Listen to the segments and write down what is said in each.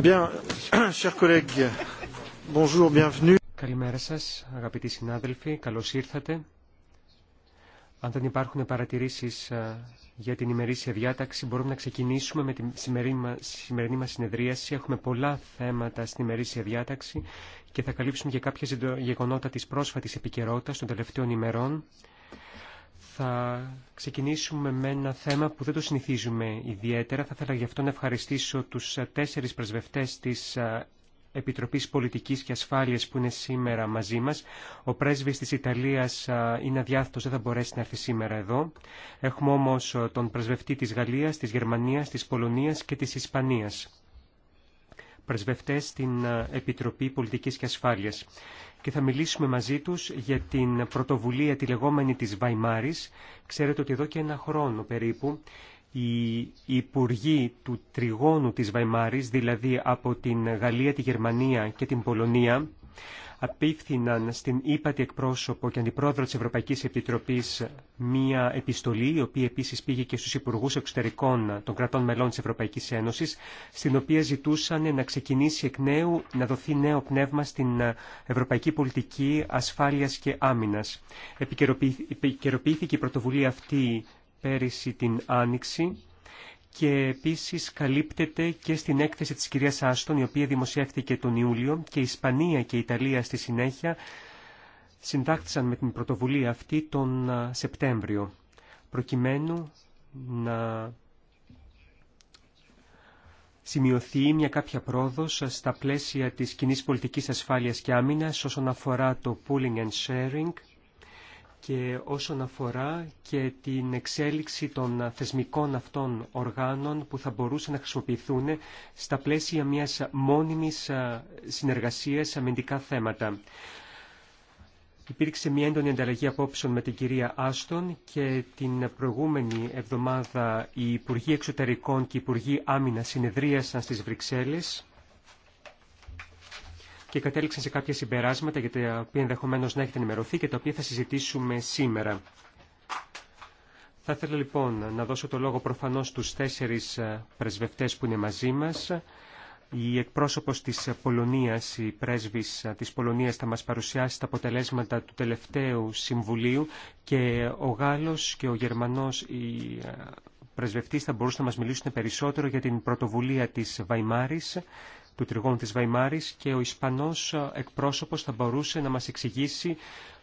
Καλημέρα σας, αγαπητοί συνάδελφοι, καλώς ήρθατε. Αν δεν υπάρχουν παρατηρήσεις ε, για την ημερήσια διάταξη, μπορούμε να ξεκινήσουμε με τη σημερινή μας συνεδρίαση. Έχουμε πολλά θέματα στην ημερήσια διάταξη και θα καλύψουμε και κάποια γεγονότα της πρόσφατης επικαιρότητα των τελευταίων ημερών. Θα ξεκινήσουμε με ένα θέμα που δεν το συνηθίζουμε ιδιαίτερα. Θα ήθελα γι' αυτό να ευχαριστήσω τους τέσσερις πρεσβευτές της ε, Επιτροπής Πολιτικής και Ασφάλειας που είναι σήμερα μαζί μας. Ο πρέσβης της Ιταλίας ε, είναι αδιάθετος, δεν θα μπορέσει να έρθει σήμερα εδώ. Έχουμε όμως ε, τον πρεσβευτή της Γαλλίας, της Γερμανίας, της Πολωνίας και της Ισπανίας. Πρεσβευτές στην Επιτροπή Πολιτικής και Ασφάλειας και θα μιλήσουμε μαζί τους για την πρωτοβουλία τη λεγόμενη της Βαϊμάρης. Ξέρετε ότι εδώ και ένα χρόνο περίπου οι υπουργοί του τριγώνου της Βαϊμάρης, δηλαδή από την Γαλλία, τη Γερμανία και την Πολωνία, απίφθηναν στην ύπατη εκπρόσωπο και αντιπρόεδρο της Ευρωπαϊκής Επιτροπής μία επιστολή, η οποία επίσης πήγε και στους Υπουργούς Εξωτερικών των κρατών μελών της Ευρωπαϊκής Ένωσης, στην οποία ζητούσαν να ξεκινήσει εκ νέου, να δοθεί νέο πνεύμα στην Ευρωπαϊκή Πολιτική Ασφάλειας και Άμυνας. Επικαιροποιήθηκε η πρωτοβουλία αυτή πέρυσι την Άνοιξη και επίσης καλύπτεται και στην έκθεση της κυρίας Άστον, η οποία δημοσιεύτηκε τον Ιούλιο και η Ισπανία και η Ιταλία στη συνέχεια συντάχθησαν με την πρωτοβουλία αυτή τον Σεπτέμβριο, προκειμένου να σημειωθεί μια κάποια πρόοδος στα πλαίσια της κοινή πολιτικής ασφάλειας και άμυνας όσον αφορά το pooling and sharing, και όσον αφορά και την εξέλιξη των θεσμικών αυτών οργάνων που θα μπορούσαν να χρησιμοποιηθούν στα πλαίσια μιας μόνιμης συνεργασίας σε αμυντικά θέματα. Υπήρξε μια έντονη ανταλλαγή απόψεων με την κυρία Άστον και την προηγούμενη εβδομάδα οι Υπουργοί Εξωτερικών και οι Υπουργοί Άμυνα συνεδρίασαν στις Βρυξέλλες και κατέληξαν σε κάποια συμπεράσματα για τα οποία ενδεχομένω να έχετε ενημερωθεί και τα οποία θα συζητήσουμε σήμερα. Θα ήθελα λοιπόν να δώσω το λόγο προφανώς στους τέσσερις ε, πρεσβευτές που είναι μαζί μας. Η εκπρόσωπος της Πολωνίας, η πρέσβης ε, της Πολωνίας θα μας παρουσιάσει τα αποτελέσματα του τελευταίου συμβουλίου και ο Γάλλος και ο Γερμανός οι ε, πρεσβευτής θα μπορούσαν να μας μιλήσουν περισσότερο για την πρωτοβουλία της Βαϊμάρης του τριγών της Βαϊμάρης και ο Ισπανός εκπρόσωπος θα μπορούσε να μας εξηγήσει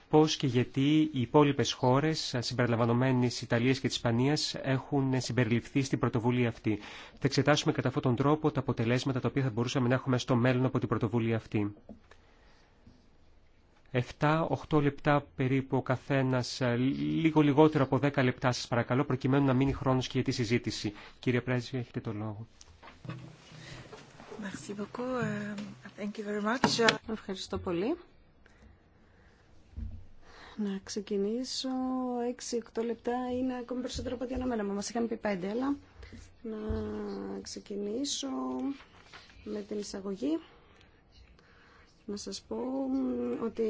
πώς και γιατί οι υπόλοιπες χώρες, συμπεριλαμβανομένης Ιταλίας και της Ισπανίας, έχουν συμπεριληφθεί στην πρωτοβουλία αυτή. Θα εξετάσουμε κατά αυτόν τον τρόπο τα αποτελέσματα τα οποία θα μπορούσαμε να έχουμε στο μέλλον από την πρωτοβουλία αυτή. 7-8 λεπτά περίπου ο καθένας, λίγο λιγότερο από 10 λεπτά σας παρακαλώ, προκειμένου να μείνει χρόνος και για τη συζήτηση. Κύριε Πρέσβη, έχετε το λόγο. Euh, Ευχαριστώ πολύ. Να ξεκινησω Έξι 6-8 λεπτά είναι ακόμη περισσότερο από ό,τι αναμέναμε. Μα είχαν πει πέντε αλλά να ξεκινήσω με την εισαγωγή. Να σας πω ότι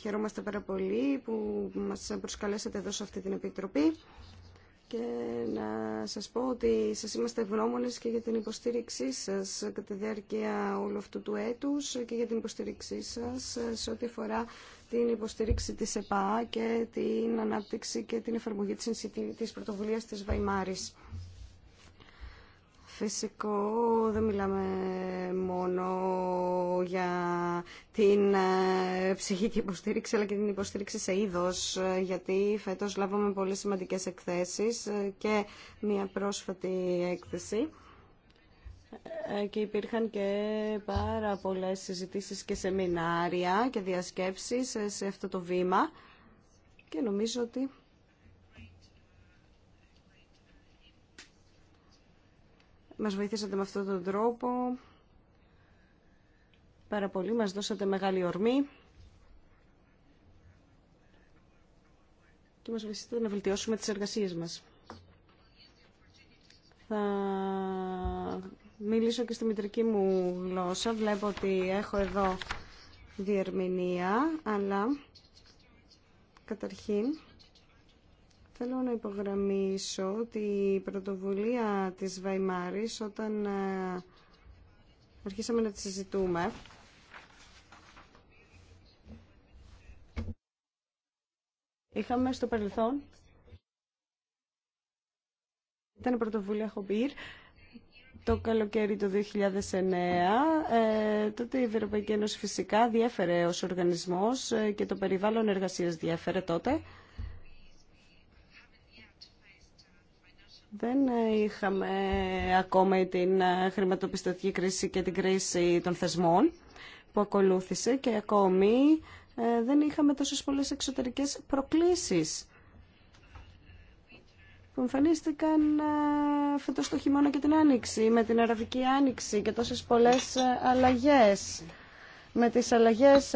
χαιρόμαστε πάρα πολύ που μας προσκαλέσατε εδώ σε αυτή την Επιτροπή και να σας πω ότι σας είμαστε ευγνώμονες και για την υποστήριξή σας κατά τη διάρκεια όλου αυτού του έτους και για την υποστήριξή σας σε ό,τι αφορά την υποστήριξη της ΕΠΑ και την ανάπτυξη και την εφαρμογή της, της πρωτοβουλίας της Βαϊμάρης. Φυσικό δεν μιλάμε μόνο για την ε, ψυχική υποστήριξη αλλά και την υποστήριξη σε είδος ε, γιατί φέτος λάβαμε πολύ σημαντικές εκθέσεις ε, και μια πρόσφατη έκθεση και υπήρχαν και πάρα πολλές συζητήσεις και σεμινάρια και διασκέψεις σε αυτό το βήμα και νομίζω ότι Μας βοηθήσατε με αυτόν τον τρόπο. Πάρα πολύ. Μας δώσατε μεγάλη ορμή. Και μας βοηθήσατε να βελτιώσουμε τις εργασίες μας. Θα μιλήσω και στη μητρική μου γλώσσα. Βλέπω ότι έχω εδώ διερμηνία, αλλά καταρχήν Θέλω να υπογραμμίσω ότι η πρωτοβουλία της Βαϊμάρης όταν ε, αρχίσαμε να τη συζητούμε είχαμε στο παρελθόν ήταν η πρωτοβουλία Χομπίρ το καλοκαίρι του 2009. Ε, τότε η Ευρωπαϊκή Ένωση φυσικά διέφερε ως οργανισμός ε, και το περιβάλλον εργασίας διέφερε τότε. Δεν είχαμε ακόμα την χρηματοπιστωτική κρίση και την κρίση των θεσμών που ακολούθησε και ακόμη ε, δεν είχαμε τόσες πολλές εξωτερικές προκλήσεις που εμφανίστηκαν ε, φέτος το χειμώνα και την Άνοιξη, με την Αραβική Άνοιξη και τόσες πολλές ε, αλλαγές. Με τις αλλαγές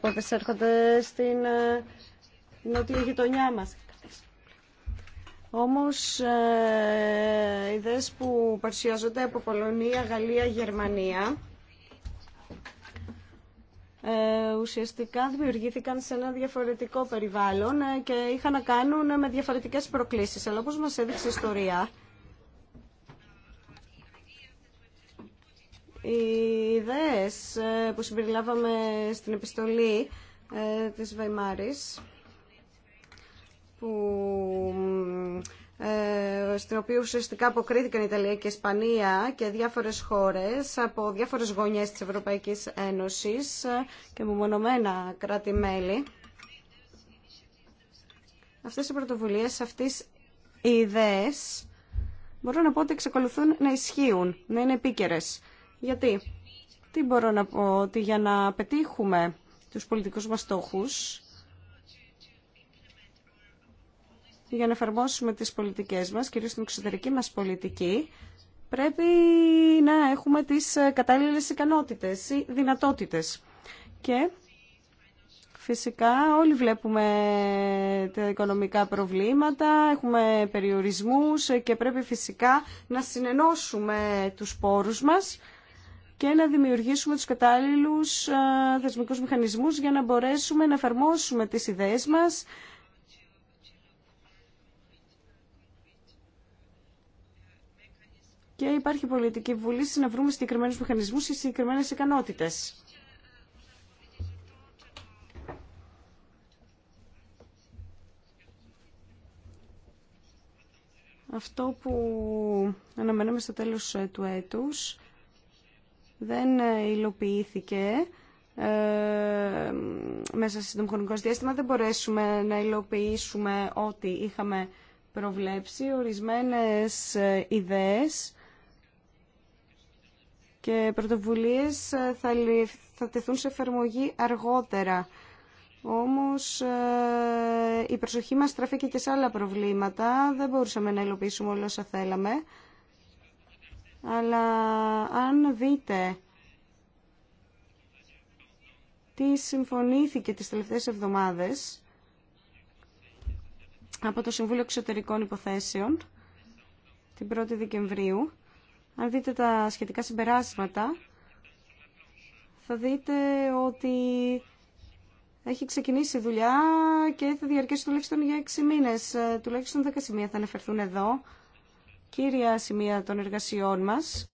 που επισέρχονται στην νότια γειτονιά μας. Όμως ε, ιδέες που παρουσιάζονται από Πολωνία, Γαλλία, Γερμανία ε, ουσιαστικά δημιουργήθηκαν σε ένα διαφορετικό περιβάλλον ε, και είχαν να κάνουν με διαφορετικές προκλήσεις. Αλλά όπως μας έδειξε η ιστορία, οι ιδέες ε, που συμπεριλάβαμε στην επιστολή ε, της Βαϊμάρης που στην οποία ουσιαστικά αποκρίθηκαν η Ιταλία και η Ισπανία και διάφορες χώρες από διάφορες γωνιές της Ευρωπαϊκής Ένωσης και μεμονωμένα κράτη-μέλη. Αυτές οι πρωτοβουλίες, αυτές οι ιδέες μπορώ να πω ότι εξακολουθούν να ισχύουν, να είναι επίκαιρες. Γιατί, τι μπορώ να πω, ότι για να πετύχουμε τους πολιτικούς μας στόχους για να εφαρμόσουμε τις πολιτικές μας, κυρίως την εξωτερική μας πολιτική, πρέπει να έχουμε τις ε, κατάλληλες ικανότητες ή δυνατότητες. Και φυσικά όλοι βλέπουμε τα οικονομικά προβλήματα, έχουμε περιορισμούς ε, και πρέπει φυσικά να συνενώσουμε τους πόρους μας και να δημιουργήσουμε τους κατάλληλους ε, θεσμικούς μηχανισμούς για να μπορέσουμε να εφαρμόσουμε τις ιδέες μας και υπάρχει πολιτική βούληση να βρούμε συγκεκριμένους μηχανισμούς και συγκεκριμένες ικανότητες. Αυτό που αναμένουμε στο τέλος ε, του έτους δεν ε, υλοποιήθηκε ε, μέσα σε σύντομο χρονικό διάστημα. Δεν μπορέσουμε να υλοποιήσουμε ό,τι είχαμε προβλέψει. Ορισμένες ε, ιδέες και πρωτοβουλίες θα, θα τεθούν σε εφαρμογή αργότερα. Όμως ε, η προσοχή μας στράφηκε και σε άλλα προβλήματα. Δεν μπορούσαμε να υλοποιήσουμε όλα όσα θέλαμε. Αλλά αν δείτε τι συμφωνήθηκε τις τελευταίες εβδομάδες από το Συμβούλιο Εξωτερικών Υποθέσεων την 1η Δεκεμβρίου αν δείτε τα σχετικά συμπεράσματα, θα δείτε ότι έχει ξεκινήσει η δουλειά και θα διαρκέσει τουλάχιστον για 6 μήνες. Ε, τουλάχιστον 10 σημεία θα αναφερθούν εδώ, κύρια σημεία των εργασιών μας.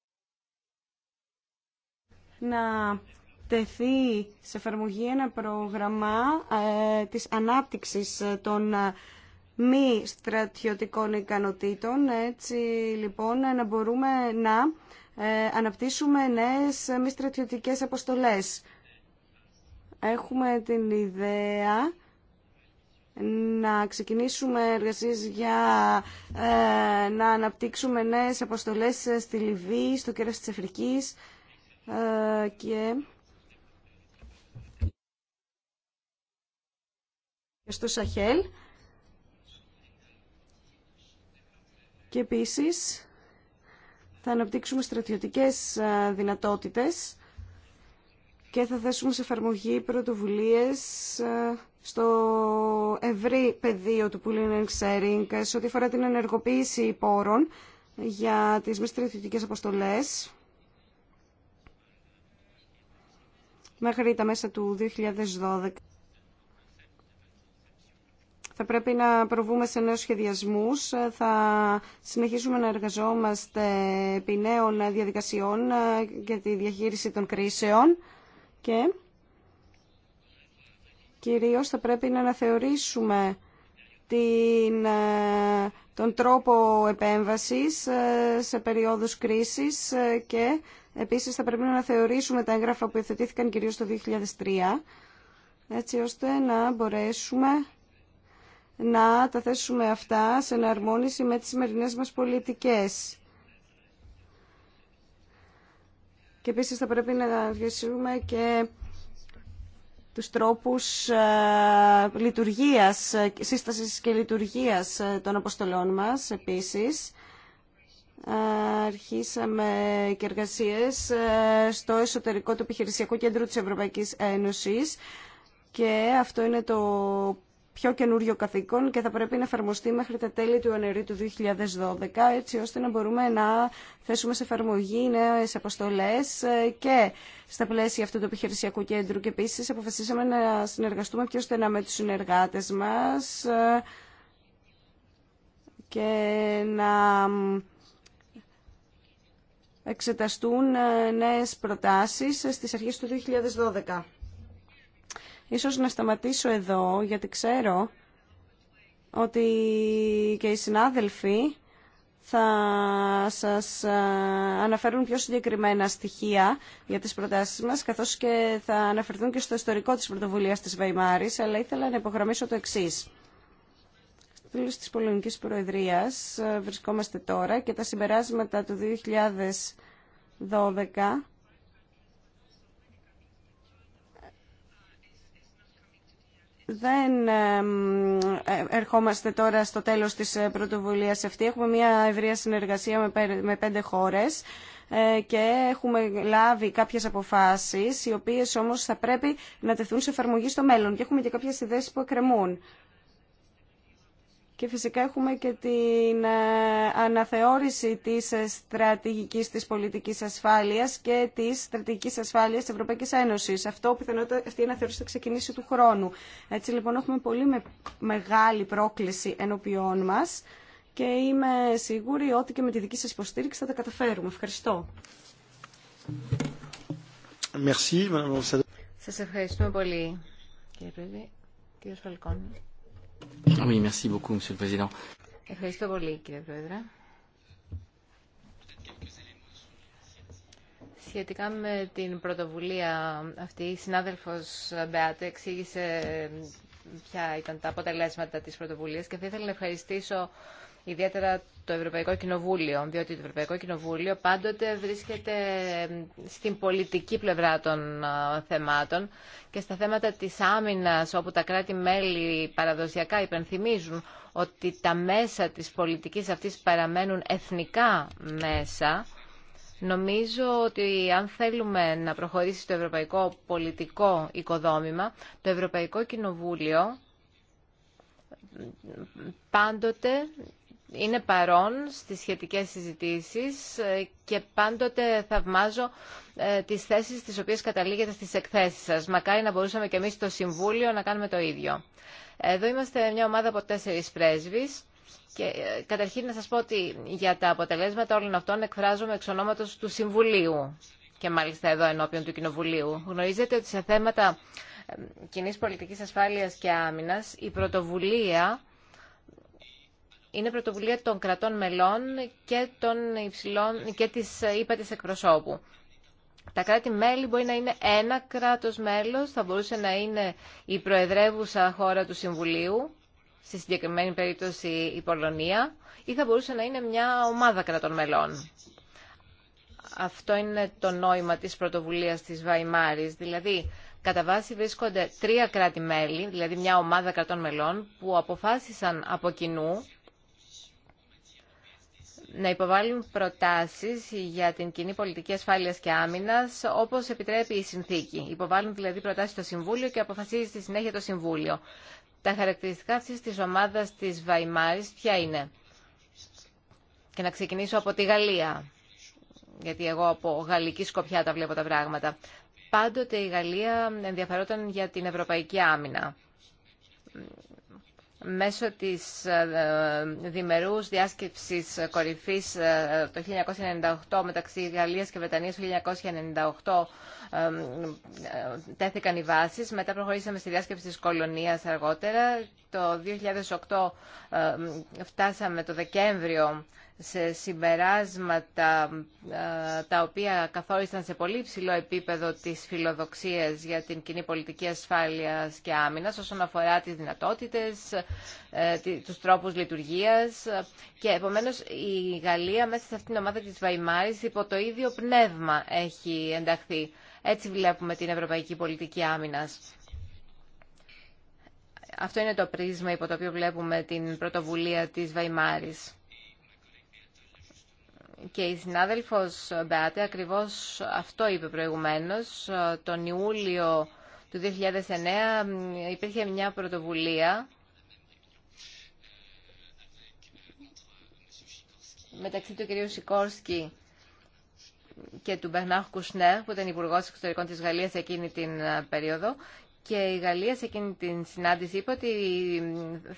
Να τεθεί σε εφαρμογή ένα πρόγραμμα ε, της ανάπτυξης ε, των ε, μη στρατιωτικών ικανοτήτων, έτσι λοιπόν να μπορούμε να ε, αναπτύσσουμε νέες μη στρατιωτικές αποστολές. Έχουμε την ιδέα να ξεκινήσουμε εργασίες για ε, να αναπτύξουμε νέες αποστολές στη Λιβύη, στο κέρας της Αφρικής ε, και στο Σαχέλ. Και επίσης θα αναπτύξουμε στρατιωτικές δυνατότητες και θα θέσουμε σε εφαρμογή πρωτοβουλίες στο ευρύ πεδίο του pooling and sharing σε ό,τι αφορά την ενεργοποίηση πόρων για τις μη στρατιωτικές αποστολές μέχρι τα μέσα του 2012 θα πρέπει να προβούμε σε νέους σχεδιασμούς, θα συνεχίσουμε να εργαζόμαστε επί νέων διαδικασιών για τη διαχείριση των κρίσεων και κυρίως θα πρέπει να αναθεωρήσουμε την, τον τρόπο επέμβασης ε, σε περίοδους κρίσης ε, και επίσης θα πρέπει να θεωρήσουμε τα έγγραφα που υιοθετήθηκαν κυρίως το 2003 έτσι ώστε να μπορέσουμε να τα θέσουμε αυτά σε εναρμόνιση με τις σημερινές μας πολιτικές. Και επίσης θα πρέπει να διασύρουμε και τους τρόπους ε, λειτουργίας, σύστασης και λειτουργίας ε, των αποστολών μας επίσης. Ε, αρχίσαμε και εργασίες στο εσωτερικό του επιχειρησιακού κέντρου της Ευρωπαϊκής Ένωσης και αυτό είναι το πιο καινούριο καθήκον και θα πρέπει να εφαρμοστεί μέχρι τα τέλη του Ιανουαρίου του 2012, έτσι ώστε να μπορούμε να θέσουμε σε εφαρμογή νέε αποστολέ ε, και στα πλαίσια αυτού του επιχειρησιακού κέντρου. Και επίση αποφασίσαμε να συνεργαστούμε πιο στενά με του συνεργάτε μα ε, και να εξεταστούν ε, νέες προτάσεις στις αρχές του 2012. Ίσως να σταματήσω εδώ γιατί ξέρω ότι και οι συνάδελφοι θα σας ε, αναφέρουν πιο συγκεκριμένα στοιχεία για τις προτάσεις μας, καθώς και θα αναφερθούν και στο ιστορικό της πρωτοβουλίας της Βαϊμάρης, αλλά ήθελα να υπογραμμίσω το εξής. Στην της Πολωνικής Προεδρίας ε, βρισκόμαστε τώρα και τα συμπεράσματα του 2012 δεν ε, ερχόμαστε τώρα στο τέλος της ε, πρωτοβουλίας αυτή. Έχουμε μια ευρεία συνεργασία με πέντε χώρες ε, και έχουμε λάβει κάποιες αποφάσεις, οι οποίες όμως θα πρέπει να τεθούν σε εφαρμογή στο μέλλον. Και έχουμε και κάποιες ιδέες που εκκρεμούν. Και φυσικά έχουμε και την ε, αναθεώρηση της ε, στρατηγικής της πολιτικής ασφάλειας και της στρατηγικής ασφάλειας της Ευρωπαϊκής Ένωσης. Αυτό πιθανότητα αυτή η αναθεώρηση θα ξεκινήσει του χρόνου. Έτσι λοιπόν έχουμε πολύ μεγάλη πρόκληση ενωπιών μας και είμαι σίγουρη ότι και με τη δική σας υποστήριξη θα τα καταφέρουμε. Ευχαριστώ. Σας ευχαριστούμε πολύ, κύριε Ευχαριστώ πολύ, κύριε Πρόεδρε. Σχετικά με την πρωτοβουλία αυτή, η συνάδελφος Μπεάτε εξήγησε ποια ήταν τα αποτελέσματα της πρωτοβουλίας και θα ήθελα να ευχαριστήσω ιδιαίτερα το Ευρωπαϊκό Κοινοβούλιο, διότι το Ευρωπαϊκό Κοινοβούλιο πάντοτε βρίσκεται στην πολιτική πλευρά των θεμάτων και στα θέματα της άμυνας, όπου τα κράτη-μέλη παραδοσιακά υπενθυμίζουν ότι τα μέσα της πολιτικής αυτής παραμένουν εθνικά μέσα, Νομίζω ότι αν θέλουμε να προχωρήσει το ευρωπαϊκό πολιτικό οικοδόμημα, το Ευρωπαϊκό Κοινοβούλιο πάντοτε είναι παρόν στις σχετικές συζητήσεις ε, και πάντοτε θαυμάζω ε, τις θέσεις τις οποίες καταλήγετε στις εκθέσεις σας. Μακάρι να μπορούσαμε και εμείς στο Συμβούλιο να κάνουμε το ίδιο. Εδώ είμαστε μια ομάδα από τέσσερις πρέσβεις και ε, καταρχήν να σας πω ότι για τα αποτελέσματα όλων αυτών εκφράζομαι εξ ονόματος του Συμβουλίου και μάλιστα εδώ ενώπιον του Κοινοβουλίου. Γνωρίζετε ότι σε θέματα ε, κοινή πολιτικής ασφάλειας και άμυνας η πρωτοβουλία είναι πρωτοβουλία των κρατών μελών και, των υψηλών, και της ΥΠΑ ε, εκπροσώπου. Τα κράτη-μέλη μπορεί να είναι ένα κράτος μέλος, θα μπορούσε να είναι η προεδρεύουσα χώρα του Συμβουλίου στη συγκεκριμένη περίπτωση η Πολωνία ή θα μπορούσε να είναι μια ομάδα κρατών μελών. Αυτό είναι το νόημα της πρωτοβουλίας της Βαϊμάρης. Δηλαδή, κατά βάση βρίσκονται τρία κράτη-μέλη, δηλαδή μια ομάδα κρατών μελών, που αποφάσισαν από κοινού να υποβάλουν προτάσεις για την κοινή πολιτική ασφάλειας και άμυνας, όπως επιτρέπει η συνθήκη. Υποβάλουν, δηλαδή προτάσεις στο Συμβούλιο και αποφασίζει στη συνέχεια το Συμβούλιο τα χαρακτηριστικά αυτή της ομάδα της Βαϊμάρη ποια είναι. Και να ξεκινήσω από τη Γαλλία, γιατί εγώ από γαλλική σκοπιά τα βλέπω τα πράγματα. Πάντοτε η Γαλλία ενδιαφερόταν για την ευρωπαϊκή άμυνα μέσω της ε, ε, διμερούς διάσκεψης ε, κορυφής το 1998 μεταξύ Γαλλίας και Βρετανίας το 1998 τέθηκαν οι βάσεις. Μετά προχωρήσαμε στη διάσκεψη της Κολονίας αργότερα. Το 2008 φτάσαμε το Δεκέμβριο σε συμπεράσματα ε, τα οποία καθόρισαν σε πολύ ψηλό επίπεδο τις φιλοδοξίες για την κοινή πολιτική ασφάλειας και άμυνας όσον αφορά τις δυνατότητες, ε, τους τρόπους λειτουργίας και επομένως η Γαλλία μέσα σε αυτήν την ομάδα της Βαϊμάρης υπό το ίδιο πνεύμα έχει ενταχθεί. Έτσι βλέπουμε την ευρωπαϊκή πολιτική άμυνας. Αυτό είναι το πρίσμα υπό το οποίο βλέπουμε την πρωτοβουλία της Βαϊμάρης και η συνάδελφος Μπεάτε ακριβώς αυτό είπε προηγουμένως. Τον Ιούλιο του 2009 υπήρχε μια πρωτοβουλία μεταξύ του κυρίου Σικόρσκι και του Μπερνάχ Κουσνέ, που ήταν Υπουργό Εξωτερικών της Γαλλίας εκείνη την περίοδο, και η Γαλλία σε εκείνη την συνάντηση είπε ότι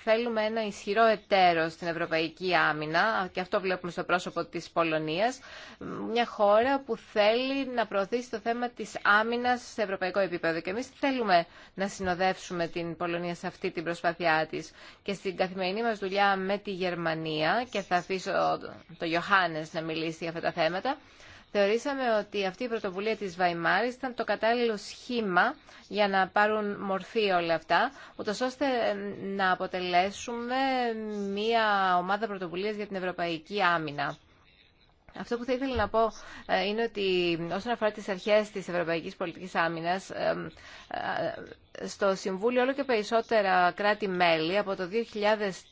θέλουμε ένα ισχυρό εταίρο στην Ευρωπαϊκή Άμυνα και αυτό βλέπουμε στο πρόσωπο της Πολωνίας, μια χώρα που θέλει να προωθήσει το θέμα της άμυνας σε ευρωπαϊκό επίπεδο και εμείς θέλουμε να συνοδεύσουμε την Πολωνία σε αυτή την προσπάθειά της και στην καθημερινή μας δουλειά με τη Γερμανία και θα αφήσω το Ιωάννη να μιλήσει για αυτά τα θέματα Θεωρήσαμε ότι αυτή η πρωτοβουλία της Βαϊμάρης ήταν το κατάλληλο σχήμα για να πάρουν μορφή όλα αυτά, ούτως ώστε να αποτελέσουμε μία ομάδα πρωτοβουλίας για την Ευρωπαϊκή Άμυνα. Αυτό που θα ήθελα να πω ε, είναι ότι όσον αφορά τις αρχές της Ευρωπαϊκής Πολιτικής Άμυνας, ε, ε, στο Συμβούλιο όλο και περισσότερα κράτη-μέλη από το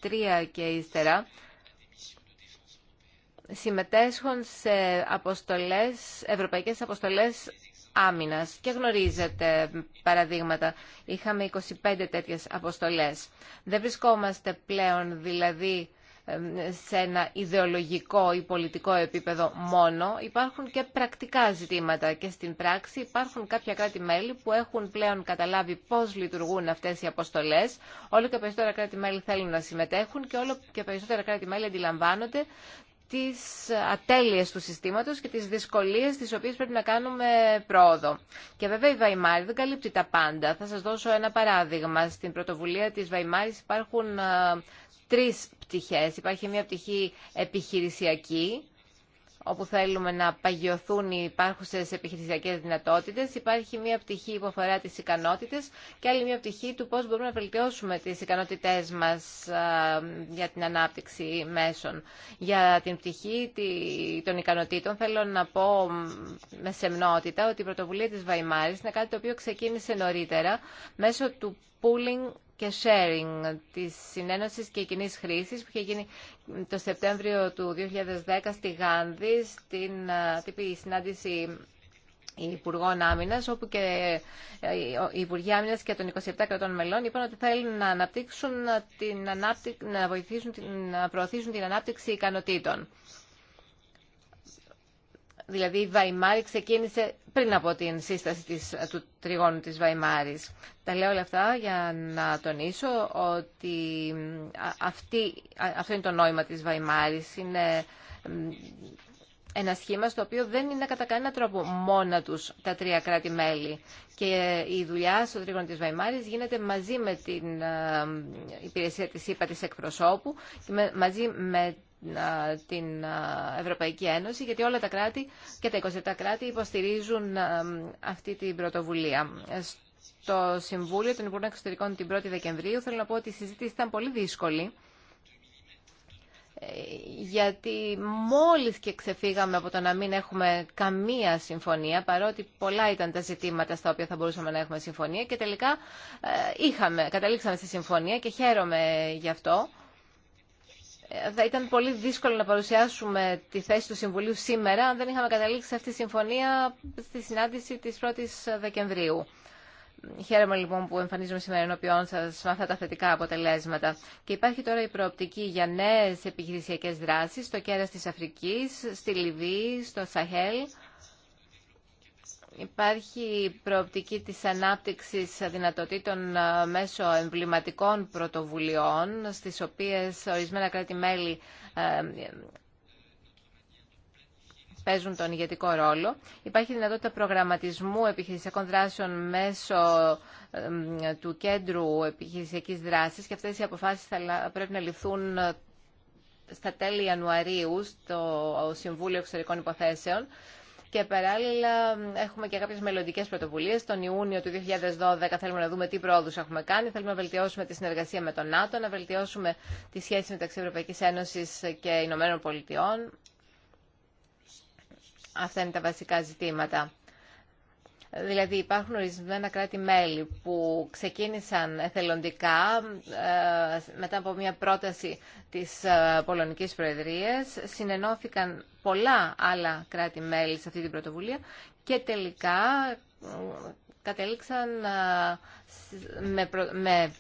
2003 και ύστερα Συμμετέχουν σε αποστολές, ευρωπαϊκές αποστολές άμυνας και γνωρίζετε παραδείγματα. Είχαμε 25 τέτοιες αποστολές. Δεν βρισκόμαστε πλέον δηλαδή σε ένα ιδεολογικό ή πολιτικό επίπεδο μόνο, υπάρχουν και πρακτικά ζητήματα και στην πράξη υπάρχουν κάποια κράτη-μέλη που έχουν πλέον καταλάβει πώς λειτουργούν αυτές οι αποστολές. Όλο και περισσότερα κράτη-μέλη θέλουν να συμμετέχουν και όλο και περισσότερα κράτη-μέλη αντιλαμβάνονται τις ατέλειες του συστήματος και τις δυσκολίες τις οποίες πρέπει να κάνουμε πρόοδο. Και βέβαια η Βαϊμάρη δεν καλύπτει τα πάντα. Θα σας δώσω ένα παράδειγμα. Στην πρωτοβουλία της Βαϊμάρης υπάρχουν ε, τρεις πτυχές. Υπάρχει μια πτυχή επιχειρησιακή, όπου θέλουμε να παγιωθούν οι υπάρχουσες επιχειρησιακές δυνατότητες. Υπάρχει μια πτυχή που αφορά τι ικανότητε και άλλη μια πτυχή του πώς μπορούμε να βελτιώσουμε τις ικανότητές μας για την ανάπτυξη μέσων. Για την πτυχή των ικανοτήτων θέλω να πω με σεμνότητα ότι η πρωτοβουλία τη Βαϊμάρη είναι κάτι το οποίο ξεκίνησε νωρίτερα μέσω του pooling και sharing της συνένωσης και κοινή χρήση που είχε γίνει το Σεπτέμβριο του 2010 στη Γάνδη στην τύπη συνάντηση Υπουργών Άμυνα, όπου και ε, οι Υπουργοί Άμυνα και των 27 κρατών μελών είπαν ότι θέλουν να, αναπτύξουν την ανάπτυξη, να, βοηθήσουν, να προωθήσουν την ανάπτυξη ικανοτήτων δηλαδή η Βαϊμάρη ξεκίνησε πριν από την σύσταση του τριγώνου της Βαϊμάρης. Τα λέω όλα αυτά για να τονίσω ότι αυτή, αυτό είναι το νόημα της Βαϊμάρης. Είναι ένα σχήμα στο οποίο δεν είναι κατά κανένα τρόπο μόνα τους τα τρία κράτη-μέλη. Και η δουλειά στο τρίγωνο της Βαϊμάρης γίνεται μαζί με την ε, υπηρεσία της ΥΠΑ της εκπροσώπου και μαζί με την Ευρωπαϊκή Ένωση, γιατί όλα τα κράτη και τα 27 κράτη υποστηρίζουν αυτή την πρωτοβουλία. Στο Συμβούλιο των Υπουργών Εξωτερικών την 1η Δεκεμβρίου θέλω να πω ότι η συζήτηση ήταν πολύ δύσκολη ε, γιατί μόλις και ξεφύγαμε από το να μην έχουμε καμία συμφωνία, παρότι πολλά ήταν τα ζητήματα στα οποία θα μπορούσαμε να έχουμε συμφωνία και τελικά ε, είχαμε, καταλήξαμε στη συμφωνία και χαίρομαι γι' αυτό θα ήταν πολύ δύσκολο να παρουσιάσουμε τη θέση του Συμβουλίου σήμερα αν δεν είχαμε καταλήξει αυτή τη συμφωνία στη συνάντηση της 1ης Δεκεμβρίου. Χαίρομαι λοιπόν που εμφανίζουμε σήμερα ενώπιόν σα με αυτά τα θετικά αποτελέσματα. Και υπάρχει τώρα η προοπτική για νέε επιχειρησιακέ δράσει στο κέρα τη Αφρική, στη Λιβύη, στο Σαχέλ Υπάρχει προοπτική της ανάπτυξης δυνατοτήτων ε, μέσω εμβληματικών πρωτοβουλειών, στις οποίες ορισμένα κράτη-μέλη ε, παίζουν τον ηγετικό ρόλο. Υπάρχει δυνατότητα προγραμματισμού επιχειρησιακών δράσεων μέσω ε, του κέντρου επιχειρησιακής δράσης και αυτές οι αποφάσεις θα πρέπει να ληφθούν στα τέλη Ιανουαρίου στο Συμβούλιο Εξωτερικών Υποθέσεων και παράλληλα έχουμε και κάποιες μελλοντικέ πρωτοβουλίες. Τον Ιούνιο του 2012 θέλουμε να δούμε τι πρόοδους έχουμε κάνει. Θέλουμε να βελτιώσουμε τη συνεργασία με τον ΝΑΤΟ, να βελτιώσουμε τη σχέση μεταξύ Ευρωπαϊκής Ένωσης και Ηνωμένων Πολιτειών. Αυτά είναι τα βασικά ζητήματα. Δηλαδή υπάρχουν ορισμένα κράτη-μέλη που ξεκίνησαν εθελοντικά ε, μετά από μια πρόταση της ε, Πολωνικής Προεδρίας, συνενώθηκαν πολλά άλλα κράτη-μέλη σε αυτή την πρωτοβουλία και τελικά ε, κατέληξαν με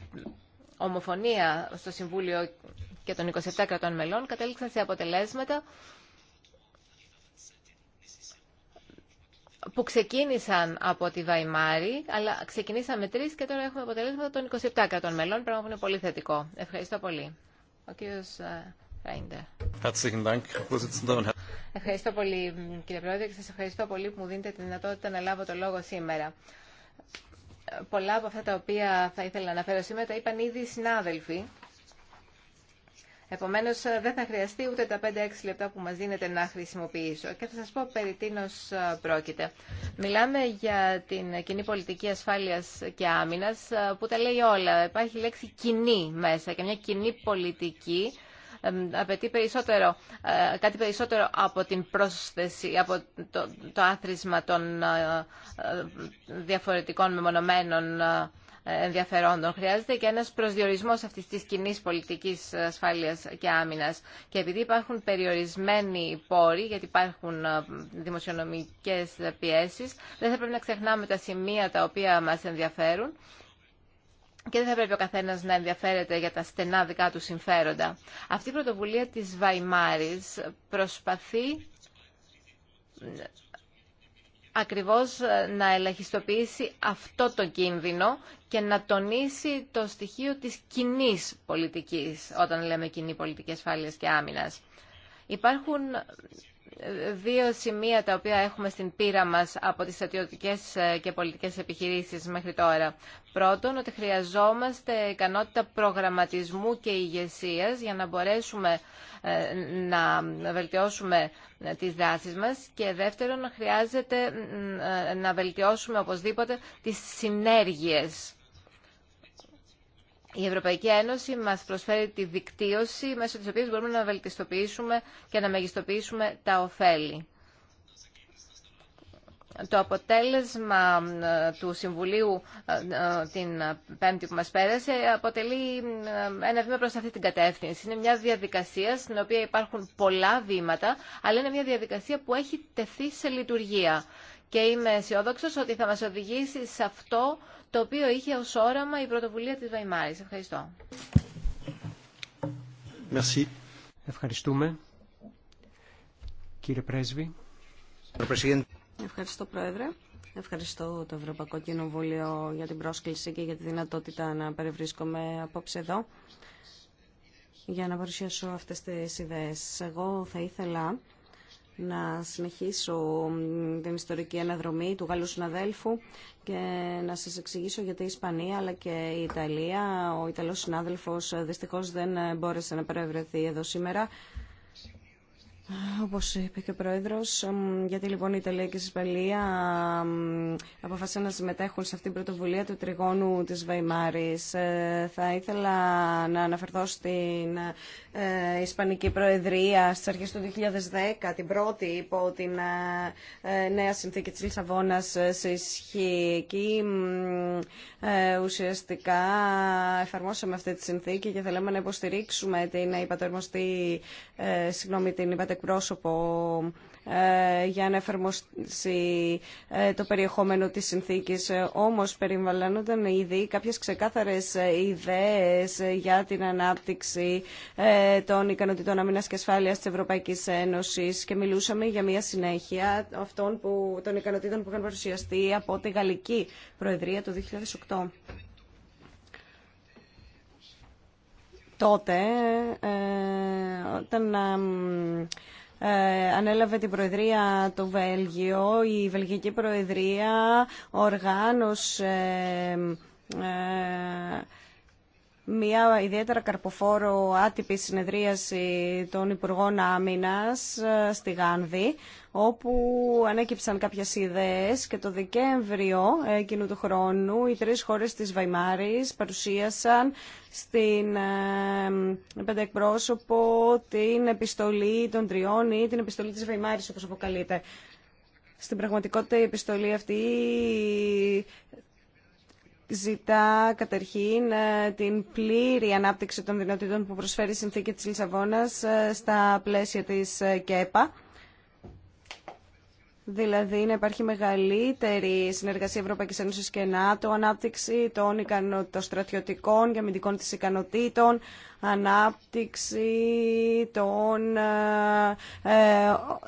ομοφωνία στο Συμβούλιο και των 27 κρατών μελών, κατέληξαν σε αποτελέσματα που ξεκίνησαν από τη Βαϊμάρη, αλλά ξεκινήσαμε τρει και τώρα έχουμε αποτελέσματα των 27 κρατών μελών, πράγμα που είναι πολύ θετικό. Ευχαριστώ πολύ. Ο κύριος ε, Ράιντερ. Ευχαριστώ πολύ κύριε Πρόεδρε και σα ευχαριστώ πολύ που μου δίνετε τη δυνατότητα να λάβω το λόγο σήμερα. Πολλά από αυτά τα οποία θα ήθελα να αναφέρω σήμερα τα είπαν ήδη οι συνάδελφοι. Επομένως ε, δεν θα χρειαστεί ούτε τα 5-6 λεπτά που μας δίνετε να χρησιμοποιήσω. Και θα σας πω περί τίνος ε, πρόκειται. Μιλάμε για την κοινή πολιτική ασφάλεια και άμυνας ε, που τα λέει όλα. Υπάρχει λέξη κοινή μέσα και μια κοινή πολιτική απαιτεί περισσότερο, κάτι περισσότερο από την πρόσθεση, από το, το άθροισμα των διαφορετικών μεμονωμένων ενδιαφερόντων. Χρειάζεται και ένας προσδιορισμός αυτής της κοινή πολιτικής ασφάλειας και άμυνας. Και επειδή υπάρχουν περιορισμένοι πόροι, γιατί υπάρχουν ε, δημοσιονομικές πιέσεις, δεν θα πρέπει να ξεχνάμε τα σημεία τα οποία μας ενδιαφέρουν και δεν θα πρέπει ο καθένα να ενδιαφέρεται για τα στενά δικά του συμφέροντα. Αυτή η πρωτοβουλία τη Βαϊμάρη προσπαθεί ε, ακριβώς ε, να ελαχιστοποιήσει αυτό το κίνδυνο και να τονίσει το στοιχείο της κοινή πολιτικής, όταν λέμε κοινή πολιτική ασφάλειας και άμυνας. Υπάρχουν δύο σημεία τα οποία έχουμε στην πείρα μας από τις στρατιωτικές ε, και πολιτικές επιχειρήσεις μέχρι τώρα. Πρώτον, ότι χρειαζόμαστε ικανότητα προγραμματισμού και ηγεσία για να μπορέσουμε ε, να βελτιώσουμε ε, τις δράσεις μας και δεύτερον, χρειάζεται να βελτιώσουμε οπωσδήποτε τις συνέργειες η Ευρωπαϊκή Ένωση μας προσφέρει τη δικτύωση μέσω τη οποία μπορούμε να βελτιστοποιήσουμε και να μεγιστοποιήσουμε τα ωφέλη. Το αποτέλεσμα ε, του Συμβουλίου ε, ε, την Πέμπτη που μας πέρασε αποτελεί ένα βήμα προς αυτή την κατεύθυνση. Είναι μια διαδικασία στην οποία υπάρχουν πολλά βήματα, αλλά είναι μια διαδικασία που έχει τεθεί σε λειτουργία. Και είμαι αισιόδοξο ότι θα μας οδηγήσει σε αυτό το οποίο είχε ως όραμα η πρωτοβουλία της Βαϊμάρης. Ευχαριστώ. Merci. Ευχαριστούμε. Κύριε Πρέσβη. Ευχαριστώ, Πρόεδρε. Ευχαριστώ το Ευρωπαϊκό Κοινοβούλιο για την πρόσκληση και για τη δυνατότητα να περιβρίσκομαι απόψε εδώ για να παρουσιάσω αυτές τις ιδέες. Εγώ θα ήθελα να συνεχίσω την ιστορική αναδρομή του Γάλλου συναδέλφου και να σας εξηγήσω γιατί η Ισπανία αλλά και η Ιταλία, ο Ιταλός συνάδελφος ε, δυστυχώς δεν μπόρεσε να παρευρεθεί εδώ σήμερα, Όπω είπε και ο Πρόεδρος, γιατί λοιπόν η Ιταλία και η Ισπανία αποφάσισαν να συμμετέχουν σε αυτήν την πρωτοβουλία του τριγώνου της Βαϊμάρη. Ε, θα ήθελα να αναφερθώ στην ε, Ισπανική Προεδρία στι αρχέ του 2010, την πρώτη υπό την ε, νέα συνθήκη τη Λισαβόνα σε ισχύ. Εκεί ουσιαστικά εφαρμόσαμε αυτή τη συνθήκη και θέλαμε να υποστηρίξουμε την, υπατορμοστή, συγγνώμη, την εκπρόσωπο ε, για να εφαρμοστεί ε, το περιεχόμενο της συνθήκης. Ε, όμως περιβαλλάνονταν ήδη κάποιες ξεκάθαρες ιδέες για την ανάπτυξη των ικανοτήτων αμήνας και ασφάλειας της Ευρωπαϊκής Ένωσης και μιλούσαμε για μια συνέχεια αυτών που, των ικανοτήτων που είχαν παρουσιαστεί από τη Γαλλική Προεδρία το 2008. τότε ε, όταν ε, ανέλαβε την Προεδρία το Βέλγιο, η Βελγική Προεδρία οργάνωσε ε, μια ιδιαίτερα καρποφόρο άτυπη συνεδρίαση των Υπουργών Άμυνας ε, στη Γάνδη, όπου ανέκυψαν κάποιες ιδέες και το Δεκέμβριο εκείνου του χρόνου οι τρεις χώρες της Βαϊμάρης παρουσίασαν στην ε, πέντε εκπρόσωπο την επιστολή των τριών ή την επιστολή της Βαϊμάρης όπως αποκαλείται. Στην πραγματικότητα η επιστολή αυτή ζητά καταρχήν ε, την πλήρη ανάπτυξη των δυνατοτήτων που προσφέρει η συνθήκη της Λισαβόνας ε, στα πλαίσια της ε, ΚΕΠΑ. Δηλαδή να υπάρχει μεγαλύτερη συνεργασία Ευρωπαϊκή Ένωση και ΝΑΤΟ, ανάπτυξη των, στρατιωτικών και αμυντικών τη ικανοτήτων, ανάπτυξη των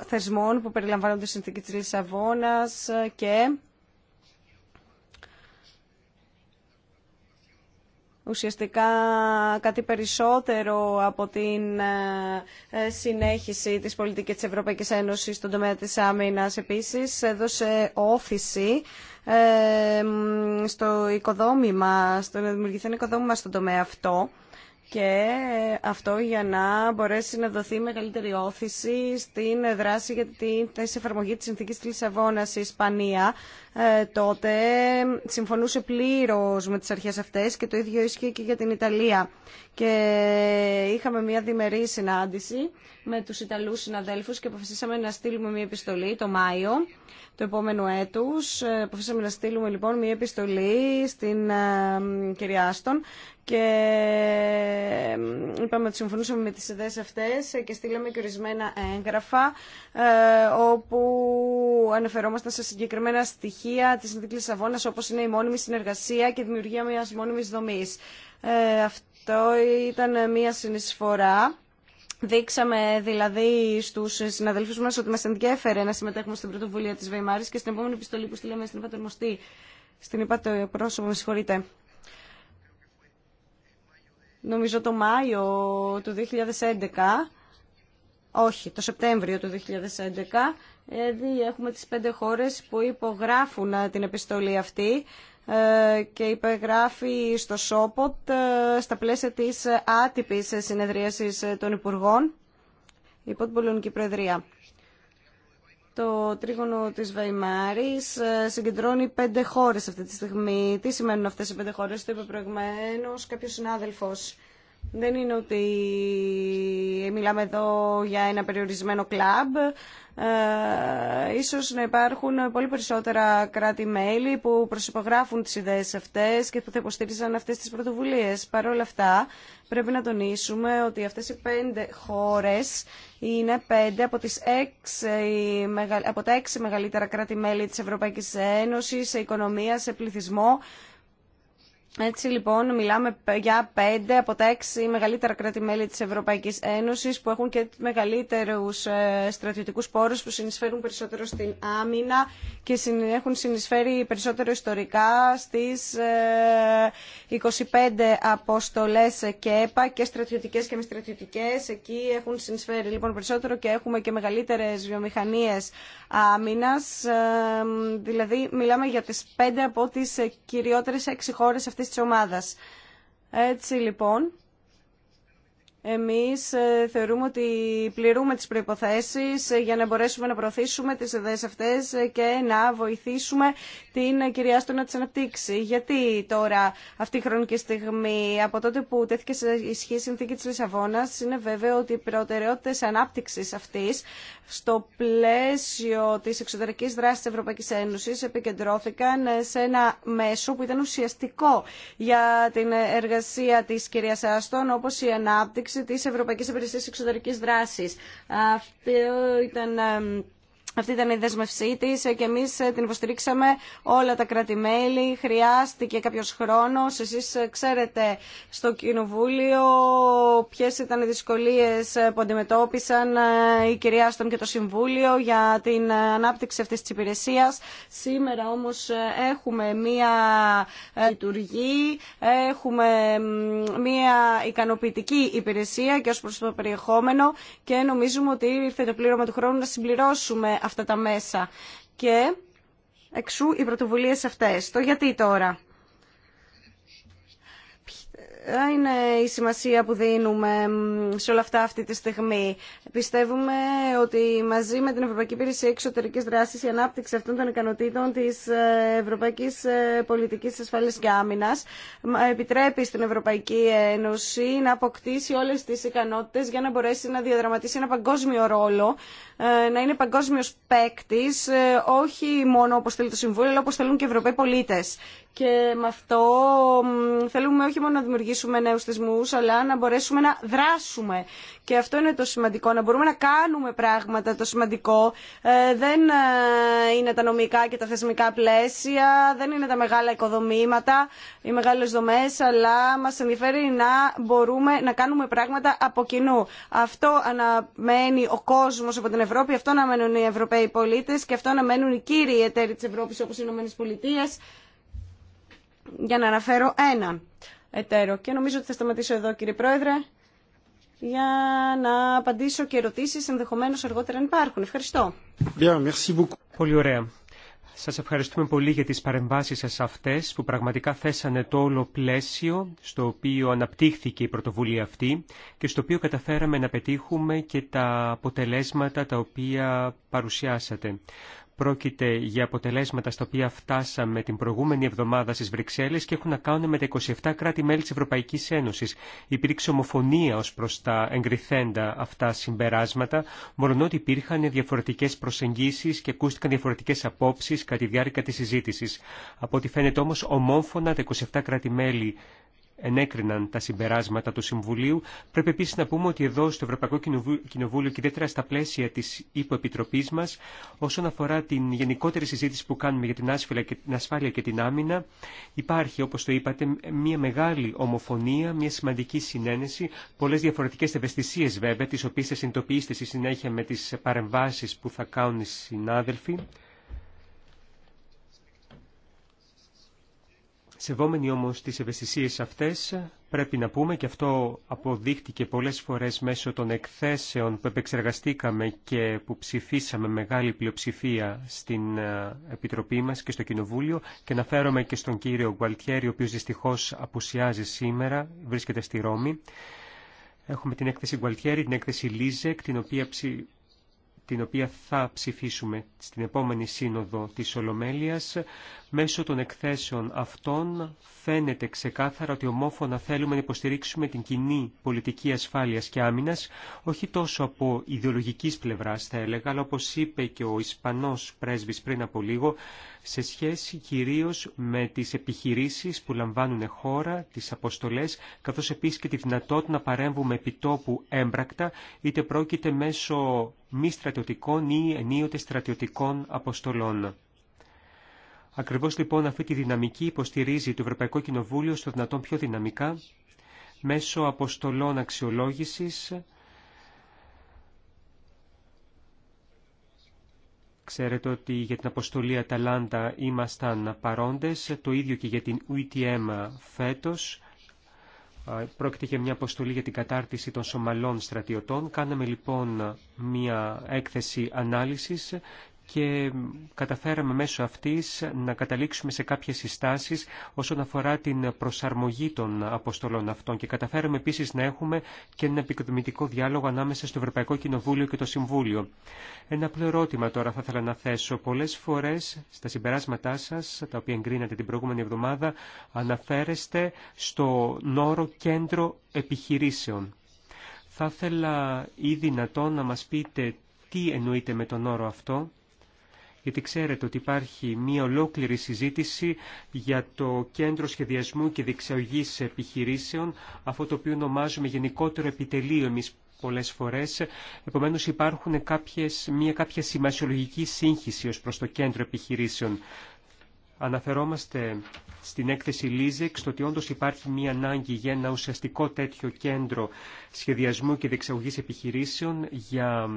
θεσμών που περιλαμβάνονται στη συνθήκη τη Λισαβόνα και ουσιαστικά κάτι περισσότερο από την ε, συνέχιση της πολιτικής της Ευρωπαϊκής Ένωσης στον τομέα της άμυνας. Επίσης, έδωσε όφηση ε, στο οικοδόμημα, στο να δημιουργηθεί ένα οικοδόμημα στον τομέα αυτό και ε, αυτό για να μπορέσει να δοθεί μεγαλύτερη όθηση στην δράση για την θέση εφαρμογή της συνθήκης της Λισαβόνας η Ισπανία ε, τότε συμφωνούσε πλήρως με τις αρχές αυτές και το ίδιο ίσχυε και για την Ιταλία και ε, είχαμε μια διμερή συνάντηση με τους Ιταλούς συναδέλφους και αποφασίσαμε να στείλουμε μια επιστολή το Μάιο του επόμενου έτους. Ε, αποφασίσαμε να στείλουμε λοιπόν μια επιστολή στην ε, κυρία Άστον και ε, είπαμε ότι συμφωνούσαμε με τις ιδέες αυτές και στείλαμε και ορισμένα έγγραφα όπου αναφερόμασταν σε συγκεκριμένα στοιχεία της Συνδίκλης αγώνας όπως είναι η μόνιμη συνεργασία και η δημιουργία μιας μόνιμης δομής. αυτό ήταν μια συνεισφορά Δείξαμε δηλαδή στου συναδελφού μα ότι μα ενδιαφέρε να συμμετέχουμε στην πρωτοβουλία τη Βεϊμάρη και στην επόμενη επιστολή που στείλαμε στην Υπατορμοστή, στην το πρόσωπο, με συγχωρείτε. Νομίζω το Μάιο του 2011, όχι, το Σεπτέμβριο του 2011, ε, έχουμε τις πέντε χώρες που υπογράφουν ε, την επιστολή αυτή ε, και υπεγράφει στο ΣΟΠΟΤ ε, στα πλαίσια της άτυπης συνεδρίασης των Υπουργών υπό την Πολωνική Προεδρία. Το τρίγωνο της Βαϊμάρης ε, συγκεντρώνει πέντε χώρες αυτή τη στιγμή. Τι σημαίνουν αυτές οι πέντε χώρες, το είπε προηγουμένως κάποιος συνάδελφος. Δεν είναι ότι μιλάμε εδώ για ένα περιορισμένο κλαμπ. Ε, ίσως να υπάρχουν πολύ περισσότερα κράτη-μέλη που προσυπογράφουν τις ιδέες αυτές και που θα υποστήριζαν αυτές τις πρωτοβουλίες. Παρ' όλα αυτά, πρέπει να τονίσουμε ότι αυτές οι πέντε χώρες είναι πέντε από, τις έξι, από τα έξι μεγαλύτερα κράτη-μέλη της Ευρωπαϊκής Ένωσης σε οικονομία, σε πληθυσμό έτσι λοιπόν μιλάμε για πέντε από τα έξι μεγαλύτερα κράτη-μέλη της Ευρωπαϊκής Ένωσης που έχουν και μεγαλύτερους ε, στρατιωτικούς πόρους που συνεισφέρουν περισσότερο στην άμυνα και έχουν συνεισφέρει περισσότερο ιστορικά στις 25 ε, αποστολές και ΕΠΑ και στρατιωτικές και μη στρατιωτικές. Εκεί έχουν συνεισφέρει λοιπόν περισσότερο και έχουμε και μεγαλύτερες βιομηχανίες άμυνας. Ε, δηλαδή μιλάμε για τις πέντε από τις κυριότερες έξι χώρες αυτή αυτής της ομάδας. Έτσι λοιπόν, εμείς ε, θεωρούμε ότι πληρούμε τις προϋποθέσεις ε, για να μπορέσουμε να προωθήσουμε τις ιδέες αυτές ε, και να βοηθήσουμε την κυρία στο να τις αναπτύξει. Γιατί τώρα αυτή η χρονική στιγμή, από τότε που τέθηκε σε ισχύ η συνθήκη της Λισαβόνας, είναι βέβαιο ότι οι προτεραιότητες ανάπτυξης αυτής στο πλαίσιο της εξωτερικής δράσης της Ευρωπαϊκής Ένωσης επικεντρώθηκαν σε ένα μέσο που ήταν ουσιαστικό για την εργασία της κυρίας Άστον, όπως η ανάπτυξη υποστήριξη της Ευρωπαϊκής Υπηρεσίας Εξωτερικής Δράσης. Αυτό ήταν αυτή ήταν η δέσμευσή τη και εμεί ε, την υποστηρίξαμε όλα τα κράτη-μέλη. Χρειάστηκε κάποιο χρόνο. Εσεί ε, ξέρετε στο Κοινοβούλιο ποιε ήταν οι δυσκολίε ε, που αντιμετώπισαν η κυρία Άστον και το Συμβούλιο για την ανάπτυξη αυτή τη υπηρεσία. Σήμερα όμω έχουμε μία λειτουργή, έχουμε μία ικανοποιητική υπηρεσία και ω προ το περιεχόμενο και νομίζουμε ότι ήρθε το πλήρωμα του χρόνου να συμπληρώσουμε αυτά τα μέσα. Και εξού οι πρωτοβουλίε αυτές. Το γιατί τώρα. Ποια είναι η σημασία που δίνουμε σε όλα αυτά αυτή τη στιγμή. Πιστεύουμε ότι μαζί με την Ευρωπαϊκή Υπηρεσία Εξωτερική δράση η ανάπτυξη αυτών των ικανοτήτων της ε, Ευρωπαϊκής ε, Πολιτικής Ασφάλειας και Άμυνας επιτρέπει στην Ευρωπαϊκή Ένωση να αποκτήσει όλε τι ικανότητε για να μπορέσει να διαδραματίσει ένα παγκόσμιο ρόλο ε, να είναι παγκόσμιος παίκτη, ε, όχι μόνο όπως θέλει το Συμβούλιο, αλλά όπως θέλουν και οι Ευρωπαίοι πολίτες. Και με αυτό θέλουμε όχι μόνο να δημιουργήσουμε νέους θεσμού, αλλά να μπορέσουμε να δράσουμε. Και αυτό είναι το σημαντικό, να μπορούμε να κάνουμε πράγματα το σημαντικό. Ε, δεν είναι τα νομικά και τα θεσμικά πλαίσια, δεν είναι τα μεγάλα οικοδομήματα, οι μεγάλε δομέ. αλλά μα ενδιαφέρει να μπορούμε να κάνουμε πράγματα από κοινού. Αυτό αναμένει ο κόσμος από την Ευρώπη, αυτό να μένουν οι Ευρωπαίοι πολίτες και αυτό να μένουν οι κύριοι εταίροι της Ευρώπης όπως οι Ηνωμένες Πολιτείες, για να αναφέρω ένα εταίρο. Και νομίζω ότι θα σταματήσω εδώ κύριε Πρόεδρε για να απαντήσω και ερωτήσεις ενδεχομένω αργότερα αν υπάρχουν. Ευχαριστώ. merci beaucoup. Πολύ ωραία. Σας ευχαριστούμε πολύ για τις παρεμβάσεις σας αυτές που πραγματικά θέσανε το όλο πλαίσιο στο οποίο αναπτύχθηκε η πρωτοβουλία αυτή και στο οποίο καταφέραμε να πετύχουμε και τα αποτελέσματα τα οποία παρουσιάσατε. Πρόκειται για αποτελέσματα στα οποία φτάσαμε την προηγούμενη εβδομάδα στις Βρυξέλλες και έχουν να κάνουν με τα 27 κράτη-μέλη της Ευρωπαϊκής Ένωσης. Υπήρξε ομοφωνία ως προς τα εγκριθέντα αυτά συμπεράσματα, μόνο ότι υπήρχαν διαφορετικές προσεγγίσεις και ακούστηκαν διαφορετικές απόψει κατά τη διάρκεια της συζήτησης. Από ό,τι φαίνεται όμως ομόφωνα τα 27 κράτη-μέλη ενέκριναν τα συμπεράσματα του Συμβουλίου. Πρέπει επίση να πούμε ότι εδώ στο Ευρωπαϊκό Κοινοβούλιο και ιδιαίτερα στα πλαίσια τη υποεπιτροπής μα, όσον αφορά την γενικότερη συζήτηση που κάνουμε για την ασφάλεια και την άμυνα, υπάρχει, όπω το είπατε, μια μεγάλη ομοφωνία, μια σημαντική συνένεση, πολλέ διαφορετικέ ευαισθησίε βέβαια, τι οποίε θα συνειδητοποιήσετε στη συνέχεια με τι παρεμβάσει που θα κάνουν οι συνάδελφοι. Σεβόμενοι όμως τις ευαισθησίες αυτές, πρέπει να πούμε, και αυτό αποδείχτηκε πολλές φορές μέσω των εκθέσεων που επεξεργαστήκαμε και που ψηφίσαμε μεγάλη πλειοψηφία στην ε, Επιτροπή μας και στο Κοινοβούλιο, και να αναφέρομαι και στον κύριο Γκουαλτιέρη, ο οποίος δυστυχώς απουσιάζει σήμερα, βρίσκεται στη Ρώμη. Έχουμε την έκθεση Γκουαλτιέρη, την έκθεση Λίζεκ, την οποία την οποία θα ψηφίσουμε στην επόμενη σύνοδο της Ολομέλειας. Μέσω των εκθέσεων αυτών φαίνεται ξεκάθαρα ότι ομόφωνα θέλουμε να υποστηρίξουμε την κοινή πολιτική ασφάλειας και άμυνας, όχι τόσο από ιδεολογικής πλευράς θα έλεγα, αλλά όπως είπε και ο Ισπανός πρέσβης πριν από λίγο, σε σχέση κυρίως με τις επιχειρήσεις που λαμβάνουν χώρα, τις αποστολές, καθώς επίσης και τη δυνατότητα να παρέμβουμε επιτόπου έμπρακτα, είτε πρόκειται μέσω μη στρατιωτικών ή ενίοτε στρατιωτικών αποστολών. Ακριβώς λοιπόν αυτή τη δυναμική υποστηρίζει το Ευρωπαϊκό Κοινοβούλιο στο δυνατόν πιο δυναμικά μέσω αποστολών αξιολόγησης. Ξέρετε ότι για την αποστολή Αταλάντα ήμασταν παρόντες, το ίδιο και για την UTM φέτος. Πρόκειται για μια αποστολή για την κατάρτιση των Σομαλών στρατιωτών. Κάναμε λοιπόν μια έκθεση ανάλυσης και καταφέραμε μέσω αυτής να καταλήξουμε σε κάποιες συστάσεις όσον αφορά την προσαρμογή των αποστολών αυτών και καταφέραμε επίσης να έχουμε και ένα επικοδομητικό διάλογο ανάμεσα στο Ευρωπαϊκό Κοινοβούλιο και το Συμβούλιο. Ένα απλό ερώτημα τώρα θα ήθελα να θέσω. Πολλές φορές στα συμπεράσματά σας, τα οποία εγκρίνατε την προηγούμενη εβδομάδα, αναφέρεστε στο νόρο κέντρο επιχειρήσεων. Θα ήθελα ή δυνατόν να μας πείτε τι εννοείται με τον όρο αυτό γιατί ξέρετε ότι υπάρχει μία ολόκληρη συζήτηση για το κέντρο σχεδιασμού και διεξαγωγής επιχειρήσεων, αυτό το οποίο ονομάζουμε γενικότερο επιτελείο εμείς πολλές φορές. Επομένως υπάρχουν κάποιες, μια κάποια σημασιολογική σύγχυση ως προς το κέντρο επιχειρήσεων. Αναφερόμαστε στην έκθεση Λίζεξ ότι όντως υπάρχει μια ανάγκη για ένα ουσιαστικό τέτοιο κέντρο σχεδιασμού και διεξαγωγής επιχειρήσεων για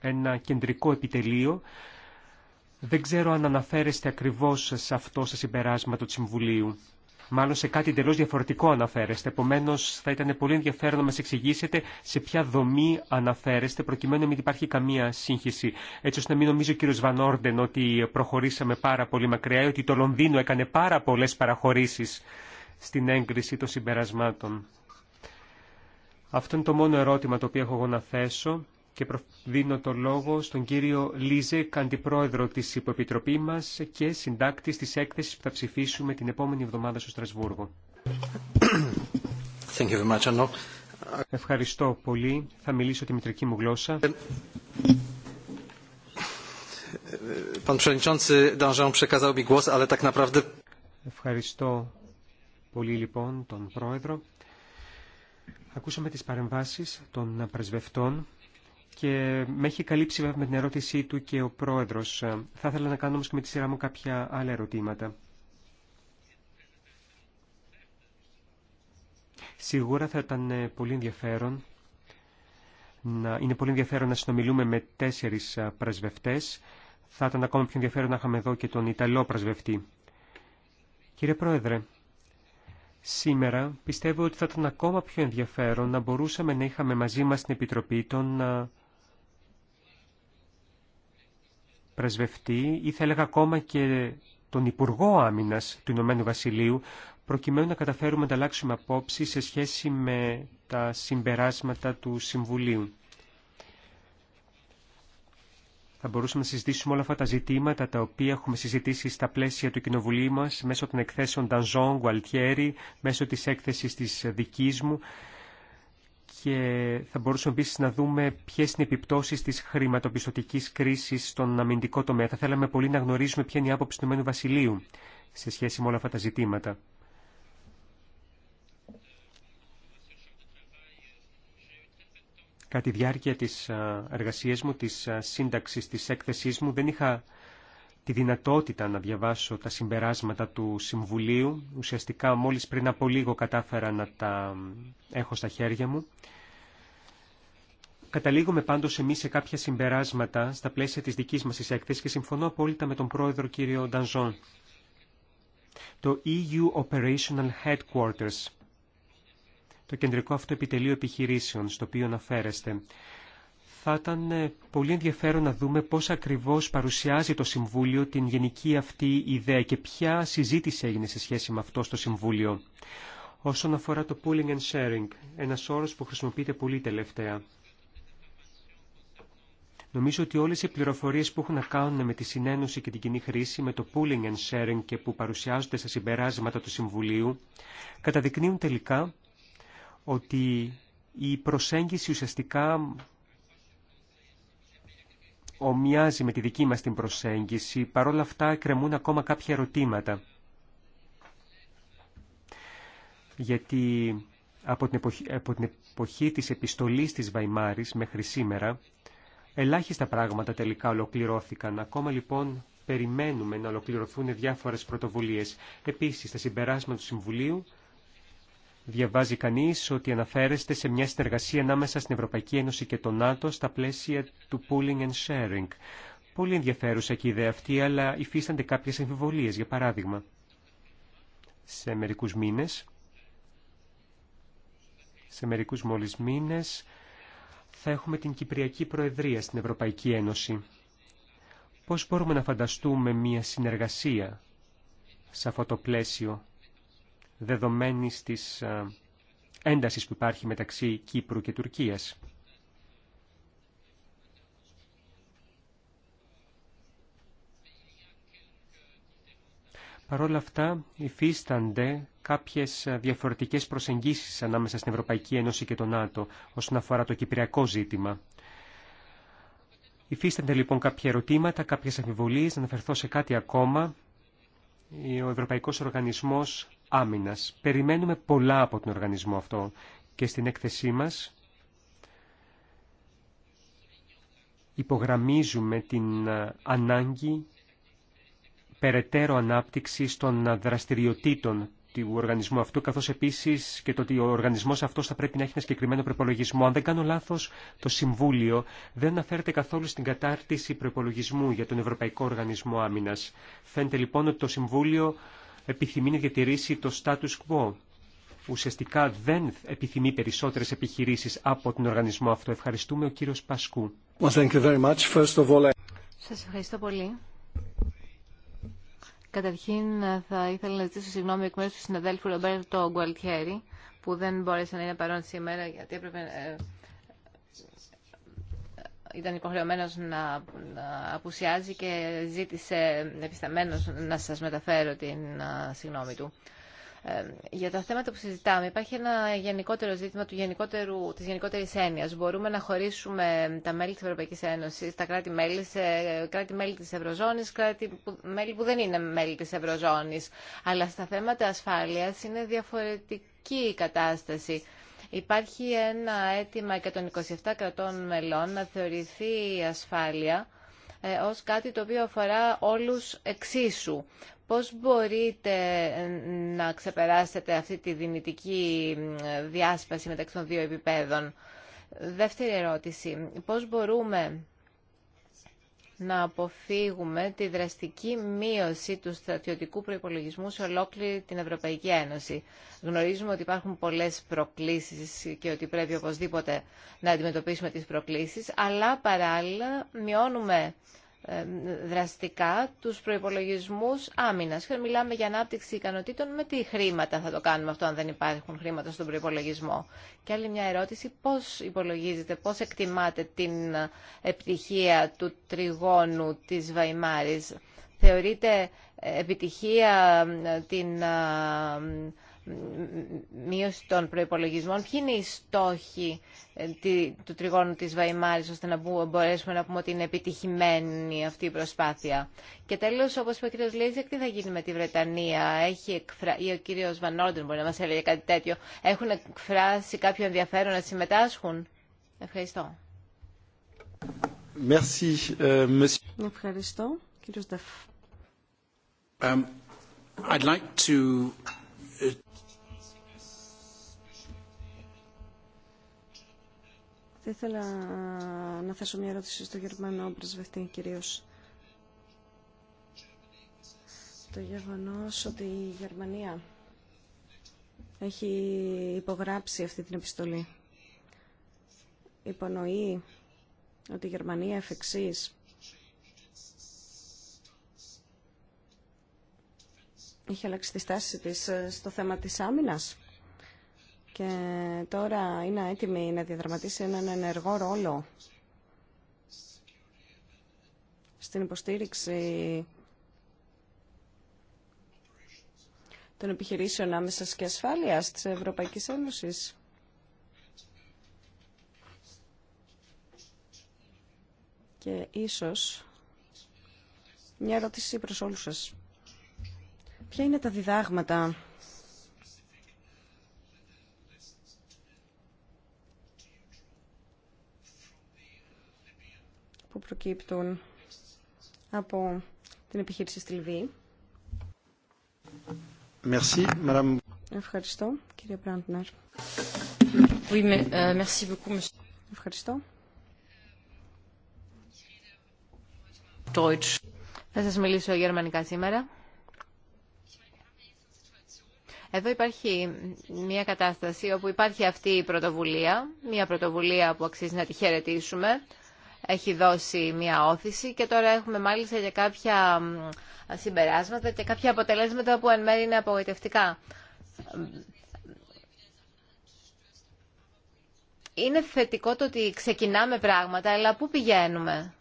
ένα κεντρικό επιτελείο δεν ξέρω αν αναφέρεστε ακριβώς σε αυτό σε συμπεράσματα του Συμβουλίου. Μάλλον σε κάτι εντελώ διαφορετικό αναφέρεστε. Επομένω, θα ήταν πολύ ενδιαφέρον να μα εξηγήσετε σε ποια δομή αναφέρεστε, προκειμένου να μην υπάρχει καμία σύγχυση. Έτσι ώστε να μην νομίζει ο κύριο Βανόρντεν ότι προχωρήσαμε πάρα πολύ μακριά ή ότι το Λονδίνο έκανε πάρα πολλέ παραχωρήσει στην έγκριση των συμπερασμάτων. Αυτό είναι το μόνο ερώτημα το οποίο έχω εγώ να θέσω και δίνω το λόγο στον κύριο Λίζε, αντιπρόεδρο της υποεπιτροπή μας και συντάκτη της έκθεσης που θα ψηφίσουμε την επόμενη εβδομάδα στο Στρασβούργο. Ευχαριστώ πολύ. Θα μιλήσω τη μητρική μου γλώσσα. Ευχαριστώ πολύ λοιπόν τον πρόεδρο. Ακούσαμε τις παρεμβάσεις των πρεσβευτών και με έχει καλύψει βέβαια με την ερώτησή του και ο πρόεδρος. Ε, θα ήθελα να κάνω όμως και με τη σειρά μου κάποια άλλα ερωτήματα. Σίγουρα θα ήταν ε, πολύ ενδιαφέρον να, είναι πολύ ενδιαφέρον να συνομιλούμε με τέσσερις ε, πρεσβευτές. Θα ήταν ακόμα πιο ενδιαφέρον να είχαμε εδώ και τον Ιταλό πρεσβευτή. Κύριε Πρόεδρε, σήμερα πιστεύω ότι θα ήταν ακόμα πιο ενδιαφέρον να μπορούσαμε να είχαμε μαζί μας την Επιτροπή τον πρεσβευτή ή θα έλεγα ακόμα και τον Υπουργό Άμυνας του Ηνωμένου Βασιλείου προκειμένου να καταφέρουμε να αλλάξουμε απόψη σε σχέση με τα συμπεράσματα του Συμβουλίου. Θα μπορούσαμε να συζητήσουμε όλα αυτά τα ζητήματα τα οποία έχουμε συζητήσει στα πλαίσια του Κοινοβουλίου μας μέσω των εκθέσεων Ντανζόν, Γουαλτιέρη, μέσω της έκθεσης της δικής μου και θα μπορούσαμε επίση να δούμε ποιε είναι οι επιπτώσει τη χρηματοπιστωτική κρίση στον αμυντικό τομέα. Θα θέλαμε πολύ να γνωρίζουμε ποια είναι η άποψη του Νομένου Βασιλείου σε σχέση με όλα αυτά τα ζητήματα. Κατά τη διάρκεια της εργασίας μου, της σύνταξης της έκθεσής μου, δεν είχα τη δυνατότητα να διαβάσω τα συμπεράσματα του Συμβουλίου. Ουσιαστικά μόλις πριν από λίγο κατάφερα να τα έχω στα χέρια μου. Καταλήγουμε πάντως εμείς σε κάποια συμπεράσματα στα πλαίσια της δικής μας εισέκθεσης και συμφωνώ απόλυτα με τον πρόεδρο κύριο Ντανζόν. Το EU Operational Headquarters, το κεντρικό αυτό επιχειρήσεων στο οποίο αναφέρεστε, θα ήταν ε, πολύ ενδιαφέρον να δούμε πώς ακριβώς παρουσιάζει το Συμβούλιο την γενική αυτή ιδέα και ποια συζήτηση έγινε σε σχέση με αυτό στο Συμβούλιο. Όσον αφορά το pooling and sharing, ένας όρος που χρησιμοποιείται πολύ τελευταία. Νομίζω ότι όλες οι πληροφορίες που έχουν να κάνουν με τη συνένωση και την κοινή χρήση, με το pooling and sharing και που παρουσιάζονται στα συμπεράσματα του Συμβουλίου, καταδεικνύουν τελικά ότι η προσέγγιση ουσιαστικά ομοιάζει με τη δική μας την προσέγγιση, παρόλα αυτά κρεμούν ακόμα κάποια ερωτήματα. Γιατί από την εποχή, από την εποχή της επιστολής της Βαϊμάρης μέχρι σήμερα, ελάχιστα πράγματα τελικά ολοκληρώθηκαν. Ακόμα λοιπόν περιμένουμε να ολοκληρωθούν διάφορες πρωτοβουλίες. Επίσης, στα συμπεράσματα του Συμβουλίου διαβάζει κανείς ότι αναφέρεστε σε μια συνεργασία ανάμεσα στην Ευρωπαϊκή Ένωση και το ΝΑΤΟ στα πλαίσια του pooling and sharing. Πολύ ενδιαφέρουσα και η ιδέα αυτή, αλλά υφίστανται κάποιες εμφιβολίες, για παράδειγμα. Σε μερικούς μήνες, σε μερικούς μόλις μήνες, θα έχουμε την Κυπριακή Προεδρία στην Ευρωπαϊκή Ένωση. Πώς μπορούμε να φανταστούμε μια συνεργασία σε αυτό το πλαίσιο δεδομένης της ε, έντασης που υπάρχει μεταξύ Κύπρου και Τουρκίας. Παρ' όλα αυτά υφίστανται κάποιες διαφορετικές προσεγγίσεις ανάμεσα στην Ευρωπαϊκή Ένωση και το ΝΑΤΟ όσον αφορά το κυπριακό ζήτημα. Υφίστανται λοιπόν κάποια ερωτήματα, κάποιες αμφιβολίες, να αναφερθώ σε κάτι ακόμα. Ο Ευρωπαϊκός Οργανισμός άμυνας. Περιμένουμε πολλά από τον οργανισμό αυτό και στην έκθεσή μας υπογραμμίζουμε την ε, ανάγκη περαιτέρω ανάπτυξη των ε, δραστηριοτήτων του οργανισμού αυτού, καθώς επίσης και το ότι ο οργανισμός αυτός θα πρέπει να έχει ένα συγκεκριμένο προπολογισμό. Αν δεν κάνω λάθος, το Συμβούλιο δεν αναφέρεται καθόλου στην κατάρτιση προπολογισμού για τον Ευρωπαϊκό Οργανισμό Άμυνας. Φαίνεται λοιπόν ότι το Συμβούλιο επιθυμεί να διατηρήσει το status quo. Ουσιαστικά δεν επιθυμεί περισσότερες επιχειρήσεις από τον οργανισμό αυτό. Ευχαριστούμε ο κύριος Πασκού. Σας ευχαριστώ πολύ. Καταρχήν θα ήθελα να ζητήσω συγγνώμη εκ μέρους του συναδέλφου Ρομπέρτο Γκουαλτιέρη που δεν μπόρεσε να είναι παρόν σήμερα γιατί έπρεπε ε, ήταν υποχρεωμένος να απουσιάζει και ζήτησε επισταμένος να σας μεταφέρω την συγγνώμη του. Ε, για τα θέματα που συζητάμε υπάρχει ένα γενικότερο ζήτημα του γενικότερου, της γενικότερης έννοιας. Μπορούμε να χωρίσουμε τα μέλη της Ευρωπαϊκής Ένωσης, τα κράτη-μέλη, σε κράτη-μέλη της Ευρωζώνης, κράτη-μέλη που δεν είναι μέλη της Ευρωζώνης. Αλλά στα θέματα ασφάλειας είναι διαφορετική η κατάσταση. Υπάρχει ένα αίτημα 127 κρατών μελών να θεωρηθεί η ασφάλεια ε, ως κάτι το οποίο αφορά όλους εξίσου. Πώς μπορείτε ε, να ξεπεράσετε αυτή τη δυνητική ε, διάσπαση μεταξύ των δύο επιπέδων. Δεύτερη ερώτηση. Πώς μπορούμε να αποφύγουμε τη δραστική μείωση του στρατιωτικού προϋπολογισμού σε ολόκληρη την Ευρωπαϊκή Ένωση. Γνωρίζουμε ότι υπάρχουν πολλές προκλήσεις και ότι πρέπει οπωσδήποτε να αντιμετωπίσουμε τις προκλήσεις, αλλά παράλληλα μειώνουμε δραστικά τους προϋπολογισμούς άμυνας. Μιλάμε για ανάπτυξη ικανοτήτων. Με τι χρήματα θα το κάνουμε αυτό αν δεν υπάρχουν χρήματα στον προϋπολογισμό. Και άλλη μια ερώτηση, πώς υπολογίζετε, πώς εκτιμάτε την επιτυχία του τριγώνου της Βαϊμάρης. Θεωρείτε επιτυχία την μείωση των προϋπολογισμών. Ποιοι είναι οι στόχοι ε, του τριγώνου της Βαϊμάρης ώστε να μπορέσουμε να πούμε ότι είναι επιτυχημένη αυτή η προσπάθεια. Και τέλος, όπως είπε ο κύριος Λίζεκ, τι θα γίνει με τη Βρετανία. Έχει ή ο κύριος Βανόρντεν μπορεί να μας έλεγε κάτι τέτοιο. Έχουν εκφράσει κάποιο ενδιαφέρον να συμμετάσχουν. Ευχαριστώ. Ε, Ευχαριστώ, κύριος Δεφ. Um, I'd like Θα ήθελα να θέσω μια ερώτηση στο Γερμανό πρεσβευτή κυρίω. Το γεγονός ότι η Γερμανία έχει υπογράψει αυτή την επιστολή. Υπονοεί ότι η Γερμανία εφ' εξής έχει αλλάξει τη στάση της στο θέμα της άμυνας και τώρα είναι έτοιμη να διαδραματίσει έναν ενεργό ρόλο στην υποστήριξη των επιχειρήσεων άμεσα και ασφάλειας της Ευρωπαϊκής Ένωσης. Και ίσως μια ερώτηση προς όλους σας. Ποια είναι τα διδάγματα που προκύπτουν από την επιχείρηση στη Λιβύη. Ευχαριστώ, κύριε Μπραντνερ. Oui, mais, euh, Ευχαριστώ. Deutsch. Θα σας μιλήσω γερμανικά σήμερα. Εδώ υπάρχει μια κατάσταση όπου υπάρχει αυτή η πρωτοβουλία, μια πρωτοβουλία που αξίζει να τη χαιρετήσουμε έχει δώσει μια όθηση και τώρα έχουμε μάλιστα για κάποια συμπεράσματα και κάποια αποτελέσματα που εν μέρει είναι απογοητευτικά. Είναι θετικό το ότι ξεκινάμε πράγματα, αλλά πού πηγαίνουμε.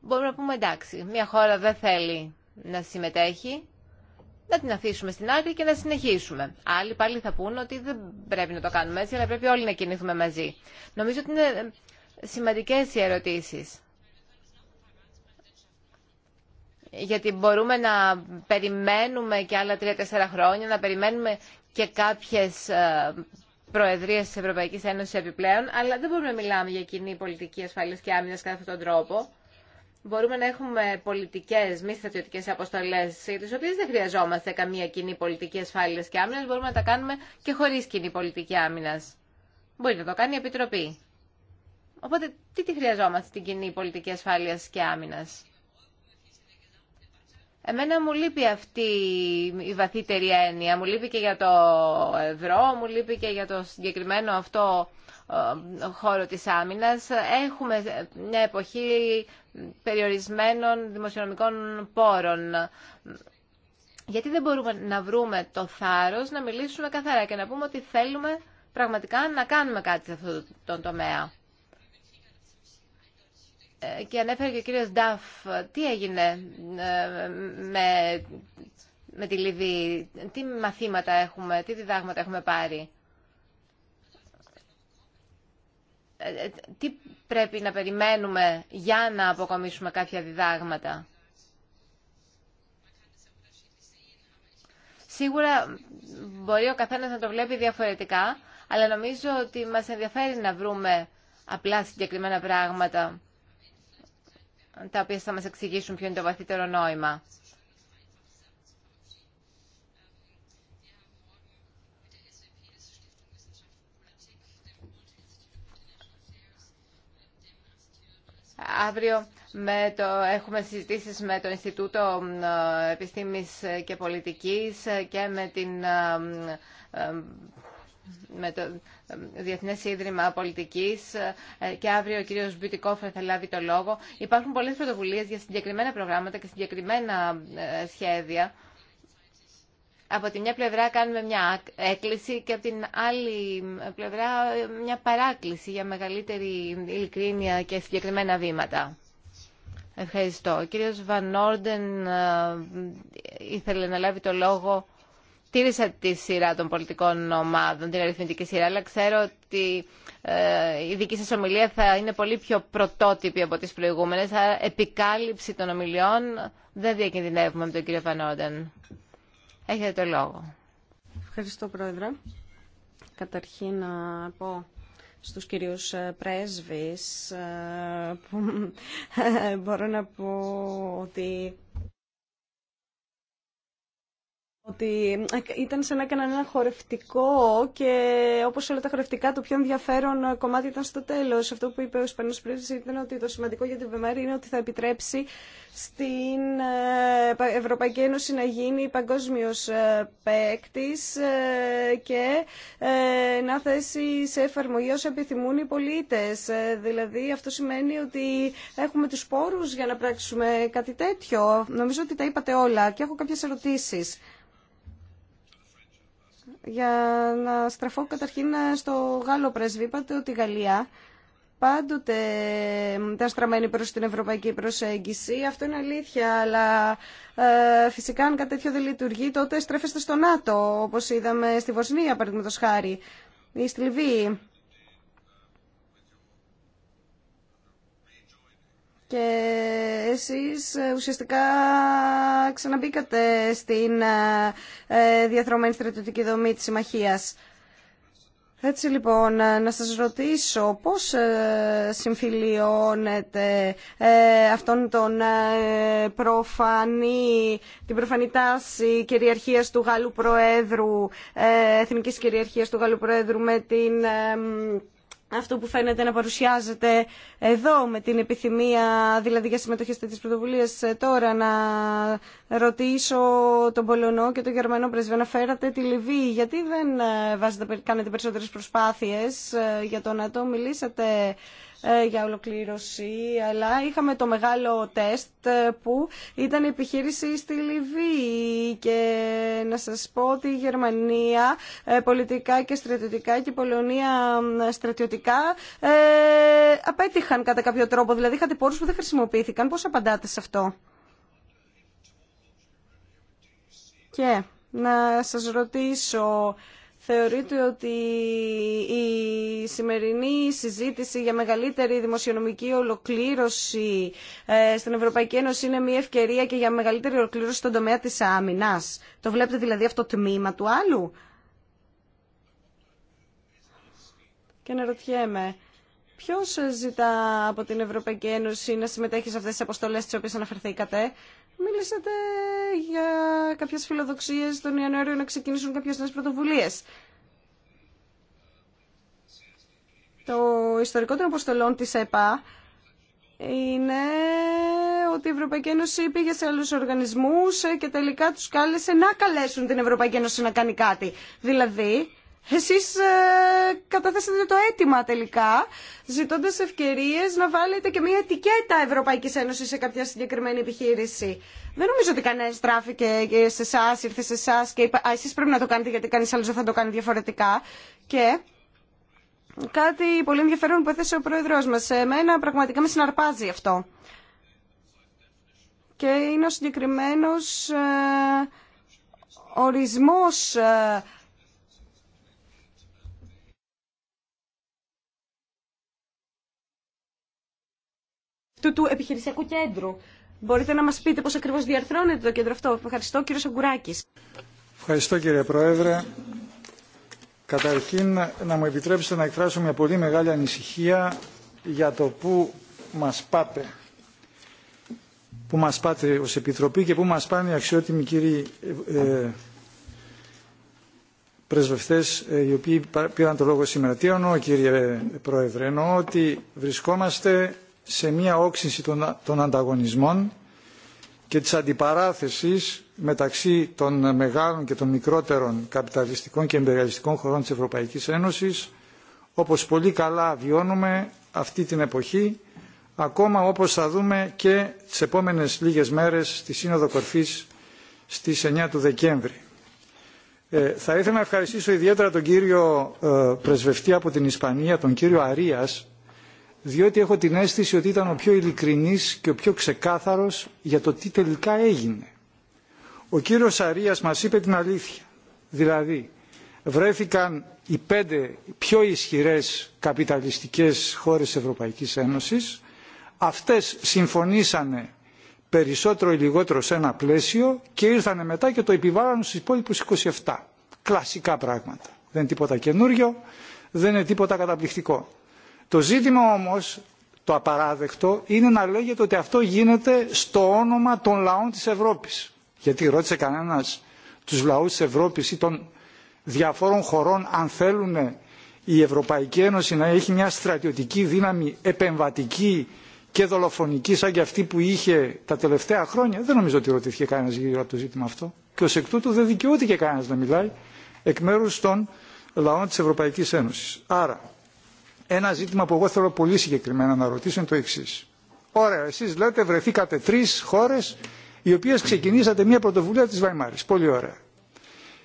Μπορούμε να πούμε εντάξει, μια χώρα δεν θέλει να συμμετέχει, να την αφήσουμε στην άκρη και να συνεχίσουμε. Άλλοι πάλι θα πούν ότι δεν πρέπει να το κάνουμε έτσι, αλλά πρέπει όλοι να κινηθούμε μαζί. Νομίζω ότι είναι σημαντικές οι ερωτήσεις. Γιατί μπορούμε να περιμένουμε και άλλα τρία-τέσσερα χρόνια, να περιμένουμε και κάποιες ε, προεδρίες της Ευρωπαϊκής Ένωσης επιπλέον, αλλά δεν μπορούμε να μιλάμε για κοινή πολιτική ασφάλειας και άμυνας κατά αυτόν τον τρόπο. Μπορούμε να έχουμε πολιτικέ, μη στρατιωτικέ αποστολέ, τι οποίε δεν χρειαζόμαστε καμία κοινή πολιτική ασφάλεια και άμυνα. Μπορούμε να τα κάνουμε και χωρί κοινή πολιτική άμυνα. Μπορεί να το κάνει η Επιτροπή. Οπότε τι τη χρειαζόμαστε την κοινή πολιτική ασφάλειας και άμυνας. Εμένα μου λείπει αυτή η βαθύτερη έννοια. Μου λείπει και για το ευρώ, μου λείπει και για το συγκεκριμένο αυτό ε, χώρο της άμυνας. Έχουμε μια εποχή περιορισμένων δημοσιονομικών πόρων. Γιατί δεν μπορούμε να βρούμε το θάρρος να μιλήσουμε καθαρά και να πούμε ότι θέλουμε πραγματικά να κάνουμε κάτι σε αυτό το τομέα και ανέφερε και ο κύριος Νταφ τι έγινε ε, με, τη Λιβύη, τι μαθήματα έχουμε, τι διδάγματα έχουμε πάρει. Ε, ε, τι πρέπει να περιμένουμε για να αποκομίσουμε κάποια διδάγματα. Σίγουρα μπορεί ο καθένας να το βλέπει διαφορετικά, αλλά νομίζω ότι μας ενδιαφέρει να βρούμε απλά συγκεκριμένα πράγματα τα οποία θα μας εξηγήσουν ποιο είναι το βαθύτερο νόημα. Αύριο με το, έχουμε συζητήσεις με το Ινστιτούτο ε, Επιστήμης και Πολιτικής και με την ε, ε, με το ε, Διεθνέ Ίδρυμα Πολιτικής ε, και αύριο ο κύριος Μπιουτικόφερ θα λάβει το λόγο. Υπάρχουν πολλές πρωτοβουλίε για συγκεκριμένα προγράμματα και συγκεκριμένα ε, σχέδια. Από τη μια πλευρά κάνουμε μια έκκληση και από την άλλη πλευρά μια παράκληση για μεγαλύτερη ειλικρίνεια και συγκεκριμένα βήματα. Ευχαριστώ. Ο κύριος Βανόρντεν ήθελε να λάβει το λόγο τήρησα τη σειρά των πολιτικών ομάδων, την αριθμητική σειρά, αλλά ξέρω ότι ε, η δική σας ομιλία θα είναι πολύ πιο πρωτότυπη από τις προηγούμενες, άρα επικάλυψη των ομιλιών δεν διακινδυνεύουμε με τον κύριο Φανόντεν. Έχετε το λόγο. Ευχαριστώ, Πρόεδρε. Καταρχήν να πω στους κυρίους ε, πρέσβεις ε, που μπορώ να πω ότι ότι ε, ήταν σαν να έκαναν ένα χορευτικό και όπως όλα τα χορευτικά το πιο ενδιαφέρον ε, κομμάτι ήταν στο τέλος. Αυτό που είπε ο Ισπανός Πρέσβης ήταν ότι το σημαντικό για την Βεμέρη είναι ότι θα επιτρέψει στην ε, Ευρωπαϊκή Ένωση να γίνει παγκόσμιο παίκτη και να θέσει σε εφαρμογή όσο επιθυμούν οι πολίτες. Δηλαδή αυτό σημαίνει ότι έχουμε τους πόρους για να πράξουμε κάτι τέτοιο. Νομίζω ότι τα είπατε όλα και έχω κάποιες ερωτήσεις για να στραφώ καταρχήν στο Γάλλο πρέσβη. Είπατε ότι η Γαλλία πάντοτε ήταν στραμμένη προς την ευρωπαϊκή προσέγγιση. Αυτό είναι αλήθεια, αλλά ε, φυσικά αν κάτι τέτοιο δεν λειτουργεί, τότε στρέφεστε στο ΝΑΤΟ, όπως είδαμε στη Βοσνία, παραδείγματος χάρη, ή στη Λιβύη. Και εσείς ε, ουσιαστικά ξαναμπήκατε στην ε, ε, διαθρωμένη στρατιωτική δομή της συμμαχίας. Έτσι λοιπόν, να σας ρωτήσω πώς συμφιλιώνεται αυτόν τον προφανή, την προφανή τάση κυριαρχίας του Γάλλου Προέδρου, εθνικής κυριαρχίας του Γάλλου Προέδρου με την αυτό που φαίνεται να παρουσιάζεται εδώ με την επιθυμία δηλαδή για συμμετοχή στις τέτοιες πρωτοβουλίες ε, τώρα να ρωτήσω τον Πολωνό και τον Γερμανό πρέσβη φέρατε τη Λιβύη γιατί δεν ε, βάζετε, κάνετε περισσότερες προσπάθειες ε, για το το μιλήσατε ε, για ολοκλήρωση, αλλά είχαμε το μεγάλο τεστ ε, που ήταν η επιχείρηση στη Λιβύη και να σας πω ότι η Γερμανία ε, πολιτικά και στρατιωτικά και η Πολωνία στρατιωτικά ε, απέτυχαν κατά κάποιο τρόπο, δηλαδή είχατε πόρους που δεν χρησιμοποιήθηκαν. Πώς απαντάτε σε αυτό? Και να σας ρωτήσω, θεωρείτε ότι η σημερινή συζήτηση για μεγαλύτερη δημοσιονομική ολοκλήρωση ε, στην Ευρωπαϊκή Ένωση είναι μια ευκαιρία και για μεγαλύτερη ολοκλήρωση στον τομέα της άμυνας. Το βλέπετε δηλαδή αυτό το τμήμα του άλλου. Και να ρωτιέμαι, ποιος ζητά από την Ευρωπαϊκή Ένωση να συμμετέχει σε αυτές τις αποστολές τις οποίες αναφερθήκατε. Μίλησατε για κάποιες φιλοδοξίες τον Ιανουάριο να ξεκινήσουν κάποιες νέες πρωτοβουλίες. Το ιστορικό των αποστολών της ΕΠΑ είναι ότι η Ευρωπαϊκή Ένωση πήγε σε άλλους οργανισμούς και τελικά τους κάλεσε να καλέσουν την Ευρωπαϊκή Ένωση να κάνει κάτι. Δηλαδή, Εσεί ε, καταθέσατε το αίτημα τελικά, ζητώντας ευκαιρίες να βάλετε και μια ετικέτα Ευρωπαϊκής Ένωση σε κάποια συγκεκριμένη επιχείρηση. Δεν νομίζω ότι κανένα τράφηκε και σε εσά, ήρθε σε εσά και είπε «Α, εσεί πρέπει να το κάνετε γιατί κανείς άλλο δεν θα το κάνει διαφορετικά». Και κάτι πολύ ενδιαφέρον που έθεσε ο Πρόεδρος μας. Εμένα πραγματικά με συναρπάζει αυτό. Και είναι ο συγκεκριμένο Ε, ορισμός ε, του, του επιχειρησιακού κέντρου. Μπορείτε να μας πείτε πώς ακριβώς διαρθρώνεται το κέντρο αυτό. Ευχαριστώ κύριε Σαγκουράκη. Ευχαριστώ κύριε Πρόεδρε. Καταρχήν να μου επιτρέψετε να εκφράσω μια πολύ μεγάλη ανησυχία για το πού μας πάτε. Πού μας πάτε ως Επιτροπή και πού μας πάνε οι αξιότιμοι κύριοι ε, πρεσβευτές ε, οι οποίοι πήραν το λόγο σήμερα. Τι εννοώ κύριε Πρόεδρε. Εννοώ ότι βρισκόμαστε σε μια όξυνση των ανταγωνισμών και της αντιπαράθεσης μεταξύ των μεγάλων και των μικρότερων καπιταλιστικών και εμπεριαλιστικών χωρών της Ευρωπαϊκής Ένωσης, όπως πολύ καλά βιώνουμε αυτή την εποχή, ακόμα όπως θα δούμε και τις επόμενες λίγες μέρες στη Σύνοδο Κορφής στις 9 του Δεκέμβρη. Ε, θα ήθελα να ευχαριστήσω ιδιαίτερα τον κύριο ε, Πρεσβευτή από την Ισπανία, τον κύριο Αρίας, διότι έχω την αίσθηση ότι ήταν ο πιο ειλικρινής και ο πιο ξεκάθαρος για το τι τελικά έγινε. Ο κύριος Σαρίας μας είπε την αλήθεια. Δηλαδή, βρέθηκαν οι πέντε πιο ισχυρές καπιταλιστικές χώρες Ευρωπαϊκής Ένωσης. Αυτές συμφωνήσανε περισσότερο ή λιγότερο σε ένα πλαίσιο και ήρθανε μετά και το επιβάλλαν στους υπόλοιπους 27. Κλασικά πράγματα. Δεν είναι τίποτα καινούριο, δεν είναι τίποτα καταπληκτικό. Το ζήτημα όμως, το απαράδεκτο, είναι να λέγεται ότι αυτό γίνεται στο όνομα των λαών της Ευρώπης. Γιατί ρώτησε κανένας τους λαούς της Ευρώπης ή των διαφόρων χωρών αν θέλουν η Ευρωπαϊκή Ένωση να έχει μια στρατιωτική δύναμη επεμβατική και δολοφονική σαν και αυτή που είχε τα τελευταία χρόνια. Δεν νομίζω ότι ρωτήθηκε κανένας γύρω από το ζήτημα αυτό. Και ω εκ τούτου δεν δικαιούται και κανένα να μιλάει εκ μέρους των λαών της Ευρωπαϊκή Ένωση. Άρα, ένα ζήτημα που εγώ θέλω πολύ συγκεκριμένα να ρωτήσω είναι το εξή. Ωραία, εσεί λέτε βρεθήκατε τρει χώρε οι οποίε ξεκινήσατε μια πρωτοβουλία τη Βαϊμάρη. Πολύ ωραία.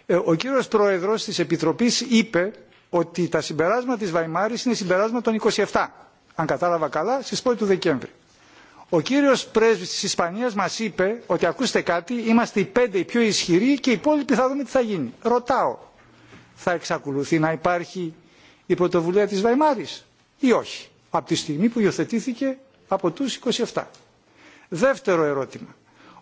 Ε, ο κύριο Πρόεδρο τη Επιτροπή είπε ότι τα συμπεράσματα τη Βαϊμάρη είναι συμπεράσματα των 27. Αν κατάλαβα καλά, στι 1 του Δεκέμβρη. Ο κύριος πρέσβης της Ισπανίας μας είπε ότι ακούστε κάτι, είμαστε οι πέντε οι πιο ισχυροί και οι υπόλοιποι θα δούμε τι θα γίνει. Ρωτάω, θα εξακολουθεί να υπάρχει η πρωτοβουλία της Βαϊμάρης ή όχι, από τη στιγμή που υιοθετήθηκε από τους 27. Δεύτερο ερώτημα.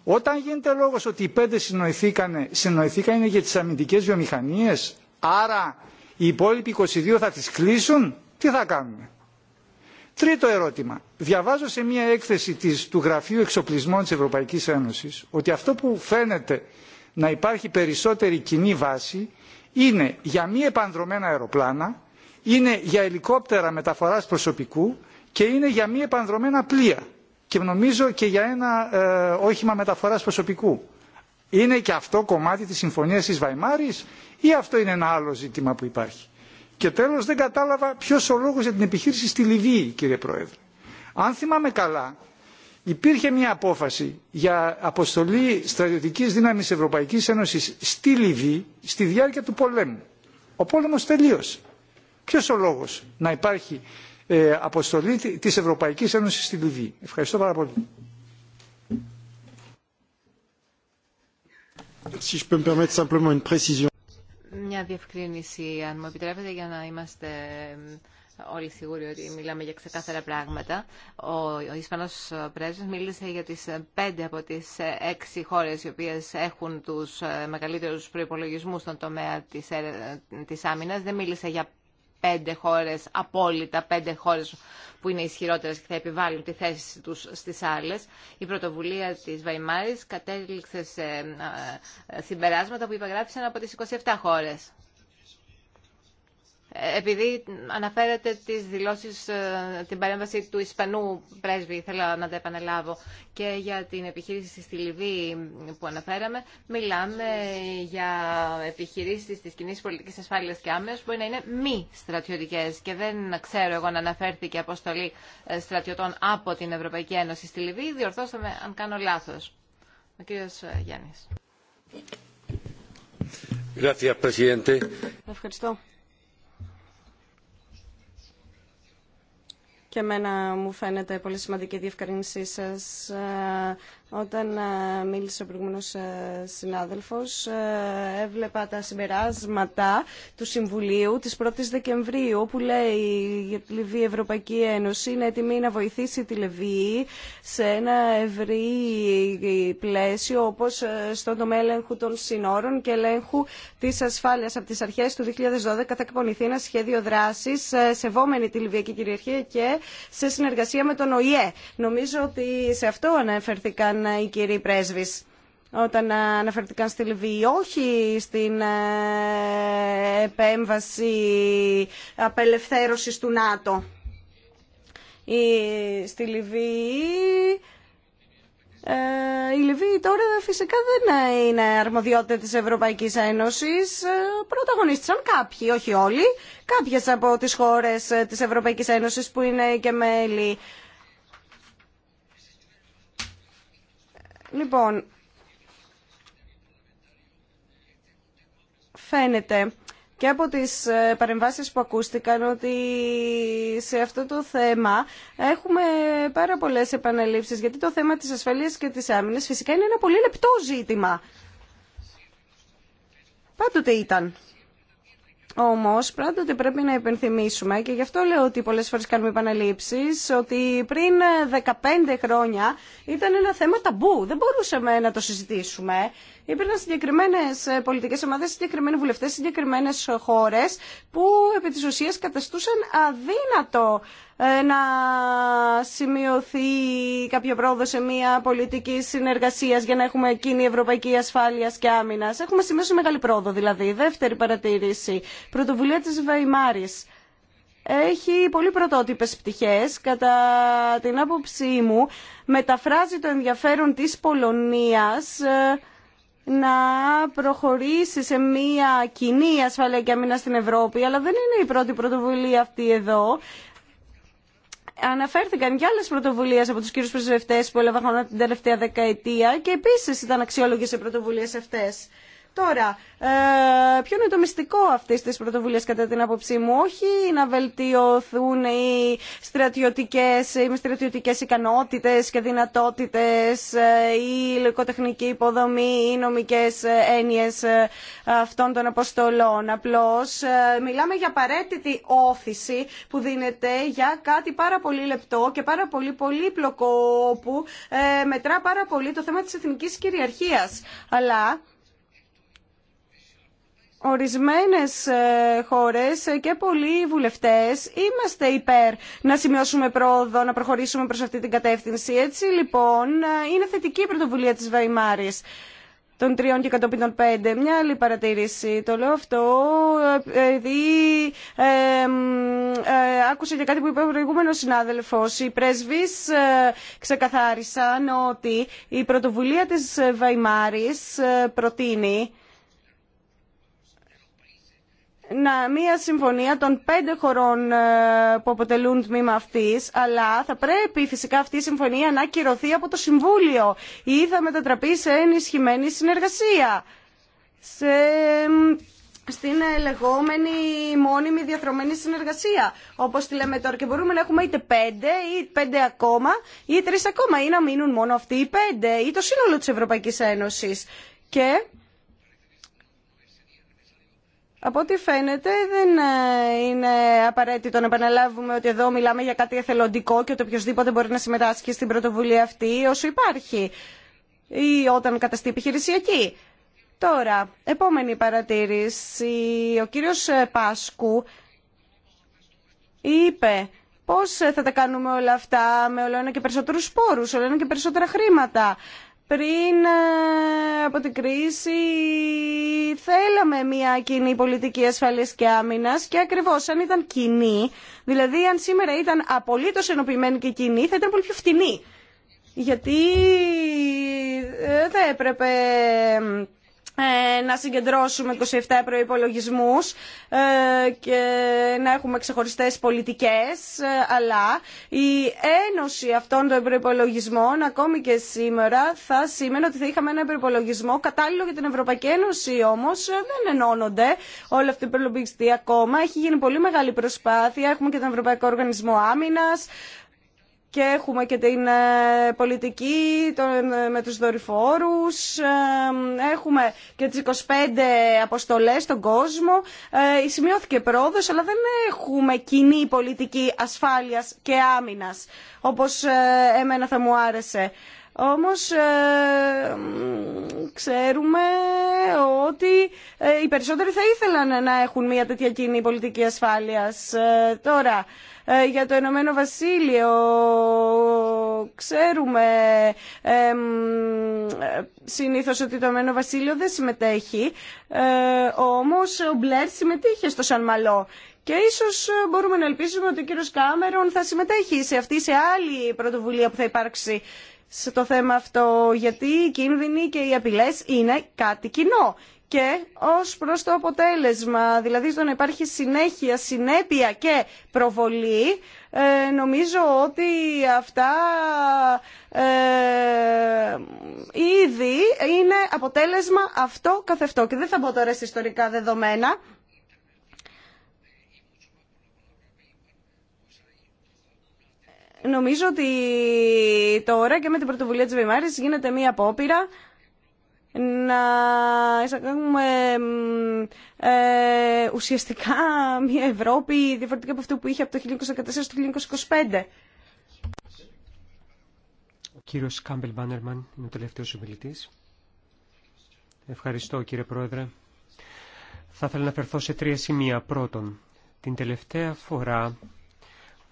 Όταν γίνεται λόγος ότι οι πέντε συνοηθήκανε, συνοηθήκανε για τις αμυντικές βιομηχανίες, άρα οι υπόλοιποι 22 θα τις κλείσουν, τι θα κάνουμε. Τρίτο ερώτημα. Διαβάζω σε μια έκθεση της, του Γραφείου Εξοπλισμών της Ευρωπαϊκής Ένωσης ότι αυτό που φαίνεται να υπάρχει περισσότερη κοινή βάση είναι για μη επανδρομένα αεροπλάνα είναι για ελικόπτερα μεταφοράς προσωπικού και είναι για μη επανδρομένα πλοία και νομίζω και για ένα ε, όχημα μεταφοράς προσωπικού. Είναι και αυτό κομμάτι της συμφωνίας της Βαϊμάρης ή αυτό είναι ένα άλλο ζήτημα που υπάρχει. Και τέλος δεν κατάλαβα ποιος ο λόγος για την επιχείρηση στη Λιβύη κύριε Πρόεδρε. Αν θυμάμαι καλά υπήρχε μια απόφαση για αποστολή στρατιωτικής δύναμης Ευρωπαϊκής Ένωσης στη Λιβύη στη διάρκεια του πολέμου. Ο πόλεμος τελείωσε Ποιος ο λόγος να υπάρχει ε, αποστολή της Ευρωπαϊκής Ένωσης στη Λιβύη. Ευχαριστώ πάρα πολύ. Μια διευκρίνηση, αν μου επιτρέπετε, για να είμαστε όλοι σίγουροι ότι μιλάμε για ξεκάθαρα πράγματα. Ο, ο Ισπανός πρέσβης μίλησε για τις πέντε από τις έξι χώρες οι οποίες έχουν τους ε, μεγαλύτερους προϋπολογισμούς στον τομέα της, της άμυνας. Δεν μίλησε για πέντε χώρες απόλυτα, πέντε χώρες που είναι ισχυρότερες και θα επιβάλλουν τη θέση τους στις άλλες. Η πρωτοβουλία της Βαϊμάρης κατέληξε σε ε, ε, συμπεράσματα που υπεγράφησαν από τις 27 χώρες. Επειδή αναφέρετε τις δηλώσεις, ε, την παρέμβαση του Ισπανού πρέσβη, θέλω να τα επαναλάβω, και για την επιχείρηση στη Λιβύη που αναφέραμε, μιλάμε για επιχειρήσεις της κοινή πολιτικής ασφάλειας και άμεσης που μπορεί να είναι μη στρατιωτικές και δεν ξέρω εγώ να αναφέρθηκε αποστολή ε, στρατιωτών από την Ευρωπαϊκή Ένωση στη Λιβύη, διορθώστε με αν κάνω λάθος. Ο κύριος ε, Γιάννης. Ευχαριστώ. Και εμένα μου φαίνεται πολύ σημαντική η διευκρίνησή σας ε, όταν ε, μίλησε ο προηγούμενος ε, συνάδελφος, ε, έβλεπα τα συμπεράσματα του Συμβουλίου της 1ης Δεκεμβρίου που λέει η Λιβύη Ευρωπαϊκή Ένωση είναι έτοιμη να βοηθήσει τη Λιβύη σε ένα ευρύ πλαίσιο όπως στον τομέα ελέγχου των συνόρων και ελέγχου της ασφάλειας. Από τις αρχές του 2012 θα εκπονηθεί ένα σχέδιο δράσης σεβόμενη τη Λιβυακή κυριαρχία και σε συνεργασία με τον ΟΗΕ. Νομίζω ότι σε αυτό αναφερθήκαν ήταν ε, οι κύριοι πρέσβεις όταν αναφερθήκαν στη Λιβύη, όχι στην ε, επέμβαση απελευθέρωσης του ΝΑΤΟ. Στη Λιβύη ε, η Λιβύη τώρα φυσικά δεν είναι αρμοδιότητα της Ευρωπαϊκής Ένωσης. Πρωταγωνίστησαν κάποιοι, όχι όλοι, κάποιες από τις χώρες της Ευρωπαϊκής Ένωσης που είναι και μέλη Λοιπόν, φαίνεται και από τις ε, παρεμβάσεις που ακούστηκαν ότι σε αυτό το θέμα έχουμε πάρα πολλές επαναλήψεις γιατί το θέμα της ασφαλείας και της άμυνας φυσικά είναι ένα πολύ λεπτό ζήτημα. Πάντοτε ήταν. Όμω, πράγματι πρέπει να υπενθυμίσουμε και γι' αυτό λέω ότι πολλέ φορέ κάνουμε επαναλήψει ότι πριν 15 χρόνια ήταν ένα θέμα ταμπού. Δεν μπορούσαμε να το συζητήσουμε υπήρχαν συγκεκριμένε ε, πολιτικέ ομάδε, συγκεκριμένοι βουλευτέ, συγκεκριμένε ε, χώρε που επί τη ουσία καταστούσαν αδύνατο ε, να σημειωθεί κάποιο πρόοδο σε μια πολιτική συνεργασία για να έχουμε κοινή ευρωπαϊκή ασφάλεια και άμυνα. Έχουμε σημειώσει μεγάλη πρόοδο δηλαδή. Δεύτερη παρατήρηση. Πρωτοβουλία τη Βαϊμάρη. Έχει πολύ πρωτότυπε πτυχέ. Κατά την άποψή μου μεταφράζει το ενδιαφέρον τη Πολωνία να προχωρήσει σε μια κοινή ασφαλεία και αμήνα στην Ευρώπη, αλλά δεν είναι η πρώτη πρωτοβουλία αυτή εδώ. Αναφέρθηκαν και άλλες πρωτοβουλίες από τους κύριους πρεσβευτές που έλαβαν την τελευταία δεκαετία και επίσης ήταν αξιόλογες οι πρωτοβουλίες αυτές. Τώρα, ε, ποιο είναι το μυστικό αυτή τη πρωτοβουλία κατά την άποψή μου, όχι να βελτιωθούν οι στρατιωτικέ στρατιωτικές ικανότητε και δυνατότητε, ε, η υλικοτεχνική υποδομή, οι νομικέ έννοιε ε, αυτών των αποστολών. Απλώ μιλάμε για απαραίτητη όθηση που δίνεται για κάτι πάρα πολύ λεπτό και πάρα πολύ πολύπλοκο που μετρά πάρα πολύ το θέμα τη εθνική κυριαρχία. Αλλά Ορισμένες ε, χώρες και πολλοί βουλευτές είμαστε υπέρ να σημειώσουμε πρόοδο, να προχωρήσουμε προς αυτή την κατεύθυνση. Έτσι λοιπόν ε, είναι θετική η πρωτοβουλία της Βαϊμάρης των τριών και κατόπιν πέντε. Μια άλλη παρατήρηση. Το λέω αυτό επειδή ε, ε, άκουσα κάτι που είπε ο προηγούμενο συνάδελφο. Οι πρέσβει ε, ξεκαθάρισαν ότι η πρωτοβουλία τη Βαϊμάρη προτείνει να, μια συμφωνία των πέντε χωρών ε, που αποτελούν τμήμα αυτή, αλλά θα πρέπει φυσικά αυτή η συμφωνία να κυρωθεί από το Συμβούλιο ή θα μετατραπεί σε ενισχυμένη συνεργασία. Σε στην λεγόμενη μόνιμη διαθρωμένη συνεργασία. Όπω τη λέμε τώρα. Και μπορούμε να έχουμε είτε πέντε ή πέντε ακόμα ή τρει ακόμα ή να μείνουν μόνο αυτοί οι πέντε ή το σύνολο τη Ευρωπαϊκή Ένωση. Και από ό,τι φαίνεται δεν ε, είναι απαραίτητο να επαναλάβουμε ότι εδώ μιλάμε για κάτι εθελοντικό και ότι οποιοδήποτε μπορεί να συμμετάσχει στην πρωτοβουλία αυτή όσο υπάρχει ή όταν καταστεί επιχειρησιακή. Τώρα, επόμενη παρατήρηση. Ο κύριος ε, Πάσκου είπε πώς ε, θα τα κάνουμε όλα αυτά με όλο ένα και περισσότερους σπόρους, όλο ένα και περισσότερα χρήματα πριν ε, από την κρίση θέλαμε μια κοινή πολιτική ασφαλείας και άμυνας και ακριβώς αν ήταν κοινή, δηλαδή αν σήμερα ήταν απολύτως ενοποιημένη και κοινή θα ήταν πολύ πιο φτηνή. Γιατί δεν θα έπρεπε ε, να συγκεντρώσουμε 27 προϋπολογισμούς ε, και να έχουμε ξεχωριστές πολιτικές, ε, αλλά η ένωση αυτών των προϋπολογισμών ακόμη και σήμερα θα σήμαινε ότι θα είχαμε ένα προϋπολογισμό κατάλληλο για την Ευρωπαϊκή Ένωση, όμως δεν ενώνονται όλοι αυτοί οι προϋπολογιστοί ακόμα. Έχει γίνει πολύ μεγάλη προσπάθεια, έχουμε και τον Ευρωπαϊκό Οργανισμό Άμυνας, και έχουμε και την ε, πολιτική ε, με τους δορυφόρους, ε, έχουμε και τις 25 αποστολές στον κόσμο. Ε, σημειώθηκε πρόοδος, αλλά δεν έχουμε κοινή πολιτική ασφάλειας και άμυνας, όπως εμένα θα μου άρεσε. Όμως ε, ξέρουμε ότι ε, οι περισσότεροι θα ήθελαν να έχουν μια τέτοια κοινή πολιτική ασφάλειας. Ε, τώρα, για το Ενωμένο Βασίλειο ξέρουμε ε, συνήθως ότι το Ενωμένο Βασίλειο δεν συμμετέχει, ε, όμως ο Μπλερ συμμετείχε στο Σαν Μαλό. Και ίσως μπορούμε να ελπίσουμε ότι ο κύριος Κάμερον θα συμμετέχει σε αυτή σε άλλη πρωτοβουλία που θα υπάρξει σε το θέμα αυτό, γιατί οι κίνδυνοι και οι απειλές είναι κάτι κοινό και ως προς το αποτέλεσμα, δηλαδή στο να υπάρχει συνέχεια, συνέπεια και προβολή, ε, νομίζω ότι αυτά ε, ήδη είναι αποτέλεσμα αυτό καθευτό. Και δεν θα μπω τώρα σε ιστορικά δεδομένα, Νομίζω ότι τώρα και με την πρωτοβουλία της Βημάρης γίνεται μία απόπειρα να εισακάγουμε ε, ουσιαστικά μια Ευρώπη ουσιαστικα από αυτή που είχε από το 1914 στο 1925. Ο κύριος Κάμπελ Μπάνερμαν είναι ο τελευταίος Ευχαριστώ κύριε Πρόεδρε. Θα ήθελα να αφαιρθώ σε τρία σημεία. Πρώτον, την τελευταία φορά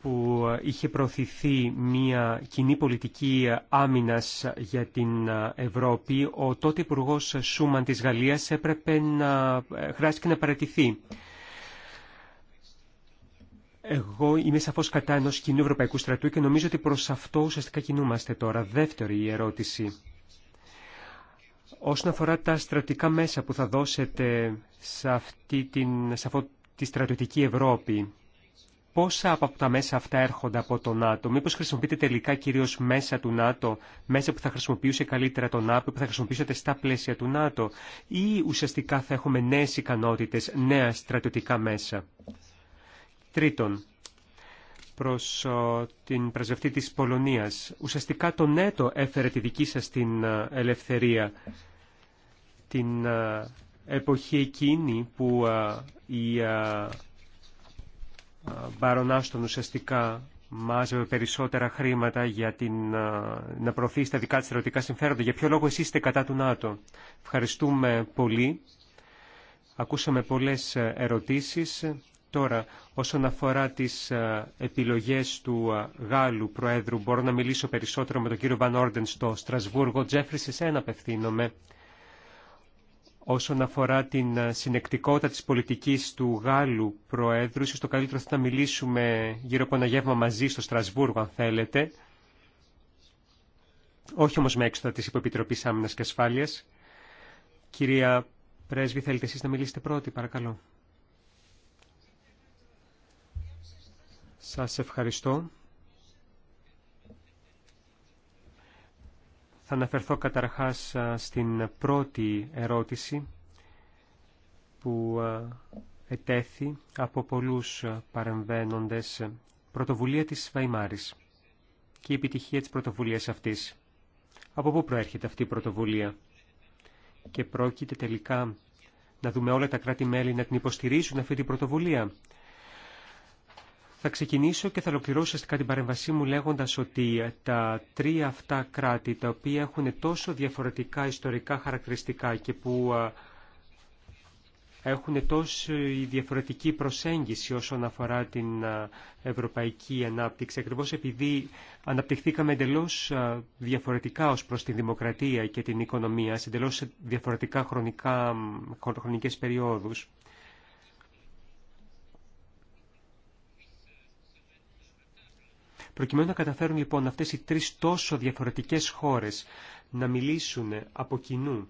που ε, είχε προωθηθεί μια κοινή πολιτική ε, άμυνας για την ε, Ευρώπη, ο τότε υπουργό Σούμαν της Γαλλίας έπρεπε να χρειάστηκε να παρατηθεί. Εγώ είμαι σαφώς κατά ενός κοινού ευρωπαϊκού στρατού και νομίζω ότι προς αυτό ουσιαστικά κινούμαστε τώρα. Δεύτερη ερώτηση. Όσον αφορά τα στρατικά μέσα που θα δώσετε σε, αυτή την, σε αυτή τη στρατιωτική Ευρώπη, πόσα από τα μέσα αυτά έρχονται από το ΝΑΤΟ. Μήπως χρησιμοποιείτε τελικά κυρίως μέσα του ΝΑΤΟ, μέσα που θα χρησιμοποιούσε καλύτερα το ΝΑΤΟ, που θα χρησιμοποιήσετε στα πλαίσια του ΝΑΤΟ ή ουσιαστικά θα έχουμε νέες ικανότητες, νέα στρατιωτικά μέσα. Τρίτον, προς την πρεσβευτή της Πολωνίας. Ουσιαστικά το ΝΕΤΟ έφερε τη δική σας την ε, ελευθερία. Την ε, εποχή εκείνη που ε, η ε, άστον ουσιαστικά μάζευε περισσότερα χρήματα για την, ε, να προωθήσει τα δικά της ερωτικά συμφέροντα. Για ποιο λόγο εσείς είστε κατά του ΝΑΤΟ. Ευχαριστούμε πολύ. Ακούσαμε πολλές ε, ερωτήσεις. Τώρα, όσον αφορά τις επιλογές του Γάλλου Προέδρου, μπορώ να μιλήσω περισσότερο με τον κύριο Βαν Όρντεν στο Στρασβούργο. Τζέφρι, σε ένα απευθύνομαι όσον αφορά την ε, συνεκτικότητα της πολιτικής του Γάλλου Προέδρου. Ίσως το καλύτερο θα να μιλήσουμε γύρω από ένα γεύμα μαζί στο Στρασβούργο, αν θέλετε. Όχι όμως με έξοδα της Υποεπιτροπής Άμυνας και Ασφάλειας. Κυρία Πρέσβη, θέλετε εσείς να μιλήσετε πρώτη, παρακαλώ. Σας ευχαριστώ. Θα αναφερθώ καταρχάς στην πρώτη ερώτηση που ετέθη από πολλούς παρεμβαίνοντες πρωτοβουλία της Βαϊμάρης και η επιτυχία της πρωτοβουλίας αυτής. Από πού προέρχεται αυτή η πρωτοβουλία και πρόκειται τελικά να δούμε όλα τα κράτη-μέλη να την υποστηρίζουν αυτή την πρωτοβουλία θα ξεκινήσω και θα ολοκληρώσω ουσιαστικά την παρέμβασή μου λέγοντας ότι τα τρία αυτά κράτη τα οποία έχουν τόσο διαφορετικά ιστορικά χαρακτηριστικά και που έχουν τόσο διαφορετική προσέγγιση όσον αφορά την ευρωπαϊκή ανάπτυξη, ακριβώς επειδή αναπτυχθήκαμε εντελώς διαφορετικά ως προς τη δημοκρατία και την οικονομία, σε εντελώς διαφορετικά χρονικά, χρονικές περιόδους. Προκειμένου να καταφέρουν λοιπόν αυτές οι τρεις τόσο διαφορετικές χώρες να μιλήσουν από κοινού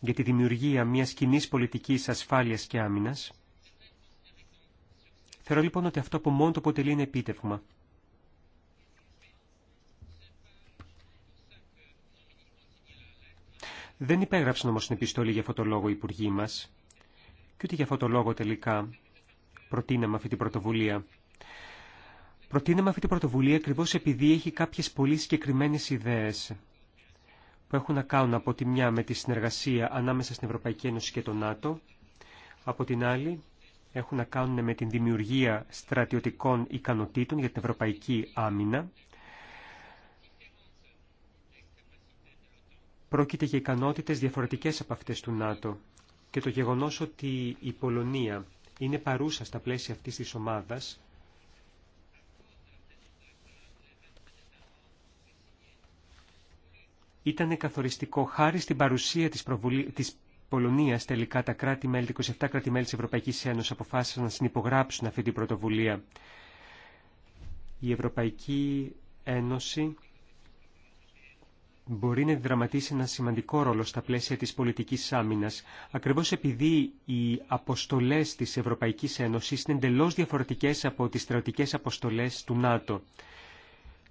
για τη δημιουργία μιας κοινή πολιτικής ασφάλειας και άμυνας. Θεωρώ λοιπόν ότι αυτό που μόνο το αποτελεί είναι επίτευγμα. Δεν υπέγραψαν όμως την επιστολή για αυτό το λόγο οι υπουργοί μας. Και ότι για αυτό το λόγο τελικά προτείναμε αυτή την πρωτοβουλία. Προτείναμε αυτή την πρωτοβουλία ακριβώ επειδή έχει κάποιε πολύ συγκεκριμένε ιδέε που έχουν να κάνουν από τη μια με τη συνεργασία ανάμεσα στην Ευρωπαϊκή Ένωση και το ΝΑΤΟ, από την άλλη έχουν να κάνουν με την δημιουργία στρατιωτικών ικανοτήτων για την Ευρωπαϊκή Άμυνα. Πρόκειται για ικανότητες διαφορετικές από αυτές του ΝΑΤΟ και το γεγονός ότι η Πολωνία είναι παρούσα στα πλαίσια αυτής της ομάδας ήταν καθοριστικό χάρη στην παρουσία της, προβουλή, της Πολωνίας τελικά τα κράτη-μέλη, 27 κράτη-μέλη της Ευρωπαϊκής Ένωσης αποφάσισαν να συνυπογράψουν αυτή την πρωτοβουλία. Η Ευρωπαϊκή Ένωση μπορεί να δραματίσει ένα σημαντικό ρόλο στα πλαίσια της πολιτικής άμυνας, ακριβώς επειδή οι αποστολές της Ευρωπαϊκής Ένωσης είναι εντελώ διαφορετικές από τις στρατιωτικές αποστολές του ΝΑΤΟ.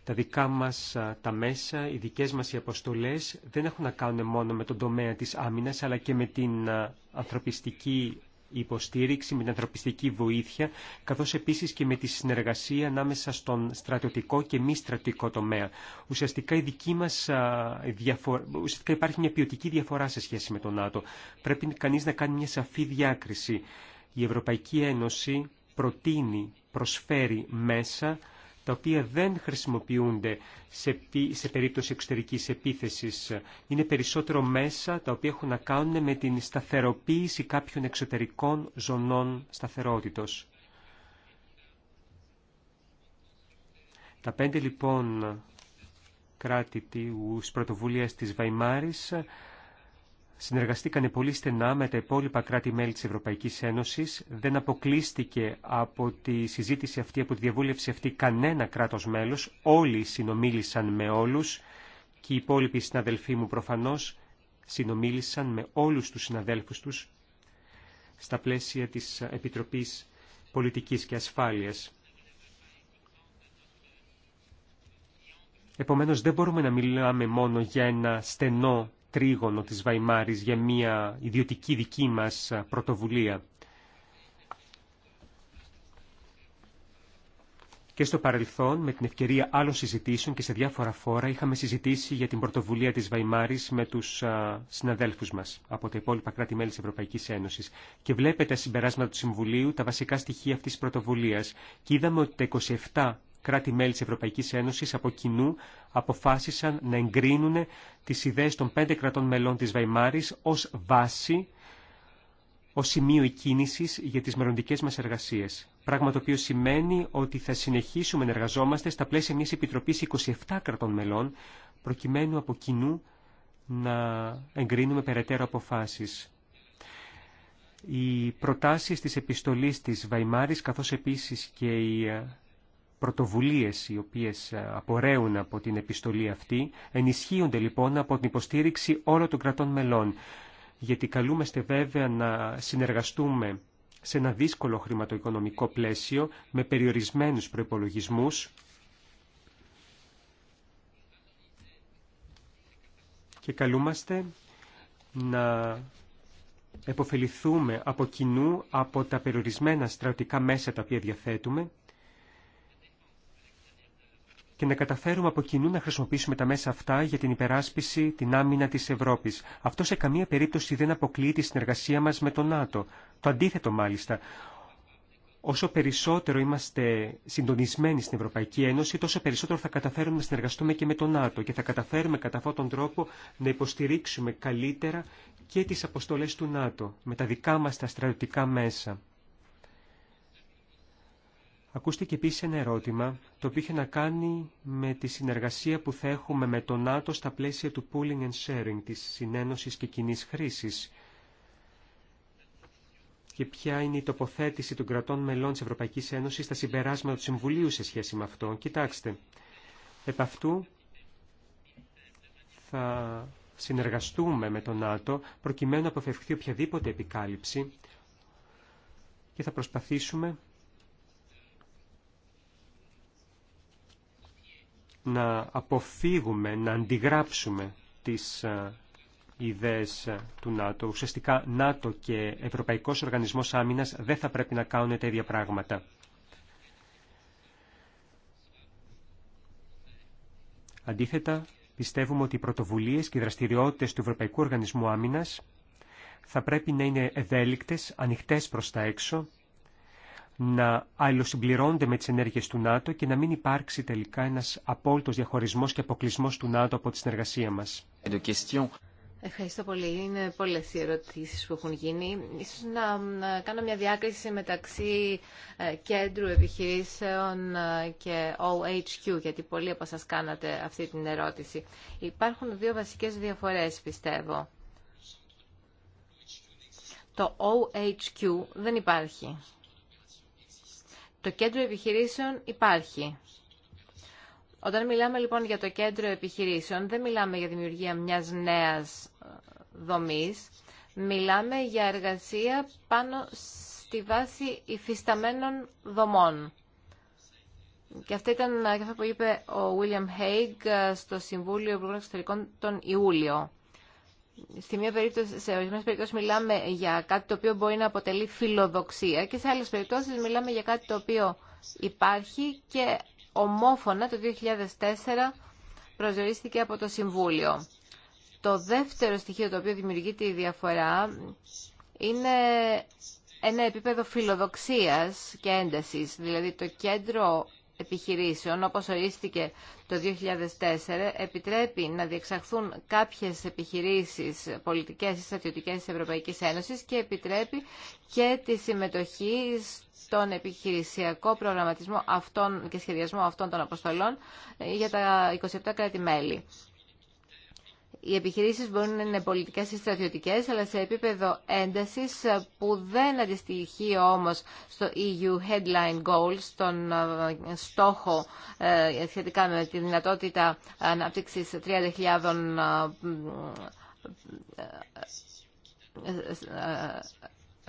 Τα δικά μας τα μέσα, οι δικές μας οι αποστολές δεν έχουν να κάνουν μόνο με τον τομέα της άμυνας, αλλά και με την ανθρωπιστική υποστήριξη, με την ανθρωπιστική βοήθεια, καθώς επίσης και με τη συνεργασία ανάμεσα στον στρατιωτικό και μη στρατιωτικό τομέα. Ουσιαστικά, η δική μας διαφορα... Ουσιαστικά υπάρχει μια ποιοτική διαφορά σε σχέση με τον ΝΑΤΟ. Πρέπει κανείς να κάνει μια σαφή διάκριση. Η Ευρωπαϊκή Ένωση προτείνει, προσφέρει μέσα τα οποία δεν χρησιμοποιούνται σε, σε περίπτωση εξωτερικής επίθεσης. Είναι περισσότερο μέσα τα οποία έχουν να κάνουν με την σταθεροποίηση κάποιων εξωτερικών ζωνών σταθερότητος. Τα πέντε λοιπόν κράτη της πρωτοβουλίας της Βαϊμάρης συνεργαστήκανε πολύ στενά με τα υπόλοιπα κράτη-μέλη της Ευρωπαϊκής Ένωσης. Δεν αποκλείστηκε από τη συζήτηση αυτή, από τη διαβούλευση αυτή, κανένα κράτος μέλος. Όλοι συνομίλησαν με όλους και οι υπόλοιποι συναδελφοί μου προφανώς συνομίλησαν με όλους τους συναδέλφους τους στα πλαίσια της Επιτροπής Πολιτικής και Ασφάλειας. Επομένως δεν μπορούμε να μιλάμε μόνο για ένα στενό τρίγωνο της Βαϊμάρης για μια ιδιωτική δική μας πρωτοβουλία. Και στο παρελθόν, με την ευκαιρία άλλων συζητήσεων και σε διάφορα φόρα, είχαμε συζητήσει για την πρωτοβουλία της Βαϊμάρης με τους α, συναδέλφους μας από τα υπόλοιπα κράτη-μέλη της Ευρωπαϊκής Ένωσης. Και βλέπετε συμπεράσματα του Συμβουλίου τα βασικά στοιχεία αυτής της πρωτοβουλίας. Και είδαμε ότι τα κράτη-μέλη της Ευρωπαϊκής Ένωσης από κοινού αποφάσισαν να εγκρίνουν τις ιδέες των πέντε κρατών μελών της Βαϊμάρης ως βάση, ως σημείο εκκίνησης για τις μελλοντικέ μας εργασίες. Πράγμα το οποίο σημαίνει ότι θα συνεχίσουμε να εργαζόμαστε στα πλαίσια μιας επιτροπής 27 κρατών μελών, προκειμένου από κοινού να εγκρίνουμε περαιτέρω αποφάσεις. Οι προτάσεις της επιστολής της Βαϊμάρης καθώς επίσης και οι πρωτοβουλίες οι οποίες ε, απορρέουν από την επιστολή αυτή ενισχύονται λοιπόν από την υποστήριξη όλων των κρατών μελών γιατί καλούμαστε βέβαια να συνεργαστούμε σε ένα δύσκολο χρηματοοικονομικό πλαίσιο με περιορισμένους προϋπολογισμούς και καλούμαστε να εποφεληθούμε από κοινού από τα περιορισμένα στρατικά μέσα τα οποία διαθέτουμε και να καταφέρουμε από κοινού να χρησιμοποιήσουμε τα μέσα αυτά για την υπεράσπιση, την άμυνα της Ευρώπης. Αυτό σε καμία περίπτωση δεν αποκλείει τη συνεργασία μας με το ΝΑΤΟ. Το αντίθετο μάλιστα. Όσο περισσότερο είμαστε συντονισμένοι στην Ευρωπαϊκή Ένωση, τόσο περισσότερο θα καταφέρουμε να συνεργαστούμε και με τον ΝΑΤΟ και θα καταφέρουμε κατά αυτόν τον τρόπο να υποστηρίξουμε καλύτερα και τις αποστολές του ΝΑΤΟ με τα δικά μας τα στρατιωτικά μέσα. Ακούστηκε επίσης ένα ερώτημα το οποίο είχε να κάνει με τη συνεργασία που θα έχουμε με το ΝΑΤΟ στα πλαίσια του pooling and sharing, της συνένωσης και κοινή χρήσης και ποια είναι η τοποθέτηση των κρατών μελών της Ευρωπαϊκής Ένωσης στα συμπεράσματα του Συμβουλίου σε σχέση με αυτό. Κοιτάξτε, επ' αυτού θα συνεργαστούμε με το ΝΑΤΟ προκειμένου να αποφευχθεί οποιαδήποτε επικάλυψη και θα προσπαθήσουμε να αποφύγουμε, να αντιγράψουμε τις ε, ιδέες ε, του ΝΑΤΟ. Ουσιαστικά ΝΑΤΟ και Ευρωπαϊκός Οργανισμός Άμυνας δεν θα πρέπει να κάνουν τα ίδια πράγματα. Αντίθετα, πιστεύουμε ότι οι πρωτοβουλίες και οι δραστηριότητες του Ευρωπαϊκού Οργανισμού Άμυνας θα πρέπει να είναι ευέλικτες, ανοιχτές προς τα έξω να αλληλοσυμπληρώνονται με τις ενέργειες του ΝΑΤΟ και να μην υπάρξει τελικά ένας απόλυτος διαχωρισμός και αποκλεισμός του ΝΑΤΟ από τη συνεργασία μας. Ευχαριστώ πολύ. Είναι πολλές οι ερωτήσεις που έχουν γίνει. Ίσως να κάνω μια διάκριση μεταξύ ε, κέντρου επιχειρήσεων ε, και OHQ, γιατί πολλοί από σας κάνατε αυτή την ερώτηση. Υπάρχουν δύο βασικές διαφορές, πιστεύω. Το OHQ δεν υπάρχει. Το κέντρο επιχειρήσεων υπάρχει. Όταν μιλάμε λοιπόν για το κέντρο επιχειρήσεων, δεν μιλάμε για δημιουργία μιας νέας ε, δομής. Μιλάμε για εργασία πάνω στη βάση υφισταμένων δομών. Και αυτό ήταν ε, και αυτό που είπε ο William Hague ε, στο Συμβούλιο Υπουργών Εξωτερικών τον Ιούλιο στη μια περίπτωση, σε ορισμένε περιπτώσει, μιλάμε για κάτι το οποίο μπορεί να αποτελεί φιλοδοξία και σε άλλε περιπτώσει μιλάμε για κάτι το οποίο υπάρχει και ομόφωνα το 2004 προσδιορίστηκε από το Συμβούλιο. Το δεύτερο στοιχείο το οποίο δημιουργεί τη διαφορά είναι ένα επίπεδο φιλοδοξίας και έντασης. Δηλαδή το κέντρο επιχειρήσεων, όπως ορίστηκε το 2004, επιτρέπει να διεξαχθούν κάποιες επιχειρήσεις πολιτικές ή στρατιωτικές της Ευρωπαϊκής Ένωσης και επιτρέπει και τη συμμετοχή στον επιχειρησιακό προγραμματισμό αυτών και σχεδιασμό αυτών των αποστολών για τα 27 κράτη-μέλη οι επιχειρήσεις μπορούν να είναι πολιτικές ή στρατιωτικές, αλλά σε επίπεδο έντασης που δεν αντιστοιχεί όμως στο EU Headline Goals, στον στόχο σχετικά με τη δυνατότητα ανάπτυξης 30.000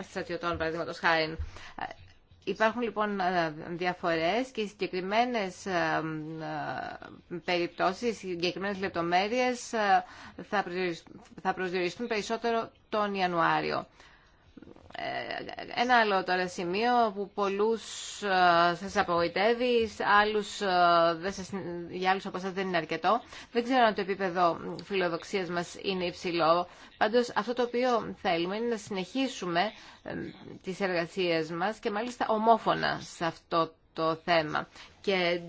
στρατιωτών, παραδείγματο χάρη. Υπάρχουν λοιπόν ε, διαφορές και οι συγκεκριμένες ε, ε, περιπτώσεις, οι συγκεκριμένες λεπτομέρειες θα προσδιοριστούν περισσότερο τον Ιανουάριο ένα άλλο τώρα σημείο που πολλούς ε, σας απογοητεύει, άλλους, ε, δεν για άλλους από εσάς δεν είναι αρκετό. Δεν ξέρω αν το επίπεδο φιλοδοξίας μας είναι υψηλό. Πάντως αυτό το οποίο θέλουμε είναι να συνεχίσουμε ε, τις εργασίες μας και μάλιστα ομόφωνα σε αυτό το θέμα. Και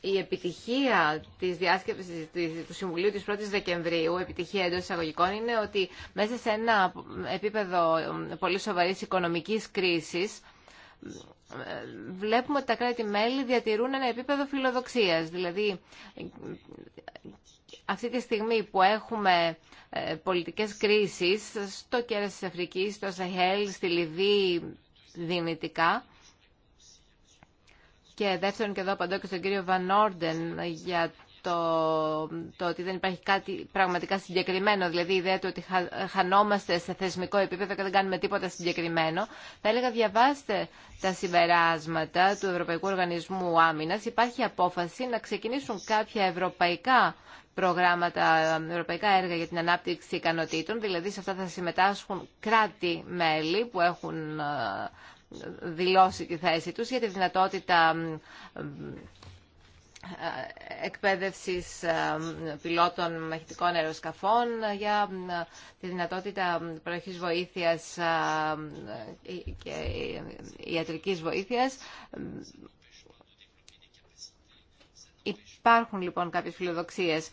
η επιτυχία της διάσκεψης του Συμβουλίου της 1ης Δεκεμβρίου, επιτυχία εντός εισαγωγικών, είναι ότι μέσα σε ένα επίπεδο πολύ σοβαρής οικονομικής κρίσης, βλέπουμε ότι τα κράτη-μέλη διατηρούν ένα επίπεδο φιλοδοξίας. Δηλαδή, αυτή τη στιγμή που έχουμε ε, πολιτικές κρίσεις στο κέρας της Αφρικής, στο Σαχέλ, στη Λιβύη δυνητικά, και δεύτερον, και εδώ απαντώ και στον κύριο Βαν Όρντεν για το, το ότι δεν υπάρχει κάτι πραγματικά συγκεκριμένο, δηλαδή η ιδέα του ότι χανόμαστε σε θεσμικό επίπεδο και δεν κάνουμε τίποτα συγκεκριμένο. Θα έλεγα διαβάστε τα συμπεράσματα του Ευρωπαϊκού Οργανισμού Άμυνας. Υπάρχει απόφαση να ξεκινήσουν κάποια ευρωπαϊκά προγράμματα, ευρωπαϊκά έργα για την ανάπτυξη ικανοτήτων, δηλαδή σε αυτά θα συμμετάσχουν κράτη-μέλη που έχουν δηλώσει τη θέση τους για τη δυνατότητα ε, εκπαίδευσης ε, πιλότων μαχητικών αεροσκαφών, για τη δυνατότητα παροχής βοήθειας ε, και ιατρικής βοήθειας. Υπάρχουν λοιπόν κάποιες φιλοδοξίες.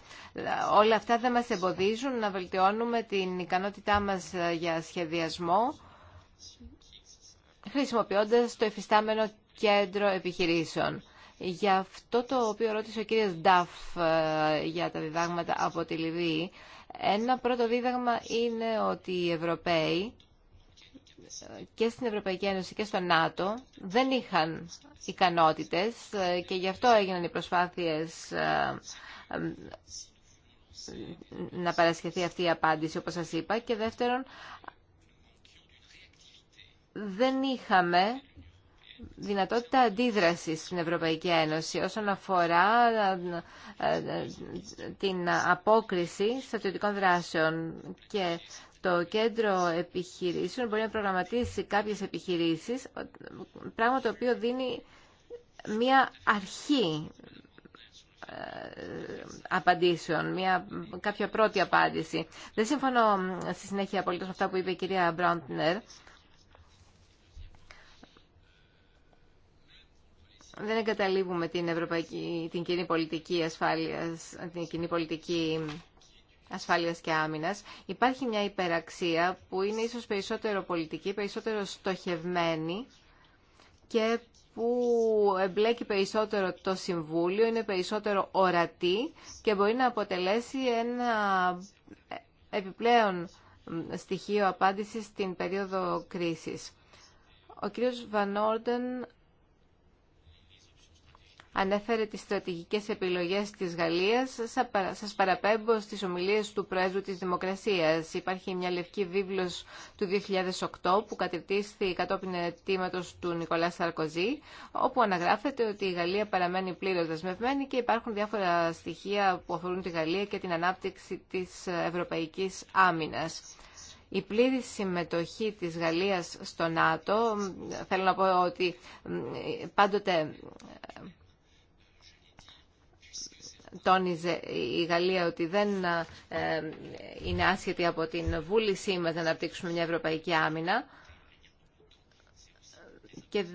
Όλα αυτά δεν μας εμποδίζουν να βελτιώνουμε την ικανότητά μας για σχεδιασμό χρησιμοποιώντας το εφιστάμενο κέντρο επιχειρήσεων. Για αυτό το οποίο ρώτησε ο κύριος Νταφ ε, για τα διδάγματα από τη Λιβύη, ένα πρώτο δίδαγμα είναι ότι οι Ευρωπαίοι και στην Ευρωπαϊκή Ένωση και στο ΝΑΤΟ δεν είχαν ικανότητες ε, και γι' αυτό έγιναν οι προσπάθειες ε, να παρασχεθεί αυτή η απάντηση, όπως σας είπα. Και δεύτερον, δεν είχαμε δυνατότητα αντίδρασης στην Ευρωπαϊκή Ένωση όσον αφορά ε, ε, την απόκριση στρατιωτικών δράσεων και το κέντρο επιχειρήσεων μπορεί να προγραμματίσει κάποιες επιχειρήσεις, πράγμα το οποίο δίνει μία αρχή ε, απαντήσεων, μια, κάποια πρώτη απάντηση. Δεν συμφωνώ στη συνέχεια απολύτως με αυτά που είπε η κυρία Μπρόντνερ δεν εγκαταλείπουμε την, ευρωπαϊκή, κοινή πολιτική ασφάλειας, την πολιτική και άμυνας. Υπάρχει μια υπεραξία που είναι ίσως περισσότερο πολιτική, περισσότερο στοχευμένη και που εμπλέκει περισσότερο το Συμβούλιο, είναι περισσότερο ορατή και μπορεί να αποτελέσει ένα επιπλέον στοιχείο απάντησης στην περίοδο κρίσης. Ο κύριος Βανόρντεν ανέφερε τις στρατηγικές επιλογές της Γαλλίας, σας παραπέμπω στις ομιλίες του Πρόεδρου της Δημοκρασίας. Υπάρχει μια λευκή βίβλος του 2008 που κατευθύνθη κατόπιν αιτήματος του Νικολά Σαρκοζή, όπου αναγράφεται ότι η Γαλλία παραμένει πλήρως δεσμευμένη και υπάρχουν διάφορα στοιχεία που αφορούν τη Γαλλία και την ανάπτυξη της ευρωπαϊκής άμυνας. Η πλήρη συμμετοχή της Γαλλίας στο ΝΑΤΟ, θέλω να πω ότι ε, πάντοτε τόνιζε η Γαλλία ότι δεν ε, είναι άσχετη από την βούλησή μας να αναπτύξουμε μια ευρωπαϊκή άμυνα και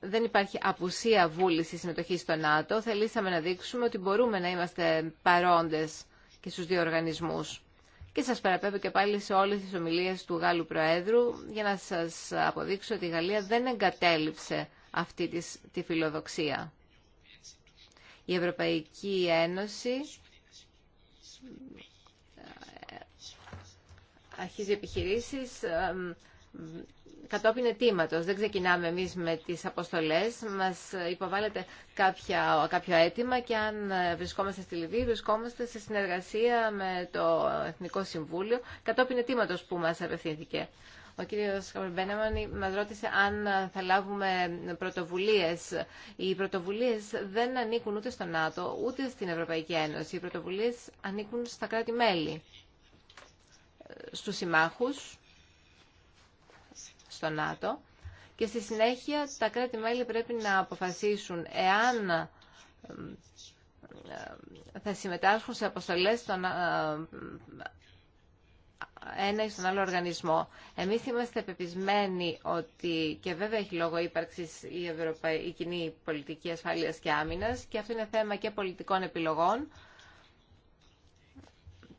δεν υπάρχει απουσία βούληση συμμετοχής στο ΝΑΤΟ. Θελήσαμε να δείξουμε ότι μπορούμε να είμαστε παρόντες και στους δύο οργανισμούς. Και σας παραπέμπω και πάλι σε όλες τις ομιλίες του Γάλλου Προέδρου για να σας αποδείξω ότι η Γαλλία δεν εγκατέλειψε αυτή τη φιλοδοξία. Η Ευρωπαϊκή Ένωση ε, αρχίζει επιχειρήσεις ε, κατόπιν ετήματος. Δεν ξεκινάμε εμείς με τις αποστολές. Μας υποβάλλεται κάποια, κάποιο αίτημα και αν ε, βρισκόμαστε στη Λιβύη, βρισκόμαστε σε συνεργασία με το Εθνικό Συμβούλιο κατόπιν ετήματος που μας απευθύνθηκε. Ο κύριος Καμερμπένεμαν μας ρώτησε αν θα λάβουμε πρωτοβουλίες. Οι πρωτοβουλίες δεν ανήκουν ούτε στο ΝΑΤΟ, ούτε στην Ευρωπαϊκή Ένωση. Οι πρωτοβουλίες ανήκουν στα κράτη-μέλη, στους συμμάχους, στο ΝΑΤΟ. Και στη συνέχεια τα κράτη-μέλη πρέπει να αποφασίσουν εάν ε, θα συμμετάσχουν σε αποστολές των ε, ένα ή στον άλλο οργανισμό. Εμείς είμαστε πεπισμένοι ότι και βέβαια έχει λόγο ύπαρξης η, Ευρωπαϊ... η κοινή πολιτική ασφάλειας και άμυνας και αυτό είναι θέμα και πολιτικών επιλογών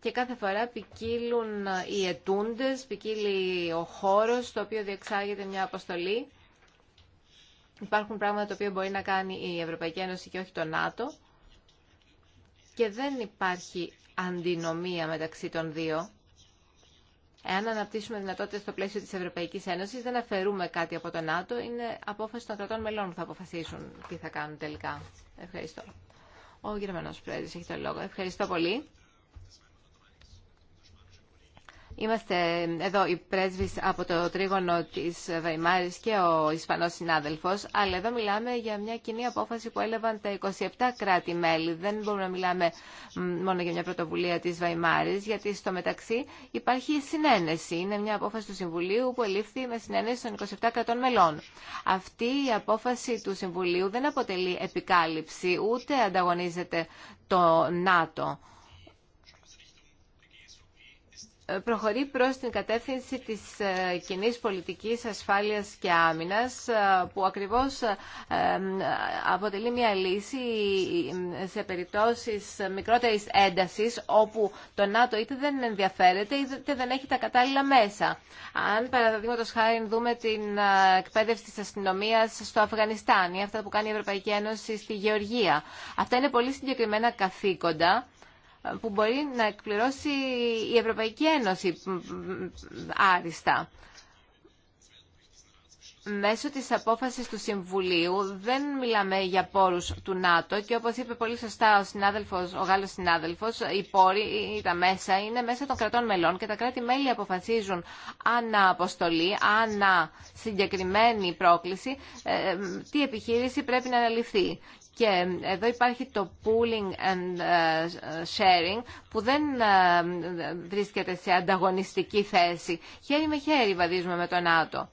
και κάθε φορά ποικίλουν οι ετούντες, ποικίλει ο χώρος στο οποίο διεξάγεται μια αποστολή. Υπάρχουν πράγματα τα οποία μπορεί να κάνει η η κοινη πολιτικη Ένωση και αμυνα και αυτο ειναι θεμα και πολιτικων επιλογων και καθε φορα ποικιλουν οι ετουντε ποικιλει ο χωρος στο οποιο διεξαγεται μια αποστολη υπαρχουν πραγματα τα οποια μπορει να κανει η ευρωπαικη ενωση και οχι το ΝΑΤΟ και δεν υπάρχει αντινομία μεταξύ των δύο. Εάν αναπτύσσουμε δυνατότητε στο πλαίσιο τη Ευρωπαϊκή Ένωση, δεν αφαιρούμε κάτι από το ΝΑΤΟ. Είναι απόφαση των κρατών μελών που θα αποφασίσουν τι θα κάνουν τελικά. Ευχαριστώ. Ο Γερμανό Πρόεδρο έχει τον λόγο. Ευχαριστώ πολύ. Είμαστε εδώ οι πρέσβεις από το τρίγωνο της Βαϊμάρης και ο Ισπανός συνάδελφος, αλλά εδώ μιλάμε για μια κοινή απόφαση που έλαβαν τα 27 κράτη-μέλη. Δεν μπορούμε να μιλάμε μόνο για μια πρωτοβουλία της Βαϊμάρης, γιατί στο μεταξύ υπάρχει συνένεση. Είναι μια απόφαση του Συμβουλίου που ελήφθη με συνένεση των 27 κρατών μελών. Αυτή η απόφαση του Συμβουλίου δεν αποτελεί επικάλυψη, ούτε ανταγωνίζεται το ΝΑΤΟ προχωρεί προς την κατεύθυνση της ε, κοινή πολιτικής ασφάλειας και άμυνας ε, που ακριβώς ε, αποτελεί μια λύση σε περιπτώσεις μικρότερης έντασης όπου το ΝΑΤΟ είτε δεν ενδιαφέρεται είτε δεν έχει τα κατάλληλα μέσα. Αν παραδείγματο χάρη δούμε την εκπαίδευση της αστυνομία στο Αφγανιστάν ή αυτά που κάνει η Ευρωπαϊκή Ένωση στη Γεωργία. Αυτά είναι πολύ συγκεκριμένα καθήκοντα που μπορεί να εκπληρώσει η Ευρωπαϊκή Ένωση άριστα. Μέσω της απόφασης του Συμβουλίου δεν μιλάμε για πόρους του ΝΑΤΟ και όπως είπε πολύ σωστά ο, συνάδελφος, ο Γάλλος συνάδελφος, οι πόροι ή τα μέσα είναι μέσα των κρατών μελών και τα κράτη-μέλη αποφασίζουν ανά αποστολή, ανά συγκεκριμένη πρόκληση, ε, ε, τι επιχείρηση πρέπει να αναλυθεί. Και εδώ υπάρχει το pooling and ε, sharing που δεν ε, βρίσκεται σε ανταγωνιστική θέση. Χέρι με χέρι βαδίζουμε με τον ΝΑΤΟ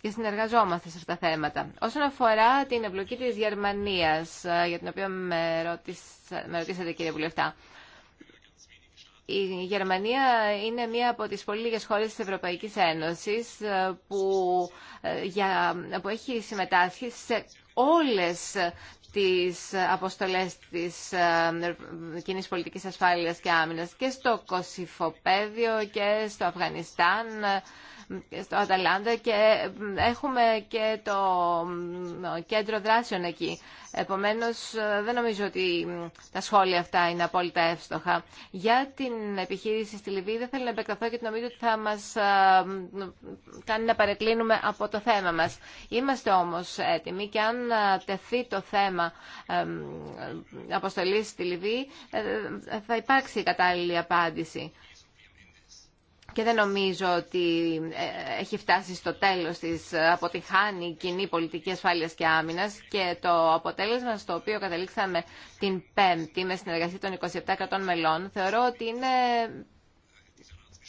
και συνεργαζόμαστε σε αυτά τα θέματα. Όσον αφορά την εμπλοκή της Γερμανίας, ε, για την οποία με, ρωτήσατε κύριε Βουλευτά, η Γερμανία είναι μία από τις πολύ λίγες χώρες της Ευρωπαϊκής Ένωσης που, έχει συμμετάσχει σε όλες στις αποστολές της ε, κοινή πολιτικής ασφάλειας και άμυνας και στο Κωσυφοπέδιο και στο Αφγανιστάν στο Αταλάντα και έχουμε και το κέντρο δράσεων εκεί. Επομένως, ε, δεν νομίζω ότι τα σχόλια αυτά είναι απόλυτα εύστοχα. Για την επιχείρηση στη Λιβύη δεν θέλω να επεκταθώ γιατί νομίζω ότι θα μας ε, κάνει να παρεκκλίνουμε από το θέμα μας. Είμαστε όμως έτοιμοι και αν ε, τεθεί το θέμα αποστολής στη Λιβύη θα υπάρξει κατάλληλη απάντηση και δεν νομίζω ότι ε, έχει φτάσει στο τέλος της ε, αποτυχάνει η κοινή πολιτική ασφάλειας και άμυνας και το αποτέλεσμα στο οποίο καταλήξαμε την Πέμπτη με συνεργασία των 27 κρατών μελών θεωρώ ότι είναι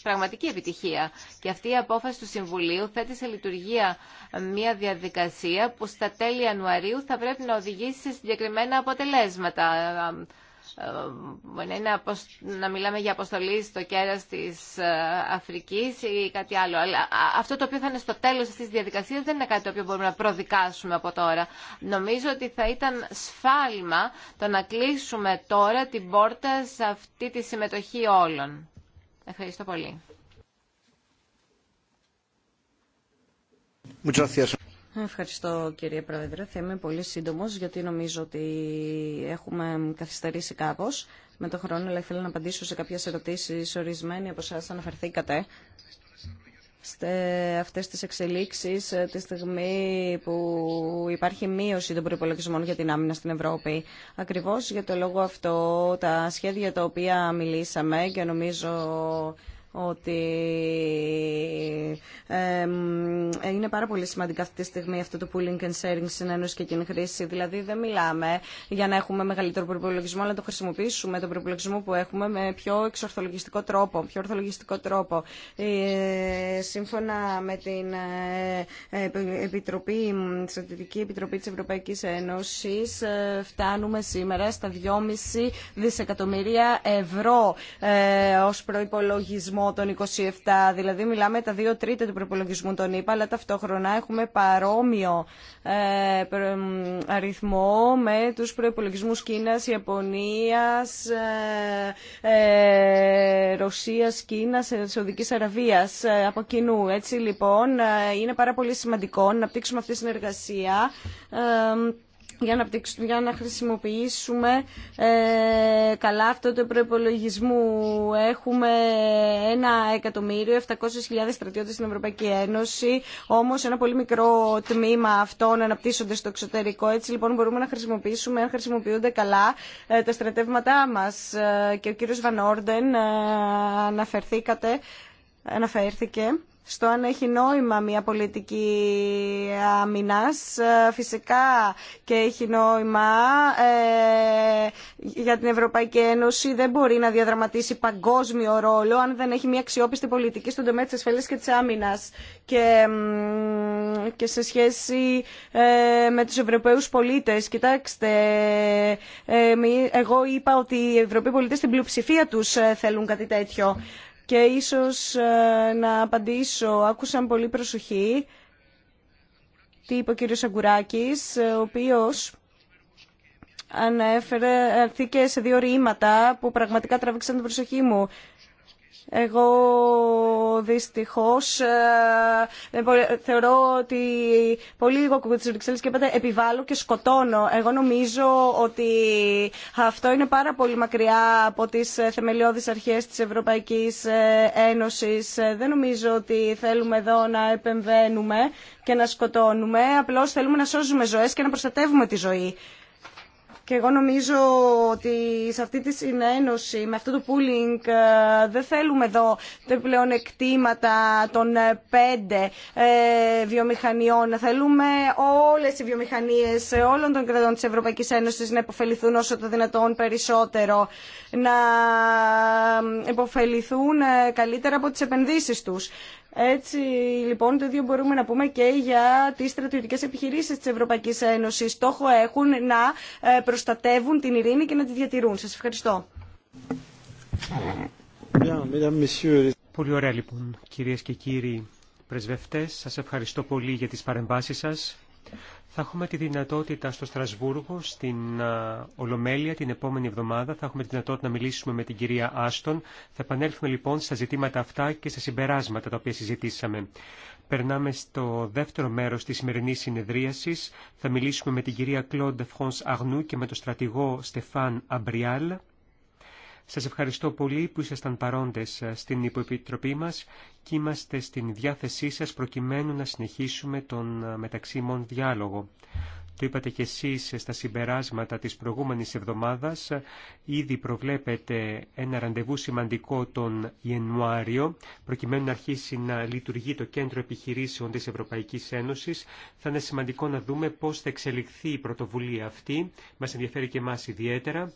πραγματική επιτυχία. Και αυτή η απόφαση του Συμβουλίου θέτει σε λειτουργία ε, μια διαδικασία που στα τέλη Ιανουαρίου θα πρέπει να οδηγήσει σε συγκεκριμένα αποτελέσματα Μπορεί να, είναι να μιλάμε για αποστολή στο κέρα της ε, Αφρικής ή κάτι άλλο. Αλλά αυτό το οποίο θα είναι στο τέλος της διαδικασίας δεν είναι κάτι το οποίο μπορούμε να προδικάσουμε από τώρα. Νομίζω ότι θα ήταν σφάλμα το να κλείσουμε τώρα την πόρτα σε αυτή τη συμμετοχή όλων. Ευχαριστώ πολύ. Ευχαριστώ κύριε Πρόεδρε. Θα είμαι πολύ σύντομος γιατί νομίζω ότι έχουμε καθυστερήσει κάπως με τον χρόνο, αλλά ήθελα να απαντήσω σε κάποιες ερωτήσεις ορισμένοι από εσάς αναφερθήκατε σε αυτές τις εξελίξεις ε, τη στιγμή που υπάρχει μείωση των προπολογισμών για την άμυνα στην Ευρώπη. Ακριβώς για το λόγο αυτό τα σχέδια τα οποία μιλήσαμε και νομίζω ότι είναι πάρα πολύ σημαντικά αυτή τη στιγμή αυτό το pooling and sharing συνένωση και κοινή χρήση. Δηλαδή δεν μιλάμε για να έχουμε μεγαλύτερο προπολογισμό, αλλά να το χρησιμοποιήσουμε τον προπολογισμό που έχουμε με πιο εξορθολογιστικό τρόπο. Πιο ορθολογιστικό τρόπο. Ε, σύμφωνα με την ε, ε, Επιτροπή, Επιτροπή της Ευρωπαϊκής Ένωσης, φτάνουμε σήμερα στα 2,5 δισεκατομμύρια ευρώ ε, ως προϋπολογισμό προπολογισμό των 27, δηλαδή μιλάμε τα δύο τρίτα του προπολογισμού των ΗΠΑ, αλλά ταυτόχρονα έχουμε παρόμοιο ε, αριθμό με τους προπολογισμούς Κίνας, Ιαπωνίας, ε, ε, Ρωσίας, Κίνας, Σαουδικής Αραβίας από κοινού. Έτσι λοιπόν είναι πάρα πολύ σημαντικό να απτύξουμε αυτή τη συνεργασία για να, για να χρησιμοποιήσουμε ε, καλά αυτό το προπολογισμού. Έχουμε ένα εκατομμύριο, 700.000 στρατιώτες στην Ευρωπαϊκή Ένωση, όμως ένα πολύ μικρό τμήμα αυτών αναπτύσσονται στο εξωτερικό. Έτσι λοιπόν μπορούμε να χρησιμοποιήσουμε, αν χρησιμοποιούνται καλά, ε, τα στρατεύματά μας. Ε, και ο κύριος Βανόρντεν ε, αναφερθήκατε, αναφέρθηκε στο αν έχει νόημα μια πολιτική αμυνάς. Ε, φυσικά και έχει νόημα ε, για την Ευρωπαϊκή Ένωση. Δεν μπορεί να διαδραματίσει παγκόσμιο ρόλο αν δεν έχει μια αξιόπιστη πολιτική στον τομέα της ασφαλείας και της άμυνας. Και, και σε σχέση ε, με τους Ευρωπαίους πολίτες, κοιτάξτε, εγώ είπα ότι οι Ευρωπαίοι πολίτες στην πλειοψηφία τους θέλουν κάτι τέτοιο και ίσως ε, να απαντήσω. Άκουσα πολύ προσοχή τι είπε ο κύριος Αγκουράκης, ε, ο οποίος ανέφερε ε, αρθήκε σε δύο ρήματα που πραγματικά τραβήξαν την προσοχή μου. Εγώ δυστυχώς ε, θεωρώ ότι πολύ λίγο ακούω τις Βρυξέλλε και πάντα επιβάλλω και σκοτώνω. Εγώ νομίζω ότι αυτό είναι πάρα πολύ μακριά από τις ε, θεμελιώδεις αρχές της Ευρωπαϊκής ε, Ένωσης. Δεν νομίζω ότι θέλουμε εδώ να επεμβαίνουμε και να σκοτώνουμε. απλώ θέλουμε να σώζουμε ζωές και να προστατεύουμε τη ζωή. Και εγώ νομίζω ότι σε αυτή τη συνένωση, με αυτό το pooling, ε, δεν θέλουμε εδώ τα πλέον εκτήματα των πέντε ε, βιομηχανιών. Θέλουμε όλες οι βιομηχανίες όλων των κρατών της Ευρωπαϊκής Ένωσης να υποφεληθούν όσο το δυνατόν περισσότερο, να υποφεληθούν ε, καλύτερα από τις επενδύσεις τους. Έτσι, λοιπόν, το ίδιο μπορούμε να πούμε και για τις στρατιωτικές επιχειρήσεις της Ευρωπαϊκής Ένωσης. Στόχο έχουν να προστατεύουν την ειρήνη και να τη διατηρούν. Σας ευχαριστώ. Πολύ ωραία λοιπόν κυρίες και κύριοι πρεσβευτές. Σας ευχαριστώ πολύ για τις παρεμβάσεις σας. Θα έχουμε τη δυνατότητα στο Στρασβούργο, στην Ολομέλεια, την επόμενη εβδομάδα. Θα έχουμε τη δυνατότητα να μιλήσουμε με την κυρία Άστον. Θα επανέλθουμε λοιπόν στα ζητήματα αυτά και στα συμπεράσματα τα οποία συζητήσαμε. Περνάμε στο δεύτερο μέρος της σημερινής συνεδρίασης. Θα μιλήσουμε με την κυρία Κλόντ Αγνού και με τον στρατηγό Στεφάν Αμπριάλ. Σας ευχαριστώ πολύ που ήσασταν παρόντες ε, στην υποεπιτροπή μας και είμαστε στην διάθεσή σας προκειμένου να συνεχίσουμε τον ε, μεταξύ διάλογο. Το είπατε και εσείς στα συμπεράσματα της προηγούμενης εβδομάδας. Ήδη προβλέπετε ένα ραντεβού σημαντικό τον Ιανουάριο, προκειμένου να αρχίσει να λειτουργεί το Κέντρο Επιχειρήσεων της Ευρωπαϊκής Ένωσης. Θα είναι σημαντικό να δούμε πώς θα εξελιχθεί η πρωτοβουλία αυτή. Μας ενδιαφέρει και εμάς ιδιαίτερα.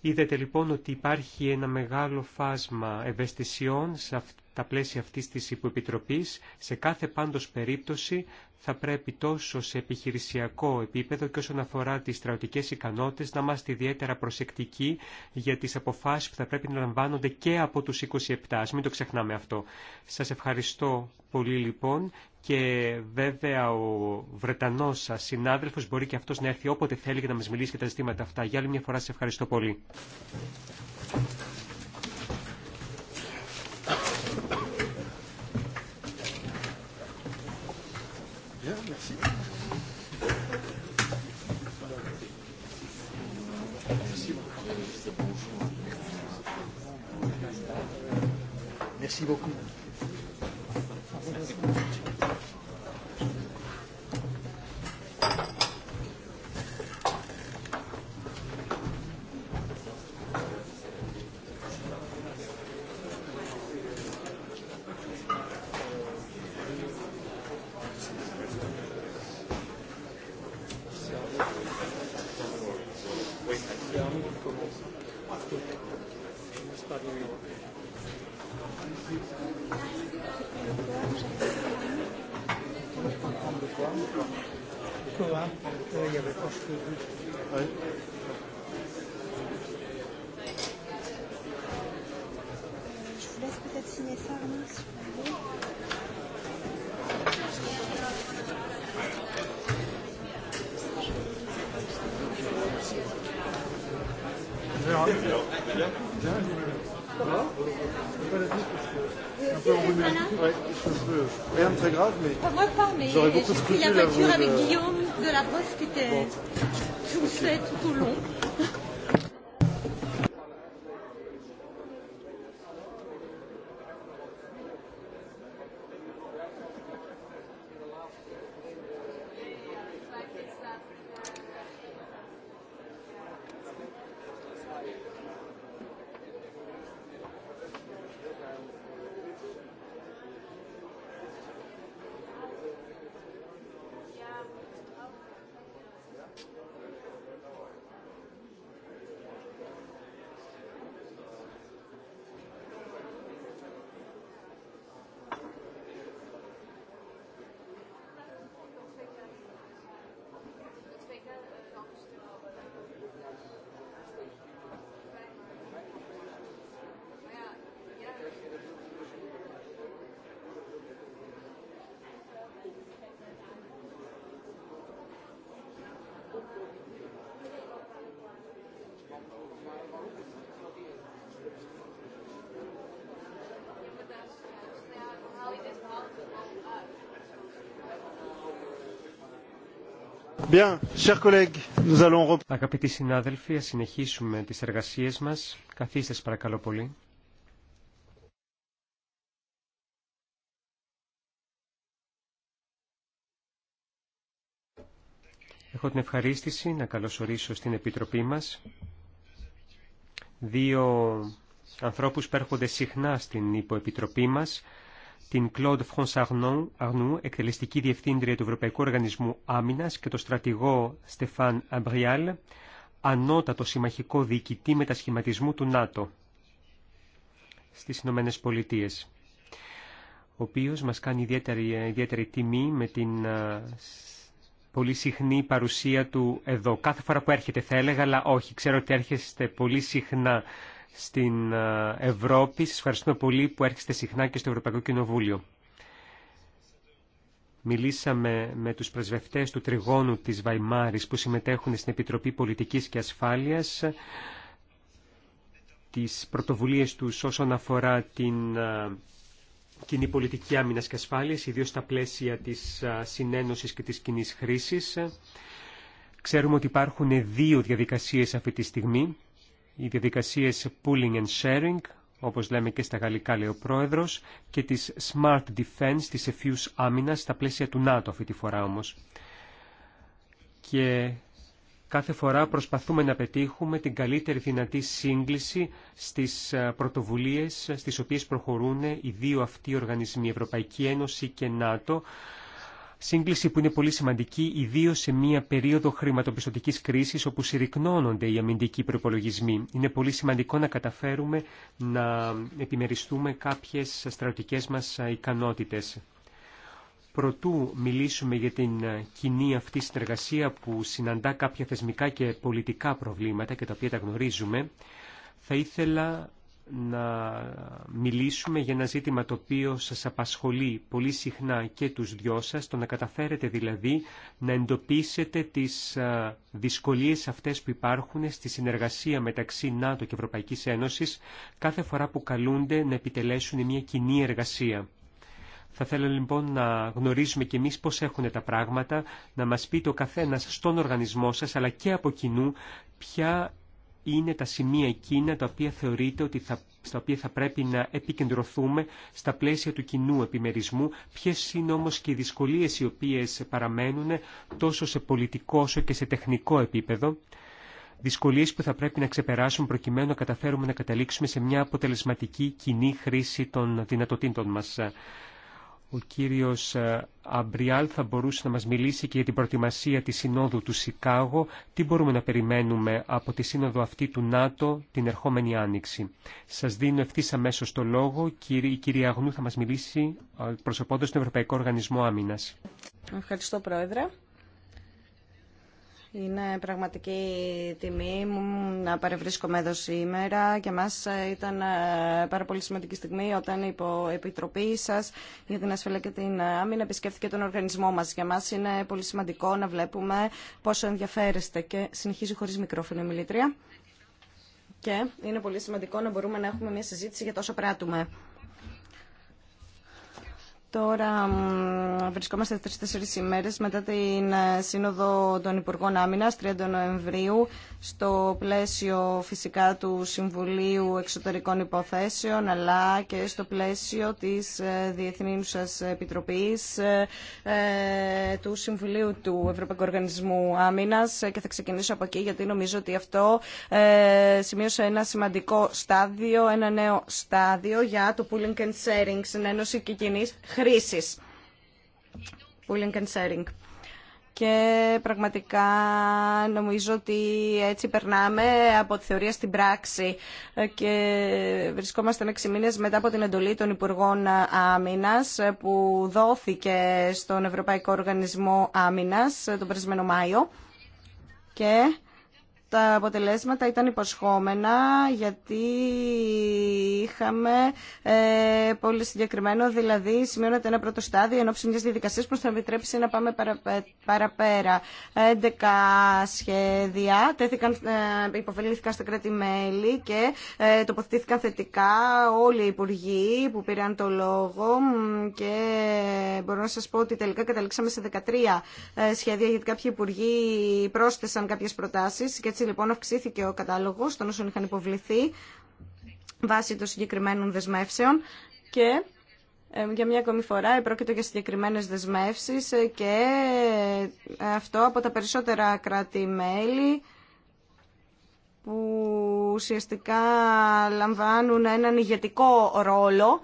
Είδατε λοιπόν ότι υπάρχει ένα μεγάλο φάσμα ευαισθησιών σε τα πλαίσια αυτής της υποεπιτροπής, σε κάθε πάντως περίπτωση θα πρέπει τόσο σε επιχειρησιακό επίπεδο και όσον αφορά τις στρατιωτικές ικανότητες να είμαστε ιδιαίτερα προσεκτικοί για τις αποφάσεις που θα πρέπει να λαμβάνονται και από τους 27. Ας μην το ξεχνάμε αυτό. Σας ευχαριστώ πολύ λοιπόν και βέβαια ο Βρετανός σας συνάδελφος μπορεί και αυτός να έρθει όποτε θέλει και να μας μιλήσει για τα ζητήματα αυτά. Για άλλη μια φορά σας ευχαριστώ πολύ. Merci beaucoup. J'aurais beaucoup de scrupules à vous. Αγαπητοί συνάδελφοι, ας συνεχίσουμε τις εργασίες μας. Καθίστε παρακαλώ πολύ. Έχω την ευχαρίστηση να καλωσορίσω στην Επιτροπή μας δύο ανθρώπους που έρχονται συχνά στην υποεπιτροπή μας την Claude France αρνού, εκτελεστική διευθύντρια του Ευρωπαϊκού Οργανισμού Άμυνα και τον στρατηγό Στεφάν Αμπριάλ, ανώτατο συμμαχικό διοικητή μετασχηματισμού του ΝΑΤΟ στι Ηνωμένε Πολιτείε, ο οποίος μας κάνει ιδιαίτερη, ιδιαίτερη τιμή με την πολύ συχνή παρουσία του εδώ. Κάθε φορά που έρχεται θα έλεγα, αλλά όχι, ξέρω ότι έρχεστε πολύ συχνά στην ε, Ευρώπη. Σας ευχαριστούμε πολύ που έρχεστε συχνά και στο Ευρωπαϊκό Κοινοβούλιο. Μιλήσαμε με τους πρεσβευτές του τριγώνου της Βαϊμάρης που συμμετέχουν στην Επιτροπή Πολιτικής και Ασφάλειας τις πρωτοβουλίες του όσον αφορά την ε, κοινή πολιτική άμυνας και ασφάλειας, ιδίως στα πλαίσια της ε, συνένωσης και της κοινή χρήσης. Ξέρουμε ότι υπάρχουν δύο διαδικασίες αυτή τη στιγμή οι διαδικασίες pooling and sharing, όπως λέμε και στα γαλλικά λέει ο πρόεδρος, και της smart defense, της εφίους άμυνας, στα πλαίσια του ΝΑΤΟ αυτή τη φορά όμως. Και κάθε φορά προσπαθούμε να πετύχουμε την καλύτερη δυνατή σύγκληση στις ε, πρωτοβουλίες ε, στις οποίες προχωρούν οι δύο αυτοί οργανισμοί, Ευρωπαϊκή Ένωση και ΝΑΤΟ, Σύγκληση που είναι πολύ σημαντική, ιδίω σε μια περίοδο χρηματοπιστωτική κρίση όπου συρρυκνώνονται οι αμυντικοί προπολογισμοί. Είναι πολύ σημαντικό να καταφέρουμε να επιμεριστούμε κάποιε στρατιωτικέ μα ικανότητε. Προτού μιλήσουμε για την κοινή αυτή συνεργασία που συναντά κάποια θεσμικά και πολιτικά προβλήματα και τα οποία τα γνωρίζουμε, θα ήθελα να μιλήσουμε για ένα ζήτημα το οποίο σας απασχολεί πολύ συχνά και τους δυο σας, το να καταφέρετε δηλαδή να εντοπίσετε τις ε, δυσκολίες αυτές που υπάρχουν στη συνεργασία μεταξύ ΝΑΤΟ και Ευρωπαϊκής Ένωσης κάθε φορά που καλούνται να επιτελέσουν μια κοινή εργασία. Θα θέλω λοιπόν να γνωρίζουμε και εμείς πώς έχουν τα πράγματα, να μας πείτε ο καθένας στον οργανισμό σας, αλλά και από κοινού, ποια είναι τα σημεία εκείνα τα οποία θεωρείται ότι θα, στα οποία θα πρέπει να επικεντρωθούμε στα πλαίσια του κοινού επιμερισμού, ποιε είναι όμως και οι δυσκολίες οι οποίες παραμένουν τόσο σε πολιτικό όσο και σε τεχνικό επίπεδο, δυσκολίες που θα πρέπει να ξεπεράσουμε προκειμένου να καταφέρουμε να καταλήξουμε σε μια αποτελεσματική κοινή χρήση των δυνατοτήτων μας. Ο κύριος ε, Αμπριάλ θα μπορούσε να μας μιλήσει και για την προετοιμασία της Συνόδου του Σικάγο. Τι μπορούμε να περιμένουμε από τη Σύνοδο αυτή του ΝΑΤΟ την ερχόμενη Άνοιξη. Σας δίνω ευθύ αμέσω το λόγο. Η κυρία Αγνού θα μας μιλήσει ε, προσωπώντας τον Ευρωπαϊκό Οργανισμό Άμυνας. Ευχαριστώ Πρόεδρε. Είναι πραγματική τιμή μου να παρευρίσκομαι εδώ σήμερα. Για μας ε, ήταν ε, πάρα πολύ σημαντική στιγμή όταν η Επιτροπή σας για την Ασφαλεία και την ε, Άμυνα επισκέφθηκε τον οργανισμό μας. Για μας είναι πολύ σημαντικό να βλέπουμε πόσο ενδιαφέρεστε και συνεχίζει χωρίς μικρόφωνο η μιλήτρια. Και είναι πολύ σημαντικό να μπορούμε να έχουμε μια συζήτηση για τόσο πράττουμε. Τώρα βρισκόμαστε τρει-τέσσερι ημέρε μετά την ε, Σύνοδο των Υπουργών Άμυνα, 30 Νοεμβρίου, στο πλαίσιο φυσικά του Συμβουλίου Εξωτερικών Υποθέσεων, αλλά και στο πλαίσιο τη ε, Διεθνήνουσα Επιτροπή ε, του Συμβουλίου του Ευρωπαϊκού Οργανισμού Άμυνα. Και θα ξεκινήσω από εκεί, γιατί νομίζω ότι αυτό σημείωσε ένα σημαντικό στάδιο, ένα νέο στάδιο για το pooling and sharing, συνένωση και κοινή χρήση χρήσης. πολύ sharing. Και πραγματικά νομίζω ότι έτσι περνάμε από τη θεωρία στην πράξη και βρισκόμαστε έξι μήνες μετά από την εντολή των Υπουργών Άμυνα που δόθηκε στον Ευρωπαϊκό Οργανισμό Άμυνα τον περασμένο Μάιο και τα αποτελέσματα ήταν υποσχόμενα γιατί είχαμε ε, πολύ συγκεκριμένο, δηλαδή σημειώνεται ένα πρώτο στάδιο ενώψη μια μιας που θα επιτρέψει να πάμε ε, παραπέρα. 11 σχέδια τέθηκαν, ε, υποφελήθηκαν στα κράτη-μέλη και ε, τοποθετήθηκαν θετικά όλοι οι υπουργοί που πήραν το λόγο και μπορώ να σας πω ότι τελικά καταλήξαμε σε 13 ε, σχέδια γιατί κάποιοι υπουργοί πρόσθεσαν κάποιες προτάσεις και έτσι λοιπόν αυξήθηκε ο κατάλογος των όσων είχαν υποβληθεί βάσει των συγκεκριμένων δεσμεύσεων και ε, για μια ακόμη φορά πρόκειται για συγκεκριμένε δεσμεύσει ε, και ε, αυτό από τα περισσότερα κράτη-μέλη που ουσιαστικά λαμβάνουν έναν ηγετικό ρόλο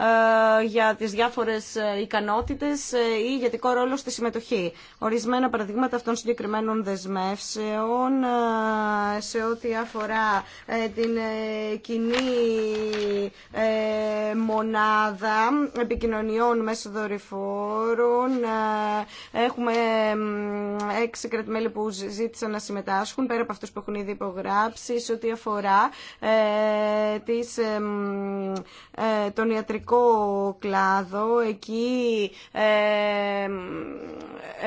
ε, για τις διάφορες ε, ικανότητες ε, ή ηγετικό ρόλο στη συμμετοχή. Ορισμένα παραδείγματα αυτών συγκεκριμένων δεσμεύσεων σε ό,τι αφορά την κοινή μονάδα επικοινωνιών μέσω δορυφόρων. Έχουμε έξι κρατημέλη που ζήτησαν να συμμετάσχουν πέρα από αυτούς που έχουν ήδη υπογράψει σε ό,τι αφορά τον ιατρικό γεωργικό κλάδο. Εκεί ε,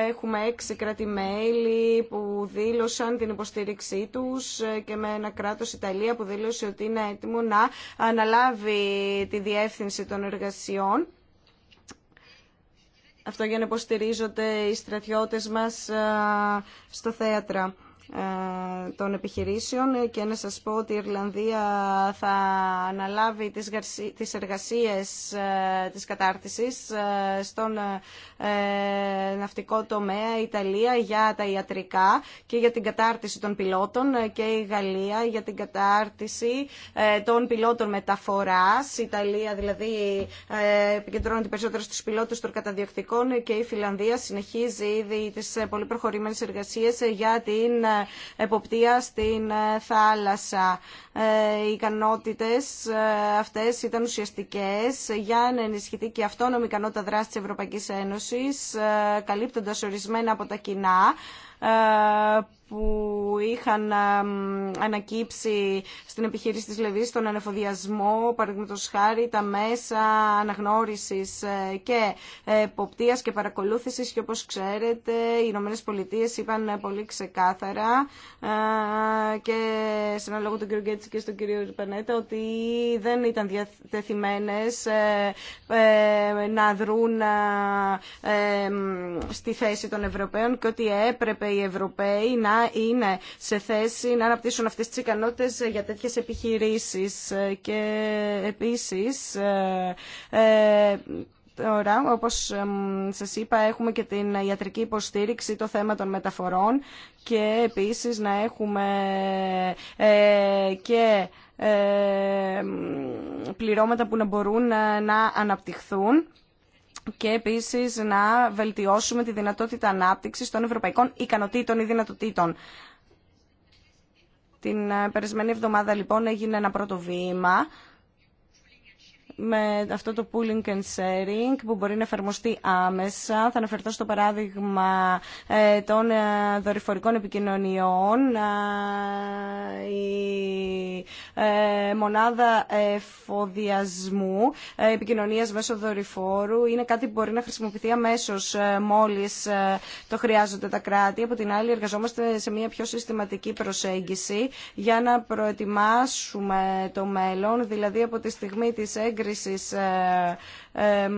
έχουμε έξι κράτη-μέλη που δήλωσαν την υποστήριξή τους ε, και με ένα κράτος Ιταλία που δήλωσε ότι είναι έτοιμο να αναλάβει τη διεύθυνση των εργασιών. Αυτό για να υποστηρίζονται οι στρατιώτες μας ε, στο θέατρο. Ε, των επιχειρήσεων και να σας πω ότι η Ιρλανδία θα αναλάβει τις εργασίες ε, της κατάρτισης ε, στον ναυτικό τομέα, η Ιταλία για τα ιατρικά και για την κατάρτιση των πιλότων και η Γαλλία για την κατάρτιση των πιλότων μεταφοράς. Η Ιταλία δηλαδή επικεντρώνεται περισσότερο στους πιλότους των καταδιοκτικών και η Φιλανδία συνεχίζει ήδη τις πολύ προχωρημένες εργασίες για την εποπτεία στην ε, θάλασσα. Ε, οι ικανότητε ε, αυτές ήταν ουσιαστικές για να ενισχυθεί και η αυτόνομη ικανότητα δράση τη Ευρωπαϊκής Ένωσης, καλύπτοντας ορισμένα από τα κοινά που είχαν ανακύψει στην επιχείρηση της Λεβής, τον ανεφοδιασμό, παραδείγματο χάρη, τα μέσα αναγνώρισης ε, και εποπτείας και παρακολούθησης και όπως ξέρετε οι Ηνωμένε Πολιτείε είπαν πολύ ξεκάθαρα ε, και σε ένα λόγο τον κύριο Γκέτση και στον κύριο Πανέτα ότι δεν ήταν διατεθειμένες ε, να δρουν στη θέση των Ευρωπαίων και ότι έπρεπε οι Ευρωπαίοι να είναι σε θέση να αναπτύσσουν αυτές τις ικανότητες για τέτοιες επιχειρήσεις. Και επίσης, ε, Τώρα, όπως σας είπα, έχουμε και την ιατρική υποστήριξη, το θέμα των μεταφορών και επίσης να έχουμε ε, και ε, πληρώματα που να μπορούν να αναπτυχθούν και επίση να βελτιώσουμε τη δυνατότητα ανάπτυξης των ευρωπαϊκών ικανοτήτων ή δυνατοτήτων. Την ε, περασμένη εβδομάδα λοιπόν έγινε ένα πρώτο βήμα με αυτό το pooling and sharing που μπορεί να εφαρμοστεί άμεσα. Θα αναφερθώ στο παράδειγμα ε, των ε, δορυφορικών επικοινωνιών. Η ε, μονάδα εφοδιασμού επικοινωνίας μέσω δορυφόρου είναι κάτι που μπορεί να χρησιμοποιηθεί αμέσω μόλις το χρειάζονται τα κράτη. Από την άλλη εργαζόμαστε σε μια πιο συστηματική προσέγγιση για να προετοιμάσουμε το μέλλον, δηλαδή από τη στιγμή της έγκρισης όσον ε, ε,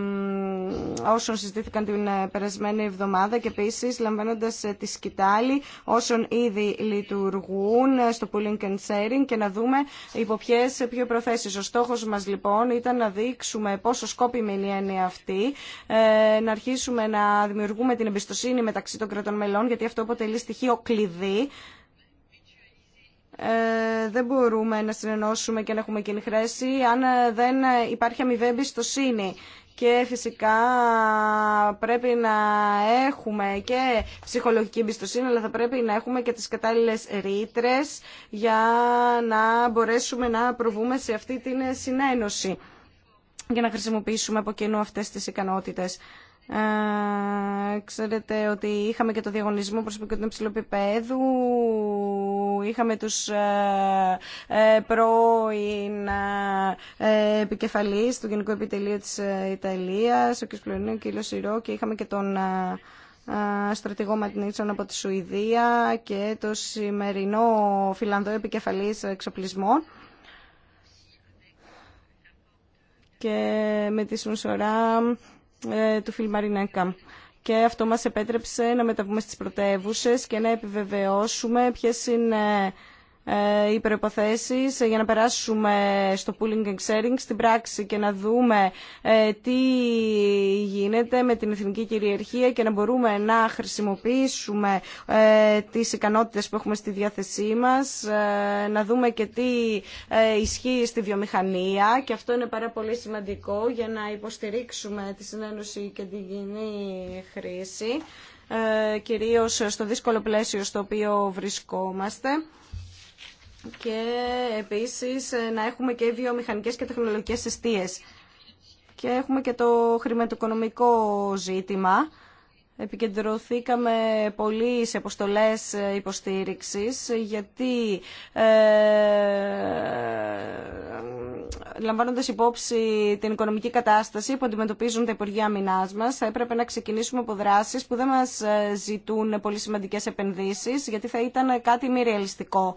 όσων συζητήθηκαν την ε, περασμένη εβδομάδα και επίση, λαμβάνοντα τη σκητάλη όσων ήδη λειτουργούν στο pooling and sharing και να δούμε υπό ποιες πιο προθέσει. Ο στόχο μα λοιπόν ήταν να δείξουμε πόσο σκόπιμη είναι η έννοια αυτή, να αρχίσουμε να δημιουργούμε την εμπιστοσύνη μεταξύ των κρατών μελών, γιατί αυτό αποτελεί στοιχείο κλειδί ε, δεν μπορούμε να συνενώσουμε και να έχουμε κοινή χρέση αν ε, δεν υπάρχει αμοιβή εμπιστοσύνη. Και φυσικά πρέπει να έχουμε και ψυχολογική εμπιστοσύνη, αλλά θα πρέπει να έχουμε και τις κατάλληλες ρήτρε για να μπορέσουμε να προβούμε σε αυτή την συνένωση για να χρησιμοποιήσουμε από κοινού αυτές τις ικανότητες ξέρετε ότι είχαμε και το διαγωνισμό προσωπικού του ψηλοπιπέδου. είχαμε τους ε, ε πρώην ε, του Γενικού Επιτελείου της ε, Ιταλίας, ο κ. Πλωνίου και Σιρό και είχαμε και τον στρατηγό Ματνίτσον από τη Σουηδία και το σημερινό Φιλανδό επικεφαλής εξοπλισμών. Και με τη Σουνσοράμ... Ε, του Φιλμαρινέκα και αυτό μας επέτρεψε να μεταβούμε στις πρωτεύουσες και να επιβεβαιώσουμε ποιες είναι ε, οι προϋποθέσεις ε, για να περάσουμε στο pooling and sharing στην πράξη και να δούμε ε, τι γίνεται με την εθνική κυριαρχία και να μπορούμε να χρησιμοποιήσουμε τις ικανότητες που έχουμε στη διάθεσή μας, να δούμε και τι ισχύει στη βιομηχανία και αυτό είναι πάρα πολύ σημαντικό για να υποστηρίξουμε τη συνένωση και την κοινή χρήση κυρίως στο δύσκολο πλαίσιο στο οποίο βρισκόμαστε και επίσης να έχουμε και βιομηχανικές και τεχνολογικές αιστείες. Και έχουμε και το χρηματοοικονομικό ζήτημα. Επικεντρωθήκαμε πολύ σε αποστολές υποστήριξης γιατί ε, λαμβάνοντας υπόψη την οικονομική κατάσταση που αντιμετωπίζουν τα Υπουργεία Αμυνάς μας θα έπρεπε να ξεκινήσουμε από δράσεις που δεν μας ε, ζητούν πολύ σημαντικές επενδύσεις γιατί θα ήταν κάτι μη ρεαλιστικό.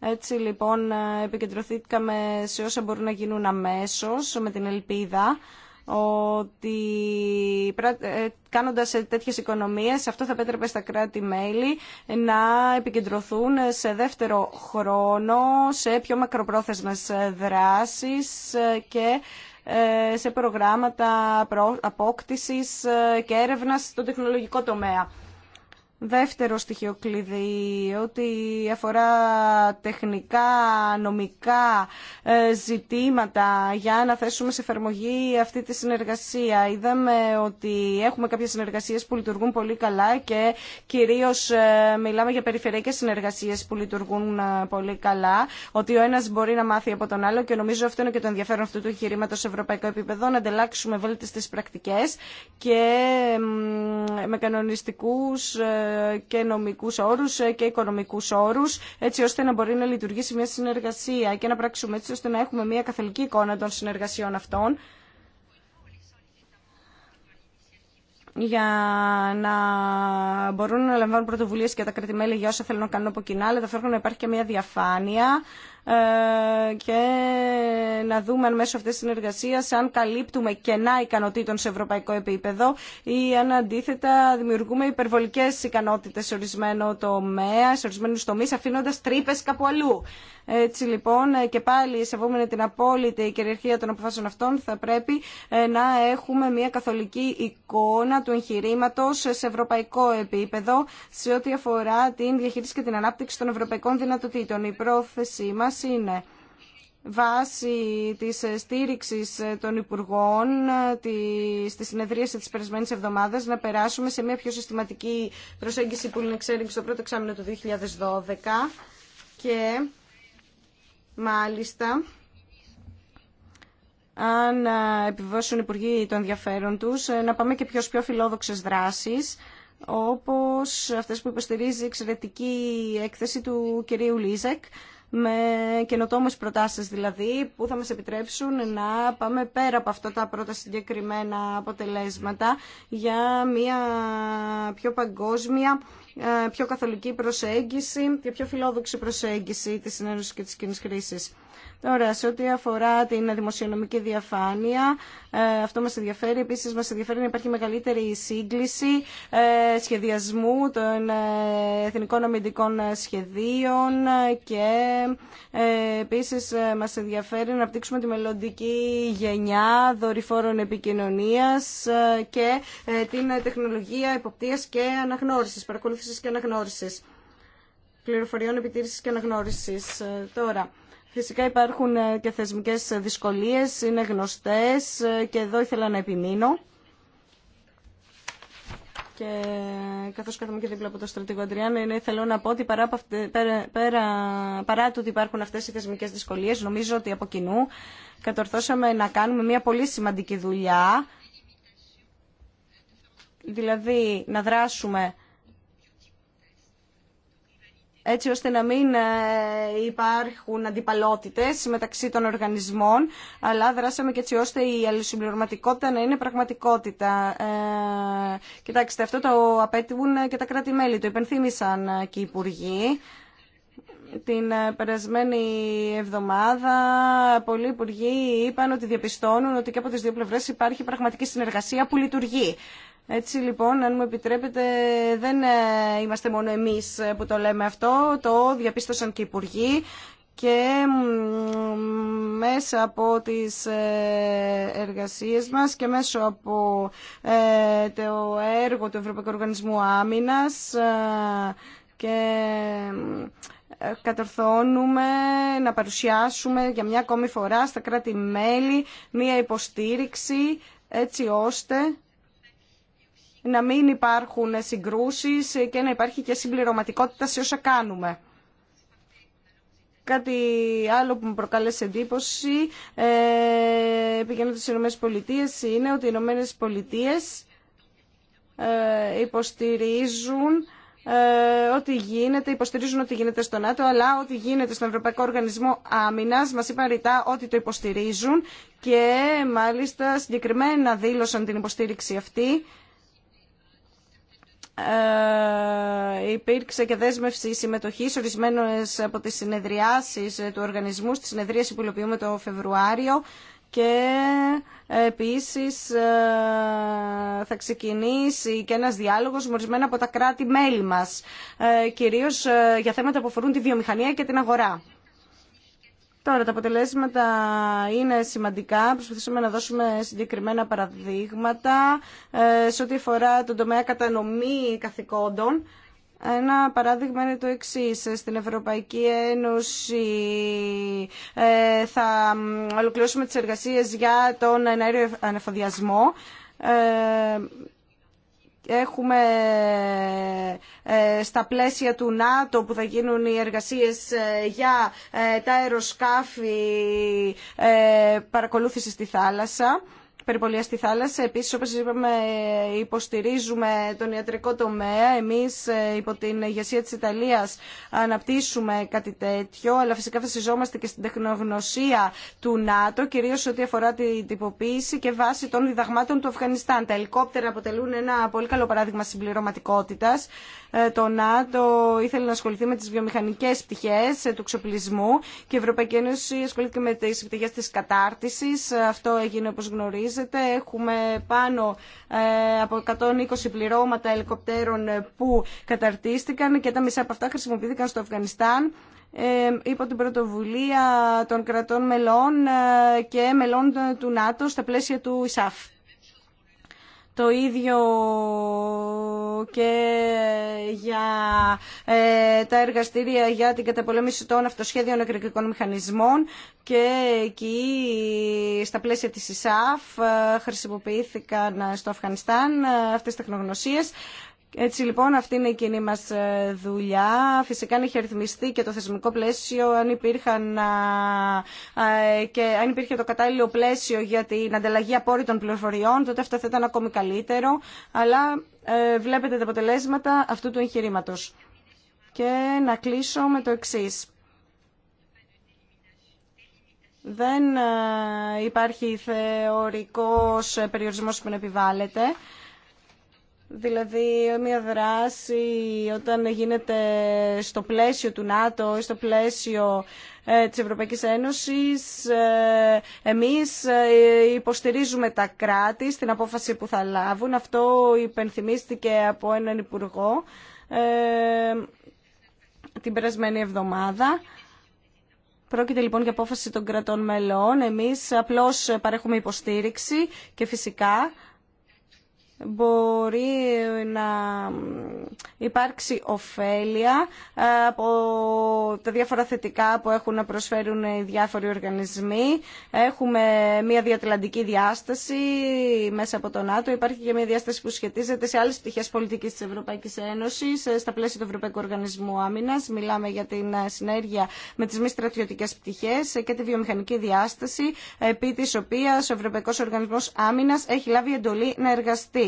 Έτσι λοιπόν ε, επικεντρωθήκαμε σε όσα μπορούν να γίνουν αμέσως με την ελπίδα ότι ε, κάνοντας τέτοιες οικονομίες αυτό θα πέτρεπε στα κράτη-μέλη να επικεντρωθούν σε δεύτερο χρόνο σε πιο μακροπρόθεσμες δράσεις και ε, σε προγράμματα απόκτησης και έρευνας στον τεχνολογικό τομέα. Δεύτερο στοιχείο κλειδί, ότι αφορά τεχνικά, νομικά ε, ζητήματα για να θέσουμε σε εφαρμογή αυτή τη συνεργασία. Είδαμε ότι έχουμε κάποιες συνεργασίες που λειτουργούν πολύ καλά και κυρίως ε, μιλάμε για περιφερειακές συνεργασίες που λειτουργούν ε, πολύ καλά, ότι ο ένας μπορεί να μάθει από τον άλλο και νομίζω αυτό είναι και το ενδιαφέρον αυτού του εγχειρήματο σε ευρωπαϊκό επίπεδο, να ανταλλάξουμε βέλτιστες πρακτικές και με κανονιστικούς και νομικούς όρους ε, και οικονομικού όρους έτσι ώστε να μπορεί να λειτουργήσει μια συνεργασία και να πράξουμε έτσι ώστε να έχουμε μια καθολική εικόνα των συνεργασιών αυτών για να μπορούν να λαμβάνουν πρωτοβουλίες και τα κρατημέλη για όσα θέλουν να κάνουν από κοινά, αλλά ταυτόχρονα υπάρχει και μια διαφάνεια ε, και να δούμε αν μέσω αυτής της συνεργασίας αν καλύπτουμε κενά ικανοτήτων σε ευρωπαϊκό επίπεδο ή αν αντίθετα δημιουργούμε υπερβολικές ικανότητες σε ορισμένο τομέα, σε ορισμένους τομείς αφήνοντας τρύπε κάπου αλλού. Έτσι λοιπόν ε, και πάλι σεβόμενη την απόλυτη κυριαρχία των αποφάσεων αυτών θα πρέπει ε, να έχουμε μια καθολική εικόνα του εγχειρήματο σε ευρωπαϊκό επίπεδο σε ό,τι αφορά την διαχείριση και την ανάπτυξη των ευρωπαϊκών δυνατοτήτων. Η πρόθεσή μας μας είναι βάση της στήριξης των Υπουργών στη συνεδρίαση της περασμένης εβδομάδας να περάσουμε σε μια πιο συστηματική προσέγγιση που είναι εξέλιξη στο πρώτο εξάμεινο του 2012 και μάλιστα αν επιβιώσουν οι Υπουργοί των ενδιαφέρον τους να πάμε και πιο πιο φιλόδοξες δράσεις όπως αυτές που υποστηρίζει η εξαιρετική έκθεση του κυρίου Λίζεκ με καινοτόμες προτάσεις δηλαδή που θα μας επιτρέψουν να πάμε πέρα από αυτά τα πρώτα συγκεκριμένα αποτελέσματα για μια πιο παγκόσμια, ε, πιο καθολική προσέγγιση και πιο φιλόδοξη προσέγγιση της συνένωσης και της κοινής χρήσης. Τώρα, σε ό,τι αφορά την δημοσιονομική διαφάνεια, ε, αυτό μας ενδιαφέρει. Επίσης, μας ενδιαφέρει να υπάρχει μεγαλύτερη σύγκληση ε, σχεδιασμού των ε, εθνικών αμυντικών σχεδίων και επίσης μας ενδιαφέρει να απτύξουμε τη μελλοντική γενιά δορυφόρων επικοινωνίας και την τεχνολογία υποπτίας και αναγνώρισης, παρακολούθησης και αναγνώρισης πληροφοριών επιτήρησης και αναγνώρισης. Τώρα, Φυσικά υπάρχουν ε, και θεσμικές δυσκολίες, είναι γνωστές ε, και εδώ ήθελα να επιμείνω. Και ε, καθώς κάθομαι και δίπλα από το στρατηγό Αντριάνο, θέλω να πω ότι παρά, πέρα, παρά το ότι υπάρχουν αυτές οι θεσμικές δυσκολίες, νομίζω ότι από κοινού κατορθώσαμε να κάνουμε μια πολύ σημαντική δουλειά, δηλαδή να δράσουμε έτσι ώστε να μην ε, υπάρχουν αντιπαλότητες μεταξύ των οργανισμών, αλλά δράσαμε και έτσι ώστε η αλληλοσυμπληρωματικότητα να είναι πραγματικότητα. Ε, κοιτάξτε, αυτό το απέτυχαν και τα κράτη-μέλη, το υπενθύμησαν και οι υπουργοί. Την ε, περασμένη εβδομάδα πολλοί υπουργοί είπαν ότι διαπιστώνουν ότι και από τις δύο πλευρές υπάρχει πραγματική συνεργασία που λειτουργεί. Έτσι λοιπόν, αν μου επιτρέπετε, δεν ε, είμαστε μόνο εμείς ε, που το λέμε αυτό, το διαπίστωσαν και οι υπουργοί και μέσα από τις ε, εργασίες μας και μέσω από το έργο του Ευρωπαϊκού Οργανισμού Άμυνας και κατορθώνουμε να παρουσιάσουμε για μια ακόμη φορά στα κράτη-μέλη μια υποστήριξη έτσι ώστε να μην υπάρχουν συγκρούσεις και να υπάρχει και συμπληρωματικότητα σε όσα κάνουμε. Κάτι άλλο που μου προκάλεσε εντύπωση, ε, πηγαίνοντας στις Ηνωμένες Πολιτείες, είναι ότι οι Ηνωμένες Πολιτείες ε, υποστηρίζουν ε, ότι γίνεται, υποστηρίζουν ότι γίνεται στο ΝΑΤΟ, αλλά ότι γίνεται στον Ευρωπαϊκό Οργανισμό Άμυνα. Μα είπαν ρητά ότι το υποστηρίζουν και μάλιστα συγκεκριμένα δήλωσαν την υποστήριξη αυτή ε, υπήρξε και δέσμευση συμμετοχή ορισμένε από τι συνεδριάσει του οργανισμού, στη συνεδρίαση που υλοποιούμε το Φεβρουάριο και ε, επίσης ε, θα ξεκινήσει και ένας διάλογος με ορισμένα από τα κράτη-μέλη μας, κυρίως για θέματα που αφορούν τη βιομηχανία και την αγορά. Τώρα, τα αποτελέσματα είναι σημαντικά. Προσπαθήσαμε να δώσουμε συγκεκριμένα παραδείγματα ε, σε ό,τι αφορά τον τομέα κατανομή καθηκόντων. Ένα παράδειγμα είναι το εξή. Στην Ευρωπαϊκή Ένωση ε, θα ολοκληρώσουμε τις εργασίες για τον αέριο ανεφοδιασμό. Ε, Έχουμε ε, στα πλαίσια του ΝΑΤΟ που θα γίνουν οι εργασίες ε, για ε, τα αεροσκάφη παρακολούθηση στη θάλασσα περιπολία στη θάλασσα. Επίσης, όπως είπαμε, υποστηρίζουμε τον ιατρικό τομέα. Εμείς ε, υπό την ηγεσία της Ιταλίας αναπτύσσουμε κάτι τέτοιο, αλλά φυσικά βασιζόμαστε και στην τεχνογνωσία του ΝΑΤΟ, κυρίως ό,τι αφορά την τυποποίηση και βάση των διδαγμάτων του Αφγανιστάν. Τα ελικόπτερα αποτελούν ένα πολύ καλό παράδειγμα συμπληρωματικότητα. Ε, το ΝΑΤΟ ήθελε να ασχοληθεί με τι βιομηχανικέ πτυχέ ε, του εξοπλισμού και η Ευρωπαϊκή Ένωση ασχολήθηκε με τι πτυχέ τη κατάρτιση. Αυτό έγινε όπω γνωρίζετε έχουμε πάνω ε, από 120 πληρώματα ελικοπτέρων ε, που καταρτίστηκαν και τα μισά από αυτά χρησιμοποιήθηκαν στο Αφγανιστάν ε, υπό την πρωτοβουλία των κρατών μελών και μελών του ΝΑΤΟ στα πλαίσια του ΙΣΑΦ. Το ίδιο και για ε, τα εργαστήρια για την καταπολέμηση των αυτοσχέδιων εκρηκτικών μηχανισμών και εκεί στα πλαίσια της ΙΣΑΦ ε, χρησιμοποιήθηκαν στο Αφγανιστάν ε, αυτές τις τεχνογνωσίες έτσι λοιπόν αυτή είναι η κοινή μας ε, δουλειά. Φυσικά αν είχε ρυθμιστεί και το θεσμικό πλαίσιο, αν, υπήρχαν, και αν υπήρχε το κατάλληλο πλαίσιο για την ανταλλαγή απόρριτων πληροφοριών, τότε αυτό θα ήταν ακόμη καλύτερο. Αλλά ε, βλέπετε τα αποτελέσματα αυτού του εγχειρήματο. Και να κλείσω με το εξή. Δεν ε, υπάρχει θεωρικός περιορισμός που επιβάλλεται. Δηλαδή μια δράση όταν γίνεται στο πλαίσιο του ΝΑΤΟ ή στο πλαίσιο ε, της Ευρωπαϊκής Ένωσης ε, εμείς ε, υποστηρίζουμε τα κράτη στην απόφαση που θα λάβουν. Αυτό υπενθυμίστηκε από έναν υπουργό την περασμένη εβδομάδα. Πρόκειται λοιπόν για απόφαση των κρατών μελών. Εμείς απλώς παρέχουμε υποστήριξη και φυσικά μπορεί να υπάρξει ωφέλεια ε, από τα διάφορα θετικά που έχουν να προσφέρουν οι διάφοροι οργανισμοί. Έχουμε μια διατλαντική διάσταση μέσα από τον ΝΑΤΟ. Υπάρχει και μια διάσταση που σχετίζεται σε άλλες πτυχές πολιτικής της Ευρωπαϊκής Ένωσης ε, στα πλαίσια του Ευρωπαϊκού Οργανισμού Άμυνας. Μιλάμε για την ε, συνέργεια με τις μη στρατιωτικές πτυχές και τη βιομηχανική διάσταση επί της οποίας ο Ευρωπαϊκός Οργανισμό Άμυνα έχει λάβει εντολή να εργαστεί.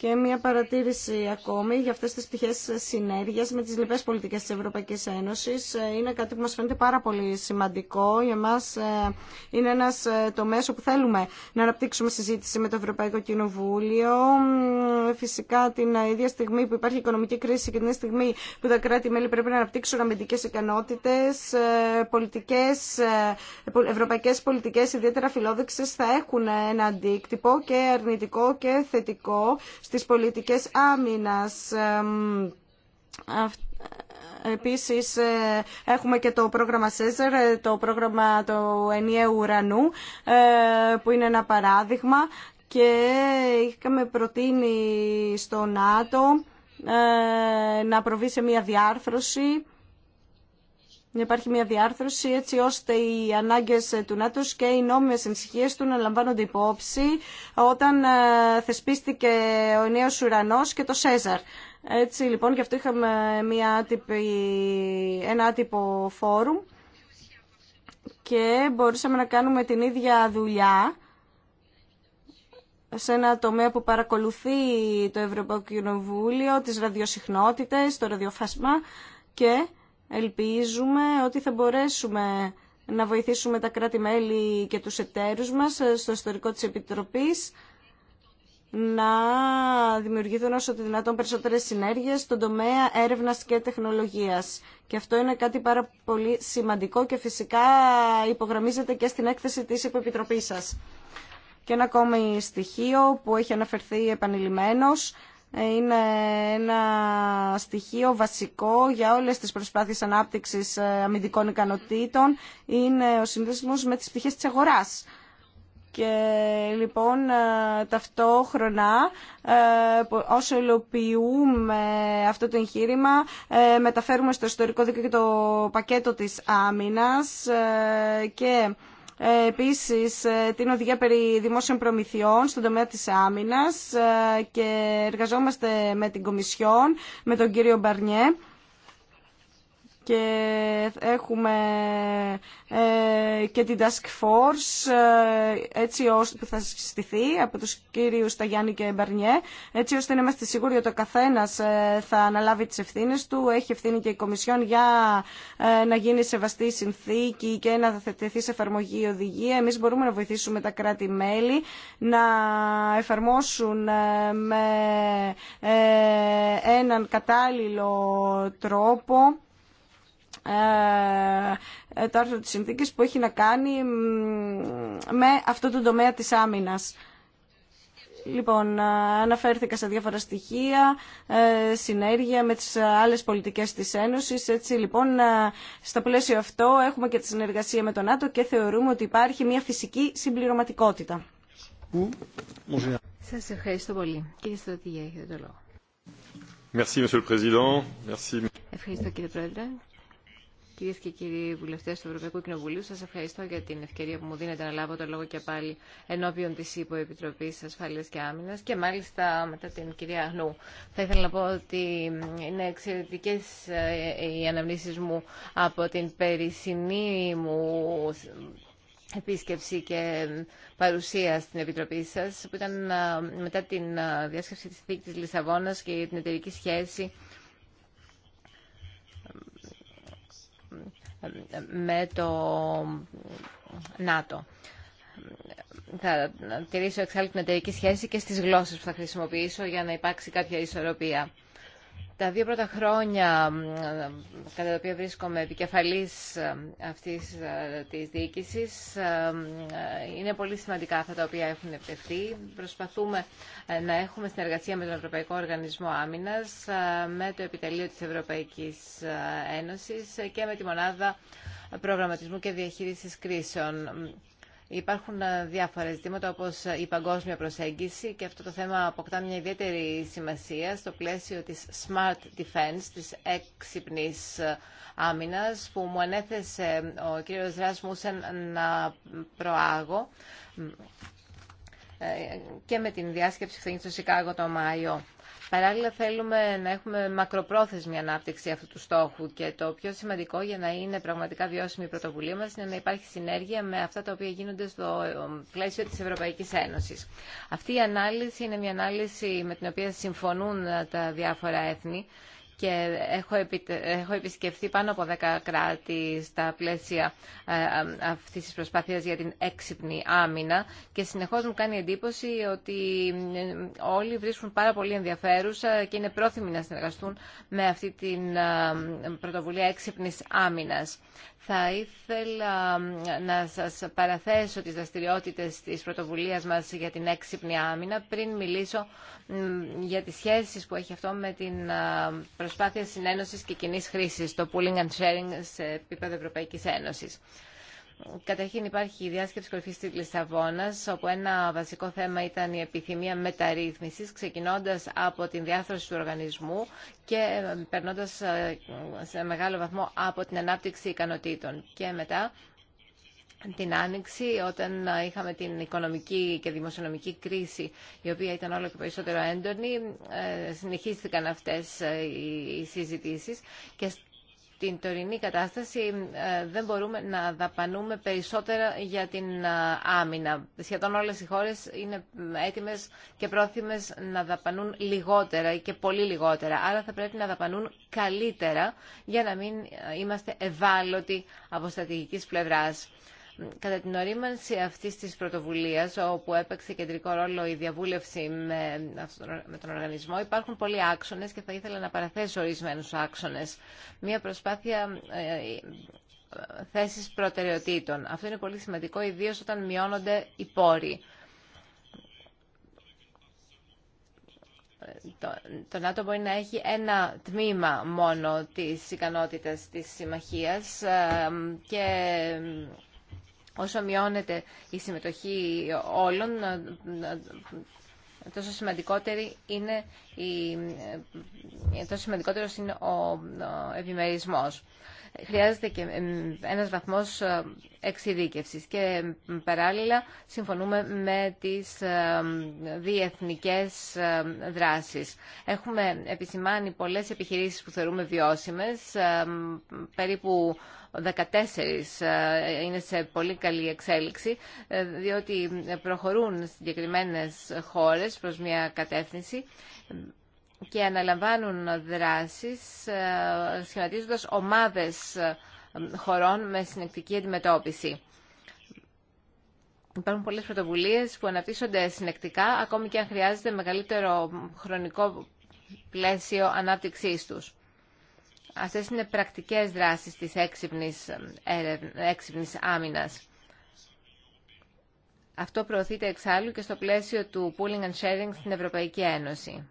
Και μια παρατήρηση ακόμη για αυτές τις πτυχές συνέργειας με τις λοιπές πολιτικές της Ευρωπαϊκής Ένωσης. Ε, είναι κάτι που μας φαίνεται πάρα πολύ σημαντικό. Για μας ε, είναι ένας ε, τομέας που θέλουμε να αναπτύξουμε συζήτηση με το Ευρωπαϊκό Κοινοβούλιο. Φυσικά την ίδια στιγμή που υπάρχει οικονομική κρίση και την ίδια στιγμή που τα κράτη-μέλη πρέπει να αναπτύξουν αμυντικές ικανότητες, πολιτικές, ευρωπαϊκές πολιτικές ιδιαίτερα φιλόδοξες θα έχουν ένα αντίκτυπο και αρνητικό και θετικό στις πολιτικές άμυνας. Επίσης ε, έχουμε και το πρόγραμμα ΣΕΖΕΡ, ε, το πρόγραμμα του ενιαίου ουρανού, ε, που είναι ένα παράδειγμα και είχαμε προτείνει στο ΝΑΤΟ να προβεί σε μια διάρθρωση υπάρχει μια διάρθρωση έτσι ώστε οι ανάγκες ε, του ΝΑΤΟ και οι νόμιμες ενσυχίες του να λαμβάνονται υπόψη όταν ε, θεσπίστηκε ο νέος ουρανός και το ΣΕΖΑΡ. Έτσι λοιπόν γι' αυτό είχαμε μια ένα άτυπο φόρουμ και μπορούσαμε να κάνουμε την ίδια δουλειά σε ένα τομέα που παρακολουθεί το Ευρωπαϊκό Κοινοβούλιο, τις ραδιοσυχνότητες, το ραδιοφάσμα και Ελπίζουμε ότι θα μπορέσουμε να βοηθήσουμε τα κράτη-μέλη και τους εταίρους μας ε, στο ιστορικό της Επιτροπής να δημιουργηθούν όσο δυνατόν περισσότερες συνέργειες στον τομέα έρευνας και τεχνολογίας. Και αυτό είναι κάτι πάρα πολύ σημαντικό και φυσικά υπογραμμίζεται και στην έκθεση της Επιτροπής σας. Και ένα ακόμη στοιχείο που έχει αναφερθεί επανειλημμένος είναι ένα στοιχείο βασικό για όλες τις προσπάθειες ανάπτυξης ε, αμυντικών ικανοτήτων, είναι ο συνδέσμος με τις πτυχές της αγοράς. Και λοιπόν ε, ταυτόχρονα ε, όσο υλοποιούμε αυτό το εγχείρημα μεταφέρουμε στο ιστορικό δίκαιο και το πακέτο της άμυνας και επίσης ε, την οδηγία περί δημόσιων προμηθειών στον τομέα της άμυνας ε, και εργαζόμαστε με την Κομισιόν, με τον κύριο Μπαρνιέ και έχουμε ε, και την Task Force ε, έτσι ώστε, που θα συστηθεί από τους κύριους Σταγιάννη και Μπαρνιέ έτσι ώστε να είμαστε σίγουροι ότι ο καθένας ε, θα αναλάβει τις ευθύνες του έχει ευθύνη και η Κομισιόν για να γίνει σεβαστή συνθήκη και να θετηθεί σε εφαρμογή η οδηγία εμείς μπορούμε να βοηθήσουμε τα κράτη-μέλη να εφαρμόσουν με έναν κατάλληλο τρόπο ε, ε, το άρθρο της συνθήκης που έχει να κάνει με αυτό το τομέα της άμυνας. Λοιπόν, ε, αναφέρθηκα σε διάφορα στοιχεία, συνέργεια με τις άλλες πολιτικές της Ένωσης. Έτσι, λοιπόν, στα πλαίσιο αυτό έχουμε και τη συνεργασία με τον ΝΑΤΟ και θεωρούμε ότι υπάρχει μια φυσική συμπληρωματικότητα. Σας ευχαριστώ πολύ. Κύριε Στρατηγέ, το λόγο. Ευχαριστώ, κύριε Πρόεδρε. Κυρίε και κύριοι βουλευτέ του Ευρωπαϊκού Κοινοβουλίου, σα ευχαριστώ για την ευκαιρία που μου δίνετε να λάβω το λόγο και πάλι ενώπιον τη Επιτροπή Ασφάλεια και Άμυνα και μάλιστα μετά την κυρία Αγνού. Θα ήθελα να πω ότι είναι εξαιρετικέ ε, οι αναμνήσεις μου από την περυσινή μου επίσκεψη και παρουσία στην Επιτροπή σας, που ήταν ε, μετά την ε, διάσκεψη της Θήκης τη Λισαβόνας και την εταιρική σχέση με το ΝΑΤΟ. Θα τηρήσω εξάλλου την εταιρική σχέση και στις γλώσσες που θα χρησιμοποιήσω για να υπάρξει κάποια ισορροπία. Τα δύο πρώτα χρόνια κατά τα οποία βρίσκομαι επικεφαλής ε, αυτής ε, της διοίκησης ε, είναι πολύ σημαντικά αυτά τα οποία έχουν επιτευχθεί. Προσπαθούμε να έχουμε συνεργασία με τον Ευρωπαϊκό Οργανισμό Άμυνας, με το Επιτελείο της Ευρωπαϊκής Ένωσης και με τη Μονάδα Προγραμματισμού και Διαχείρισης Κρίσεων. Υπάρχουν ε, διάφορα ζητήματα όπως ε, η παγκόσμια προσέγγιση και αυτό το θέμα αποκτά μια ιδιαίτερη σημασία στο πλαίσιο της Smart Defense, της έξυπνης ε, άμυνας που μου ανέθεσε ο κύριος Ράσμουσεν να προάγω και με την διάσκεψη που θα γίνει στο Σικάγο το Μάιο. Παράλληλα θέλουμε να έχουμε μακροπρόθεσμη ανάπτυξη αυτού του στόχου και το πιο σημαντικό για να είναι πραγματικά βιώσιμη η πρωτοβουλία μας είναι να υπάρχει συνέργεια με αυτά τα οποία γίνονται στο ε, πλαίσιο της Ευρωπαϊκής Ένωσης. Αυτή η ανάλυση είναι μια ανάλυση με την οποία συμφωνούν τα διάφορα έθνη και έχω επισκεφθεί πάνω από 10 κράτη στα πλαίσια ε, ε, αυτής της προσπάθειας για την έξυπνη άμυνα και συνεχώς μου κάνει εντύπωση ότι ε, όλοι βρίσκουν πάρα πολύ ενδιαφέρουσα και είναι πρόθυμοι να συνεργαστούν με αυτή την πρωτοβουλία έξυπνης άμυνας. Θα ήθελα να σας παραθέσω τις δραστηριότητες της πρωτοβουλίας μας για την έξυπνη άμυνα πριν μιλήσω για τις σχέσεις που έχει αυτό με την προσπάθεια προσπάθεια συνένωσης και κοινή χρήση, το pooling and sharing σε επίπεδο Ευρωπαϊκής Ένωσης. Καταρχήν υπάρχει η διάσκεψη κορυφή τη Λισαβόνα, όπου ένα βασικό θέμα ήταν η επιθυμία μεταρρύθμισης, ξεκινώντας από την διάθρωση του οργανισμού και ε, περνώντας ε, σε μεγάλο βαθμό από την ανάπτυξη ικανοτήτων. Και μετά την Άνοιξη, όταν ε, είχαμε την οικονομική και δημοσιονομική κρίση, η οποία ήταν όλο και περισσότερο έντονη, ε, συνεχίστηκαν αυτές ε, οι συζητήσεις και την τωρινή κατάσταση δεν μπορούμε να δαπανούμε περισσότερα για την άμυνα. Σχεδόν όλες οι χώρες είναι έτοιμες και πρόθυμες να δαπανούν λιγότερα και πολύ λιγότερα. Άρα θα πρέπει να δαπανούν καλύτερα για να μην είμαστε ευάλωτοι από στρατηγικής πλευράς. Κατά την ορίμανση αυτή τη πρωτοβουλία όπου έπαιξε κεντρικό ρόλο η διαβούλευση με τον οργανισμό, υπάρχουν πολλοί άξονε και θα ήθελα να παραθέσω ορισμένου άξονες. Μία προσπάθεια ε, θέσης προτεραιοτήτων. Αυτό είναι πολύ σημαντικό, ιδίως όταν μειώνονται οι πόροι. το, το ΝΑΤΟ μπορεί να έχει ένα τμήμα μόνο της ικανότητας της συμμαχίας ε, και όσο μειώνεται η συμμετοχή όλων, τόσο σημαντικότερη είναι η, τόσο σημαντικότερος είναι ο επιμερισμός. Χρειάζεται και ένας βαθμός εξειδίκευσης και παράλληλα συμφωνούμε με τις διεθνικές δράσεις. Έχουμε επισημάνει πολλές επιχειρήσεις που θεωρούμε βιώσιμες, περίπου 14 ε, είναι σε πολύ καλή εξέλιξη, ε, διότι προχωρούν συγκεκριμένες χώρες προς μια κατεύθυνση και αναλαμβάνουν δράσεις ε, σχηματίζοντας ομάδες χωρών με συνεκτική αντιμετώπιση. Υπάρχουν πολλές πρωτοβουλίες που αναπτύσσονται συνεκτικά, ακόμη και αν χρειάζεται μεγαλύτερο χρονικό πλαίσιο ανάπτυξής τους. Αυτές είναι πρακτικές δράσεις της έξυπνης, έξυπνης άμυνας. Αυτό προωθείται εξάλλου και στο πλαίσιο του pooling and sharing στην Ευρωπαϊκή Ένωση.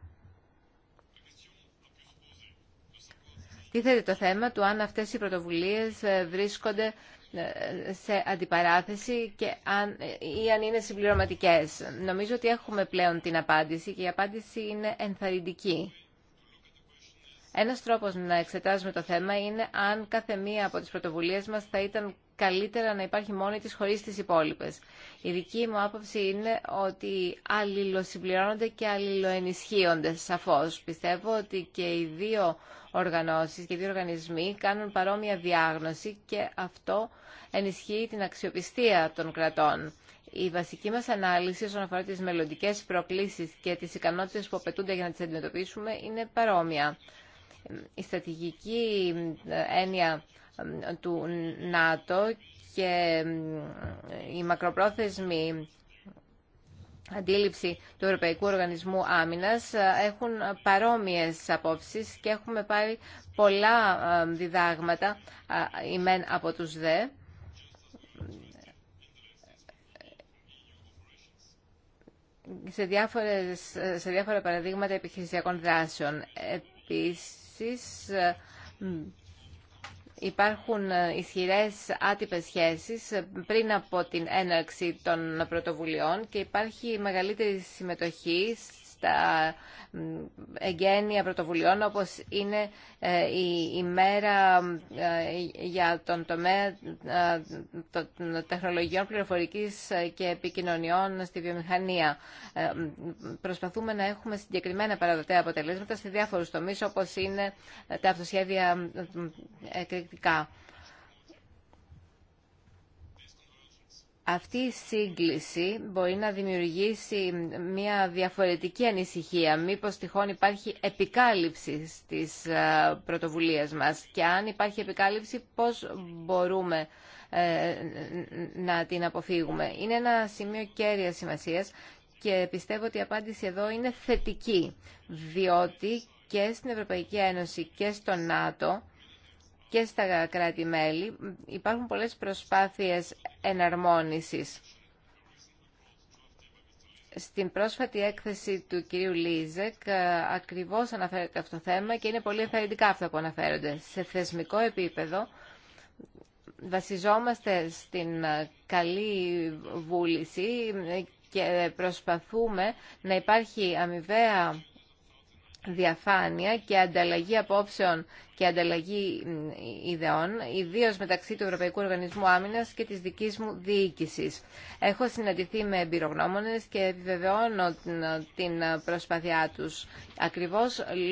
Τίθεται το θέμα του αν αυτές οι πρωτοβουλίες ε, βρίσκονται ε, σε αντιπαράθεση και αν, ή αν είναι συμπληρωματικές. Νομίζω ότι έχουμε πλέον την απάντηση και η απάντηση είναι ενθαρρυντική. Ένας τρόπος να εξετάζουμε το θέμα είναι αν κάθε μία από τις πρωτοβουλίες μας θα ήταν καλύτερα να υπάρχει μόνη της χωρίς τις υπόλοιπες. Η δική μου άποψη είναι ότι αλληλοσυμπληρώνονται και αλληλοενισχύονται σαφώς. Πιστεύω ότι και οι δύο οργανώσεις και οι δύο οργανισμοί κάνουν παρόμοια διάγνωση και αυτό ενισχύει την αξιοπιστία των κρατών. Η βασική μας ανάλυση όσον αφορά τις μελλοντικές προκλήσεις και τις ικανότητες που απαιτούνται για να τις αντιμετωπίσουμε είναι παρόμοια η στρατηγική ε, έννοια ε, του ΝΑΤΟ και ε, η μακροπρόθεσμη αντίληψη του Ευρωπαϊκού Οργανισμού Άμυνας έχουν παρόμοιες απόψεις και έχουμε πάρει πολλά διδάγματα ημέν από τους δε. Σε, διάφορες, σε διάφορα παραδείγματα επιχειρησιακών δράσεων. Επίσης, σχέσεις ε, υπάρχουν ισχυρές άτυπες σχέσεις πριν από την έναρξη των πρωτοβουλειών και υπάρχει μεγαλύτερη συμμετοχή στα εγκαίνια πρωτοβουλειών όπως είναι ε, η ημέρα ε, για τον τομέα ε, των τεχνολογιών πληροφορικής και επικοινωνιών στη βιομηχανία. Προσπαθούμε να έχουμε συγκεκριμένα παραδοτέα αποτελέσματα σε διάφορους τομείς όπως είναι τα αυτοσχέδια εκρηκτικά. Αυτή η σύγκληση μπορεί να δημιουργήσει μια διαφορετική ανησυχία. Μήπως τυχόν υπάρχει επικάλυψη στις ε, πρωτοβουλίες μας και αν υπάρχει επικάλυψη πώς μπορούμε ε, να την αποφύγουμε. Είναι ένα σημείο κέρια σημασίας και πιστεύω ότι η απάντηση εδώ είναι θετική, διότι και στην Ευρωπαϊκή Ένωση και στο ΝΑΤΟ και στα κράτη-μέλη. Υπάρχουν πολλές προσπάθειες εναρμόνισης. Στην πρόσφατη έκθεση του κυρίου Λίζεκ ε, ακριβώς αναφέρεται αυτό το θέμα και είναι πολύ ενθαρρυντικά αυτά που αναφέρονται. Σε θεσμικό επίπεδο βασιζόμαστε στην ε, καλή βούληση ε, και προσπαθούμε να υπάρχει αμοιβαία διαφάνεια και ανταλλαγή απόψεων και ανταλλαγή ιδεών, ιδίω μεταξύ του Ευρωπαϊκού Οργανισμού Άμυνα και τη δική μου διοίκηση. Έχω συναντηθεί με εμπειρογνώμονε και επιβεβαιώνω την προσπάθειά του. Ακριβώ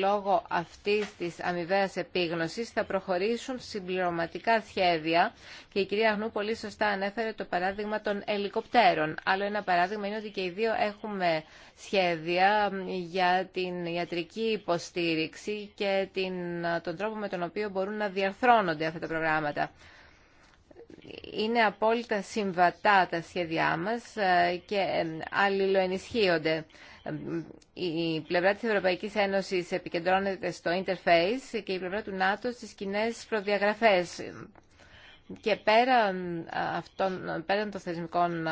λόγω αυτή τη αμοιβαία επίγνωση θα προχωρήσουν συμπληρωματικά σχέδια και η κυρία Αγνού πολύ σωστά ανέφερε το παράδειγμα των ελικοπτέρων. Άλλο ένα παράδειγμα είναι ότι και οι δύο έχουμε σχέδια για την ιατρική υποστήριξη και την, τον τρόπο με τον οποίο μπορούν να διαρθρώνονται αυτά τα προγράμματα. Είναι απόλυτα συμβατά τα σχέδιά μας ε, και ε, αλληλοενισχύονται. Ε, η πλευρά της Ευρωπαϊκής Ένωσης επικεντρώνεται στο interface και η πλευρά του ΝΑΤΟ στις κοινέ προδιαγραφές. Και πέρα αυτών, πέραν των θεσμικών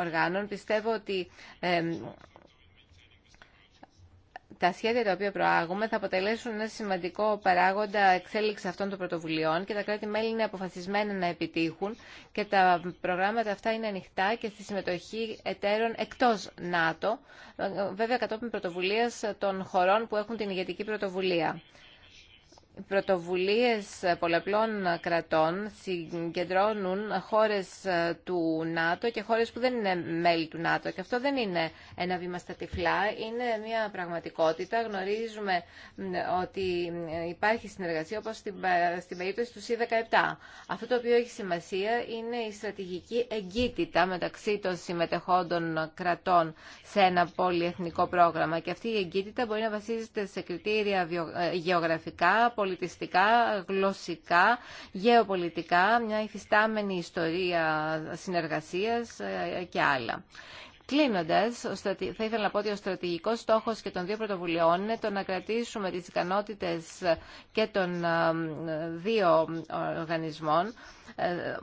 οργάνων, πιστεύω ότι τα σχέδια τα οποία προάγουμε θα αποτελέσουν ένα σημαντικό παράγοντα εξέλιξη αυτών των πρωτοβουλειών και τα κράτη-μέλη είναι αποφασισμένα να επιτύχουν και τα προγράμματα αυτά είναι ανοιχτά και στη συμμετοχή εταίρων εκτός ΝΑΤΟ, βέβαια κατόπιν πρωτοβουλίας των χωρών που έχουν την ηγετική πρωτοβουλία πρωτοβουλίες πολλαπλών κρατών συγκεντρώνουν χώρες ε, του ΝΑΤΟ και χώρες που δεν είναι μέλη του ΝΑΤΟ. Και αυτό δεν είναι ένα βήμα στα τυφλά, είναι μια πραγματικότητα. Γνωρίζουμε ότι ε, υπάρχει συνεργασία όπως στην ε, περίπτωση του C-17. Αυτό το οποίο έχει σημασία είναι η στρατηγική εγκύτητα μεταξύ των συμμετεχόντων κρατών σε ένα πολυεθνικό πρόγραμμα. Και αυτή η εγκύτητα μπορεί να βασίζεται σε κριτήρια γεωγραφικά, πολιτιστικά, γλωσσικά, γεωπολιτικά, μια υφιστάμενη ιστορία συνεργασίας ε, και άλλα. Κλείνοντα, θα ήθελα να πω ότι ο στρατηγικό στόχο και των δύο πρωτοβουλειών είναι το να κρατήσουμε τι ικανότητε και των ε, δύο οργανισμών ε,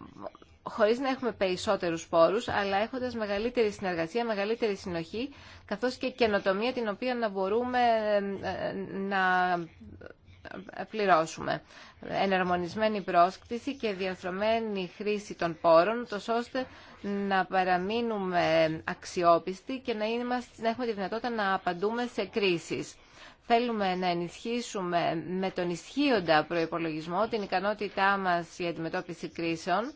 χωρί να έχουμε περισσότερους πόρους, αλλά έχοντας μεγαλύτερη συνεργασία, μεγαλύτερη συνοχή, καθώ και καινοτομία την οποία να μπορούμε να πληρώσουμε. Εναρμονισμένη πρόσκληση και διαφρομένη χρήση των πόρων, τόσο ώστε να παραμείνουμε αξιόπιστοι και να, είμαστε, να έχουμε τη δυνατότητα να απαντούμε σε κρίσεις. Θέλουμε να ενισχύσουμε με τον ισχύοντα προϋπολογισμό την ικανότητά μας για αντιμετώπιση κρίσεων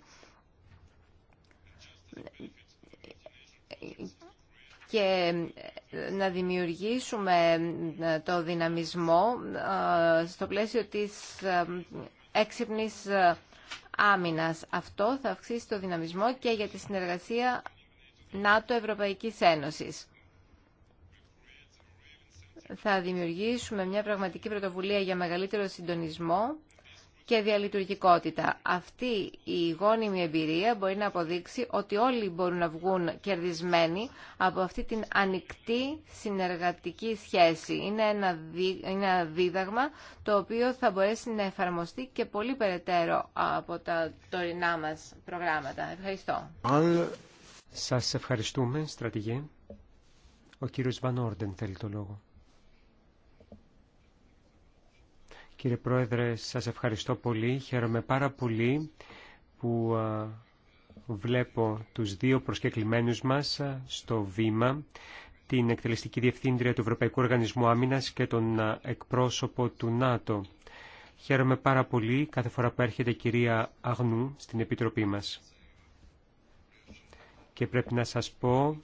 και ε, να δημιουργήσουμε ε, το δυναμισμό ε, στο πλαίσιο της έξυπνης άμυνας. Αυτό θα αυξήσει το δυναμισμό και για τη συνεργασία ΝΑΤΟ-Ευρωπαϊκής Ένωσης. Θα δημιουργήσουμε μια πραγματική πρωτοβουλία για μεγαλύτερο συντονισμό και διαλειτουργικότητα. Αυτή η γόνιμη εμπειρία μπορεί να αποδείξει ότι όλοι μπορούν να βγουν κερδισμένοι από αυτή την ανοιχτή συνεργατική σχέση. Είναι ένα, δίδαγμα το οποίο θα μπορέσει να εφαρμοστεί και πολύ περαιτέρω από τα τωρινά μας προγράμματα. Ευχαριστώ. Σας ευχαριστούμε, στρατηγέ. Ο κύριος Βανόρντεν θέλει το λόγο. Κύριε Πρόεδρε, σας ευχαριστώ πολύ. Χαίρομαι πάρα πολύ που βλέπω τους δύο προσκεκλημένους μας στο βήμα, την εκτελεστική διευθύντρια του Ευρωπαϊκού Οργανισμού Άμυνας και τον εκπρόσωπο του ΝΑΤΟ. Χαίρομαι πάρα πολύ κάθε φορά που έρχεται η κυρία Αγνού στην Επιτροπή μας. Και πρέπει να σας πω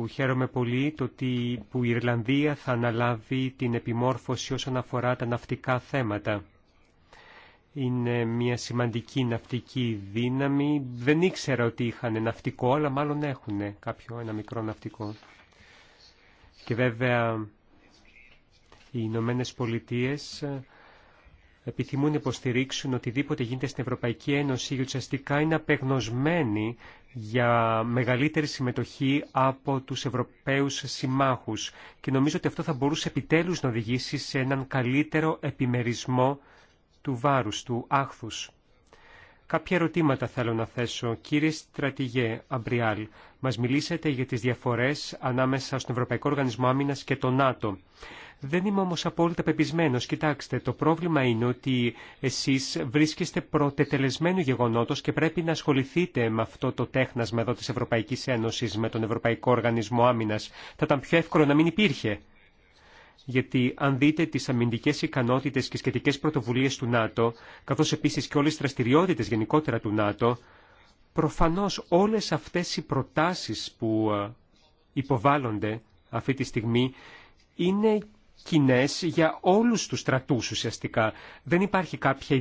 που χαίρομαι πολύ το ότι που η Ιρλανδία θα αναλάβει την επιμόρφωση όσον αφορά τα ναυτικά θέματα. Είναι μια σημαντική ναυτική δύναμη. Δεν ήξερα ότι είχαν ναυτικό, αλλά μάλλον έχουν κάποιο ένα μικρό ναυτικό. Και βέβαια οι Ηνωμένε Πολιτείες επιθυμούν να υποστηρίξουν οτιδήποτε γίνεται στην Ευρωπαϊκή Ένωση γιατί ουσιαστικά είναι απεγνωσμένοι για μεγαλύτερη συμμετοχή από τους Ευρωπαίους συμμάχους και νομίζω ότι αυτό θα μπορούσε επιτέλους να οδηγήσει σε έναν καλύτερο επιμερισμό του βάρους, του άχθους. Κάποια ερωτήματα θέλω να θέσω. Κύριε Στρατηγέ Αμπριάλ, μας μιλήσατε για τις διαφορές ανάμεσα στον Ευρωπαϊκό Οργανισμό Άμυνας και το ΝΑΤΟ. Δεν είμαι όμως απόλυτα πεπισμένος. Κοιτάξτε, το πρόβλημα είναι ότι εσείς βρίσκεστε προτετελεσμένου γεγονότος και πρέπει να ασχοληθείτε με αυτό το τέχνασμα εδώ της Ευρωπαϊκής Ένωσης, με τον Ευρωπαϊκό Οργανισμό Άμυνας. Θα ήταν πιο εύκολο να μην υπήρχε. Γιατί αν δείτε τις αμυντικές ικανότητες και σχετικές πρωτοβουλίες του ΝΑΤΟ, καθώς επίσης και όλες τις δραστηριότητες γενικότερα του ΝΑΤΟ, προφανώς όλες αυτές οι προτάσεις που ε, υποβάλλονται αυτή τη στιγμή είναι κοινέ για όλους τους στρατούς ουσιαστικά. Δεν υπάρχει κάποια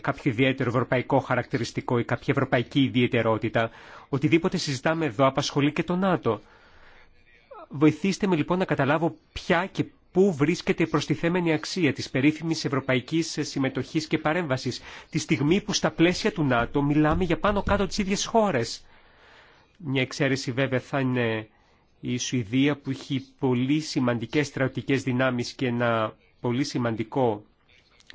κάποιο ιδιαίτερο ευρωπαϊκό χαρακτηριστικό ή κάποια ευρωπαϊκή ιδιαιτερότητα. Οτιδήποτε συζητάμε εδώ απασχολεί και το ΝΑΤΟ. Βοηθήστε με λοιπόν να καταλάβω ποια και πού βρίσκεται η προστιθέμενη αξία της περίφημης ευρωπαϊκής συμμετοχής και παρέμβασης, τη στιγμή που στα πλαίσια του ΝΑΤΟ μιλάμε για πάνω κάτω τις ίδιες χώρες. Μια εξαίρεση βέβαια θα είναι η Σουηδία που έχει πολύ σημαντικές στρατιωτικές δυνάμεις και ένα πολύ σημαντικό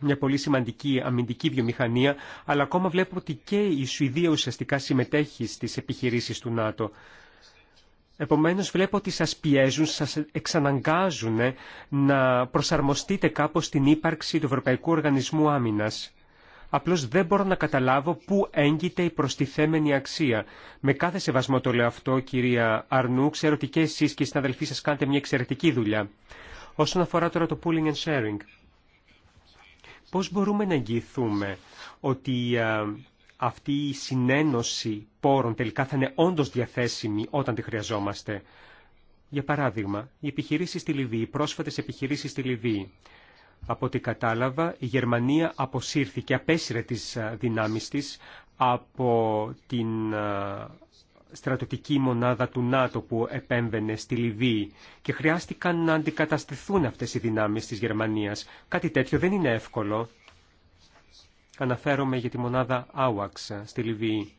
μια πολύ σημαντική αμυντική βιομηχανία, αλλά ακόμα βλέπω ότι και η Σουηδία ουσιαστικά συμμετέχει στις επιχειρήσεις του ΝΑΤΟ. Επομένως βλέπω ότι σας πιέζουν, σας εξαναγκάζουν να προσαρμοστείτε κάπως την ύπαρξη του Ευρωπαϊκού Οργανισμού Άμυνας. Απλώς δεν μπορώ να καταλάβω πού έγκυται η προστιθέμενη αξία. Με κάθε σεβασμό το λέω αυτό, κυρία Αρνού, ξέρω ότι και εσείς και οι συναδελφοί σας κάνετε μια εξαιρετική δουλειά. Όσον αφορά τώρα το pooling and sharing, πώς μπορούμε να εγγυηθούμε ότι αυτή η συνένωση πόρων τελικά θα είναι όντως διαθέσιμη όταν τη χρειαζόμαστε. Για παράδειγμα, οι επιχειρήσεις στη Λιβύη, οι πρόσφατες επιχειρήσεις στη Λιβύη. Από ό,τι κατάλαβα, η Γερμανία αποσύρθηκε, απέσυρε τις δυνάμεις της από την στρατοτική μονάδα του ΝΑΤΟ που επέμβαινε στη Λιβύη και χρειάστηκαν να αντικαταστηθούν αυτές οι δυνάμεις της Γερμανίας. Κάτι τέτοιο δεν είναι εύκολο. Αναφέρομαι για τη μονάδα Άουαξ στη Λιβύη.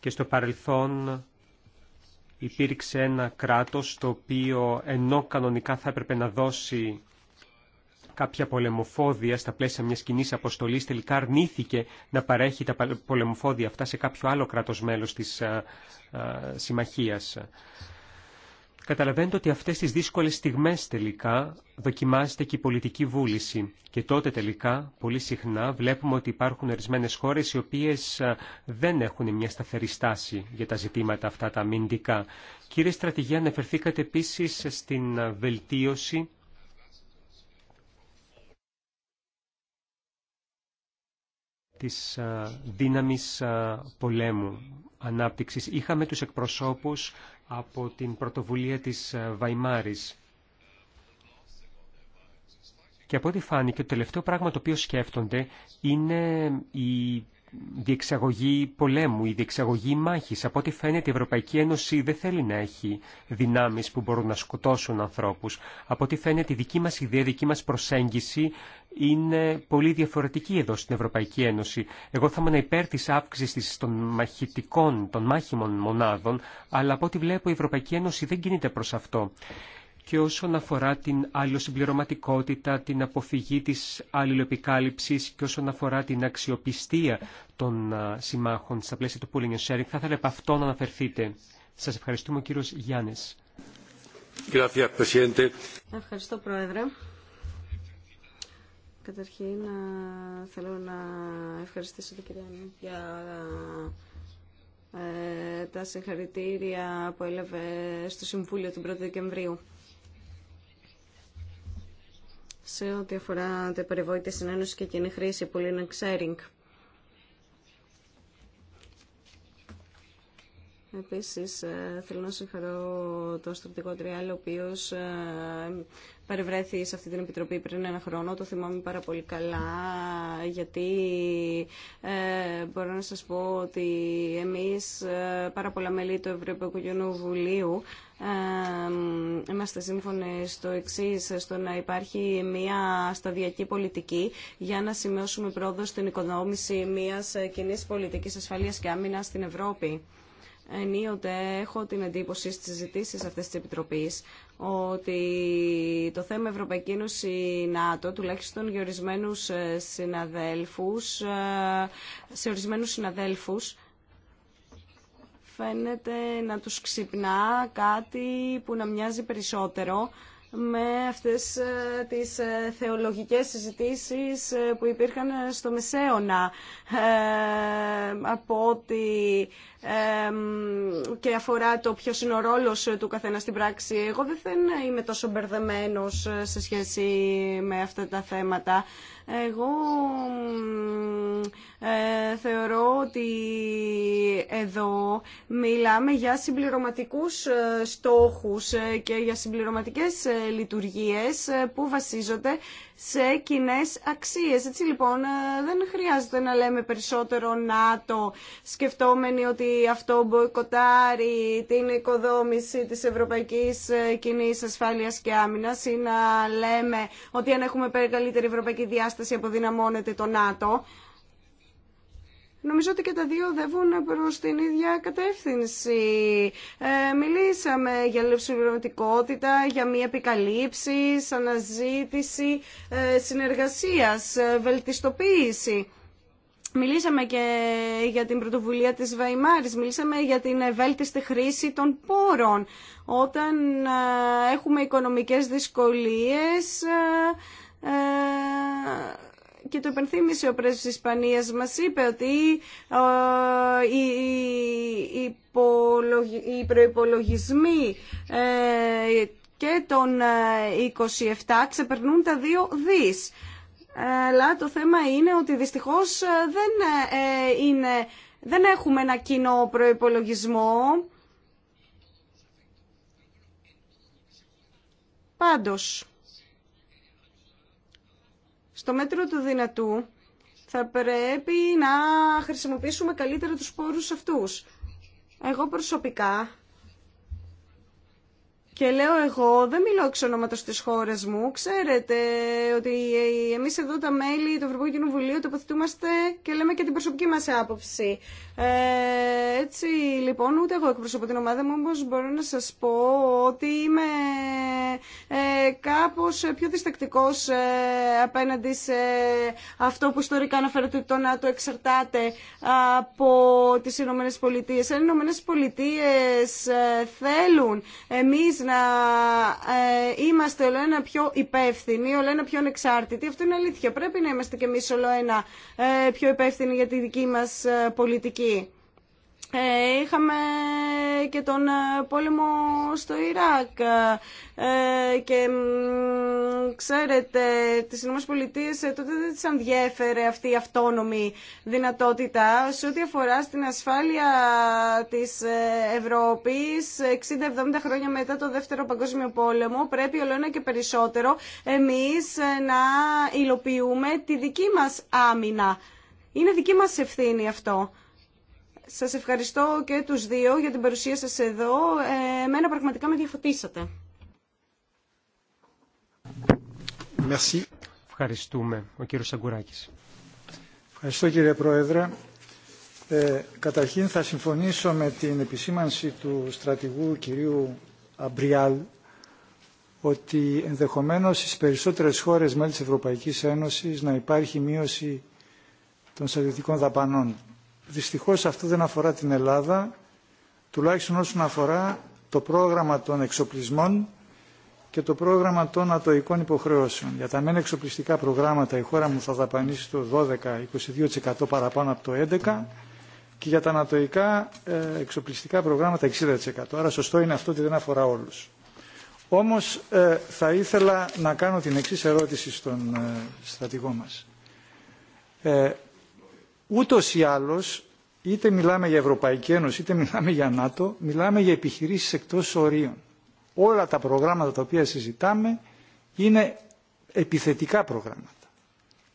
Και στο παρελθόν υπήρξε ένα κράτος το οποίο ενώ κανονικά θα έπρεπε να δώσει κάποια πολεμοφόδια στα πλαίσια μιας κοινή αποστολής τελικά αρνήθηκε να παρέχει τα πολεμοφόδια αυτά σε κάποιο άλλο κράτος μέλος της συμμαχίας. Καταλαβαίνετε ότι αυτές τις δύσκολες στιγμές τελικά δοκιμάζεται και η πολιτική βούληση. Και τότε τελικά πολύ συχνά βλέπουμε ότι υπάρχουν ορισμένε χώρες οι οποίες δεν έχουν μια σταθερή στάση για τα ζητήματα αυτά τα αμυντικά. Κύριε Στρατηγέ, αναφερθήκατε επίσης στην βελτίωση της ε, δύναμης ε, πολέμου ανάπτυξης. Είχαμε τους εκπροσώπους από την πρωτοβουλία της ε, Βαϊμάρης. Και από ό,τι φάνηκε, το τελευταίο πράγμα το οποίο σκέφτονται είναι η διεξαγωγή πολέμου ή διεξαγωγή μάχης. Από ό,τι φαίνεται η Ευρωπαϊκή Ένωση δεν θέλει να έχει δυνάμεις που μπορούν να σκοτώσουν ανθρώπους. Από ό,τι φαίνεται η δική μας ιδέα, η δική μας προσέγγιση είναι πολύ διαφορετική εδώ στην Ευρωπαϊκή Ένωση. Εγώ θα ήμουν υπέρ της αύξησης των μαχητικών, των μάχημων μονάδων, αλλά από ό,τι βλέπω η Ευρωπαϊκή Ένωση δεν κινείται προς αυτό και όσον αφορά την αλληλοσυμπληρωματικότητα, την αποφυγή της αλληλοεπικάλυψης και όσον αφορά την αξιοπιστία των συμμάχων στα πλαίσια του pooling and sharing. Θα ήθελα από αυτό να αναφερθείτε. Σας ευχαριστούμε κύριος Γιάννης. Ευχαριστώ Πρόεδρε. Καταρχήν θέλω να ευχαριστήσω την κυρία για ε, τα συγχαρητήρια που έλαβε στο Συμβούλιο του 1η Δεκεμβρίου σε ό,τι αφορά την περιβόητη συνένωση και κοινή χρήση που λένε ξέρινγκ. Επίσης, ε, θέλω να συγχαρώ το στρατηγό Τριάλ, ο οποίος ε, παρευρέθη σε αυτή την επιτροπή πριν ένα χρόνο. Το θυμάμαι πάρα πολύ καλά, γιατί ε, μπορώ να σας πω ότι εμείς, πάρα πολλά μέλη του Ευρωπαϊκού Βουλίου, είμαστε σύμφωνοι στο εξή, στο να υπάρχει μια σταδιακή πολιτική για να σημειώσουμε πρόοδο στην οικονομήση μιας ε, κοινή πολιτικής ασφαλείας και άμυνας στην Ευρώπη. Ενίοτε έχω την εντύπωση στις συζητήσει αυτές της Επιτροπής ότι το θέμα Ευρωπαϊκή Ένωση ΝΑΤΟ, τουλάχιστον για ε, συναδέλφους, ε, σε ορισμένους συναδέλφους, φαίνεται να τους ξυπνά κάτι που να μοιάζει περισσότερο με αυτές ε, τις ε, θεολογικές συζητήσεις ε, που υπήρχαν στο Μεσαίωνα από ότι και αφορά το ποιος είναι ο ρόλος του καθένα στην πράξη. Εγώ δεν είμαι τόσο μπερδεμένο ε, σε σχέση με αυτά τα θέματα. Εγώ ε, θεωρώ ότι εδώ μιλάμε για συμπληρωματικούς ε, στόχους και για συμπληρωματικές λειτουργίες που βασίζονται σε κοινέ αξίε. Έτσι λοιπόν ε, δεν χρειάζεται να λέμε περισσότερο ΝΑΤΟ σκεφτόμενοι ότι αυτό μποϊκοτάρει την οικοδόμηση της Ευρωπαϊκή ε, κοινή Ασφάλεια και άμυνα, ή να λέμε ότι αν έχουμε καλύτερη ευρωπαϊκή διάσταση αποδυναμώνεται το ΝΑΤΟ. Νομίζω ότι και τα δύο οδεύουν προς την ίδια κατεύθυνση. Ε, μιλήσαμε για λευσιβληματικότητα, για μη επικαλύψει αναζήτηση ε, συνεργασίας, ε, βελτιστοποίηση. Μιλήσαμε και για την πρωτοβουλία της Βαϊμάρης, μιλήσαμε για την ευέλτιστη χρήση των πόρων. Όταν ε, έχουμε οικονομικές δυσκολίες, και το υπενθύμησε ο πρέσβης τη Ισπανίας μας είπε ότι ε, οι προϋπολογισμοί ε, και των 27 ε, ξεπερνούν τα 2 δις. Αλλά το θέμα είναι ότι δυστυχώς δεν, δεν έχουμε ένα κοινό προϋπολογισμό. Πάντως, στο μέτρο του δυνατού θα πρέπει να χρησιμοποιήσουμε καλύτερα τους πόρους αυτούς. Εγώ προσωπικά και λέω εγώ, δεν μιλώ εξ ονόματος της χώρας μου. Ξέρετε ότι εμείς εδώ τα μέλη του Ευρωπαϊκού Κοινοβουλίου τοποθετούμαστε και λέμε και την προσωπική μας άποψη. Ε, έτσι λοιπόν, ούτε εγώ εκπροσωπώ την ομάδα μου, όμως μπορώ να σας πω ότι είμαι ε, κάπως πιο διστακτικός ε, απέναντι σε αυτό που ιστορικά αναφέρεται ότι το ΝΑΤΟ εξαρτάται από τις Ηνωμένες Πολιτείες. Αν οι Ηνωμένες ε, θέλουν εμείς να ε, είμαστε όλο ένα πιο υπεύθυνοι, όλο ένα πιο ανεξάρτητοι. Αυτό είναι αλήθεια. Πρέπει να είμαστε κι εμεί όλο ένα ε, πιο υπεύθυνοι για τη δική μας ε, πολιτική. Ε, είχαμε και τον ε, πόλεμο στο Ιράκ ε, και ξέρετε τις Ηνωμένες Πολιτείες τότε δεν τις ανδιέφερε αυτή η αυτόνομη δυνατότητα σε ό,τι αφορά στην ασφάλεια της Ευρώπης 60-70 χρόνια μετά το Δεύτερο Παγκόσμιο Πόλεμο πρέπει όλο ένα και περισσότερο εμείς να υλοποιούμε τη δική μας άμυνα. Είναι δική μας ευθύνη αυτό. Σας ευχαριστώ και τους δύο για την παρουσία σας εδώ. Εμένα πραγματικά με διαφωτίσατε. Merci. Ευχαριστούμε. Ο κύριος Σαγκουράκης. Ευχαριστώ κύριε Πρόεδρε. Ε, καταρχήν θα συμφωνήσω με την επισήμανση του στρατηγού κυρίου Αμπριάλ ότι ενδεχομένως στις περισσότερες χώρες μέλη της Ευρωπαϊκής Ένωσης να υπάρχει μείωση των στρατιωτικών δαπανών. Δυστυχώς αυτό δεν αφορά την Ελλάδα, τουλάχιστον όσον αφορά το πρόγραμμα των εξοπλισμών και το πρόγραμμα των ατοικών υποχρεώσεων. Για τα μεν εξοπλιστικά προγράμματα η χώρα μου θα δαπανίσει το 12-22% παραπάνω από το 11% και για τα ανατοϊκά ε, εξοπλιστικά προγράμματα 60%. Άρα σωστό είναι αυτό ότι δεν αφορά όλους. Όμως ε, θα ήθελα να κάνω την εξής ερώτηση στον ε, στρατηγό μας ούτως ή άλλως είτε μιλάμε για Ευρωπαϊκή Ένωση είτε μιλάμε για ΝΑΤΟ, μιλάμε για επιχειρήσεις εκτός ορίων. Όλα τα προγράμματα τα οποία συζητάμε είναι επιθετικά προγράμματα.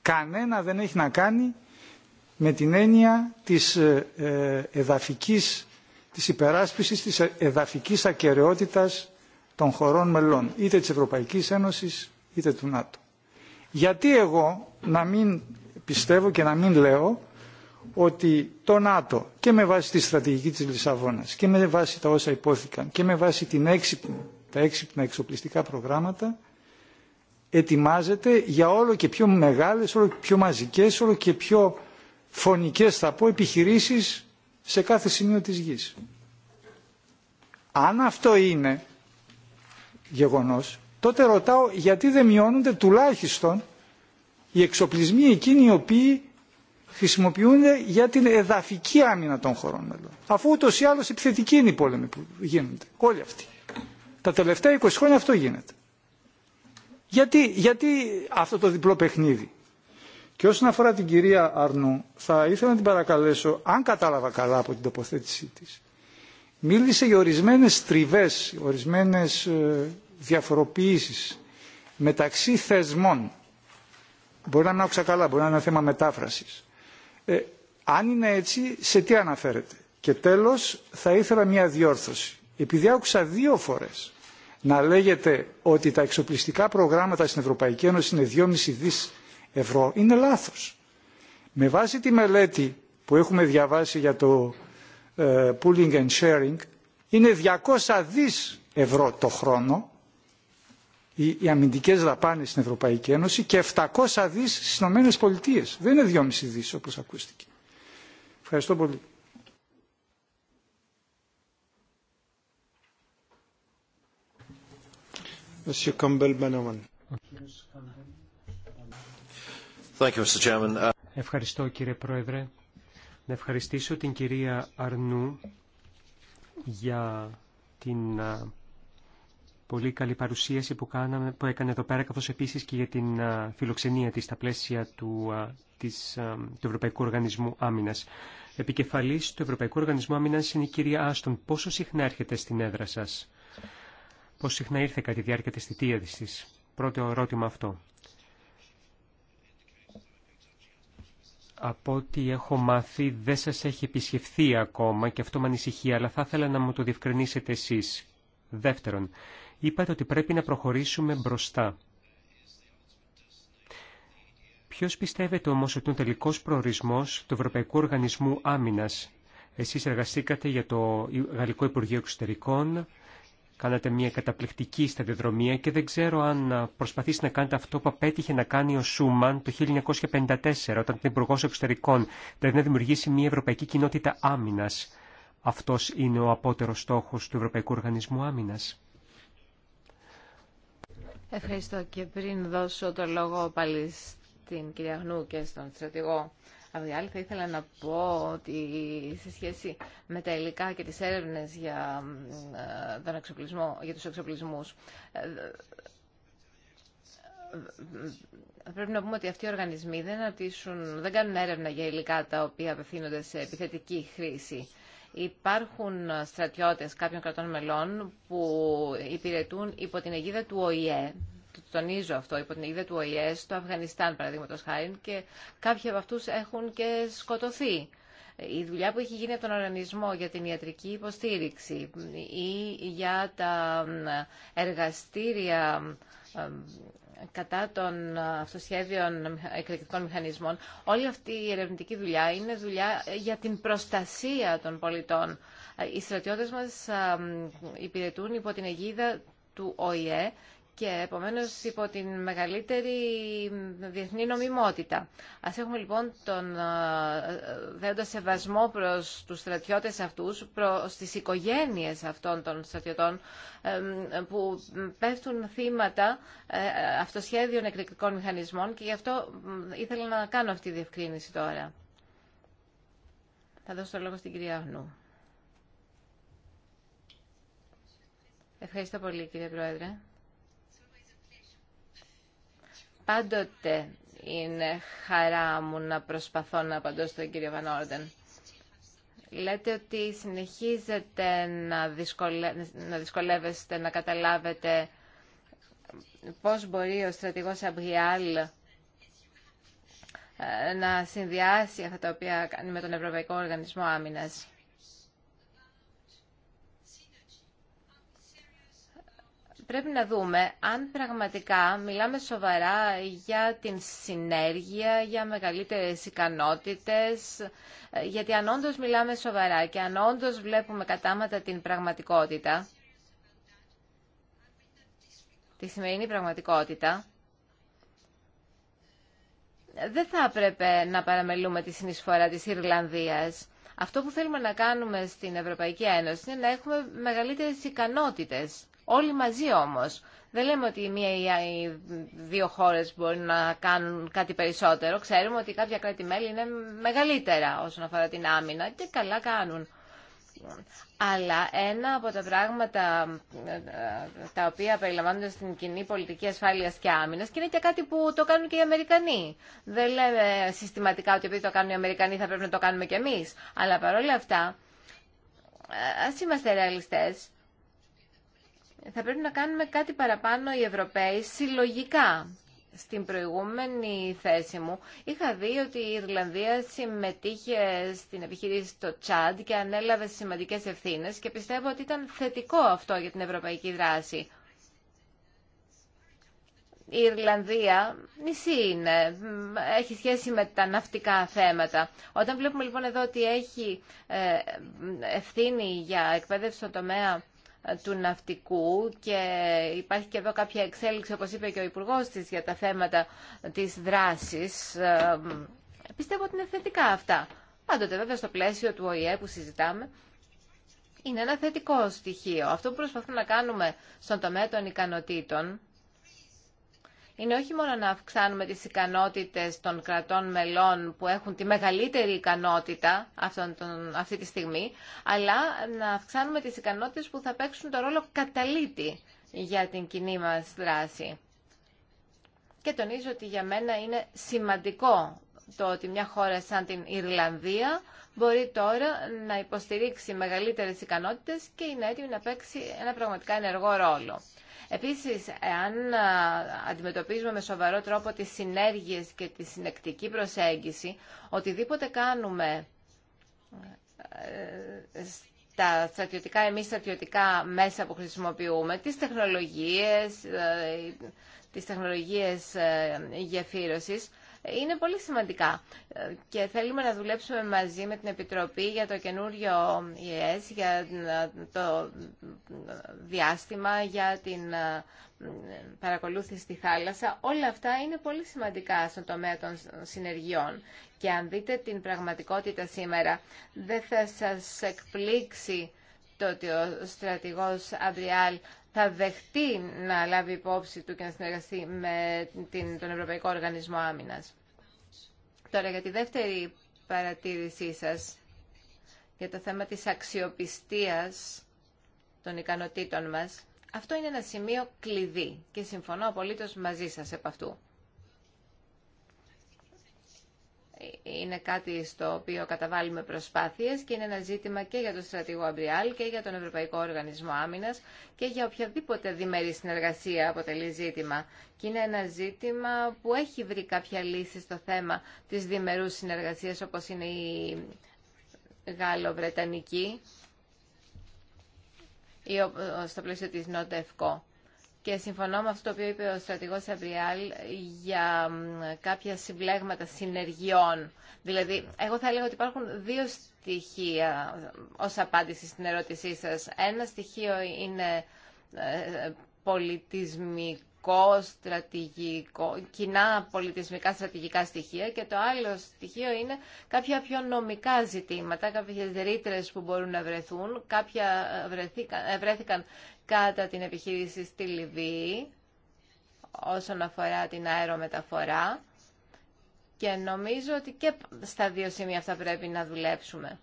Κανένα δεν έχει να κάνει με την έννοια της, ε, ε, εδαφικής, της υπεράσπισης της εδαφικής ακαιρεότητας των χωρών μελών, είτε της Ευρωπαϊκής Ένωσης είτε του ΝΑΤΟ. Γιατί εγώ να μην πιστεύω και να μην λέω ότι το ΝΑΤΟ και με βάση τη στρατηγική της Λισαβόνας και με βάση τα όσα υπόθηκαν και με βάση την έξυπνη, τα έξυπνα εξοπλιστικά προγράμματα ετοιμάζεται για όλο και πιο μεγάλες, όλο και πιο μαζικές, όλο και πιο φωνικές θα πω επιχειρήσεις σε κάθε σημείο της γης. Αν αυτό είναι γεγονός, τότε ρωτάω γιατί δεν μειώνονται τουλάχιστον οι εξοπλισμοί εκείνοι οι οποίοι χρησιμοποιούνται για την εδαφική άμυνα των χωρών μελών. ή άλλως επιθετική είναι η πόλεμη που γίνονται. Όλοι αυτοί. Τα τελευταία 20 χρόνια αυτό γίνεται. Γιατί, γιατί αυτό το διπλό παιχνίδι. Και όσον αφορά την κυρία Αρνού, θα ήθελα να την παρακαλέσω, αν κατάλαβα καλά από την τοποθέτησή της, μίλησε για ορισμένες στριβές, ορισμένες ε, διαφοροποιήσεις μεταξύ θεσμών. Μπορεί να μην άκουσα καλά, μπορεί να είναι θέμα μετάφρασης. Ε, αν είναι έτσι, σε τι αναφέρεται. Και τέλος, θα ήθελα μια διόρθωση. Επειδή άκουσα δύο φορές να λέγεται ότι τα εξοπλιστικά προγράμματα στην Ευρωπαϊκή Ένωση είναι 2,5 δις ευρώ, είναι λάθος. Με βάση τη μελέτη που έχουμε διαβάσει για το ε, pooling and sharing, είναι 200 δις ευρώ το χρόνο οι αμυντικές δαπάνε στην Ευρωπαϊκή Ένωση και 700 δι στι Ηνωμένες Πολιτείες. Δεν είναι 2,5 δι όπως ακούστηκε. Ευχαριστώ πολύ. Uh, Ευχαριστώ κύριε Πρόεδρε. Να ευχαριστήσω την κυρία Αρνού για την uh, πολύ καλή παρουσίαση που, κάναμε, που έκανε εδώ πέρα, καθώς επίσης και για την φιλοξενία της στα πλαίσια του, της, του Ευρωπαϊκού Οργανισμού Άμυνας. Επικεφαλής του Ευρωπαϊκού Οργανισμού Άμυνας είναι η κυρία Άστον. Πόσο συχνά έρχεται στην έδρα σας. Πόσο συχνά ήρθε κατά τη διάρκεια της θητείας της. Πρώτο ερώτημα αυτό. από ό,τι έχω μάθει δεν σας έχει επισκεφθεί ακόμα και αυτό με ανησυχεί, αλλά θα ήθελα να μου το διευκρινίσετε εσείς. Δεύτερον, είπατε ότι πρέπει να προχωρήσουμε μπροστά. Ποιο πιστεύετε όμω ότι είναι ο τελικός προορισμός του Ευρωπαϊκού Οργανισμού Άμυνα, Εσεί εργαστήκατε για το Γαλλικό Υπουργείο Εξωτερικών, κάνατε μια καταπληκτική σταδιοδρομία και δεν ξέρω αν προσπαθήσει να κάνετε αυτό που απέτυχε να κάνει ο Σούμαν το 1954 όταν ήταν υπουργό εξωτερικών, δηλαδή να δημιουργήσει μια ευρωπαϊκή κοινότητα Άμυνα. Αυτό είναι ο απότερο στόχο του Ευρωπαϊκού Οργανισμού Άμυνα. Ευχαριστώ και πριν δώσω το λόγο πάλι στην κυρία Γνού και στον στρατηγό Αβδιάλη, θα ήθελα να πω ότι σε σχέση με τα υλικά και τις έρευνες για, ε, τον εξοπλισμό, για τους εξοπλισμούς, ε, πρέπει να πούμε ότι αυτοί οι οργανισμοί δεν, δεν κάνουν έρευνα για υλικά τα οποία απευθύνονται σε επιθετική χρήση. Υπάρχουν στρατιώτες κάποιων κρατών μελών που υπηρετούν υπό την αιγίδα του ΟΗΕ, το τονίζω αυτό, υπό την αιγίδα του ΟΗΕ στο Αφγανιστάν παραδείγματο χάρη και κάποιοι από αυτούς έχουν και σκοτωθεί. Η δουλειά που έχει γίνει από τον οργανισμό για την ιατρική υποστήριξη ή για τα εργαστήρια κατά των ε, αυτοσχέδιων εκρηκτικών μηχανισμών. Όλη αυτή η ερευνητική δουλειά είναι δουλειά ε, για την προστασία των πολιτών. Ε, οι στρατιώτες μας υπηρετούν υπό την αιγίδα του ΟΗΕ και επομένως υπό την μεγαλύτερη διεθνή νομιμότητα. Ας έχουμε λοιπόν τον ε, δέοντα σεβασμό προς τους στρατιώτες αυτούς, προς τις οικογένειες αυτών των στρατιωτών που πέφτουν θύματα ε, αυτοσχέδιων εκρηκτικών μηχανισμών και γι' αυτό ήθελα να κάνω αυτή τη διευκρίνηση τώρα. Θα δώσω το λόγο στην κυρία Αγνού. Ευχαριστώ πολύ κύριε Πρόεδρε. Πάντοτε είναι χαρά μου να προσπαθώ να απαντώ στον κύριο Βανόρντεν. Λέτε ότι συνεχίζετε να, να δυσκολεύεστε, να καταλάβετε πώς μπορεί ο στρατηγός Αμπριάλ ε, να συνδυάσει αυτά τα οποία κάνει με τον Ευρωπαϊκό Οργανισμό Άμυνας. πρέπει να δούμε αν πραγματικά μιλάμε σοβαρά για την συνέργεια, για μεγαλύτερες ικανότητες, ε, γιατί αν όντως μιλάμε σοβαρά και αν όντως βλέπουμε κατάματα την πραγματικότητα, τη σημερινή πραγματικότητα, δεν θα έπρεπε να παραμελούμε τη συνεισφορά της Ιρλανδίας. Αυτό που θέλουμε να κάνουμε στην Ευρωπαϊκή Ένωση είναι να έχουμε μεγαλύτερες ικανότητες. Όλοι μαζί όμως. Δεν λέμε ότι η μία ή οι δύο χώρε μπορεί να κάνουν κάτι περισσότερο. Ξέρουμε ότι κάποια κράτη-μέλη είναι μεγαλύτερα όσον αφορά την άμυνα και καλά κάνουν. Αλλά ένα από τα πράγματα ε, ε, τα οποία περιλαμβάνονται στην κοινή πολιτική ασφάλειας και άμυνας και είναι και κάτι που το κάνουν και οι Αμερικανοί. Δεν λέμε συστηματικά ότι επειδή το κάνουν οι Αμερικανοί θα πρέπει να το κάνουμε κι εμείς. Αλλά παρόλα αυτά, ε, ας είμαστε ρεαλιστές θα πρέπει να κάνουμε κάτι παραπάνω οι Ευρωπαίοι συλλογικά. Στην προηγούμενη θέση μου είχα δει ότι η Ιρλανδία συμμετείχε στην επιχείρηση στο Τσάντ και ανέλαβε σημαντικές ευθύνες και πιστεύω ότι ήταν θετικό αυτό για την ευρωπαϊκή δράση. Η Ιρλανδία νησί είναι, έχει σχέση με τα ναυτικά θέματα. Όταν βλέπουμε λοιπόν εδώ ότι έχει ε, ευθύνη για εκπαίδευση στον τομέα του ναυτικού και υπάρχει και εδώ κάποια εξέλιξη, όπως είπε και ο Υπουργός της, για τα θέματα της δράσης. Ε, πιστεύω ότι είναι θετικά αυτά. Πάντοτε βέβαια στο πλαίσιο του ΟΗΕ που συζητάμε, είναι ένα θετικό στοιχείο. Αυτό που προσπαθούμε να κάνουμε στον τομέα των ικανοτήτων, είναι όχι μόνο να αυξάνουμε τις ικανότητες των κρατών μελών που έχουν τη μεγαλύτερη ικανότητα αυτή τη στιγμή, αλλά να αυξάνουμε τις ικανότητες που θα παίξουν το ρόλο καταλήτη για την κοινή μας δράση. Και τονίζω ότι για μένα είναι σημαντικό το ότι μια χώρα σαν την Ιρλανδία μπορεί τώρα να υποστηρίξει μεγαλύτερες ικανότητες και είναι έτοιμη να παίξει ένα πραγματικά ενεργό ρόλο. Επίσης, αν αντιμετωπίζουμε με σοβαρό τρόπο τις συνέργειες και τη συνεκτική προσέγγιση, οτιδήποτε κάνουμε ε, τα στρατιωτικά, εμείς στρατιωτικά μέσα που χρησιμοποιούμε, τις τεχνολογίες, ε, τις τεχνολογίες ε, γεφύρωσης, είναι πολύ σημαντικά και θέλουμε να δουλέψουμε μαζί με την Επιτροπή για το καινούριο ΙΕΣ, για το διάστημα, για την ε, παρακολούθηση στη θάλασσα. Όλα αυτά είναι πολύ σημαντικά στον τομέα των συνεργειών. Και αν δείτε την πραγματικότητα σήμερα, δεν θα σας εκπλήξει το ότι ο στρατηγός Αμπριάλ θα δεχτεί να λάβει υπόψη του και να συνεργαστεί με την, τον Ευρωπαϊκό Οργανισμό Άμυνας. Τώρα για τη δεύτερη παρατήρησή σας για το θέμα της αξιοπιστίας των ικανοτήτων μας. Αυτό είναι ένα σημείο κλειδί και συμφωνώ απολύτως μαζί σας επ' αυτού. είναι κάτι στο οποίο καταβάλουμε προσπάθειες και είναι ένα ζήτημα και για τον στρατηγό Αμπριάλ και για τον Ευρωπαϊκό Οργανισμό Άμυνας και για οποιαδήποτε διμερή συνεργασία αποτελεί ζήτημα. Και είναι ένα ζήτημα που έχει βρει κάποια λύση στο θέμα της διμερούς συνεργασίας όπως είναι η Γάλλο-Βρετανική στο πλαίσιο της ΝΟΤΕΦΚΟ και συμφωνώ με αυτό το είπε ο στρατηγό Αβριάλ για κάποια συμπλέγματα συνεργειών. Δηλαδή, εγώ θα έλεγα ότι υπάρχουν δύο στοιχεία ω απάντηση στην ερώτησή σα. Ένα στοιχείο είναι ε, ε, πολιτισμικό πολιτικό, στρατηγικό, κοινά πολιτισμικά στρατηγικά στοιχεία και το άλλο στοιχείο είναι κάποια πιο νομικά ζητήματα, κάποιες ρήτρε που μπορούν να βρεθούν, κάποια βρεθήκαν, βρέθηκαν κατά την επιχείρηση στη Λιβύη όσον αφορά την αερομεταφορά και νομίζω ότι και στα δύο σημεία αυτά πρέπει να δουλέψουμε.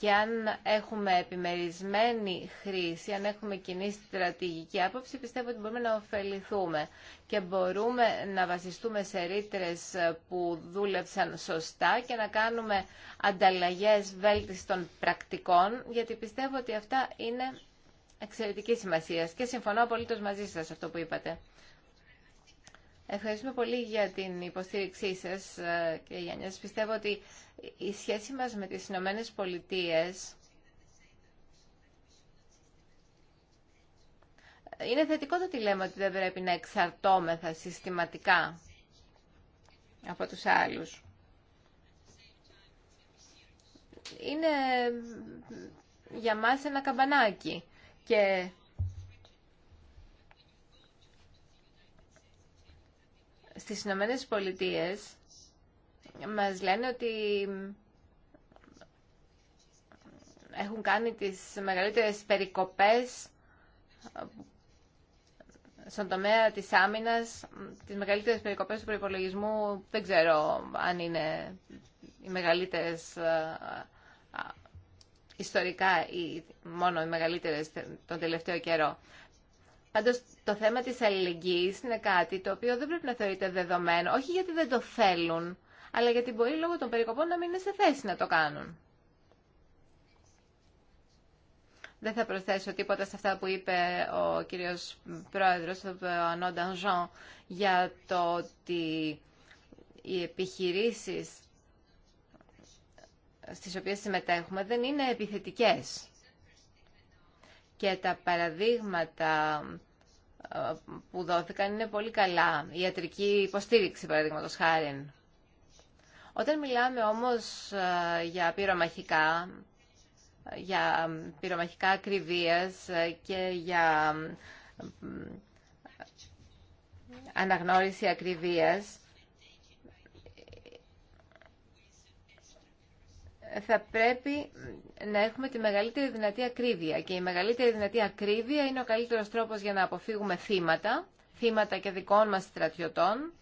Και αν έχουμε επιμερισμένη χρήση, αν έχουμε κοινή στρατηγική άποψη, πιστεύω ότι μπορούμε να ωφεληθούμε και μπορούμε να βασιστούμε σε ρήτρε που δούλεψαν σωστά και να κάνουμε ανταλλαγές βέλτιστων πρακτικών, γιατί πιστεύω ότι αυτά είναι εξαιρετική σημασία και συμφωνώ απολύτως μαζί σας αυτό που είπατε. Ευχαριστούμε πολύ για την υποστήριξή σας, ε, κύριε Γιάννη. Πιστεύω ότι η σχέση μας με τις Ηνωμένε Πολιτείε. είναι θετικό το ότι λέμε ότι δεν πρέπει να εξαρτώμεθα συστηματικά από τους άλλους. Είναι ε, για μας ένα καμπανάκι και Στις Ηνωμένε Πολιτείε μας λένε ότι έχουν κάνει τις μεγαλύτερες περικοπές στον τομέα της άμυνας, τις μεγαλύτερες περικοπές του προϋπολογισμού, δεν ξέρω αν είναι οι μεγαλύτερες ε, ε, ιστορικά ή μόνο οι μεγαλύτερες τον τελευταίο καιρό. Πάντως το θέμα της αλληλεγγύης είναι κάτι το οποίο δεν πρέπει να θεωρείται δεδομένο, όχι γιατί δεν το θέλουν, αλλά γιατί μπορεί λόγω των περικοπών να μην είναι σε θέση να το κάνουν. Δεν θα προσθέσω τίποτα σε αυτά που είπε ο κύριος πρόεδρος, ο Ανόνταν Ζων, για το ότι οι επιχειρήσεις στις οποίες συμμετέχουμε δεν είναι επιθετικές και τα παραδείγματα ε, που δόθηκαν είναι πολύ καλά. Η ιατρική υποστήριξη, παραδείγματο χάρη. Όταν μιλάμε όμως ε, για πυρομαχικά, για ε, πυρομαχικά ακριβία και για αναγνώριση ακριβίας, θα πρέπει να έχουμε τη μεγαλύτερη δυνατή ακρίβεια. Και η μεγαλύτερη δυνατή ακρίβεια είναι ο καλύτερος τρόπος για να αποφύγουμε θύματα, θύματα και δικών μας στρατιωτών,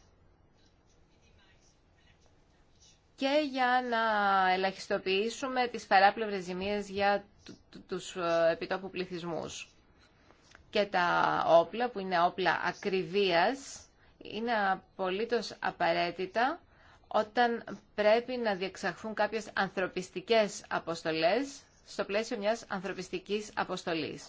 και για να ελαχιστοποιήσουμε τις παράπλευρες ζημίες για τους ε, επιτόπου πληθυσμούς. Και τα όπλα, που είναι όπλα ακριβίας, είναι απολύτως απαραίτητα όταν πρέπει να διεξαχθούν κάποιες ανθρωπιστικές αποστολές στο πλαίσιο μιας ανθρωπιστικής αποστολής.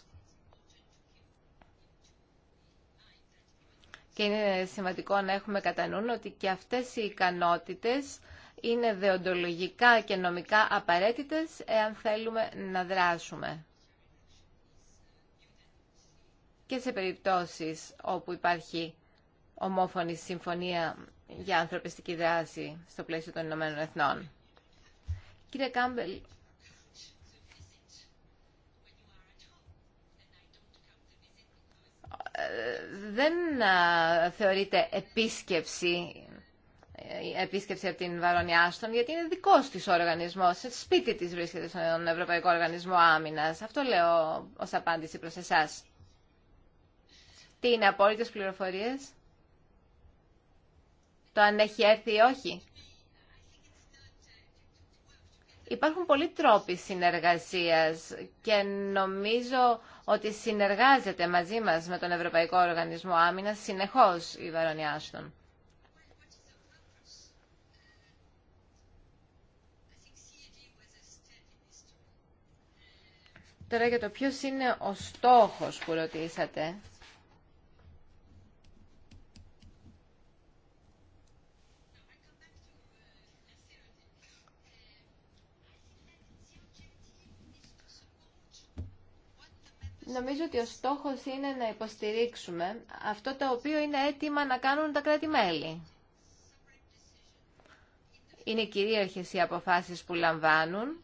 Και είναι σημαντικό να έχουμε κατά νου ότι και αυτές οι ικανότητες είναι δεοντολογικά και νομικά απαραίτητες εάν θέλουμε να δράσουμε. Και σε περιπτώσεις όπου υπάρχει ομόφωνη συμφωνία για ανθρωπιστική δράση στο πλαίσιο των Ηνωμένων Εθνών. Κύριε Κάμπελ, ε, δεν θεωρείται επίσκεψη ε, επίσκεψη από την Βαρόνια γιατί είναι δικό τη οργανισμό. Σε σπίτι τη βρίσκεται στον Ευρωπαϊκό Οργανισμό Άμυνα. Αυτό λέω ω απάντηση προ εσά. Τι είναι απόλυτε πληροφορίε το αν έχει έρθει ή όχι. Υπάρχουν πολλοί τρόποι συνεργασίας και νομίζω ότι συνεργάζεται μαζί μας με τον Ευρωπαϊκό Οργανισμό Άμυνας συνεχώς η Βαρονιά Τώρα για το ποιος είναι ο στόχος που ρωτήσατε. Νομίζω ότι ο στόχος είναι να υποστηρίξουμε αυτό το οποίο είναι έτοιμα να κάνουν τα κράτη-μέλη. Είναι κυρίαρχες οι αποφάσεις που λαμβάνουν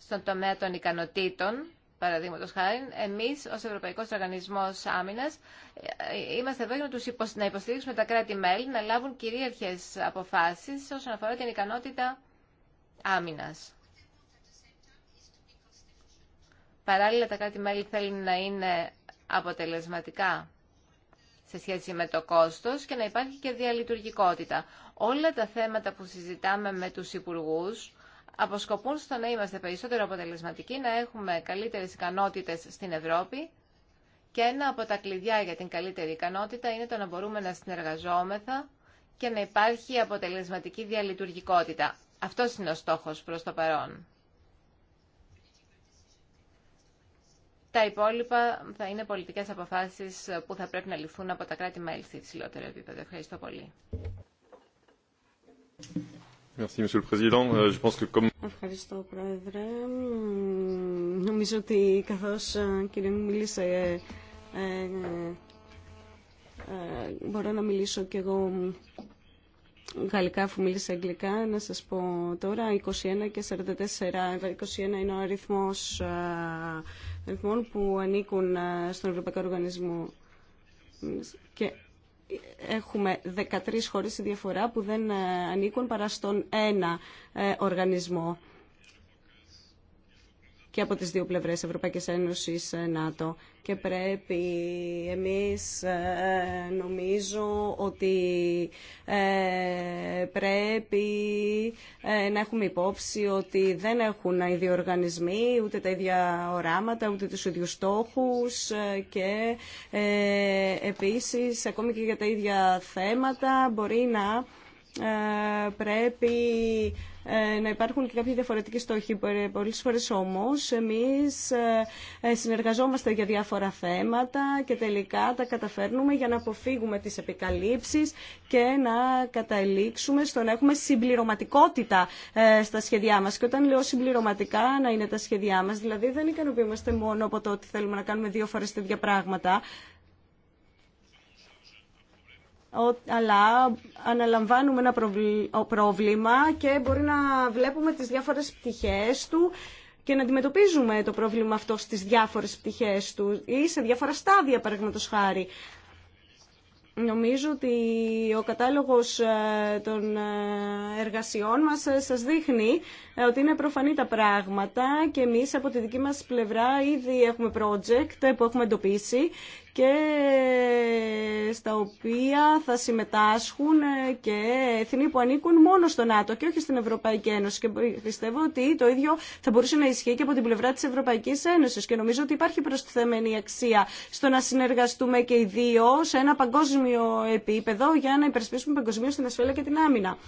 στον τομέα των ικανοτήτων, παραδείγματο χάρη. Εμείς ως Ευρωπαϊκός Οργανισμό Άμυνα, είμαστε εδώ για να υποστηρίξουμε τα κράτη-μέλη να λάβουν κυρίαρχε αποφάσει όσον αφορά την ικανότητα άμυνας. Παράλληλα, τα κράτη-μέλη θέλουν να είναι αποτελεσματικά σε σχέση με το κόστος και να υπάρχει και διαλειτουργικότητα. Όλα τα θέματα που συζητάμε με τους υπουργούς αποσκοπούν στο να είμαστε περισσότερο αποτελεσματικοί, να έχουμε καλύτερες ικανότητες στην Ευρώπη και ένα από τα κλειδιά για την καλύτερη ικανότητα είναι το να μπορούμε να συνεργαζόμεθα και να υπάρχει αποτελεσματική διαλειτουργικότητα. Αυτός είναι ο στόχος προς το παρόν. Τα υπόλοιπα θα είναι πολιτικέ αποφάσει που θα πρέπει να ληφθούν από τα κράτη-μέλη στη υψηλότερο επίπεδο. Ευχαριστώ πολύ. Euh, Ευχαριστώ, Πρόεδρε. Νομίζω ότι καθώ ε, κύριε μου, μίλησε ε, ε, μπορώ να μιλήσω κι εγώ γαλλικά αφού μίλησα αγγλικά να σας πω τώρα 21 και 44 21 είναι ο αριθμός αριθμών που ανήκουν στον Ευρωπαϊκό Οργανισμό και έχουμε 13 χωρίς διαφορά που δεν ανήκουν παρά στον ένα ε, οργανισμό και από τις δύο πλευρές Ευρωπαϊκής Ένωσης ε, ΝΑΤΟ και πρέπει εμείς ε, νομίζω ότι ε, πρέπει να έχουμε υπόψη ότι δεν έχουν οι δύο οργανισμοί ούτε τα ίδια οράματα ούτε τους ίδιους στόχους και επίσης ακόμη και για τα ίδια θέματα μπορεί να πρέπει ε, να υπάρχουν και κάποιοι διαφορετικοί στόχοι. Ε, Πολλέ φορέ όμω εμεί ε, συνεργαζόμαστε για διάφορα θέματα και τελικά τα καταφέρνουμε για να αποφύγουμε τι επικαλύψει και να καταλήξουμε στο να έχουμε συμπληρωματικότητα στα σχέδιά μα. Και όταν λέω συμπληρωματικά να είναι τα σχέδιά μα, δηλαδή δεν ικανοποιούμαστε μόνο από το ότι θέλουμε να κάνουμε δύο φορέ τέτοια πράγματα αλλά αναλαμβάνουμε ένα πρόβλημα και μπορεί να βλέπουμε τις διάφορες πτυχές του και να αντιμετωπίζουμε το πρόβλημα αυτό στις διάφορες πτυχές του ή σε διάφορα στάδια, παραδείγματος χάρη. Νομίζω ότι ο κατάλογος ε, των ε, εργασιών μας ε, σας δείχνει ότι είναι προφανή τα πράγματα και εμείς από τη δική μας πλευρά ήδη έχουμε project που έχουμε εντοπίσει και στα οποία θα συμμετάσχουν και έθνη που ανήκουν μόνο στο ΝΑΤΟ και όχι στην Ευρωπαϊκή Ένωση. Και πιστεύω ότι το ίδιο θα μπορούσε να ισχύει και από την πλευρά τη Ευρωπαϊκή Ένωση. Και νομίζω ότι υπάρχει προστιθέμενη αξία στο να συνεργαστούμε και οι δύο σε ένα παγκόσμιο επίπεδο για να υπερασπίσουμε παγκοσμίω την ασφάλεια και την άμυνα.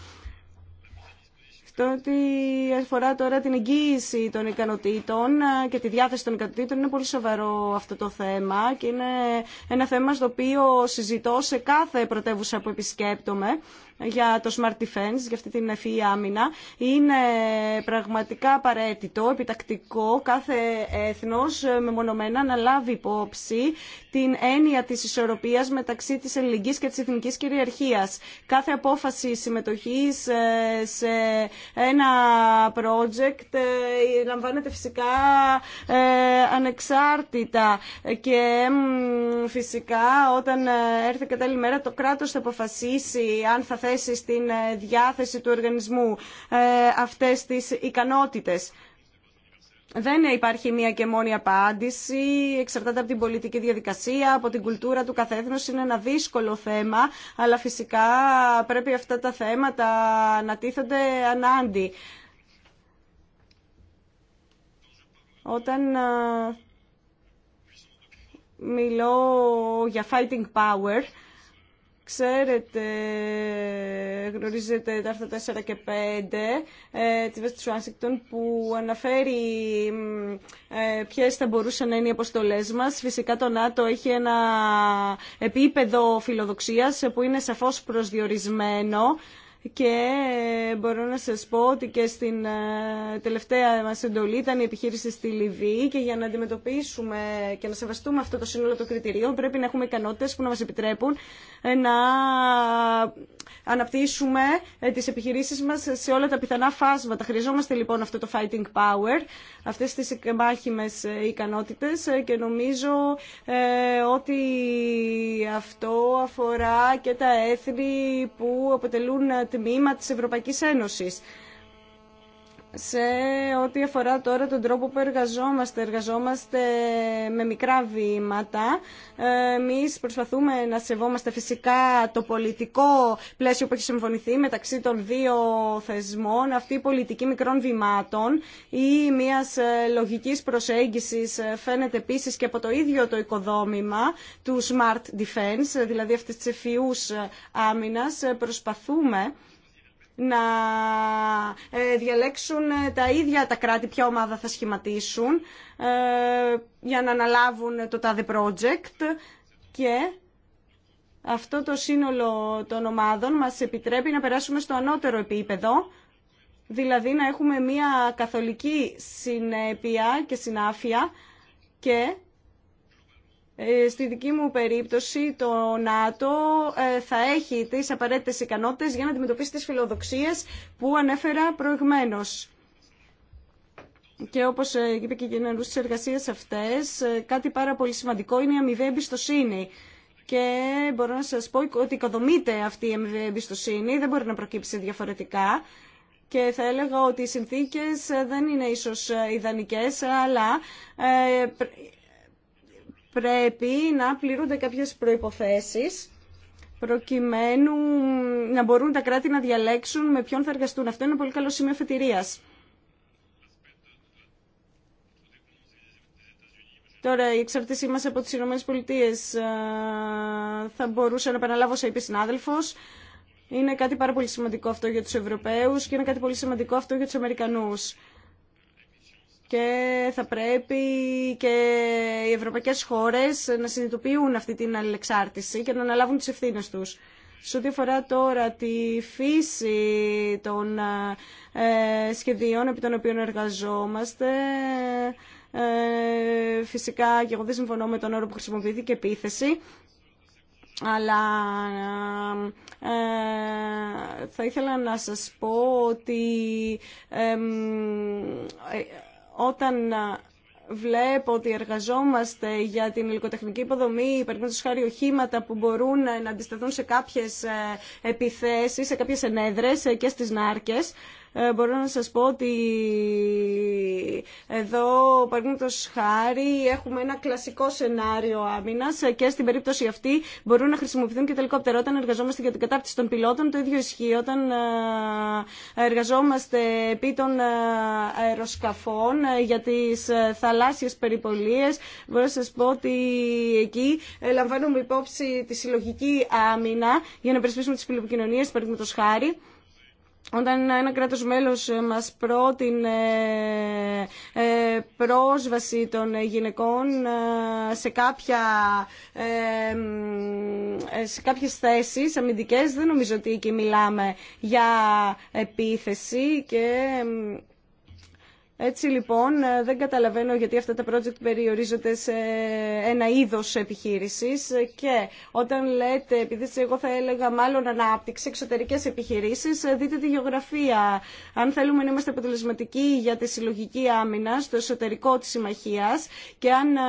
Το ότι αφορά τώρα την εγγύηση των ικανοτήτων ε, και τη διάθεση των ικανοτήτων είναι πολύ σοβαρό αυτό το θέμα και είναι ένα θέμα στο οποίο συζητώ σε κάθε πρωτεύουσα που επισκέπτομαι για το Smart Defense, για αυτή την ευφυή άμυνα, είναι πραγματικά απαραίτητο, επιτακτικό, κάθε έθνος μεμονωμένα να λάβει υπόψη την έννοια της ισορροπίας μεταξύ της ελληνικής και της εθνικής κυριαρχίας. Κάθε απόφαση συμμετοχής ε, σε ένα project ε, λαμβάνεται φυσικά ε, ανεξάρτητα και φυσικά όταν έρθει κατάλληλη μέρα το κράτος θα αποφασίσει αν θα θέσει στην ε, διάθεση του οργανισμού ε, αυτές τις ικανότητες. Δεν υπάρχει μία και μόνη απάντηση, εξαρτάται από την πολιτική διαδικασία, από την κουλτούρα του καθέθνους, είναι ένα δύσκολο θέμα, αλλά φυσικά πρέπει αυτά τα θέματα να τίθονται ανάντι. Όταν ε, μιλώ για fighting power, Ξέρετε, γνωρίζετε τα άρθρα 4 και 5 ε, της Ουάσιγκτον που αναφέρει ε, ποιες θα μπορούσαν να είναι οι αποστολές μας. Φυσικά το ΝΑΤΟ έχει ένα επίπεδο φιλοδοξίας που είναι σαφώς προσδιορισμένο και μπορώ να σας πω ότι και στην ε, τελευταία μας εντολή ήταν η επιχείρηση στη Λιβύη και για να αντιμετωπίσουμε και να σεβαστούμε αυτό το σύνολο των κριτηρίων πρέπει να έχουμε ικανότητες που να μας επιτρέπουν ε, να αναπτύσσουμε ε, τις επιχειρήσεις μας σε όλα τα πιθανά φάσματα. Χρειαζόμαστε λοιπόν αυτό το fighting power, αυτές τις μάχημες ε, ικανότητες ε, και νομίζω ότι αυτό αφορά και τα έθνη που αποτελούν τμήμα της Ευρωπαϊκής Ένωσης σε ό,τι αφορά τώρα τον τρόπο που εργαζόμαστε. Εργαζόμαστε με μικρά βήματα. Εμεί προσπαθούμε να σεβόμαστε φυσικά το πολιτικό πλαίσιο που έχει συμφωνηθεί μεταξύ των δύο θεσμών, αυτή η πολιτική μικρών βημάτων ή μιας ε, λογικής προσέγγιση, ε, φαίνεται επίση και από το ίδιο το οικοδόμημα του Smart Defense, δηλαδή αυτή τη ευφυού ε, Άμυνα, Προσπαθούμε να ε, διαλέξουν ε, τα ίδια τα κράτη ποια ομάδα θα σχηματίσουν ε, για να αναλάβουν το τάδε project και αυτό το σύνολο των ομάδων μας επιτρέπει να περάσουμε στο ανώτερο επίπεδο δηλαδή να έχουμε μια καθολική συνέπεια και συνάφεια και ε, στη δική μου περίπτωση το ΝΑΤΟ ε, θα έχει τις απαραίτητες ικανότητες για να αντιμετωπίσει τις φιλοδοξίες που ανέφερα προηγμένως. Και όπως ε, είπε και η Γενερούς στις εργασίες αυτές, κάτι πάρα πολύ σημαντικό είναι η αμοιβή εμπιστοσύνη. Και μπορώ να σας πω ότι οικοδομείται αυτή η αμοιβή εμπιστοσύνη, δεν μπορεί να προκύψει διαφορετικά. Και θα έλεγα ότι οι συνθήκες δεν είναι ίσως ιδανικές, αλλά πρέπει να πληρούνται κάποιες προϋποθέσεις προκειμένου να μπορούν τα κράτη να διαλέξουν με ποιον θα εργαστούν. Αυτό είναι ένα πολύ καλό σημείο φετηρία. Τώρα, η εξαρτήσή μας από τις Ηνωμένες Πολιτείες θα μπορούσε να επαναλάβω σε είπε συνάδελφος. Είναι κάτι πάρα πολύ σημαντικό αυτό για τους Ευρωπαίους και είναι κάτι πολύ σημαντικό αυτό για τους Αμερικανούς και θα πρέπει και οι ευρωπαϊκές χώρες να συνειδητοποιούν αυτή την αλληλεξάρτηση και να αναλάβουν τις ευθύνες τους. Σε ό,τι αφορά τώρα τη φύση των ε, σχεδίων επί των οποίων εργαζόμαστε, ε, φυσικά και εγώ δεν συμφωνώ με τον όρο που χρησιμοποιήθηκε επίθεση, αλλά ε, θα ήθελα να σας πω ότι ε, όταν ε, βλέπω ότι εργαζόμαστε για την υλικοτεχνική υποδομή, παραδείγματο χάρη οχήματα που μπορούν ε, να αντισταθούν σε κάποιε επιθέσει, σε κάποιε ενέδρε ε, και στι νάρκε, ε, μπορώ να σας πω ότι εδώ, παραδείγματος χάρη, έχουμε ένα κλασικό σενάριο άμυνα και στην περίπτωση αυτή μπορούν να χρησιμοποιηθούν και ελικόπτερα Όταν εργαζόμαστε για την κατάρτιση των πιλότων, το ίδιο ισχύει. Όταν ε, εργαζόμαστε επί των ε, αεροσκαφών για τις θαλάσσιες περιπολίες, μπορώ να σας πω ότι εκεί λαμβάνουμε υπόψη τη συλλογική άμυνα για να περισπίσουμε τις φιλοπικοινωνίες, παραδείγματος χάρη όταν ένα κράτος μέλος ε, μας πρότεινε ε, πρόσβαση των γυναικών ε, σε, κάποια, σε κάποιες θέσεις αμυντικές, δεν νομίζω ότι εκεί μιλάμε για επίθεση και έτσι λοιπόν ε, δεν καταλαβαίνω γιατί αυτά τα project περιορίζονται σε ένα είδος επιχείρησης και όταν λέτε, επειδή εγώ θα έλεγα μάλλον ανάπτυξη, εξωτερικές επιχειρήσεις, ε, δείτε τη γεωγραφία. Αν θέλουμε να είμαστε αποτελεσματικοί για τη συλλογική άμυνα στο εσωτερικό της συμμαχίας και αν ε,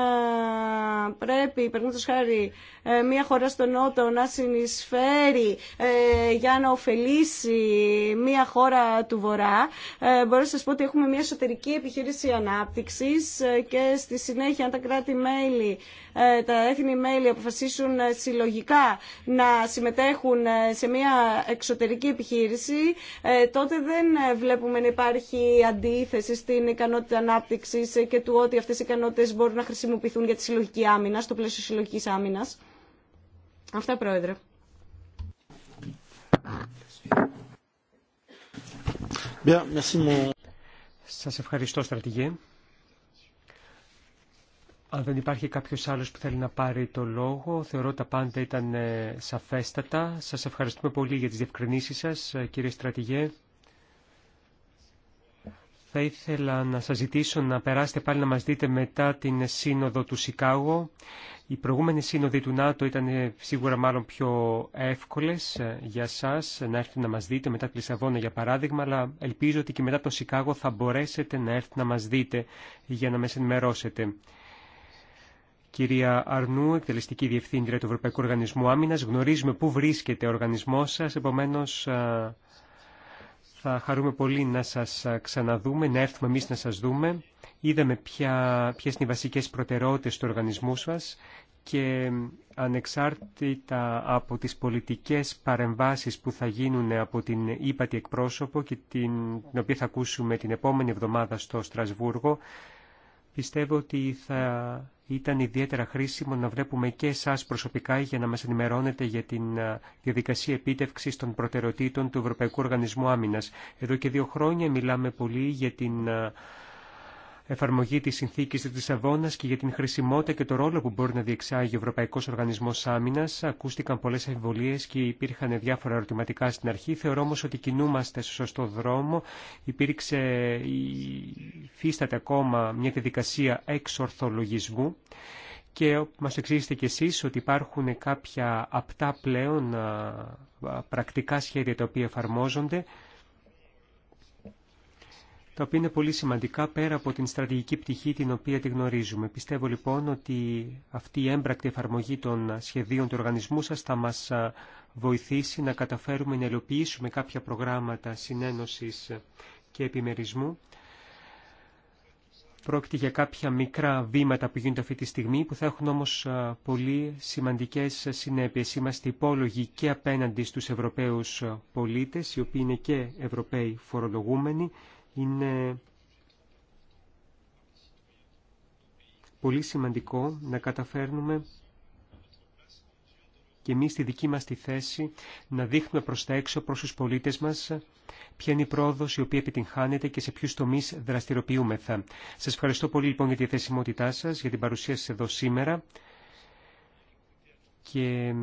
πρέπει, παραδείγματος χάρη, ε, μια χώρα στον Νότο να συνεισφέρει ε, για να ωφελήσει μια χώρα του Βορρά. Ε, μπορώ να σας πω ότι έχουμε μια εσωτερική επιχείρηση ανάπτυξης και στη συνέχεια αν τα κράτη-μέλη, τα έθνη μέλη αποφασίσουν συλλογικά να συμμετέχουν σε μια εξωτερική επιχείρηση, τότε δεν βλέπουμε να υπάρχει αντίθεση στην ικανότητα ανάπτυξη και του ότι αυτές οι ικανότητες μπορούν να χρησιμοποιηθούν για τη συλλογική άμυνα, στο πλαίσιο συλλογική άμυνας. Αυτά, Πρόεδρε. Σας ευχαριστώ, στρατηγέ. Αν δεν υπάρχει κάποιος άλλος που θέλει να πάρει το λόγο, θεωρώ τα πάντα ήταν ε, σαφέστατα. Σας ευχαριστούμε πολύ για τις διευκρινήσεις σας, ε, κύριε στρατηγέ. Θα ήθελα να σας ζητήσω να περάσετε πάλι να μας δείτε μετά την σύνοδο του Σικάγο οι προηγούμενοι σύνοδοι του ΝΑΤΟ ήταν ε, σίγουρα μάλλον πιο εύκολες ε, για σας ε, να έρθετε να μας δείτε μετά τη Λισαβόνα για παράδειγμα, αλλά ελπίζω ότι και μετά το Σικάγο θα μπορέσετε να έρθετε να μας δείτε για να με ενημερώσετε. Κυρία Αρνού, εκτελεστική διευθύντρια του Ευρωπαϊκού Οργανισμού Άμυνας, γνωρίζουμε πού βρίσκεται ο οργανισμός σας, επομένως θα χαρούμε πολύ να σας ξαναδούμε, να έρθουμε εμείς να σας δούμε Είδαμε ποια, ποιες είναι οι βασικές προτεραιότητες του οργανισμού σας και ανεξάρτητα από τις πολιτικές παρεμβάσεις που θα γίνουν από την ύπατη εκπρόσωπο και την, την οποία θα ακούσουμε την επόμενη εβδομάδα στο Στρασβούργο, πιστεύω ότι θα ήταν ιδιαίτερα χρήσιμο να βλέπουμε και εσά προσωπικά για να μας ενημερώνετε για την διαδικασία επίτευξης των προτεραιοτήτων του Ευρωπαϊκού Οργανισμού Άμυνας. Εδώ και δύο χρόνια μιλάμε πολύ για την εφαρμογή της συνθήκης της Λισαβόνα και για την χρησιμότητα και το ρόλο που μπορεί να διεξάγει ο Ευρωπαϊκός Οργανισμός Άμυνας. Ακούστηκαν πολλές αμφιβολίες και υπήρχαν διάφορα ερωτηματικά στην αρχή. Θεωρώ όμως ότι κινούμαστε στο σωστό δρόμο. Υπήρξε, υφίσταται ακόμα μια διαδικασία εξορθολογισμού και μας εξήγησετε κι εσείς ότι υπάρχουν κάποια απτά πλέον πρακτικά σχέδια τα οποία εφαρμόζονται τα οποία είναι πολύ σημαντικά πέρα από την στρατηγική πτυχή την οποία τη γνωρίζουμε. Πιστεύω λοιπόν ότι αυτή η έμπρακτη εφαρμογή των σχεδίων του οργανισμού σας θα μας βοηθήσει να καταφέρουμε να ελοποιήσουμε κάποια προγράμματα συνένωσης και επιμερισμού. Πρόκειται για κάποια μικρά βήματα που γίνονται αυτή τη στιγμή που θα έχουν όμως πολύ σημαντικές συνέπειες. Είμαστε υπόλογοι και απέναντι στους Ευρωπαίους πολίτες, οι οποίοι είναι και Ευρωπαίοι φορολογούμενοι είναι πολύ σημαντικό να καταφέρνουμε και εμείς στη δική μας τη θέση να δείχνουμε προς τα έξω προς τους πολίτες μας ποια είναι η πρόοδος η οποία επιτυγχάνεται και σε ποιους τομείς δραστηριοποιούμεθα. Σας ευχαριστώ πολύ λοιπόν για τη θεσιμότητά σας, για την παρουσία σας εδώ σήμερα και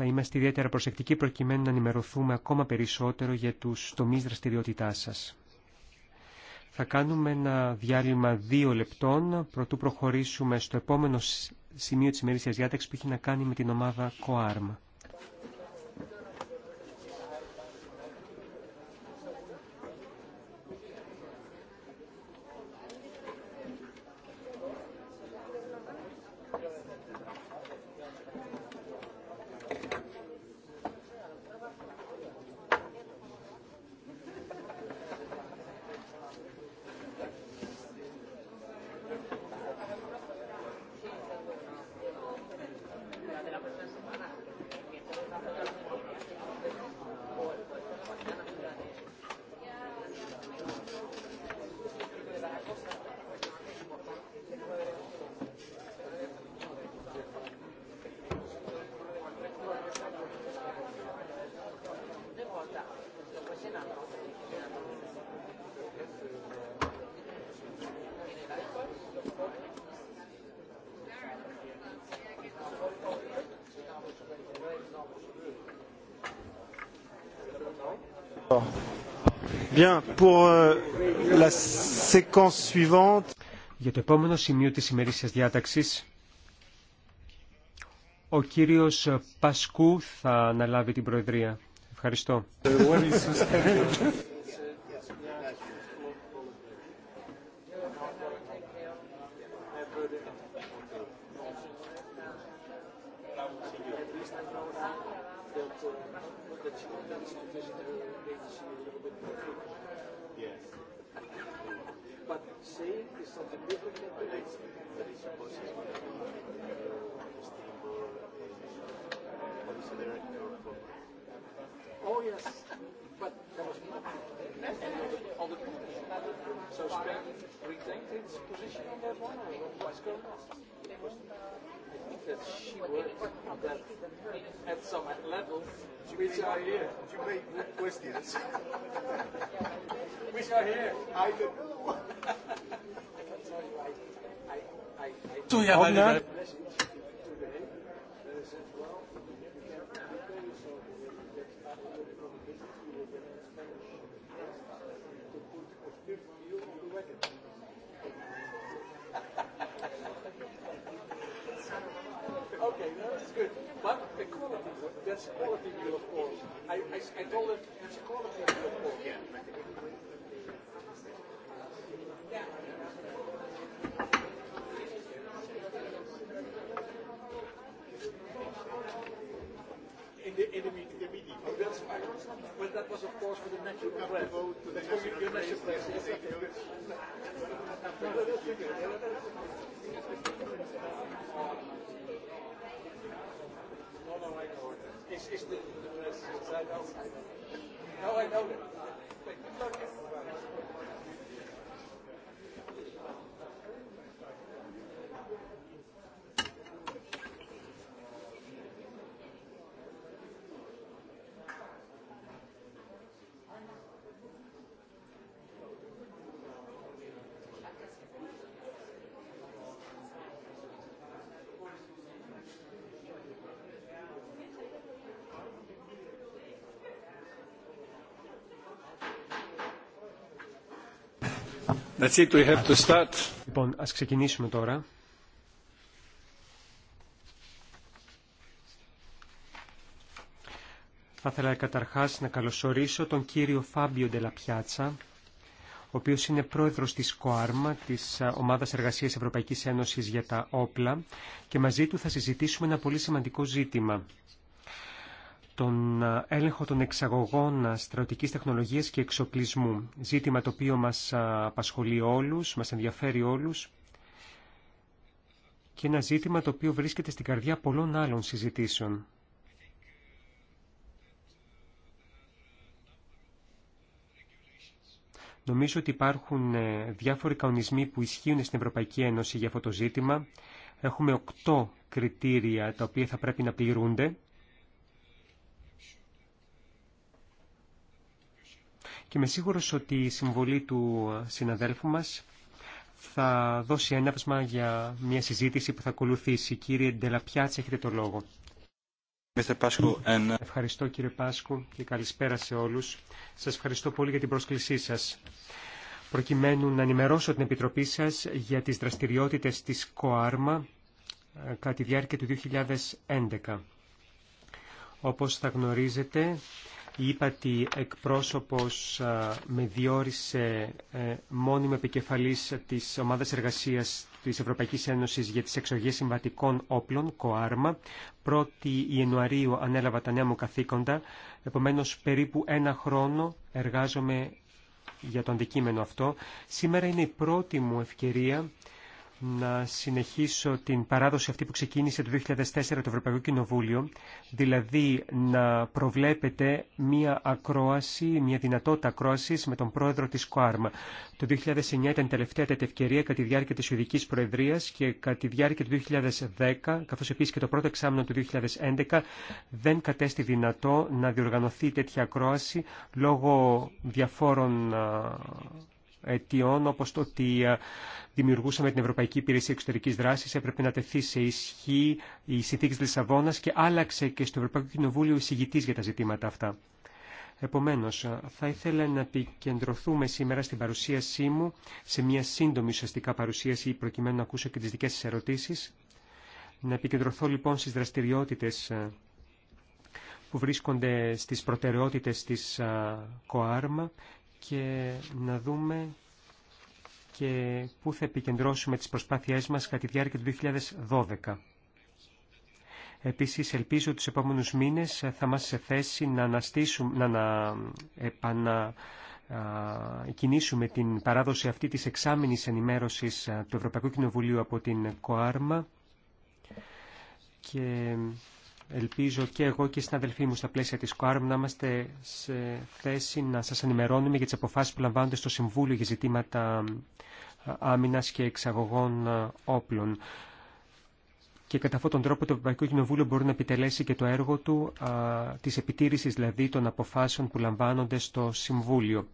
θα είμαστε ιδιαίτερα προσεκτικοί προκειμένου να ενημερωθούμε ακόμα περισσότερο για τους τομείς δραστηριότητάς σας. Θα κάνουμε ένα διάλειμμα δύο λεπτών, προτού προχωρήσουμε στο επόμενο σημείο της ημερήσιας διάταξης που έχει να κάνει με την ομάδα COARM. Euh, Για το επόμενο σημείο της ημερήσιας διάταξης, ο κύριος Πασκού θα αναλάβει την Προεδρία. Ευχαριστώ. that you want that vegetarian agency a little bit more Yes. but saying is something different than but it's, that is supposed to Oh yes, but there was on the So Spain retained its position on that one, or was going on? that she would, that at some level, which are here. You make questions. which are here. I don't know. I, I, I, I, that's quality of I, I, I told a quality of course. Yeah. In the, in the that was, of course, for the It's, I I know that. Λοιπόν, ας ξεκινήσουμε τώρα. Θα ήθελα καταρχάς να καλωσορίσω τον κύριο Φάμπιο Ντελαπιάτσα, ο οποίος είναι πρόεδρος της ΚΟΑΡΜΑ, της Ομάδας Εργασίας Ευρωπαϊκής Ένωσης για τα Όπλα, και μαζί του θα συζητήσουμε ένα πολύ σημαντικό ζήτημα τον ε, έλεγχο των εξαγωγών ε, στρατιωτικής τεχνολογίας και εξοπλισμού. Ζήτημα το οποίο μας ε, απασχολεί όλους, μας ενδιαφέρει όλους και ένα ζήτημα το οποίο βρίσκεται στην καρδιά πολλών άλλων συζητήσεων. Νομίζω ότι υπάρχουν διάφοροι καονισμοί που ισχύουν στην Ευρωπαϊκή Ένωση για αυτό το ζήτημα. Έχουμε οκτώ κριτήρια τα οποία θα πρέπει να πληρούνται και είμαι σίγουρο ότι η συμβολή του συναδέλφου μας θα δώσει έναυσμα για μια συζήτηση που θα ακολουθήσει. Κύριε Ντελαπιάτς, έχετε το λόγο. Uh, ευχαριστώ κύριε Πάσκου και καλησπέρα σε όλους. Σας ευχαριστώ πολύ για την πρόσκλησή σας. Προκειμένου να ενημερώσω την Επιτροπή σας για τις δραστηριότητες της ΚΟΑΡΜΑ ε, κατά τη διάρκεια του 2011. Όπως θα γνωρίζετε, η ύπατη εκπρόσωπος με διόρισε ε, μόνιμο επικεφαλής της Ομάδας Εργασίας της Ευρωπαϊκής Ένωσης για τις Εξοργίες Συμβατικών Όπλων, ΚΟΑΡΜΑ. 1η Ιανουαρίου ανέλαβα τα νέα μου καθήκοντα, επομένως περίπου ένα χρόνο εργάζομαι για το αντικείμενο αυτό. Σήμερα είναι η πρώτη μου ευκαιρία να συνεχίσω την παράδοση αυτή που ξεκίνησε το 2004 το Ευρωπαϊκό Κοινοβούλιο, δηλαδή να προβλέπετε μία ακρόαση, μία δυνατότητα ακρόασης με τον πρόεδρο της ΚΟΑΡΜΑ. Το 2009 ήταν η τελευταία τέτοια ευκαιρία κατά τη διάρκεια της Ιουδική Προεδρίας και κατά τη διάρκεια του 2010, καθώς επίσης και το πρώτο εξάμεινο του 2011, δεν κατέστη δυνατό να διοργανωθεί τέτοια ακρόαση λόγω διαφόρων αιτιών όπως το ότι ε, δημιουργούσαμε την Ευρωπαϊκή Υπηρεσία Εξωτερικής δράση, έπρεπε να τεθεί σε ισχύ η συνθήκη τη Λισαβόνα και άλλαξε και στο Ευρωπαϊκό Κοινοβούλιο εισηγητή για τα ζητήματα αυτά. Επομένω, ε, θα ήθελα να επικεντρωθούμε σήμερα στην παρουσίασή μου, σε μια σύντομη ουσιαστικά παρουσίαση, προκειμένου να ακούσω και τι δικέ σα ερωτήσει, Να επικεντρωθώ λοιπόν στι δραστηριότητε ε, που βρίσκονται στις προτεραιότητες της ΚΟΑΡΜΑ και να δούμε και πού θα επικεντρώσουμε τις προσπάθειές μας κατά τη διάρκεια του 2012. Επίσης, ελπίζω ότι τους επόμενους μήνες θα μας σε θέση να, αναστήσουμε, να, να την παράδοση αυτή της εξάμηνης ενημέρωσης του Ευρωπαϊκού Κοινοβουλίου από την ΚΟΑΡΜΑ και ελπίζω και εγώ και οι συναδελφοί μου στα πλαίσια της ΚΟΑΡΜ να είμαστε σε θέση να σας ενημερώνουμε για τις αποφάσεις που λαμβάνονται στο Συμβούλιο για ζητήματα άμυνας και εξαγωγών όπλων. Και κατά αυτόν τον τρόπο το Ευρωπαϊκό Κοινοβούλιο μπορεί να επιτελέσει και το έργο του, α, της επιτήρησης δηλαδή των αποφάσεων που λαμβάνονται στο Συμβούλιο.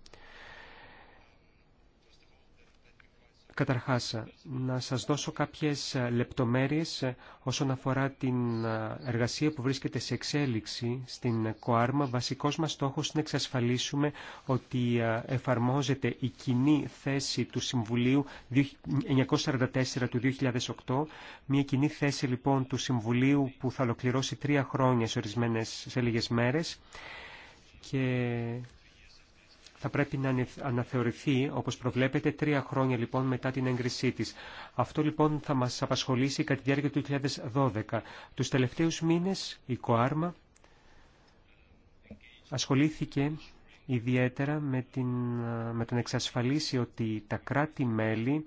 Καταρχάς, να σας δώσω κάποιες ε, λεπτομέρειες ε, όσον αφορά την ε, εργασία που βρίσκεται σε εξέλιξη στην ΚΟΑΡΜΑ. Βασικός μας στόχος είναι να εξασφαλίσουμε ότι εφαρμόζεται η κοινή θέση του Συμβουλίου 944 του 2008, μια κοινή θέση λοιπόν του Συμβουλίου που θα ολοκληρώσει τρία χρόνια σε, ορισμένες, σε λίγες μέρες θα πρέπει να αναθεωρηθεί, όπως προβλέπετε, τρία χρόνια λοιπόν μετά την έγκρισή της. Αυτό λοιπόν θα μας απασχολήσει κατά τη διάρκεια του 2012. Τους τελευταίους μήνες η ΚΟΑΡΜΑ ασχολήθηκε ιδιαίτερα με, την, με τον εξασφαλίσει ότι τα κράτη-μέλη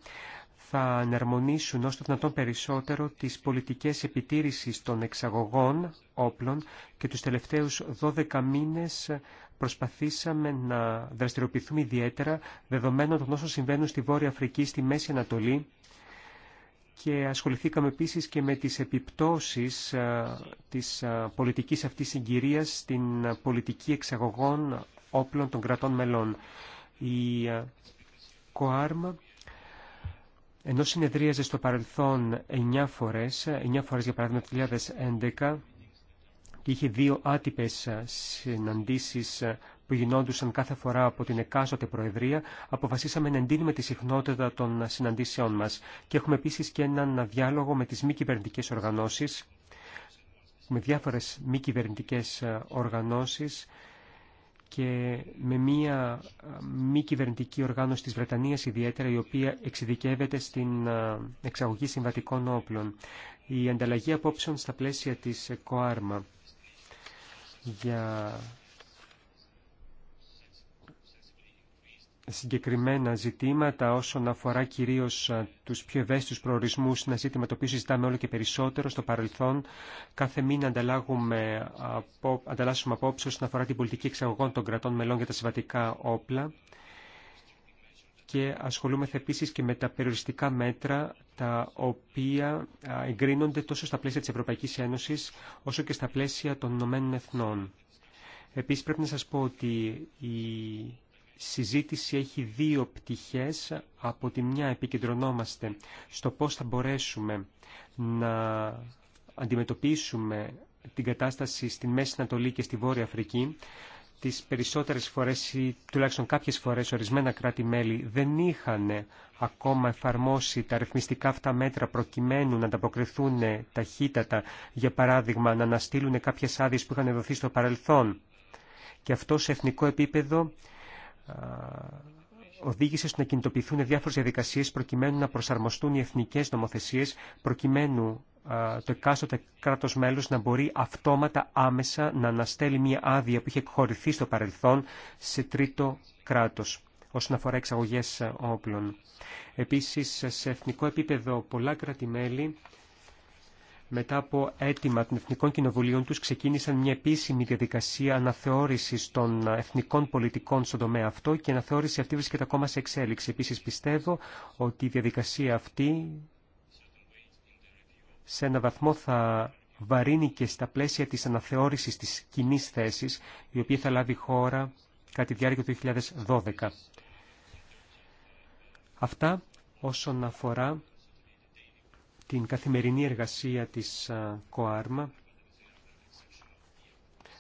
θα αναρμονίσουν όσο το δυνατόν περισσότερο τις πολιτικές επιτήρησης των εξαγωγών όπλων και τους τελευταίους 12 μήνες προσπαθήσαμε να δραστηριοποιηθούμε ιδιαίτερα δεδομένων των όσων συμβαίνουν στη Βόρεια Αφρική, στη Μέση Ανατολή και ασχοληθήκαμε επίσης και με τις επιπτώσεις ε, της ε, πολιτικής αυτής συγκυρίας στην πολιτική εξαγωγών όπλων των κρατών μελών. Η ε, ενώ συνεδρίαζε στο παρελθόν 9 φορές, 9 φορές για παράδειγμα το 2011 και είχε δύο άτυπες συναντήσεις που γινόντουσαν κάθε φορά από την εκάστοτε Προεδρία, αποφασίσαμε να εντείνουμε τη συχνότητα των συναντήσεών μας. Και έχουμε επίσης και έναν διάλογο με τις μη κυβερνητικέ οργανώσεις, με διάφορες μη κυβερνητικέ οργανώσεις, και με μία μη κυβερνητική οργάνωση της Βρετανίας ιδιαίτερα η οποία εξειδικεύεται στην εξαγωγή συμβατικών όπλων. Η ανταλλαγή απόψεων στα πλαίσια της ΚΟΑΡΜΑ για συγκεκριμένα ζητήματα όσον αφορά κυρίως τους πιο ευαίσθητους προορισμούς, ένα ζήτημα το οποίο συζητάμε όλο και περισσότερο στο παρελθόν. Κάθε μήνα ανταλλάγουμε, απο, ανταλλάσσουμε απόψε όσον αφορά την πολιτική εξαγωγών των κρατών μελών για τα συμβατικά όπλα και ασχολούμεθα επίσης και με τα περιοριστικά μέτρα τα οποία εγκρίνονται τόσο στα πλαίσια της Ευρωπαϊκής Ένωσης όσο και στα πλαίσια των Ηνωμένων Εθνών. Επίσης πρέπει να σας πω ότι η συζήτηση έχει δύο πτυχές. Από τη μια επικεντρωνόμαστε στο πώς θα μπορέσουμε να αντιμετωπίσουμε την κατάσταση στη Μέση Ανατολή και στη Βόρεια Αφρική. Τις περισσότερες φορές ή τουλάχιστον κάποιες φορές ορισμένα κράτη-μέλη δεν είχαν ακόμα εφαρμόσει τα αριθμιστικά αυτά μέτρα προκειμένου να ανταποκριθούν ταχύτατα, για παράδειγμα να αναστείλουν κάποιες άδειες που είχαν δοθεί στο παρελθόν. Και αυτό σε εθνικό επίπεδο οδήγησε στο να κινητοποιηθούν διάφορε διαδικασίε προκειμένου να προσαρμοστούν οι εθνικέ νομοθεσίε, προκειμένου το εκάστοτε κράτο μέλο να μπορεί αυτόματα άμεσα να αναστέλει μια άδεια που είχε εκχωρηθεί στο παρελθόν σε τρίτο κράτο όσον αφορά εξαγωγέ όπλων. Επίση, σε εθνικό επίπεδο, πολλά κράτη-μέλη μετά από αίτημα των Εθνικών Κοινοβουλίων τους ξεκίνησαν μια επίσημη διαδικασία αναθεώρησης των εθνικών πολιτικών στον τομέα αυτό και η αναθεώρηση αυτή βρίσκεται ακόμα σε εξέλιξη. Επίσης πιστεύω ότι η διαδικασία αυτή σε ένα βαθμό θα βαρύνει και στα πλαίσια της αναθεώρησης της κοινή θέσης, η οποία θα λάβει χώρα κατά τη διάρκεια του 2012. Αυτά όσον αφορά την καθημερινή εργασία της ΚΟΑΡΜΑ.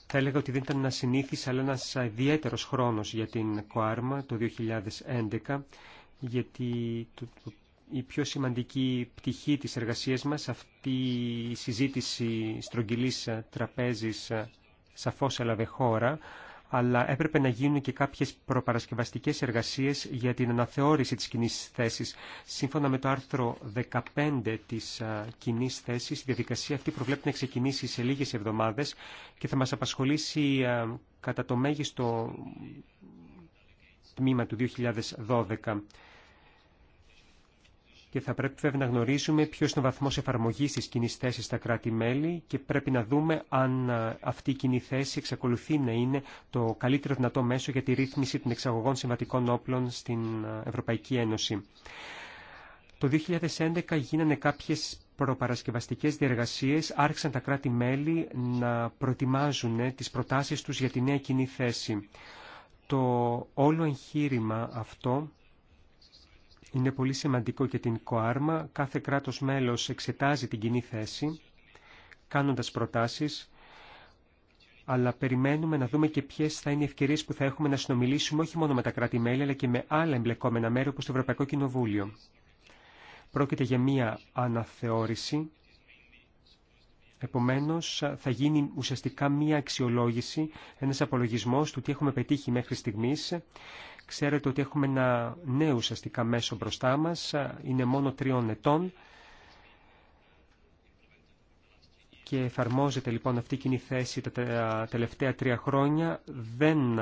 Θα έλεγα ότι δεν ήταν ένα συνήθις, αλλά ένας ιδιαίτερος χρόνος για την ΚΟΑΡΜΑ το 2011, γιατί η πιο σημαντική πτυχή της εργασίας μας, αυτή η συζήτηση στρογγυλής τραπέζης, σαφώς έλαβε χώρα αλλά έπρεπε να γίνουν και κάποιες προπαρασκευαστικές εργασίες για την αναθεώρηση της κοινή θέσης. Σύμφωνα με το άρθρο 15 της κοινή θέσης, η διαδικασία αυτή προβλέπει να ξεκινήσει σε λίγες εβδομάδες και θα μας απασχολήσει κατά το μέγιστο τμήμα του 2012 και θα πρέπει βέβαια να γνωρίζουμε ποιο είναι ο βαθμό εφαρμογή τη κοινή θέση στα κράτη-μέλη και πρέπει να δούμε αν ε, αυτή η κοινή θέση εξακολουθεί να είναι το καλύτερο δυνατό μέσο για τη ρύθμιση των εξαγωγών συμβατικών όπλων στην ε, Ευρωπαϊκή Ένωση. Το 2011 γίνανε κάποιες προπαρασκευαστικές διεργασίες, άρχισαν τα κράτη-μέλη να προετοιμάζουν τι προτάσει του για τη νέα κοινή θέση. Το όλο εγχείρημα αυτό είναι πολύ σημαντικό για την ΚΟΑΡΜΑ. Κάθε κράτος μέλος εξετάζει την κοινή θέση, κάνοντας προτάσεις, αλλά περιμένουμε να δούμε και ποιες θα είναι οι ευκαιρίες που θα έχουμε να συνομιλήσουμε όχι μόνο με τα κράτη-μέλη, αλλά και με άλλα εμπλεκόμενα μέρη όπως το Ευρωπαϊκό Κοινοβούλιο. Πρόκειται για μία αναθεώρηση, επομένως θα γίνει ουσιαστικά μία αξιολόγηση, ένας απολογισμός του τι έχουμε πετύχει μέχρι στιγμής Ξέρετε ότι έχουμε ένα νέο ουσιαστικά μέσο μπροστά μας, είναι μόνο τριών ετών και εφαρμόζεται λοιπόν αυτή η κοινή θέση τα τελευταία τρία χρόνια. Δεν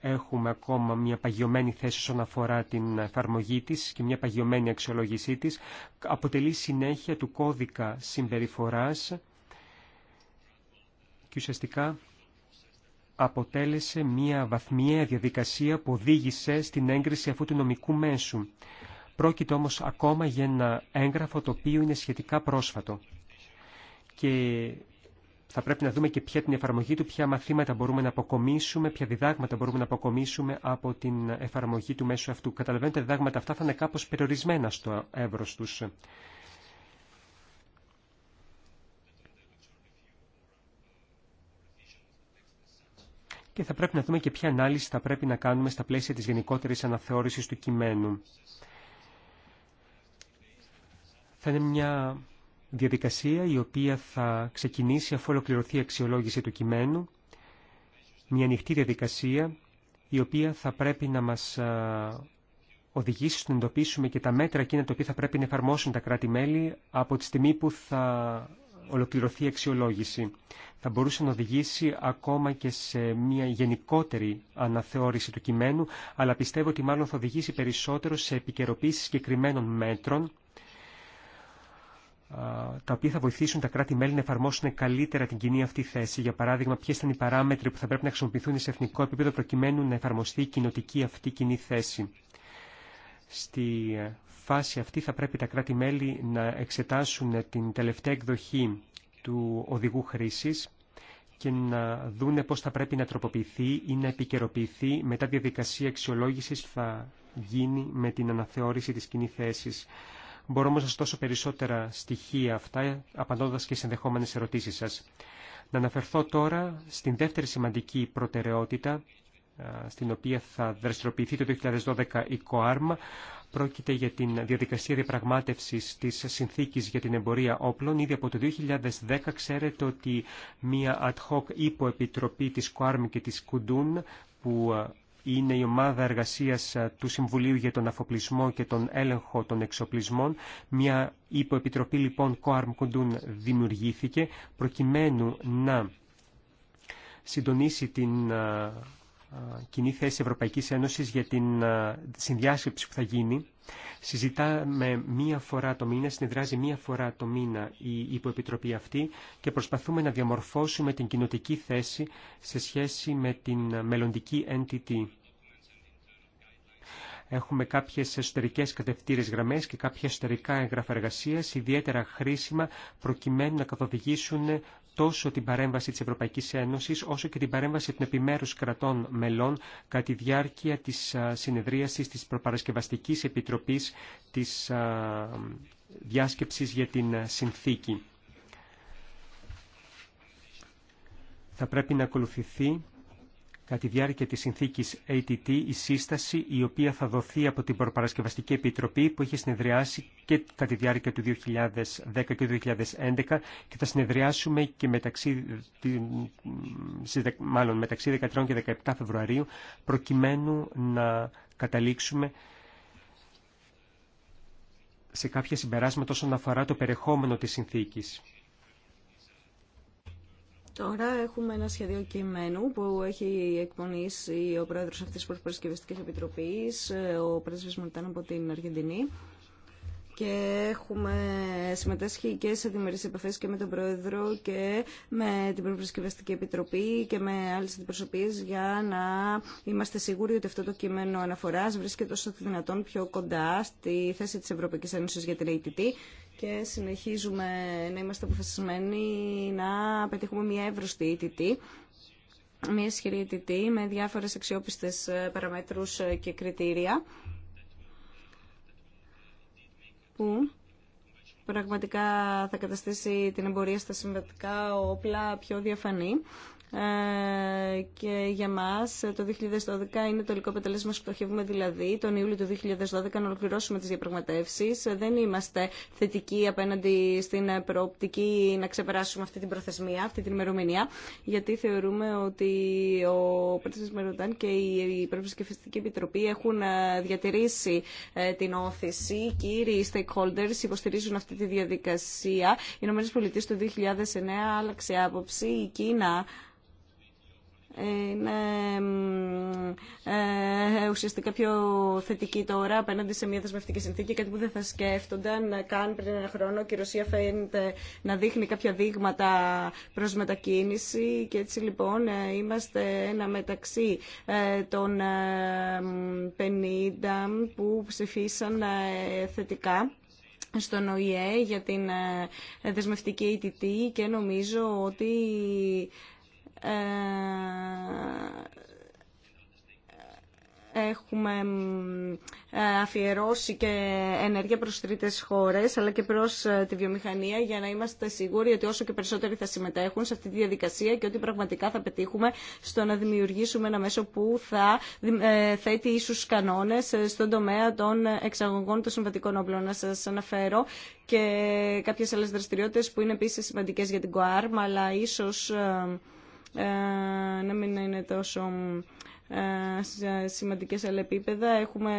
έχουμε ακόμα μια παγιωμένη θέση όσον αφορά την εφαρμογή της και μια παγιωμένη αξιολόγησή της. Αποτελεί συνέχεια του κώδικα συμπεριφοράς και ουσιαστικά αποτέλεσε μια βαθμιαία διαδικασία που οδήγησε στην έγκριση αυτού του νομικού μέσου. Πρόκειται όμως ακόμα για ένα έγγραφο το οποίο είναι σχετικά πρόσφατο. Και θα πρέπει να δούμε και ποια την εφαρμογή του, ποια μαθήματα μπορούμε να αποκομίσουμε, ποια διδάγματα μπορούμε να αποκομίσουμε από την εφαρμογή του μέσου αυτού. Καταλαβαίνετε, διδάγματα αυτά θα είναι κάπως περιορισμένα στο εύρος τους. και θα πρέπει να δούμε και ποια ανάλυση θα πρέπει να κάνουμε στα πλαίσια της γενικότερης αναθεώρησης του κειμένου. Θα είναι μια διαδικασία η οποία θα ξεκινήσει αφού ολοκληρωθεί η αξιολόγηση του κειμένου, μια ανοιχτή διαδικασία η οποία θα πρέπει να μας οδηγήσει στο να εντοπίσουμε και τα μέτρα εκείνα τα οποία θα πρέπει να εφαρμόσουν τα κράτη-μέλη από τη στιγμή που θα ολοκληρωθεί η αξιολόγηση. Θα μπορούσε να οδηγήσει ακόμα και σε μια γενικότερη αναθεώρηση του κειμένου, αλλά πιστεύω ότι μάλλον θα οδηγήσει περισσότερο σε επικαιροποίηση συγκεκριμένων μέτρων, τα οποία θα βοηθήσουν τα κράτη-μέλη να εφαρμόσουν καλύτερα την κοινή αυτή θέση. Για παράδειγμα, ποιε ήταν οι παράμετροι που θα πρέπει να χρησιμοποιηθούν σε εθνικό επίπεδο προκειμένου να εφαρμοστεί η κοινοτική αυτή κοινή θέση. Στη φάση αυτή θα πρέπει τα κράτη-μέλη να εξετάσουν την τελευταία εκδοχή του οδηγού χρήσης και να δούνε πώς θα πρέπει να τροποποιηθεί ή να επικαιροποιηθεί μετά διαδικασία αξιολόγησης θα γίνει με την αναθεώρηση της κοινή θέση. Μπορώ όμως να δώσω περισσότερα στοιχεία αυτά, απαντώντας και σε ενδεχόμενες ερωτήσεις σας. Να αναφερθώ τώρα στην δεύτερη σημαντική προτεραιότητα, στην οποία θα δραστηριοποιηθεί το 2012 η ΚΟΑΡΜΑ. Πρόκειται για την διαδικασία διαπραγμάτευσης της συνθήκης για την εμπορία όπλων. Ήδη από το 2010 ξέρετε ότι μία ad hoc υποεπιτροπή της ΚΟΑΡΜ και της ΚΟΥΝΤΟΥΝ που είναι η ομάδα εργασίας του Συμβουλίου για τον Αφοπλισμό και τον Έλεγχο των Εξοπλισμών. Μια υποεπιτροπή λοιπόν ΚΟΑΡΜ ΚΟΝΤΟΥΝ δημιουργήθηκε προκειμένου να συντονίσει την κοινή θέση Ευρωπαϊκής Ένωσης για την συνδιάσκεψη που θα γίνει. Συζητάμε μία φορά το μήνα, συνεδράζει μία φορά το μήνα η υποεπιτροπή αυτή και προσπαθούμε να διαμορφώσουμε την κοινοτική θέση σε σχέση με την μελλοντική NTT. Έχουμε κάποιες εσωτερικές κατευθύνε γραμμές και κάποια εσωτερικά έγγραφα ιδιαίτερα χρήσιμα, προκειμένου να καθοδηγήσουν τόσο την παρέμβαση της Ευρωπαϊκής Ένωσης όσο και την παρέμβαση των επιμέρους κρατών μελών κατά τη διάρκεια της συνεδρίασης της Προπαρασκευαστικής Επιτροπής της διάσκεψης για την συνθήκη. Θα πρέπει να ακολουθηθεί κατά τη διάρκεια της συνθήκης ATT η σύσταση η οποία θα δοθεί από την Προπαρασκευαστική Επιτροπή που είχε συνεδριάσει και κατά τη διάρκεια του 2010 και του 2011 και θα συνεδριάσουμε και μεταξύ, μάλλον μεταξύ 13 και 17 Φεβρουαρίου προκειμένου να καταλήξουμε σε κάποια συμπεράσματα όσον αφορά το περιεχόμενο της συνθήκης. Τώρα έχουμε ένα σχέδιο κειμένου που έχει εκπονήσει ο πρόεδρος αυτής της Προσκευαστικής Επιτροπής, ο πρόεδρος Μολτάν από την Αργεντινή και έχουμε συμμετάσχει και σε διμερείς επαφές και με τον Πρόεδρο και με την Προπροσκευαστική Επιτροπή και με άλλες αντιπροσωπείες για να είμαστε σίγουροι ότι αυτό το κείμενο αναφοράς βρίσκεται όσο το δυνατόν πιο κοντά στη θέση της Ευρωπαϊκής Ένωσης για την ATT και συνεχίζουμε να είμαστε αποφασισμένοι να πετύχουμε μια εύρωστη ATT μια ισχυρή ATT με διάφορες αξιόπιστες παραμέτρους και κριτήρια που πραγματικά θα καταστήσει την εμπορία στα συμβατικά όπλα πιο διαφανή ε, και για μας ε, το 2012 είναι το τελικό αποτελέσμα που στοχεύουμε δηλαδή τον Ιούλιο του 2012 να ολοκληρώσουμε τις διαπραγματεύσεις. Ε, δεν είμαστε θετικοί απέναντι στην προοπτική να ξεπεράσουμε αυτή την προθεσμία, αυτή την ημερομηνία, γιατί θεωρούμε ότι ο Πρόεδρος Μεροντάν και η Προπροσκευαστική Επιτροπή έχουν διατηρήσει την όθηση. Οι κύριοι stakeholders υποστηρίζουν αυτή τη διαδικασία. Οι ΗΠΑ το 2009 άλλαξε άποψη. Η Κίνα είναι ε, ε, ουσιαστικά πιο θετική τώρα απέναντι σε μια δεσμευτική συνθήκη, κάτι που δεν θα σκέφτονταν καν πριν ένα χρόνο και η Ρωσία φαίνεται να δείχνει κάποια δείγματα προς μετακίνηση και έτσι λοιπόν ε, είμαστε ένα μεταξύ των 50 που ψηφίσαν θετικά στον ΟΗΕ για την δεσμευτική ATT και νομίζω ότι ε, έχουμε ε, αφιερώσει και ενέργεια προς τρίτες χώρες αλλά και προς ε, τη βιομηχανία για να είμαστε σίγουροι ότι όσο και περισσότεροι θα συμμετέχουν σε αυτή τη διαδικασία και ότι πραγματικά θα πετύχουμε στο να δημιουργήσουμε ένα μέσο που θα θέτει ίσους κανόνες στον τομέα των εξαγωγών των συμβατικών όπλων. Να σας αναφέρω και κάποιες άλλες δραστηριότητες που είναι επίσης σημαντικές για την ΚΟΑΡΜ αλλά ίσως ε, να μην είναι τόσο ε, σε σημαντικές επίπεδα. Έχουμε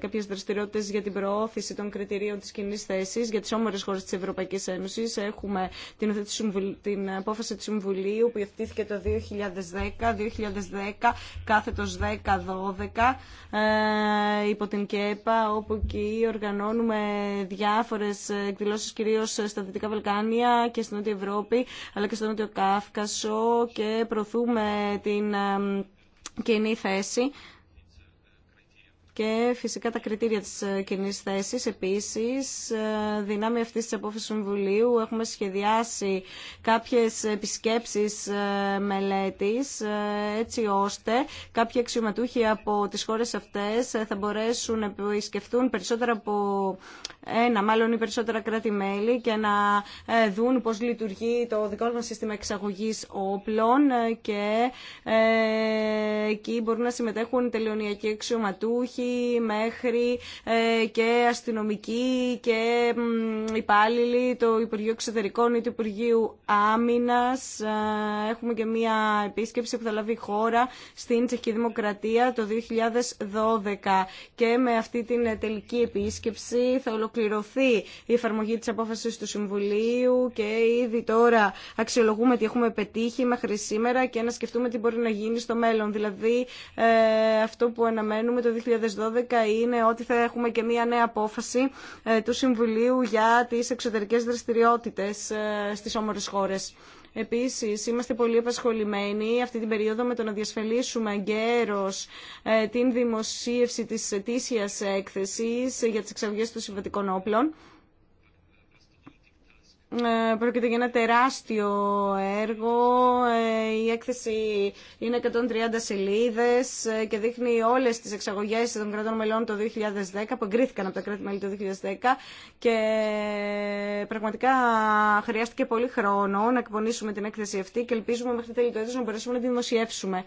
κάποιες δραστηριότητες για την προώθηση των κριτηρίων της κοινή θέση για τις όμορες χώρες της Ευρωπαϊκής Ένωσης. Έχουμε την, την απόφαση του Συμβουλίου που υιοθετήθηκε το 2010, 2010 κάθετος 10-12 ε, υπό την ΚΕΠΑ όπου εκεί οργανώνουμε διάφορες εκδηλώσεις κυρίως στα Δυτικά Βαλκάνια και στην Νότια Ευρώπη αλλά και στο Νότιο Κάφκασο και προωθούμε την ε, κοινή θέση και φυσικά τα κριτήρια της ε, κοινή θέση. Επίσης, ε, δυνάμει αυτής της απόφασης του Συμβουλίου έχουμε σχεδιάσει κάποιες επισκέψεις ε, μελέτης, έτσι ώστε κάποιοι αξιωματούχοι από τις χώρες αυτές θα μπορέσουν να επισκεφθούν περισσότερα από ένα, μάλλον ή περισσότερα κράτη-μέλη και να δουν πώς λειτουργεί το δικό μας σύστημα εξαγωγής όπλων και εκεί μπορούν να συμμετέχουν τελειωνιακοί αξιωματούχοι, μέχρι ε, και αστυνομικοί και υπάλληλοι το Υπουργείο Εξωτερικών ή του Υπουργείου Άμυνα. Ε, έχουμε και μία επίσκεψη που θα λάβει η χώρα στην Τσεχική Δημοκρατία το 2012. Και με αυτή την τελική επίσκεψη θα ολοκληρωθεί η εφαρμογή της απόφασης του Συμβουλίου και ήδη τώρα αξιολογούμε τι έχουμε πετύχει μέχρι σήμερα και να σκεφτούμε τι μπορεί να γίνει στο μέλλον. Δηλαδή ε, αυτό που αναμένουμε το είναι ότι θα έχουμε και μία νέα απόφαση ε, του Συμβουλίου για τις εξωτερικές δραστηριότητες ε, στις όμορες χώρες. Επίσης, είμαστε πολύ απασχολημένοι αυτή την περίοδο με το να διασφαλίσουμε ε, την δημοσίευση της ετήσιας έκθεσης για τις εξαγωγές των συμβατικών όπλων. Ε, πρόκειται για ένα τεράστιο έργο. Ε, η έκθεση είναι 130 σελίδες ε, και δείχνει όλες τις εξαγωγέ των κρατών μελών το 2010 που εγκρίθηκαν από τα κράτη-μέλη το 2010 και πραγματικά χρειάστηκε πολύ χρόνο να εκπονήσουμε την έκθεση αυτή και ελπίζουμε μέχρι τέλη του έτους να μπορέσουμε να τη δημοσιεύσουμε.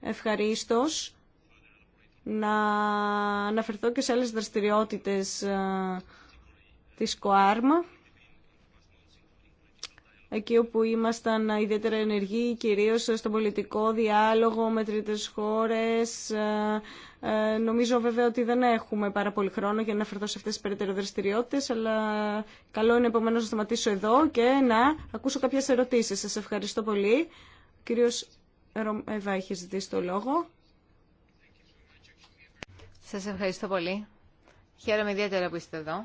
Ευχαριστώ να αναφερθώ και σε άλλε δραστηριότητε της ΚΟΑΡΜΑ εκεί όπου ήμασταν ιδιαίτερα ενεργοί, κυρίως στον πολιτικό διάλογο με τρίτες χώρες. Ε, ε, νομίζω βέβαια ότι δεν έχουμε πάρα πολύ χρόνο για να αναφερθώ σε αυτές τις περαιτέρω δραστηριότητες, αλλά καλό είναι επομένως να σταματήσω εδώ και να ακούσω κάποιες ερωτήσεις. Σας ευχαριστώ πολύ. Ο κύριος έχει ζητήσει το λόγο. Σας ευχαριστώ πολύ. Χαίρομαι ιδιαίτερα που είστε εδώ.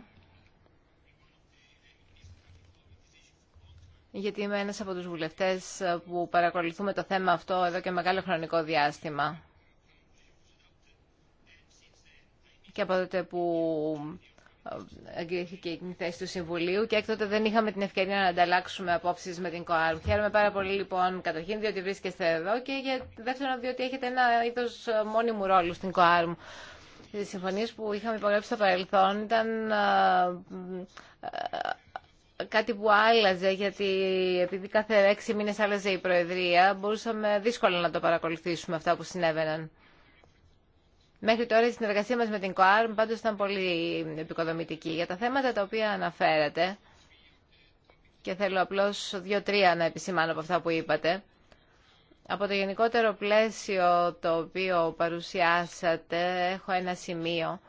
γιατί είμαι ένας από τους βουλευτές ε, που παρακολουθούμε το θέμα αυτό εδώ και μεγάλο χρονικό διάστημα. Και από τότε που ε, εγκρίθηκε η θέση του Συμβουλίου και έκτοτε δεν είχαμε την ευκαιρία να ανταλλάξουμε απόψεις με την ΚΟΑΡΜ. Χαίρομαι πάρα πολύ λοιπόν καταρχήν διότι βρίσκεστε εδώ και για δεύτερον διότι έχετε ένα είδος ε, μόνιμου ρόλου στην ΚΟΑΡΜ. Οι συμφωνίες που είχαμε υπογράψει στο παρελθόν ήταν κάτι που άλλαζε, γιατί επειδή κάθε έξι μήνες άλλαζε η Προεδρία, μπορούσαμε δύσκολα να το παρακολουθήσουμε αυτά που συνέβαιναν. Μέχρι τώρα η συνεργασία μας με την ΚΟΑΡΜ πάντως ήταν πολύ επικοδομητική. Για τα θέματα τα οποία αναφέρατε, και θέλω απλώς δύο-τρία να επισημάνω από αυτά που είπατε, από το γενικότερο πλαίσιο το οποίο παρουσιάσατε έχω ένα σημείο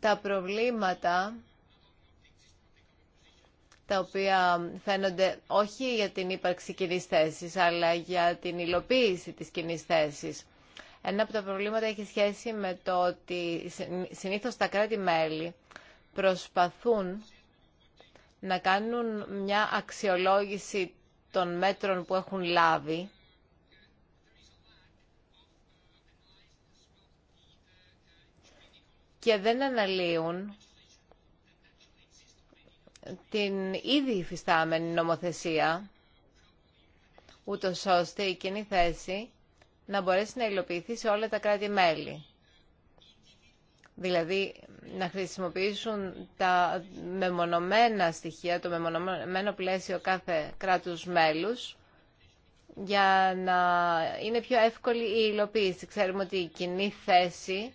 τα προβλήματα τα οποία φαίνονται όχι για την ύπαρξη κοινή θέση, αλλά για την υλοποίηση της κοινή θέση. Ένα από τα προβλήματα έχει σχέση με το ότι συνήθως τα κράτη-μέλη προσπαθούν να κάνουν μια αξιολόγηση των μέτρων που έχουν λάβει και δεν αναλύουν την ήδη υφιστάμενη νομοθεσία, ούτω ώστε η κοινή θέση να μπορέσει να υλοποιηθεί σε όλα τα κράτη-μέλη. Δηλαδή, να χρησιμοποιήσουν τα μεμονωμένα στοιχεία, το μεμονωμένο πλαίσιο κάθε κράτους μέλους, για να είναι πιο εύκολη η υλοποίηση. Ξέρουμε ότι η κοινή θέση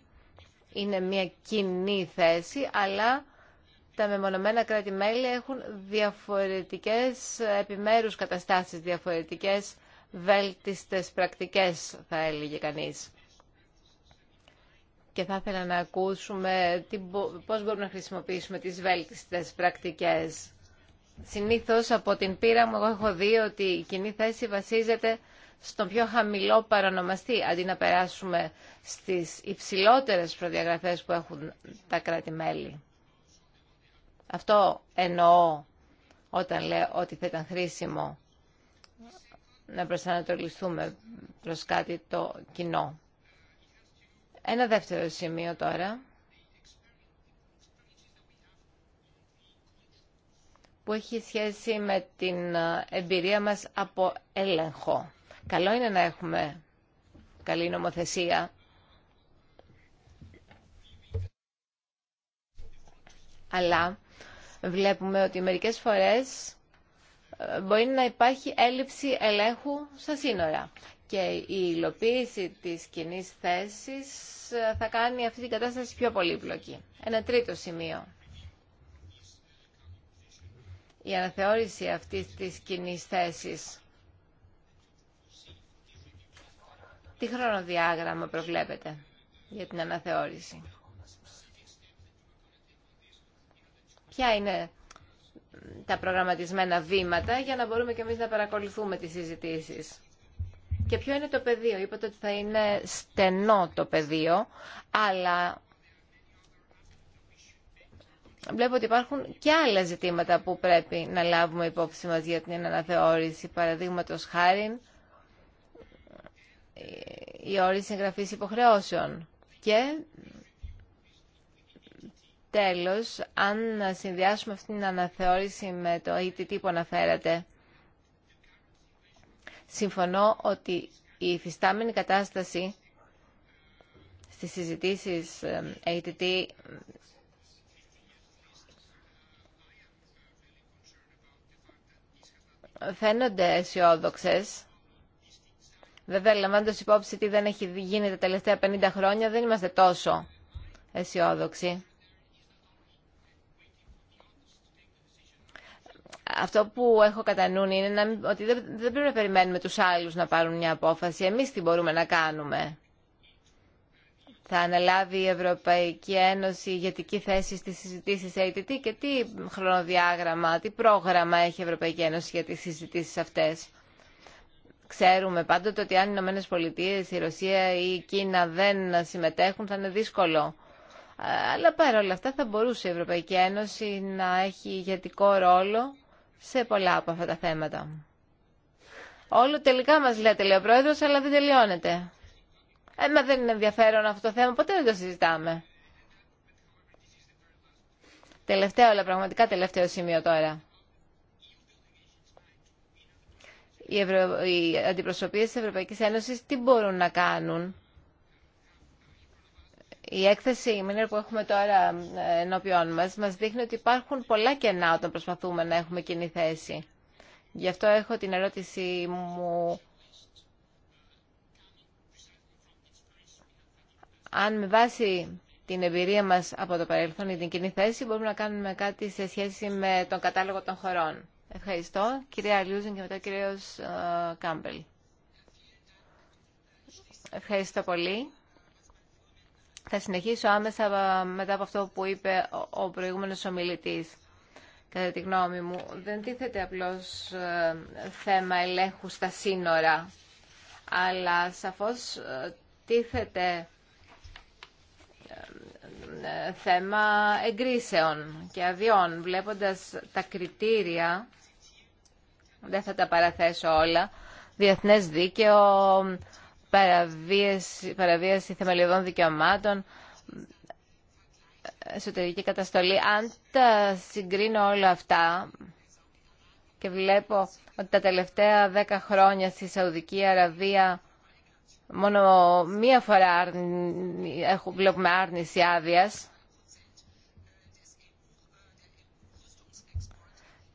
είναι μια κοινή θέση, αλλά τα μεμονωμένα κράτη-μέλη έχουν διαφορετικές επιμέρους καταστάσεις, διαφορετικές βέλτιστες πρακτικές, θα έλεγε κανείς. Και θα ήθελα να ακούσουμε τι, πώς μπορούμε να χρησιμοποιήσουμε τις βέλτιστες πρακτικές. Συνήθως από την πείρα μου εγώ έχω δει ότι η κοινή θέση βασίζεται στον πιο χαμηλό παρονομαστή, αντί να περάσουμε στις υψηλότερες προδιαγραφές που έχουν τα κράτη-μέλη. Αυτό εννοώ όταν λέω ότι θα ήταν χρήσιμο να προσανατολιστούμε προς κάτι το κοινό. Ένα δεύτερο σημείο τώρα, που έχει σχέση με την εμπειρία μας από έλεγχο. Καλό είναι να έχουμε καλή νομοθεσία. Αλλά βλέπουμε ότι μερικές φορές ε, μπορεί να υπάρχει έλλειψη ελέγχου στα σύνορα. Και η υλοποίηση της κοινή θέσης ε, θα κάνει αυτή την κατάσταση πιο πολύπλοκη. Ένα τρίτο σημείο. Η αναθεώρηση αυτής της κοινή θέσης Τι χρονοδιάγραμμα προβλέπετε για την αναθεώρηση. Ποια είναι τα προγραμματισμένα βήματα για να μπορούμε και εμείς να παρακολουθούμε τις συζητήσεις. Και ποιο είναι το πεδίο. Είπατε ότι θα είναι στενό το πεδίο, αλλά βλέπω ότι υπάρχουν και άλλα ζητήματα που πρέπει να λάβουμε υπόψη μας για την αναθεώρηση, παραδείγματος χάρη η όρη συγγραφής υποχρεώσεων. Και τέλος, αν συνδυάσουμε αυτήν την αναθεώρηση με το ATT e που αναφέρατε, συμφωνώ ότι η υφιστάμενη κατάσταση στις συζητήσεις ATT ε, e φαίνονται αισιόδοξε Βέβαια, λαμβάνοντα υπόψη τι δεν έχει γίνει τα τελευταία 50 χρόνια, δεν είμαστε τόσο αισιόδοξοι. Αυτό που έχω κατά νου είναι ότι δεν, δεν πρέπει να περιμένουμε τους άλλους να πάρουν μια απόφαση. Εμείς τι μπορούμε να κάνουμε. Θα αναλάβει η Ευρωπαϊκή Ένωση ηγετική θέση στις συζητήσεις ATT και τι χρονοδιάγραμμα, τι πρόγραμμα έχει η Ευρωπαϊκή Ένωση για τις συζητήσεις αυτές. Ξέρουμε πάντοτε ότι αν οι Ηνωμένε Πολιτείε, η Ρωσία ή η Κίνα δεν συμμετέχουν θα είναι δύσκολο. Αλλά παρόλα αυτά θα μπορούσε η Ευρωπαϊκή Ένωση να έχει ηγετικό ρόλο σε πολλά από αυτά τα θέματα. Όλο τελικά μας λέτε, λέει ο Πρόεδρος, αλλά δεν τελειώνεται. Ε, μα δεν είναι ενδιαφέρον αυτό το θέμα, ποτέ δεν το συζητάμε. Τελευταίο, αλλά πραγματικά τελευταίο σημείο τώρα. οι, Ευρω... οι αντιπροσωπείες της Ευρωπαϊκής Ένωσης τι μπορούν να κάνουν. Η έκθεση η που έχουμε τώρα ε, ενώπιόν μας μας δείχνει ότι υπάρχουν πολλά κενά όταν προσπαθούμε να έχουμε κοινή θέση. Γι' αυτό έχω την ερώτηση μου αν με βάση την εμπειρία μας από το παρελθόν ή την κοινή θέση μπορούμε να κάνουμε κάτι σε σχέση με τον κατάλογο των χωρών. Ευχαριστώ. Κυρία Λιούζιν και μετά κύριος ε, Κάμπελ. Ευχαριστώ πολύ. Θα συνεχίσω άμεσα ε, μετά από αυτό που είπε ο προηγούμενος ομιλητής. Κατά τη γνώμη μου, δεν τίθεται απλώς ε, θέμα ελέγχου στα σύνορα, αλλά σαφώς τίθεται θέμα εγκρίσεων και αδειών. Βλέποντας τα κριτήρια δεν θα τα παραθέσω όλα, διεθνές δίκαιο, παραβίαση, παραβίαση θεμελιωδών δικαιωμάτων, εσωτερική καταστολή. Αν τα συγκρίνω όλα αυτά και βλέπω ότι τα τελευταία δέκα χρόνια στη Σαουδική Αραβία μόνο μία φορά βλέπουμε άρνηση άδειας,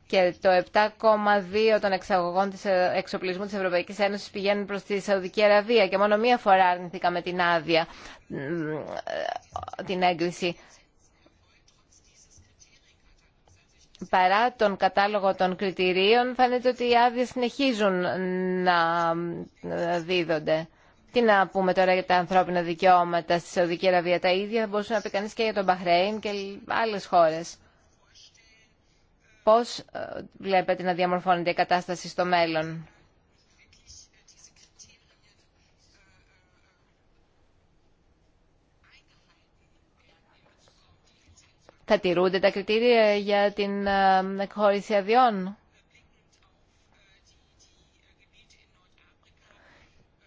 και το 7,2 των εξαγωγών της ε, εξοπλισμού της Ευρωπαϊκής Ένωσης πηγαίνουν προς τη Σαουδική Αραβία και μόνο μία φορά αρνηθήκαμε με την άδεια ε, την έγκριση. Παρά τον κατάλογο των κριτηρίων φαίνεται ότι οι άδειε συνεχίζουν να ε, δίδονται. Τι να πούμε τώρα για τα ανθρώπινα δικαιώματα στη Σαουδική Αραβία τα ίδια, θα μπορούσε να πει κανείς και για τον Μπαχρέιν και άλλες χώρες. Πώς ε, βλέπετε να διαμορφώνεται η κατάσταση στο μέλλον. Θα τηρούνται τα κριτήρια για την ε, εκχώρηση αδειών.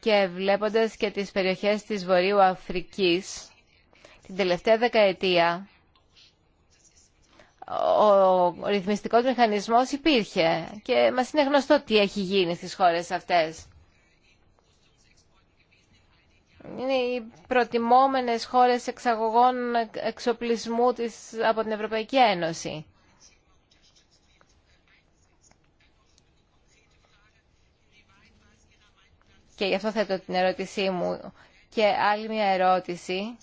Και βλέποντας και τις περιοχές της Βορείου Αφρικής, την τελευταία δεκαετία ο ρυθμιστικός μηχανισμός υπήρχε και μας είναι γνωστό τι έχει γίνει στις χώρες αυτές. Είναι οι προτιμόμενες χώρες εξαγωγών εξοπλισμού της από την Ευρωπαϊκή Ένωση. Και γι' αυτό θέτω την ερώτησή μου. Και άλλη μια ερώτηση.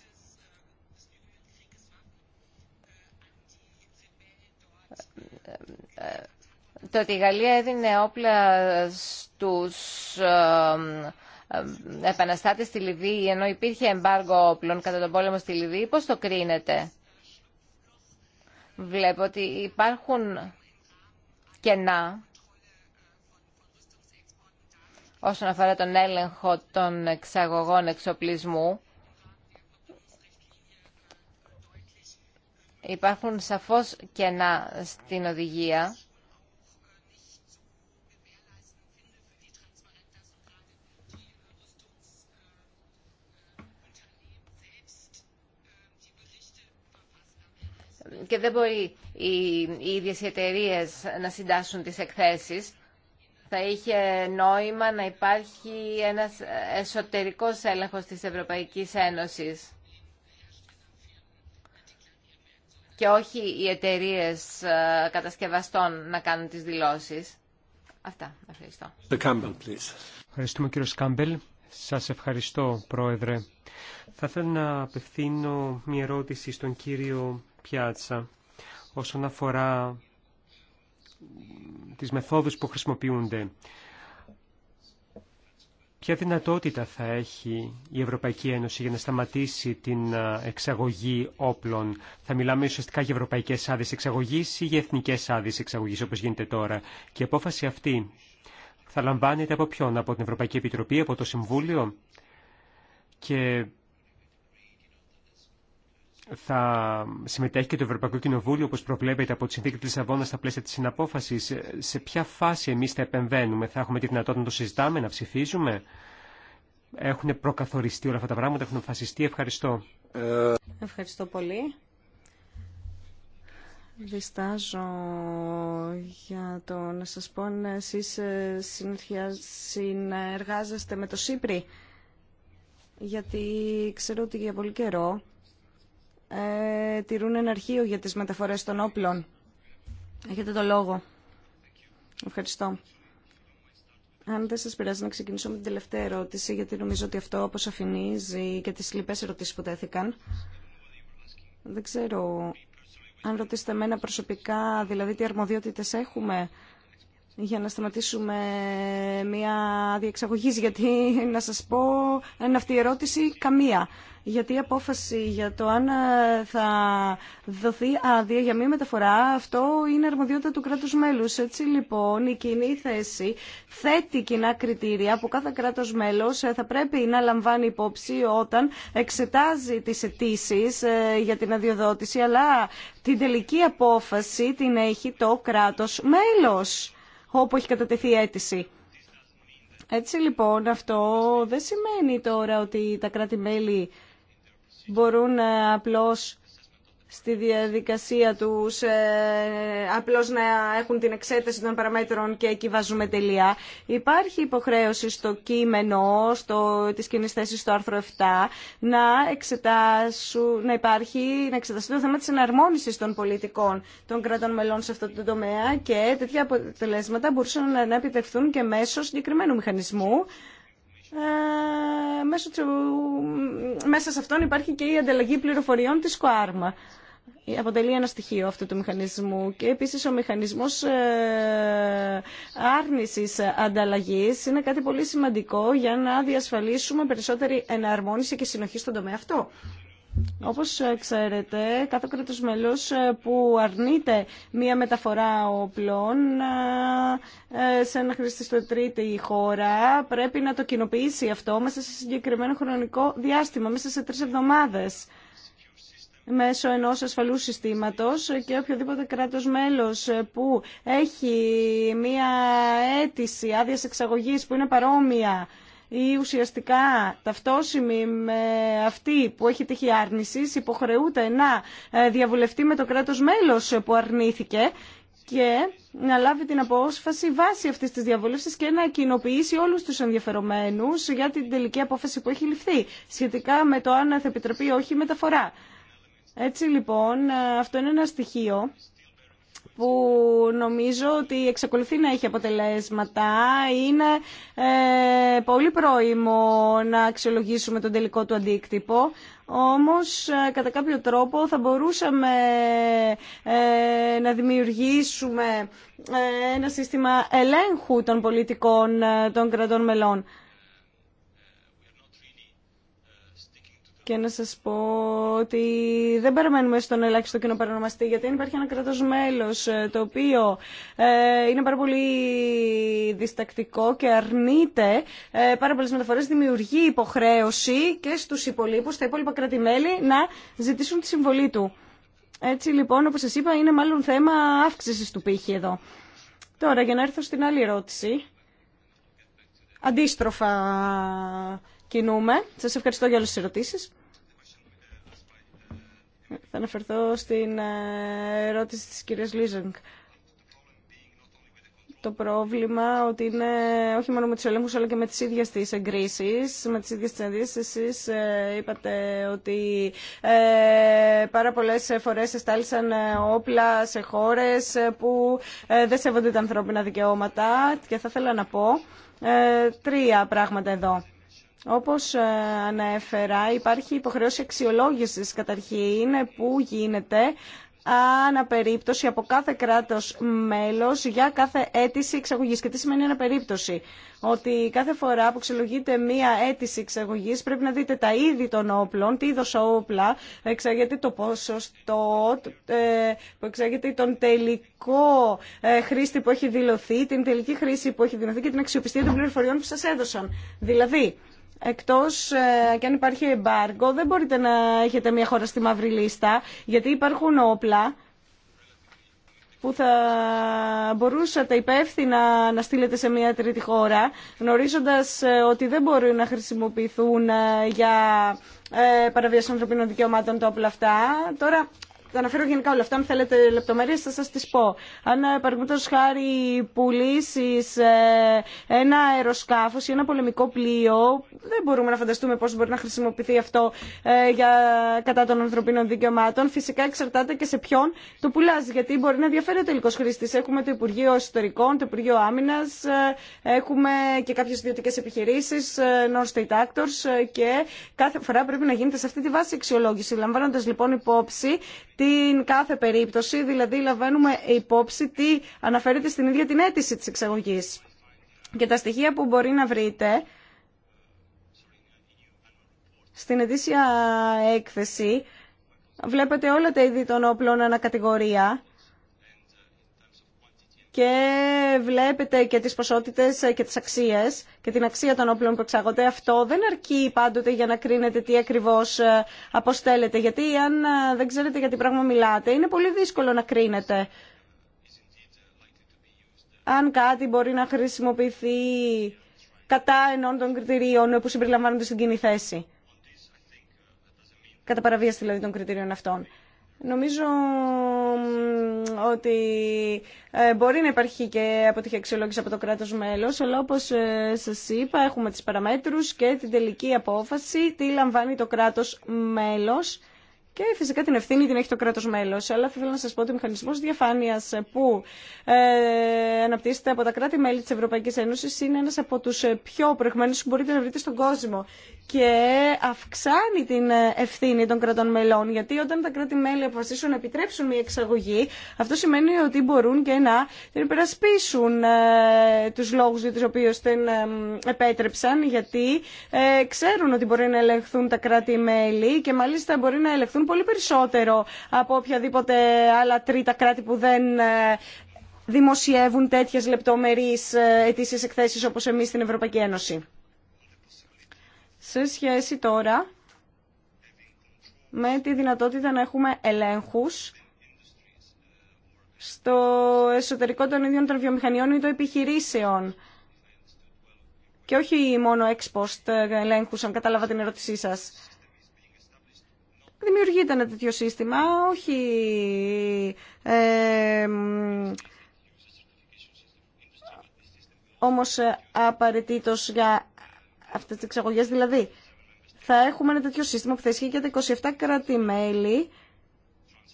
το ότι η Γαλλία έδινε όπλα στους επαναστάτες στη Λιβύη ενώ υπήρχε εμπάργο όπλων κατά τον πόλεμο στη Λιβύη, πώς το κρίνετε. Βλέπω ότι υπάρχουν κενά όσον αφορά τον έλεγχο των εξαγωγών εξοπλισμού Υπάρχουν σαφώς κενά στην οδηγία. και δεν μπορεί οι, οι ίδιες οι να συντάσσουν τις εκθέσεις. Θα είχε νόημα να υπάρχει ένας εσωτερικός έλεγχος της Ευρωπαϊκής Ένωσης. και όχι οι εταιρείε ε, κατασκευαστών να κάνουν τις δηλώσεις. Αυτά. Ευχαριστώ. Campbell, Ευχαριστούμε κύριο Σκάμπελ. Σας ευχαριστώ πρόεδρε. Θα ήθελα να απευθύνω μια ερώτηση στον κύριο Πιάτσα όσον αφορά τις μεθόδους που χρησιμοποιούνται. Ποια δυνατότητα θα έχει η Ευρωπαϊκή Ένωση για να σταματήσει την εξαγωγή όπλων. Θα μιλάμε ουσιαστικά για ευρωπαϊκές άδειες εξαγωγής ή για εθνικές άδειες εξαγωγής όπως γίνεται τώρα. Και η απόφαση αυτή θα λαμβάνεται από ποιον, από την Ευρωπαϊκή Επιτροπή, από το Συμβούλιο. Και θα συμμετέχει και το Ευρωπαϊκό Κοινοβούλιο, όπως προβλέπεται από τη συνθήκη της Λισαβόνα στα πλαίσια της συναπόφασης. Σε ποια φάση εμείς θα επεμβαίνουμε, θα έχουμε τη δυνατότητα να το συζητάμε, να ψηφίζουμε. Έχουν προκαθοριστεί όλα αυτά τα πράγματα, έχουν αποφασιστεί. Ευχαριστώ. Ευχαριστώ πολύ. Διστάζω για το να σας πω να εσείς ε, συνεργάζεστε με το ΣΥΠΡΙ γιατί ξέρω ότι για πολύ καιρό ε, τηρούν ένα αρχείο για τις μεταφορές των όπλων. Έχετε το λόγο. Ευχαριστώ. Αν δεν σας πειράζει να ξεκινήσω με την τελευταία ερώτηση, γιατί νομίζω ότι αυτό όπως αφηνίζει και τις λοιπές ερωτήσεις που τέθηκαν. Δεν ξέρω αν ρωτήσετε εμένα προσωπικά, δηλαδή τι αρμοδιότητες έχουμε για να σταματήσουμε μια διεξαγωγή, γιατί να σας πω εν αυτή η ερώτηση καμία. Γιατί η απόφαση για το αν ε, θα δοθεί άδεια για μία μεταφορά, αυτό είναι αρμοδιότητα του κράτους μέλους. Έτσι λοιπόν η κοινή θέση θέτει κοινά κριτήρια που κάθε κράτος μέλος ε, θα πρέπει να λαμβάνει υπόψη όταν εξετάζει τις αιτήσει ε, για την αδειοδότηση, αλλά την τελική απόφαση την έχει το κράτος μέλος όπου έχει κατατεθεί η αίτηση. Έτσι λοιπόν αυτό δεν σημαίνει τώρα ότι τα κράτη-μέλη μπορούν ε, απλώς στη διαδικασία τους ε, απλώς να έχουν την εξέταση των παραμέτρων και εκεί βάζουμε τελεία. Υπάρχει υποχρέωση στο κείμενο στο, τις κοινής θέσης στο άρθρο 7 να, εξετάσου, να, υπάρχει, να εξεταστεί το θέμα της εναρμόνισης των πολιτικών των κρατών μελών σε αυτό το τομέα και τέτοια αποτελέσματα μπορούσαν να, να επιτευχθούν και μέσω συγκεκριμένου μηχανισμού ε, μέσα σε αυτόν υπάρχει και η ανταλλαγή πληροφοριών της ΚΟΑΡΜΑ αποτελεί ένα στοιχείο αυτού του μηχανισμού και επίσης ο μηχανισμός ε, άρνησης ανταλλαγής είναι κάτι πολύ σημαντικό για να διασφαλίσουμε περισσότερη εναρμόνιση και συνοχή στον τομέα αυτό. Όπως ε, ξέρετε, κάθε κράτος μέλος ε, που αρνείται μία μεταφορά όπλων σε ένα στο τρίτη χώρα πρέπει να το κοινοποιήσει αυτό μέσα σε συγκεκριμένο χρονικό διάστημα, μέσα σε τρεις εβδομάδες μέσω ενός ασφαλού συστήματος και οποιοδήποτε κράτος μέλος που έχει μία αίτηση άδειας εξαγωγής που είναι παρόμοια ή ουσιαστικά ταυτόσιμη με αυτή που έχει τύχει άρνηση, υποχρεούται να ε, διαβουλευτεί με το κράτος μέλος που αρνήθηκε και να λάβει την απόσφαση βάσει αυτής της διαβούλευσης και να κοινοποιήσει όλους τους ενδιαφερομένους για την τελική απόφαση που έχει ληφθεί σχετικά με το αν θα επιτραπεί όχι μεταφορά. Έτσι λοιπόν ε, αυτό είναι ένα στοιχείο που νομίζω ότι εξακολουθεί να έχει αποτελέσματα. Είναι ε, πολύ πρόημο να αξιολογήσουμε τον τελικό του αντίκτυπο. Όμως, ε, κατά κάποιο τρόπο, θα μπορούσαμε να δημιουργήσουμε ένα σύστημα ελέγχου των πολιτικών των κρατών μελών. και να σας πω ότι δεν παραμένουμε στον ελάχιστο κοινό παρανομαστή, γιατί αν υπάρχει ένα κρατός μέλος ε, το οποίο ε, είναι πάρα πολύ διστακτικό και αρνείται ε, πάρα πολλές μεταφορές, δημιουργεί υποχρέωση και στους υπολείπους, στα υπόλοιπα κρατημέλη, να ζητήσουν τη συμβολή του. Έτσι λοιπόν, όπως σας είπα, είναι μάλλον θέμα αύξησης του πύχη εδώ. Τώρα, για να έρθω στην άλλη ερώτηση, αντίστροφα κινούμε. Σας ευχαριστώ για όλες τις ερωτήσεις. Θα αναφερθώ στην ε, ερώτηση της κυρίας Λίζενγκ. Το πρόβλημα ότι είναι όχι μόνο με τους ελέγχους αλλά και με τις ίδιες τις εγκρίσεις, με τις ίδιες τις εγκρίσεις. Εσείς ε, είπατε ότι ε, πάρα πολλές φορές εστάλησαν όπλα σε χώρες που δεν σέβονται τα ανθρώπινα δικαιώματα και θα ήθελα να πω ε, τρία πράγματα εδώ. Όπως ε, ανέφερα, υπάρχει υποχρεώση αξιολόγησης καταρχήν ε, που γίνεται αναπερίπτωση από κάθε κράτος μέλος για κάθε αίτηση εξαγωγής. Και τι σημαίνει αναπερίπτωση. Ότι κάθε φορά που εξελογείται μία αίτηση εξαγωγής πρέπει να δείτε τα είδη των όπλων, τι είδος όπλα εξαγεται το ποσοστό ε, που εξαγεται τον τελικό χρήστη που έχει δηλωθεί, την τελική χρήση που έχει δηλωθεί και την αξιοπιστία των πληροφοριών που σας έδωσαν. Δηλαδή, εκτός ε, και αν υπάρχει εμπάργκο δεν μπορείτε να έχετε μια χώρα στη μαύρη λίστα γιατί υπάρχουν όπλα που θα μπορούσατε υπεύθυνα να στείλετε σε μια τρίτη χώρα γνωρίζοντας ε, ότι δεν μπορούν να χρησιμοποιηθούν ε, για παραβίαση ανθρωπίνων δικαιωμάτων τα όπλα αυτά. Τώρα τα αναφέρω γενικά όλα αυτά, αν θέλετε λεπτομέρειες θα σας τις πω. Αν ε, παραδείγματος χάρη πουλήσει ε, ένα αεροσκάφος ή ένα πολεμικό πλοίο, δεν μπορούμε να φανταστούμε πώς μπορεί να χρησιμοποιηθεί αυτό ε, για, κατά των ανθρωπίνων δικαιωμάτων. Φυσικά εξαρτάται και σε ποιον το πουλάζει. γιατί μπορεί να διαφέρει ο τελικός χρήστης. Έχουμε το Υπουργείο Ιστορικών, το Υπουργείο Άμυνας, έχουμε και κάποιες ιδιωτικές επιχειρήσεις, non-state actors και κάθε φορά πρέπει να γίνεται σε αυτή τη βάση αξιολόγηση, λαμβάνοντας λοιπόν υπόψη την κάθε περίπτωση, δηλαδή λαμβάνουμε υπόψη τι αναφέρεται στην ίδια την αίτηση της εξαγωγής. Και τα στοιχεία που μπορεί να βρείτε στην ετήσια έκθεση βλέπετε όλα τα είδη των όπλων ανακατηγορία και βλέπετε και τις ποσότητες και τις αξίες και την αξία των όπλων που εξάγονται. Αυτό δεν αρκεί πάντοτε για να κρίνετε τι ακριβώς ε, αποστέλλετε, γιατί αν ε, δεν ξέρετε για τι πράγμα μιλάτε, είναι πολύ δύσκολο να κρίνετε. Αν κάτι μπορεί να χρησιμοποιηθεί κατά ενών των κριτηρίων που συμπεριλαμβάνονται στην κοινή θέση. Κατά παραβίαση δηλαδή των κριτηρίων αυτών. Νομίζω ότι ε, μπορεί να υπάρχει και αποτυχία αξιολόγηση από το κράτος μέλος, αλλά όπως ε, σας είπα έχουμε τις παραμέτρους και την τελική απόφαση, τι λαμβάνει το κράτος μέλος και φυσικά την ευθύνη την έχει το κράτος μέλος. Αλλά θα ήθελα να σας πω ότι ο μηχανισμός διαφάνειας που ε, αναπτύσσεται από τα κράτη-μέλη της Ευρωπαϊκής Ένωσης είναι ένας από τους πιο προηγμένους που μπορείτε να βρείτε στον κόσμο και αυξάνει την ε, ευθύνη των κρατών μελών. Γιατί όταν τα κράτη-μέλη αποφασίσουν να επιτρέψουν μια εξαγωγή, αυτό σημαίνει ότι μπορούν και να την υπερασπίσουν ε, τους λόγους για τους οποίους την ε, επέτρεψαν, γιατί ξέρουν ότι μπορεί να ελεγχθούν τα κράτη-μέλη και μάλιστα μπορεί να ελεγχθούν πολύ περισσότερο από οποιαδήποτε άλλα τρίτα κράτη που δεν δημοσιεύουν τέτοιες λεπτομερείς αιτήσεις εκθέσεις όπως εμείς στην Ευρωπαϊκή Ένωση σε σχέση τώρα με τη δυνατότητα να έχουμε ελέγχους στο εσωτερικό των ίδιων των βιομηχανιών ή των επιχειρήσεων. Και όχι μόνο ex post ελέγχους, αν κατάλαβα την ερώτησή σας. Δημιουργείται ένα τέτοιο σύστημα, όχι ε, όμως απαραίτητο για Αυτέ τι εξαγωγέ δηλαδή. Θα έχουμε ένα τέτοιο σύστημα που θα ισχύει για τα 27 κράτη-μέλη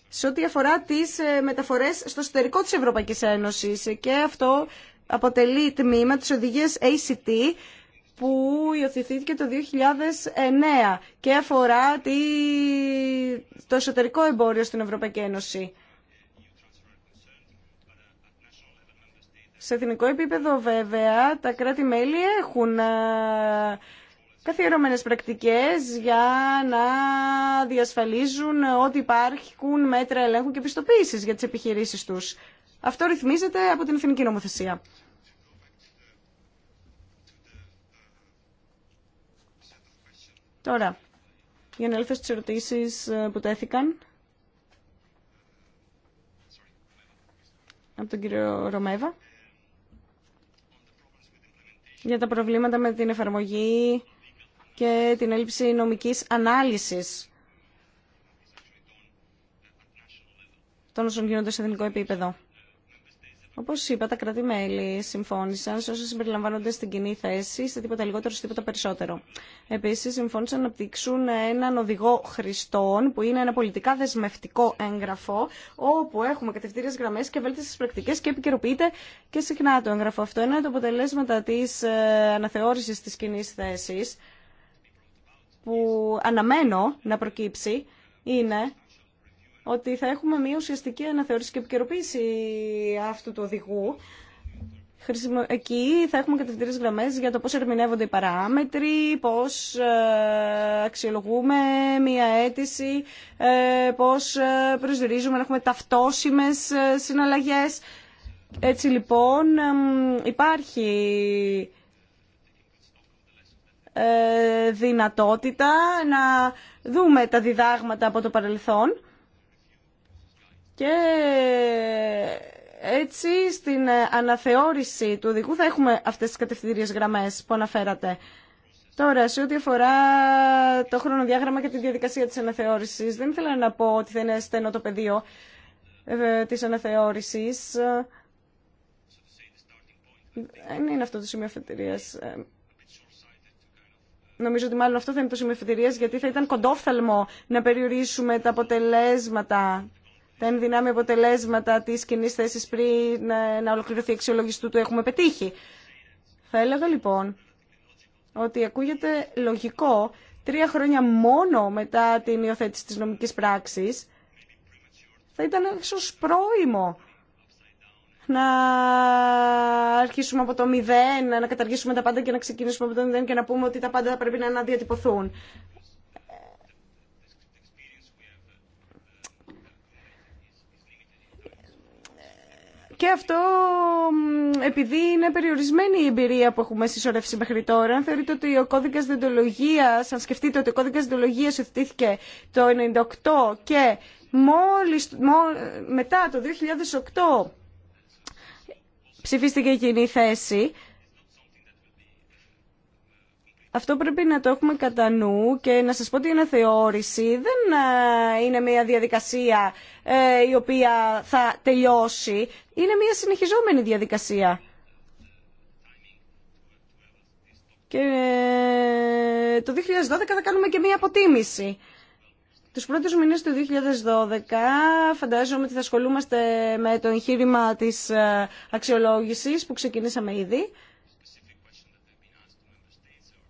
σε ό,τι αφορά τις ε, μεταφορές στο εσωτερικό της Ευρωπαϊκή Ένωση. και αυτό αποτελεί τμήμα τη οδηγία ACT που υιοθετήθηκε το 2009 και αφορά το εσωτερικό εμπόριο στην Ευρωπαϊκή Ένωση. Σε εθνικό επίπεδο βέβαια τα κράτη-μέλη έχουν ε, καθιερωμένες πρακτικές για να διασφαλίζουν ότι υπάρχουν μέτρα ελέγχου και πιστοποίησης για τις επιχειρήσεις τους. Αυτό ρυθμίζεται από την εθνική νομοθεσία. Τώρα, για να έλθω στις ερωτήσεις ε, που τέθηκαν. Από τον κύριο Ρωμέβα για τα προβλήματα με την εφαρμογή και την έλλειψη νομικής ανάλυσης των όσων γίνονται σε εθνικό επίπεδο. Όπω είπα, τα κράτη-μέλη συμφώνησαν σε όσα συμπεριλαμβάνονται στην κοινή θέση, σε τίποτα λιγότερο, σε τίποτα περισσότερο. Επίση, συμφώνησαν να αναπτύξουν έναν οδηγό χρηστών, που είναι ένα πολιτικά δεσμευτικό έγγραφο, όπου έχουμε κατευθύνε γραμμέ και βέλτιστε πρακτικέ και επικαιροποιείται και συχνά το έγγραφο. Αυτό είναι το αποτελέσμα τη ε, αναθεώρηση τη κοινή θέση, που αναμένω να προκύψει, είναι ότι θα έχουμε μια ουσιαστική αναθεώρηση και επικαιροποίηση αυτού του οδηγού. Εκεί θα έχουμε κατευθυντήρες γραμμές για το πώς ερμηνεύονται οι παράμετροι, πώς ε, αξιολογούμε μία αίτηση, ε, πώς ε, προσδιορίζουμε να έχουμε ταυτόσιμες συναλλαγές. Έτσι λοιπόν υπάρχει δυνατότητα να δούμε τα διδάγματα από το παρελθόν και έτσι στην αναθεώρηση του οδηγού θα έχουμε αυτές τις κατευθυντήριες γραμμές που αναφέρατε. Τώρα, σε ό,τι αφορά το χρονοδιάγραμμα και τη διαδικασία της αναθεώρησης, δεν ήθελα να πω ότι θα είναι στενό το πεδίο ε, της αναθεώρησης. Δεν είναι αυτό το σημείο αφετηρίας. Ε, νομίζω ότι μάλλον αυτό θα είναι το σημείο αφετηρίας, γιατί θα ήταν κοντόφθαλμο να περιορίσουμε τα αποτελέσματα τα ενδυνάμει αποτελέσματα τη κοινή θέση πριν ε, να ολοκληρωθεί η αξιολόγηση του, του έχουμε πετύχει. Θα έλεγα λοιπόν ότι ακούγεται λογικό τρία χρόνια μόνο μετά την υιοθέτηση της νομικής πράξης θα ήταν ίσως πρόημο να αρχίσουμε από το μηδέν, να καταργήσουμε τα πάντα και να ξεκινήσουμε από το μηδέν και να πούμε ότι τα πάντα θα πρέπει να αναδιατυπωθούν. Και αυτό επειδή είναι περιορισμένη η εμπειρία που έχουμε συσσωρεύσει μέχρι τώρα. Αν θεωρείτε ότι ο κώδικα διοντολογία, αν σκεφτείτε ότι ο κώδικα διοντολογία ευθύθηκε το 1998 και μόλις, μετά το 2008 ψηφίστηκε η κοινή θέση, αυτό πρέπει να το έχουμε κατά νου και να σας πω ότι η αναθεώρηση δεν ε, είναι μια διαδικασία ε, η οποία θα τελειώσει. Είναι μια συνεχιζόμενη διαδικασία. Και ε, το 2012 θα κάνουμε και μια αποτίμηση. Τους πρώτους μηνές του 2012 φαντάζομαι ότι θα ασχολούμαστε με το εγχείρημα της ε, αξιολόγησης που ξεκινήσαμε ήδη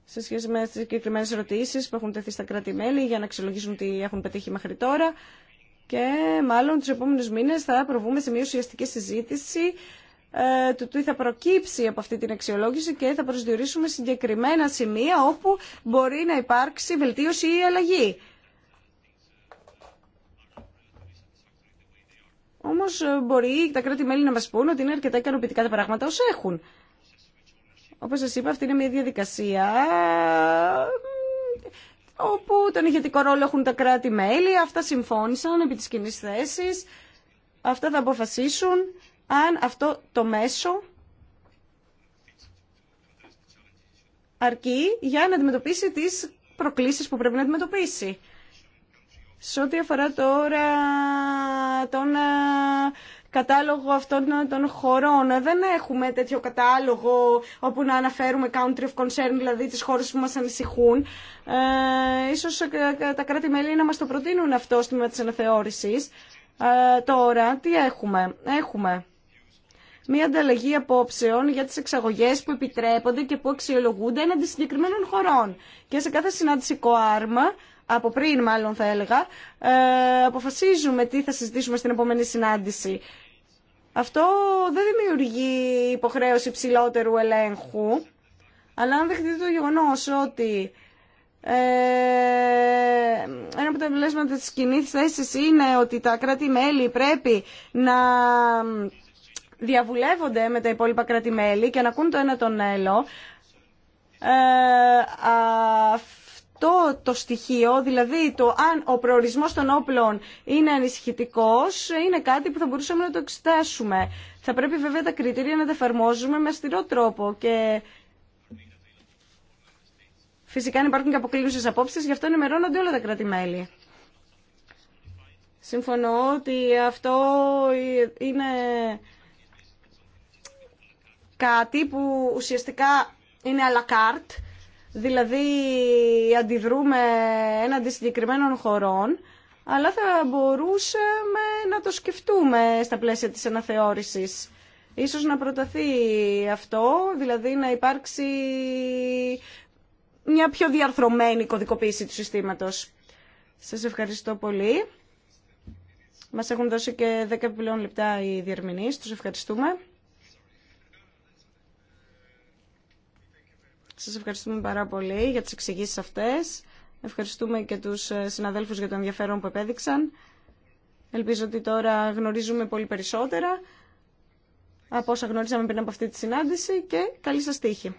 σε σχέση με τις συγκεκριμένε ερωτήσεις που έχουν τεθεί στα κράτη-μέλη για να αξιολογήσουν τι έχουν πετύχει μέχρι τώρα και μάλλον τους επόμενους μήνες θα προβούμε σε μια ουσιαστική συζήτηση ε, του τι θα προκύψει από αυτή την αξιολόγηση και θα προσδιορίσουμε συγκεκριμένα σημεία όπου μπορεί να υπάρξει βελτίωση ή αλλαγή. Όμω ε, μπορεί τα κράτη-μέλη να μα πούν ότι είναι αρκετά ικανοποιητικά τα πράγματα όσο έχουν. Όπω σα είπα, αυτή είναι μια διαδικασία όπου τον ηγετικό ρόλο έχουν τα κράτη-μέλη, αυτά συμφώνησαν επί της κοινή θέση. αυτά θα αποφασίσουν αν αυτό το μέσο αρκεί για να αντιμετωπίσει τις προκλήσεις που πρέπει να αντιμετωπίσει. Σε ό,τι αφορά τώρα τον ε, κατάλογο αυτών ε, των χωρών. Δεν έχουμε τέτοιο κατάλογο όπου να αναφέρουμε country of concern, δηλαδή τις χώρες που μας ανησυχούν. Ε, ίσως ε, τα κράτη-μέλη να μας το προτείνουν αυτό στη μέρα της αναθεώρησης. Ε, τώρα, τι έχουμε. Έχουμε μία ανταλλαγή απόψεων για τις εξαγωγές που επιτρέπονται και που αξιολογούνται έναντι συγκεκριμένων χωρών. Και σε κάθε συνάντηση ΚΟΑΡΜΑ, από πριν μάλλον θα έλεγα, ε, αποφασίζουμε τι θα συζητήσουμε στην επόμενη συνάντηση. Αυτό δεν δημιουργεί υποχρέωση ψηλότερου ελέγχου, αλλά αν δεχτείτε το γεγονός ότι ε, ένα από τα αποτελέσματα της κοινή θέση είναι ότι τα κράτη-μέλη πρέπει να διαβουλεύονται με τα υπόλοιπα κράτη-μέλη και να ακούν το ένα τον άλλο. Ε, αυτό το στοιχείο, δηλαδή το αν ο προορισμός των όπλων είναι ανησυχητικό, είναι κάτι που θα μπορούσαμε να το εξετάσουμε. Θα πρέπει βέβαια τα κριτήρια να τα εφαρμόζουμε με αυστηρό τρόπο και φυσικά αν υπάρχουν και αποκλίνουσες απόψεις, γι' αυτό ενημερώνονται όλα τα κράτη-μέλη. Συμφωνώ ότι αυτό είναι κάτι που ουσιαστικά είναι à la carte Δηλαδή αντιδρούμε έναντι συγκεκριμένων χωρών, αλλά θα μπορούσαμε να το σκεφτούμε στα πλαίσια της αναθεώρησης. Ίσως να προταθεί αυτό, δηλαδή να υπάρξει μια πιο διαρθρωμένη κωδικοποίηση του συστήματος. Σας ευχαριστώ πολύ. Μας έχουν δώσει και 10 επιπλέον λεπτά οι διερμηνείς. Τους ευχαριστούμε. Σας ευχαριστούμε πάρα πολύ για τις εξηγήσεις αυτές. Ευχαριστούμε και τους ε, συναδέλφους για το ενδιαφέρον που επέδειξαν. Ελπίζω ότι τώρα γνωρίζουμε πολύ περισσότερα από όσα γνωρίζαμε πριν από αυτή τη συνάντηση και καλή σας τύχη.